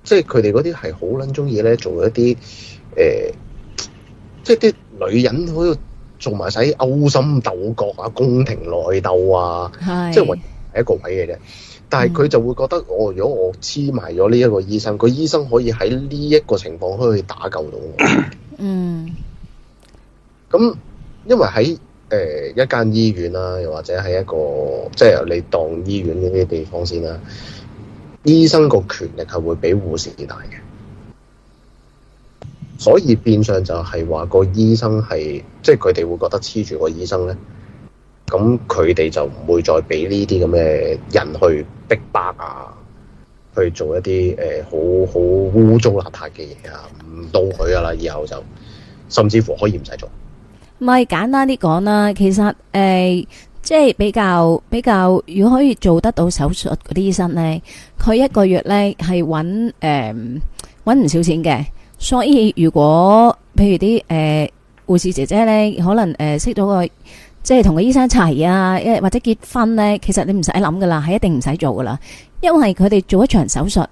Speaker 5: 即係佢哋嗰啲係好撚中意咧做一啲誒、呃，即係啲女人喺度做埋曬勾心鬥角啊、宮廷內鬥啊，是即係為一個位嘅啫。但係佢就會覺得我，我如果我黐埋咗呢一個醫生，個醫生可以喺呢一個情況可以打救到我。嗯。咁，因為喺、呃、一間醫院啦、啊，又或者喺一個即係、就是、你當醫院呢啲地方先啦，醫生個權力係會比護士大嘅，所以變相就係話個醫生係，即係佢哋會覺得黐住個醫生呢。咁佢哋就唔會再俾呢啲咁嘅人去逼迫啊，去做一啲誒好好污糟邋遢嘅嘢啊，唔、呃、到佢噶啦，以後就甚至乎可以唔使做。
Speaker 1: 唔係簡單啲講啦，其實誒即係比較比較，如果可以做得到手術嗰啲醫生咧，佢一個月咧係揾誒揾唔少錢嘅，所以如果譬如啲誒、呃、護士姐姐咧，可能誒、呃、識咗個。即係同個醫生一齊啊，或者結婚呢，其實你唔使諗噶啦，係一定唔使做噶啦，因為佢哋做一場手術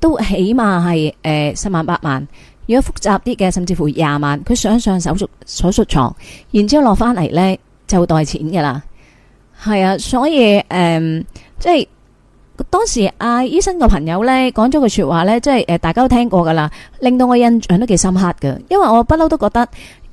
Speaker 1: 都起碼係誒十萬八萬，如果複雜啲嘅，甚至乎廿萬，佢上上手術手術床，然之後落翻嚟呢，就袋錢噶啦。係啊，所以誒、呃，即係當時阿、啊、醫生個朋友呢，講咗句說話呢，即係誒、呃、大家都聽過噶啦，令到我印象都幾深刻噶，因為我不嬲都覺得。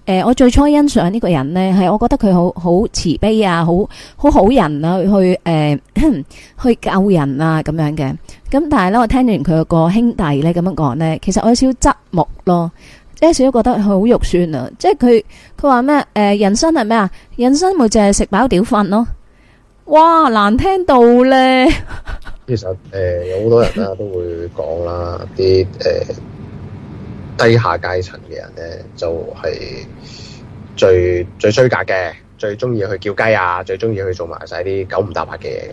Speaker 1: 誒、呃，我最初欣賞呢個人呢，係我覺得佢好好慈悲啊，好好好人啊，去誒、呃、去救人啊咁樣嘅。咁但係呢，我聽完佢個兄弟呢咁樣講呢，其實我有少少側目咯，即係少覺得佢好肉酸啊。即係佢佢話咩？誒、呃，人生係咩啊？人生咪淨係食飽屌瞓咯。哇，難聽到呢，
Speaker 2: 其實
Speaker 5: 誒、呃，有好多人啦都會講啦，啲誒 低下階層嘅人呢，就係、是。最最衰格嘅，最中意去叫雞啊，最中意去做埋晒啲九唔搭八嘅嘢。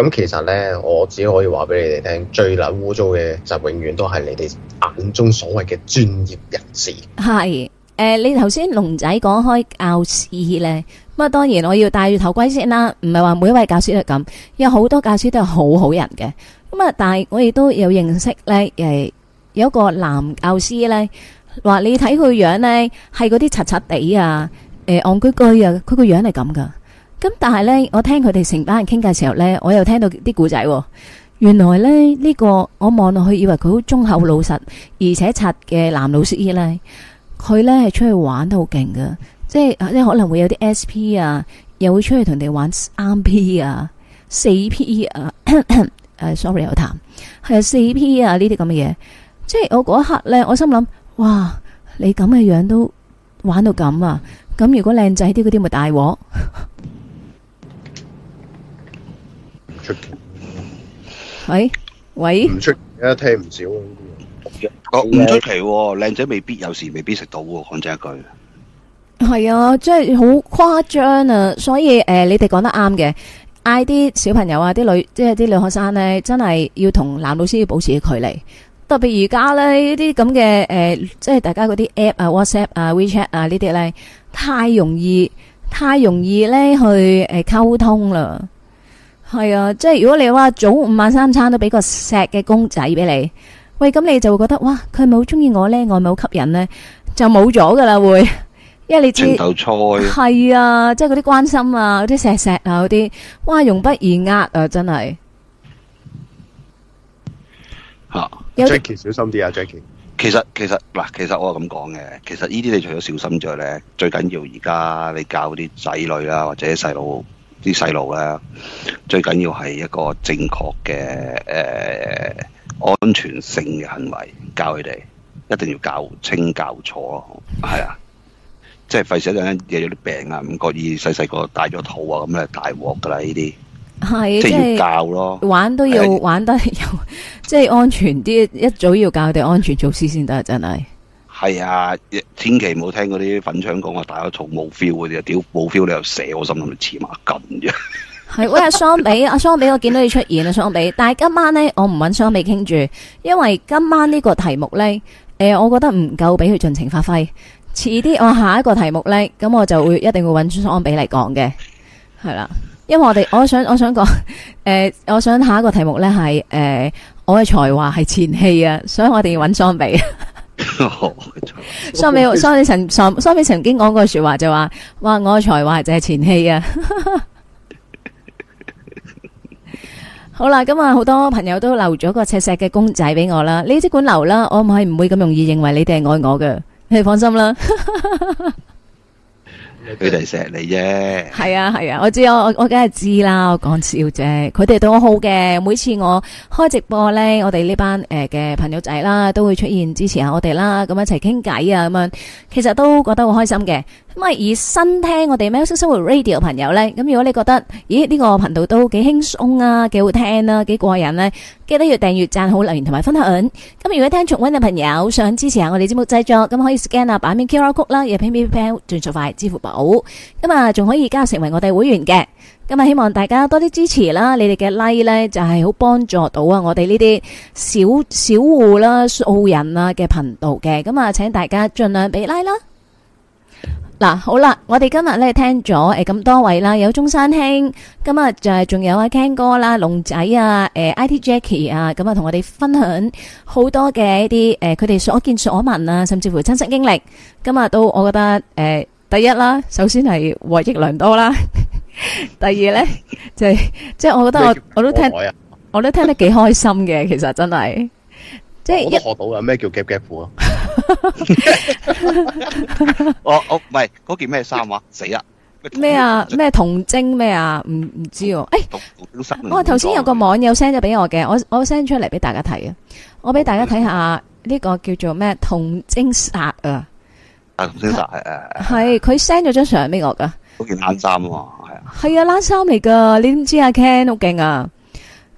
Speaker 5: 咁其實呢，我只可以話俾你哋聽，最撚污糟嘅就永遠都係你哋眼中所謂嘅專業人
Speaker 1: 士。係，呃，你頭先龍仔講開教師呢，咁啊當然我要戴住頭盔先啦，唔係話每一位教師都係咁，有好多教師都係好好人嘅。咁啊，但係我亦都有認識呢，有一個男教師呢。話你睇佢樣呢，係嗰啲柒柒地啊，誒戇居居啊，佢個樣係咁噶。咁但係呢，我聽佢哋成班人傾偈嘅時候呢，我又聽到啲古仔。原來呢，呢、呢個我望落去，以為佢好忠厚老實，而且柒嘅男老師呢，佢呢係出去玩都好勁噶，即係即係可能會有啲 S P 啊，又會出去同人哋玩三 P 啊、四 P 啊。誒，sorry 又談係四 P 啊呢啲咁嘅嘢。即係我嗰一刻呢，我心諗。哇！你咁嘅樣，樣都玩到咁啊！咁如果靚仔啲嗰啲咪大鑊？唔
Speaker 6: 出奇！喂喂，唔出，而家聽唔少唔出奇，啊，靚仔，啊啊、未必有時未必食到，啊，講真一句。
Speaker 1: 係啊，即係好誇張啊！所以誒、呃，你哋講得啱嘅，嗌啲小朋友啊，啲女，即係啲女學生呢，真係要同男老師要保持距離。特別而家咧，呢啲咁嘅誒，即係大家嗰啲 app 啊、WhatsApp 啊、WeChat 啊呢啲咧，太容易，太容易咧去誒溝通啦。係啊，即係如果你話早五晚三餐都俾個錫嘅公仔俾你，喂，咁你就會覺得哇，佢係咪好中意我咧，我係咪好吸引咧？就冇咗噶啦會，因為你知。情係啊，即係嗰啲關心啊，嗰啲錫錫啊，嗰啲哇，容不易呃啊，真係。
Speaker 6: 吓，Jackie 小
Speaker 5: 心啲啊，Jackie。
Speaker 6: 其實其實嗱，其實我係咁講嘅。其實呢啲你除咗小心之外咧，最緊要而家你教啲仔女啦，或者細路啲細路咧，最緊要係一個正確嘅誒安全性嘅行為，教佢哋一定要教清教錯咯。係啊，即係費事一陣間惹咗啲病啊，唔覺意細細個帶咗肚啊，咁咧大鑊噶啦呢啲。這些
Speaker 1: 係即，係即係要
Speaker 6: 教咯，玩都要
Speaker 1: 玩得是、啊、即係安全啲，一早要教佢哋安全措施先得，真係。
Speaker 6: 係啊，千祈唔好聽嗰啲粉腸講話，大家嘈冇 feel 嗰啲啊，屌冇 feel 你又射，我心諗住黐孖筋啫。
Speaker 1: 係喂，雙、啊、比阿雙、 啊、比，我見到你出現啊，雙比。但係今晚咧，我唔揾雙比傾住，因為今晚呢個題目咧，誒、呃，我覺得唔夠俾佢盡情發揮。遲啲我下一個題目咧，咁我就會 一定會揾雙比嚟講嘅，係啦。因為我哋我想我想講，誒、呃，我想下一個題目呢係，誒、呃，我嘅才華係前戲啊，所以我哋要揾雙美。
Speaker 2: 雙美，雙美
Speaker 1: 曾經講過說話就話，哇，我嘅才華係就係前戲啊。 好啦，咁、嗯、啊，好多朋友都留咗個赤石嘅公仔俾我啦，你即管留啦，我唔係唔會咁容易認為你哋係愛我嘅，你放心啦。 佢哋成日嚟啫，係啊係啊，我知我我梗係知啦，我講笑啫。佢哋都好好嘅，每次我開直播咧，我哋呢班誒嘅、呃、朋友仔啦，都會出現支持下我哋啦，咁一齊傾偈啊，咁樣，其實都覺得好開心嘅。咁啊！以新聽我哋《喵式生活 Radio》嘅朋友呢，咁如果你覺得，咦呢個頻道都幾輕鬆啊，幾好聽啊，幾過癮呢，記得要訂閱、讚好、留言同埋分享。咁如果聽重溫嘅朋友，想支持下我哋節目製作，咁可以 scan 啊版面 QR code 啦，用 PayPay 轉數快、支付寶。咁啊，仲可以加成為我哋會員嘅。咁啊，希望大家多啲支持啦，你哋嘅 like 呢就係好幫助到啊我哋呢啲小小戶啦、素人啊嘅頻道嘅。咁啊，請大家盡量俾 like 啦。嗱好啦，我哋今日咧聽咗誒咁多位啦，有中山兄，今日就係仲有阿聽哥啦、龍仔啊、誒 IT Jackie 啊，咁啊同我哋分享好多嘅一啲誒，佢哋所見所聞啊，甚至乎親身經歷。今日都我覺得誒，第一啦，首先係獲益良多啦。第二咧，就係即係我覺得我我都聽我都聽得幾開心嘅，其實真係，即係
Speaker 6: 我都學到啊，咩叫夾夾褲啊。哦 哦，唔係嗰件咩衫啊？死啊！
Speaker 1: 咩啊咩童貞咩啊？唔唔知哦、啊。哎、
Speaker 2: 我頭先有
Speaker 1: 個網友 send 咗俾我嘅，我我 send 出嚟俾大家睇啊！我俾大家睇下呢個叫做咩童貞殺啊！
Speaker 6: 啊童貞殺係誒，
Speaker 1: 係佢 send 咗張相俾我噶，
Speaker 6: 嗰件冷衫啊嘛，係啊，
Speaker 1: 係啊冷衫嚟噶，你唔知啊 Ken 好勁啊！Ken,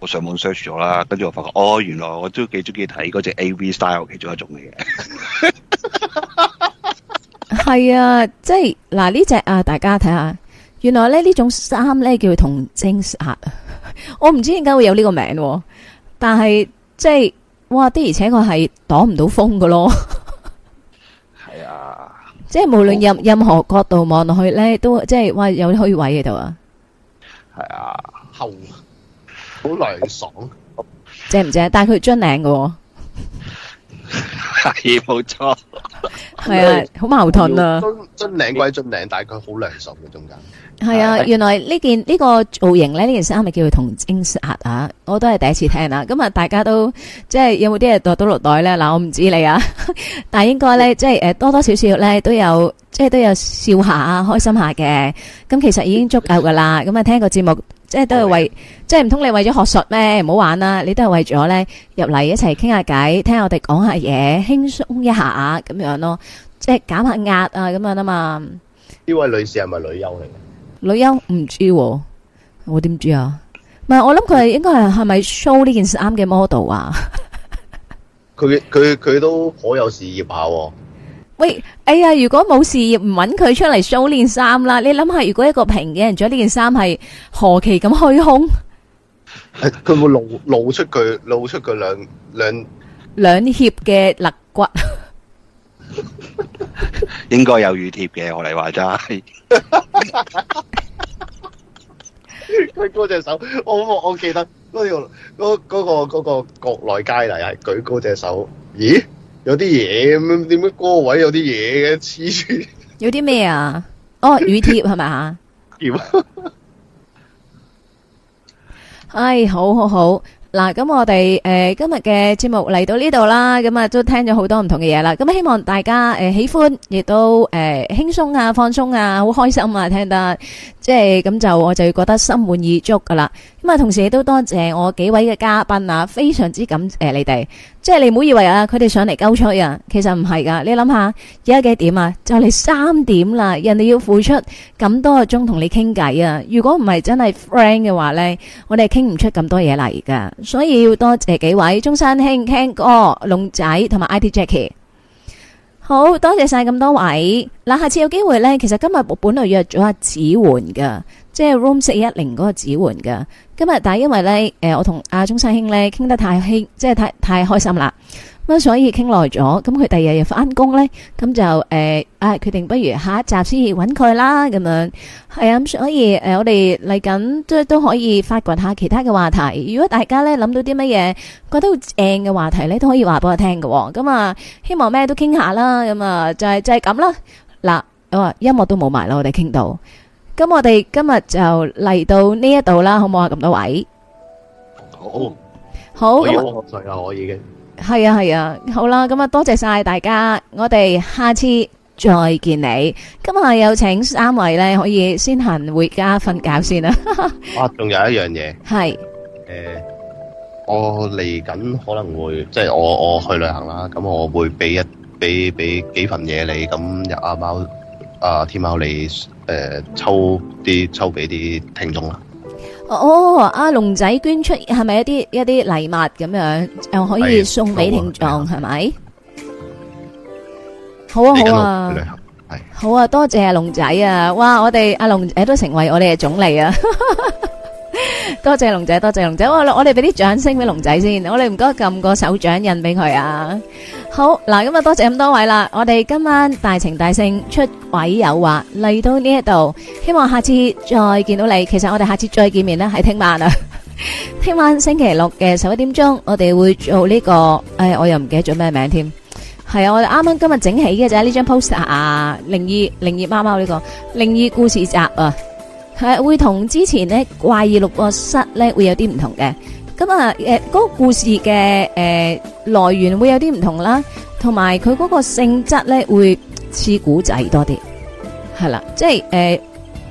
Speaker 6: 我上網 search 咗啦，跟住我發覺哦，原來我都幾中意睇嗰隻 A V style 的其中一種嘅嘢。
Speaker 1: 係啊，即係嗱呢隻啊，大家睇下，原來咧呢這種衫咧叫童貞殺 啊！我唔知點解會有呢個名，但係即係哇，的而且確係擋唔到風噶咯。 係啊，即係無論任、oh. 任何角度望落去咧，都即係哇有虛位喺度啊。
Speaker 5: 係啊，後。好涼
Speaker 1: 爽，正唔正？但係佢係樽領嘅，
Speaker 5: 係冇錯，
Speaker 1: 係啊，好矛盾啊！
Speaker 5: 樽領歸樽領，但係佢好涼爽嘅中間。
Speaker 1: 係啊，原來呢件呢個造型咧，呢件衫咪叫做同晶石啊！我都係第一次聽啊。咁啊，大家都即係有冇啲嘢袋到落袋咧？嗱，我唔知你啊，但係應該咧，即係誒多多少少咧都有。即係都有笑下開心下嘅，咁其實已經足夠噶啦。咁啊、嗯，聽個節目，即係都係為，即係唔通你為咗學術咩？唔好玩啦，你都係為咗咧入嚟一齊傾下偈，聽我哋講下嘢，輕鬆一下咁樣咯，即係減下壓啊咁樣啊嘛。呢
Speaker 5: 位女士係咪女優嚟？
Speaker 1: 女優唔知，啊，我點知啊？唔係，我諗佢係應該係係咪 show 呢件事啱嘅 model 啊？
Speaker 5: 佢佢佢都頗有事業下、啊。
Speaker 1: 喂，哎呀，如果冇事業唔揾佢出嚟 show 呢件衫啦，你諗下，如果一個平嘅人着呢件衫係何其咁開胸？
Speaker 5: 係佢會露露
Speaker 6: 出佢露出佢兩兩
Speaker 1: 兩脅嘅肋骨，
Speaker 6: 應該有乳貼嘅，我哋話齋。
Speaker 5: 佢嗰隻手，我我我記得嗰條嗰嗰個嗰個國內佳麗係舉高隻手，咦？有啲嘢咁點解歌位有啲嘢嘅黐，
Speaker 1: 有啲咩啊？哦，雨貼係咪吓？貼啊！係好好好嗱，咁我哋誒今日嘅節目嚟到呢度啦，咁啊都聽咗好多唔同嘅嘢啦，咁啊希望大家誒喜歡，亦都誒輕鬆啊、放鬆啊，好開心啊，聽得～即係咁就我就會覺得心滿意足噶啦，咁啊同時亦都多謝我幾位嘅嘉賓啊，非常之感謝你哋，即係你唔好以為啊佢哋上嚟交出啊，其實唔係噶，你諗下而家幾點啊？就嚟三點啦，人哋要付出咁多個鐘同你傾偈啊，如果唔係真係 friend 嘅話呢，我哋傾唔出咁多嘢嚟噶，所以要多謝幾位鍾山兄、Ken 哥、龍仔同埋 IT Jackie。好多謝晒咁多位，嗱，下次有機會呢，其實今日本來約咗阿子媛噶，即係 room 四一零嗰個子媛噶，今日但係因為呢，誒，我同阿鍾世兄呢，傾得太興，即係太太開心啦。咁所以傾耐咗，咁佢第二日又翻工咧，咁就誒、呃，啊，決定不如下一集先揾佢啦，咁樣係啊，咁所以誒、呃，我哋嚟緊即係都可以發掘下其他嘅話題。如果大家咧諗到啲乜嘢，覺得好正嘅話題咧，都可以話俾我聽嘅、喔。咁啊，希望咩都傾下啦。咁啊，就係、是、就係、是、咁啦。嗱，啊，音樂都冇埋啦，我哋傾到。咁我哋今日就嚟到呢一度啦，好唔好啊？咁多位，好好，
Speaker 5: 好，可以，可以嘅。
Speaker 1: 係啊，係啊，好啦，咁啊多謝晒大家，我哋下次再見你，今日有請三位咧，可以先行回家瞓覺先啦。
Speaker 5: 啊，仲有一樣嘢，係，誒，我嚟緊可能會即係我我去旅行啦，咁我會俾一俾俾幾份嘢你，咁入阿貓啊天貓你誒抽啲抽俾啲聽眾啦。
Speaker 1: 哦，阿龍仔捐出係咪一啲一啲禮物咁樣，是又可以送俾聽眾，係咪？好啊好啊，係係對好啊，多謝阿龍仔啊！哇，我哋阿龍仔都成為我哋嘅總理啊！ 多謝龍仔，多謝龍仔，我我哋俾啲掌聲俾龍仔先，我哋唔該撳個手掌印俾佢啊！好，嗱咁啊，多謝咁多位啦，我哋今晚大情大性出位有話嚟到呢一度，希望下次再見到你。其實我哋下次再見面咧係聽晚啊，聽晚星期六嘅十一點鐘，我哋會做呢個誒，我又唔記得咗咩名添，係啊，我啱啱今日整起嘅就係，呢張 poster 啊，靈異靈異貓貓呢個靈異故事集啊！係會同之前咧，怪異錄播室咧，會有啲唔同嘅。咁啊誒嗰個故事嘅誒、呃、來源會有啲唔同啦，同埋佢嗰個性質咧會似古仔多啲，係啦，即係誒、呃、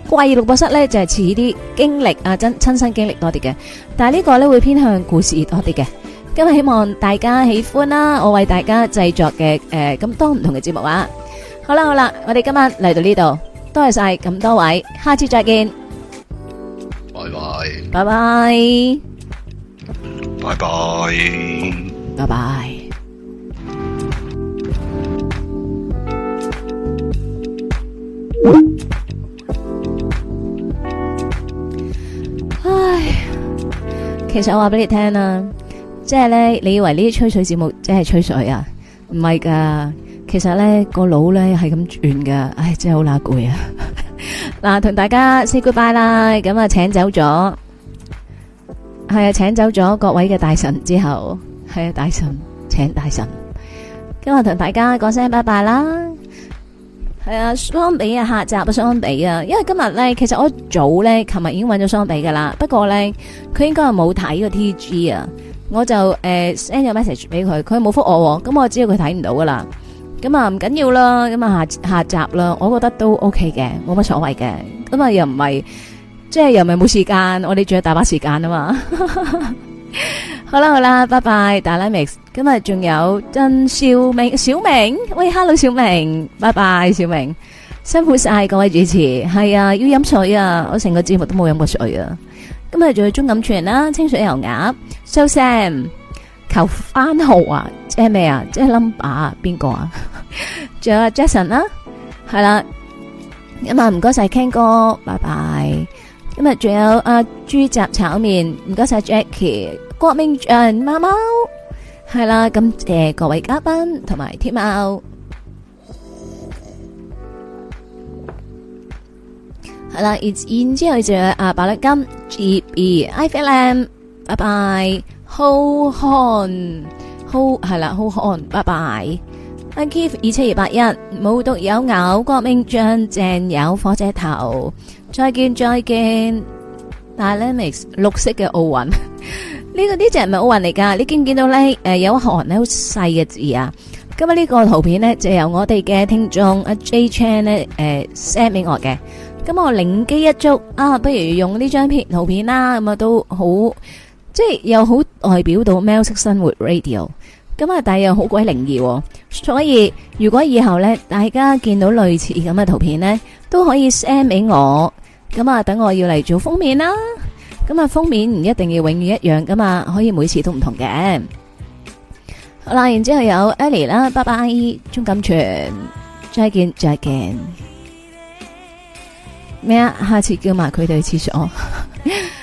Speaker 1: 怪異錄播室咧就係似啲經歷啊，真親身經歷多啲嘅，但係呢個咧會偏向故事多啲嘅。今日希望大家喜歡啦，我為大家製作嘅誒咁多唔同嘅節目啊，好啦好啦，我哋今晚嚟到呢度。多謝晒咁多位，下次再見。拜拜，拜拜，拜拜，拜拜。唉，其實我話俾你聽啦，即係咧，你以為呢啲吹水節目真係吹水啊？唔係噶。其實咧、個腦咧係咁轉噶，唉，真係好乸攰啊！ 嗱，同大家 say goodbye 啦，咁、嗯、啊請走咗，係啊請走咗各位嘅大神之後，係啊大神請大神，今日同大家講聲拜拜啦，係啊雙比啊下集啊雙比啊，因為今日咧其實我早咧琴日已經搵咗雙比噶啦，不過咧佢應該係冇睇個 T G 啊，我就誒 send 咗 message 俾佢，佢冇覆我，咁、嗯、我知道佢睇唔到噶啦。咁啊，唔緊要啦，咁啊下下集啦，我覺得都 OK 嘅，冇乜所謂嘅，咁啊又唔係，即係又唔係冇時間，我哋仲有大把時間啊嘛，好啦好啦，拜拜，大拉 Mix，今日仲有曾少明小明，喂，Hello 小明，拜拜小明，辛苦晒各位主持，係啊，要飲水啊，我成個節目都冇飲過水啊，今日仲有鍾錦泉啦，清水油鴨，收聲。求番號啊？即係咩啊？即係 number 啊？邊個啊？仲有阿 Jason 啦，係啦。今日唔該晒 Ken 哥，拜拜。今日仲有阿豬雜炒麵，唔該晒 Jackie 郭明俊貓貓。係啦，今謝各位嘉賓同埋天喵。係啦，然然之後就阿白綠金 G B I F L M，拜拜。浩瀚，浩係啦，浩瀚，拜拜。阿 Kif 二七二八一，冇毒有咬，國明將正有火車頭，再見再見。Dynamics 綠色嘅奧運，呢、 這個呢隻唔係奧運嚟噶，你見唔見到咧？誒、呃，有一行咧好細嘅字啊。咁啊，呢個圖片咧就由我哋嘅聽眾阿 J Chan 咧誒 send 俾我嘅，咁我靈機一觸啊，不如用呢張片圖片啦，咁啊都好。即係又好代表到喵式生活 radio，咁啊，但又好鬼靈異，所以如果以後呢，大家見到類似咁嘅圖片呢，都可以 send 俾我，咁啊，等我要嚟做封面啦。咁啊，封面唔一定要永遠一樣噶嘛，可以每次都唔同嘅。好啦，然之後有 Ellie 啦，拜拜，阿姨鐘錦全，再見，再見。咩啊？下次叫埋佢哋去廁所。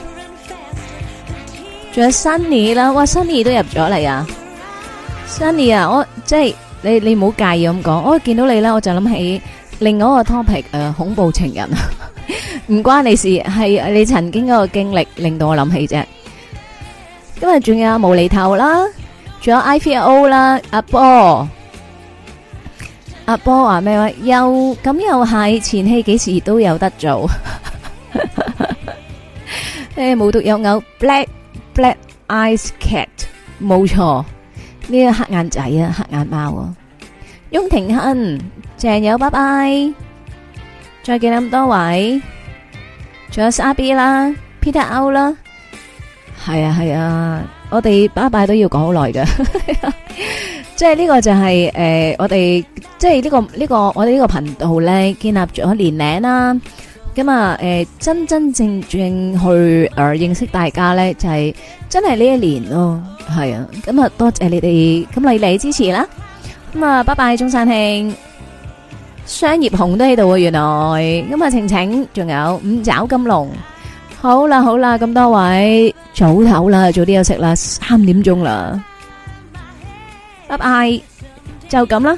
Speaker 1: 仲有 Sunny 啦，哇！Sunny 都入咗嚟啊！Sunny 啊，我即係你，你唔好介意咁講。我見到你啦，我就諗起另外一個 topic 誒，恐怖情人唔關你事，係你曾經嗰個經歷令到我諗起啫。因為仲有無厘頭啦，仲有 IPO 啦，阿波阿波話咩話？又咁又係前戲，幾時都有得做誒？無獨有偶 Black。Black Eyes Cat 冇錯，呢個黑眼仔啊，黑眼貓啊，翁廷亨、鄭友拜拜，再見咁多位，仲有沙 B 啦，Peter 歐啦，係啊係啊，我哋拜拜都要講好耐噶，即係呢個就係誒，我哋即係呢個呢個我哋呢個頻道咧，建立咗年多啦。咁啊，誒，真真正正去誒認識大家咧，就係真係呢一年咯，係啊。咁啊，多謝你哋咁嚟嚟支持啦。咁啊，拜拜，中山慶，商業紅都喺度啊，原來。咁啊，晴晴，仲有五爪金龍。好啦好啦，咁多位早唞啦，早啲休息啦，三點鐘啦。拜拜，就咁啦。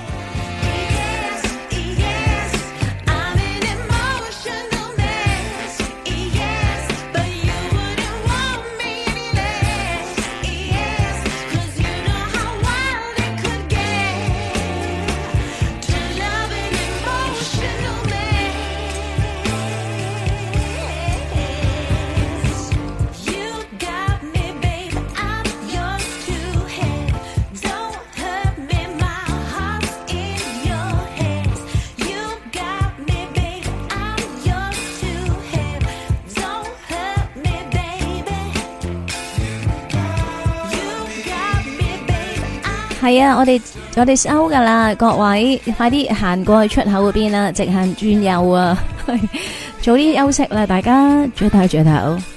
Speaker 1: 係啊，我哋我哋收㗎喇。各位快啲行過去出口嗰邊啦，直行轉右啊， 早啲休息啦，大家早唞早唞。早唞早唞。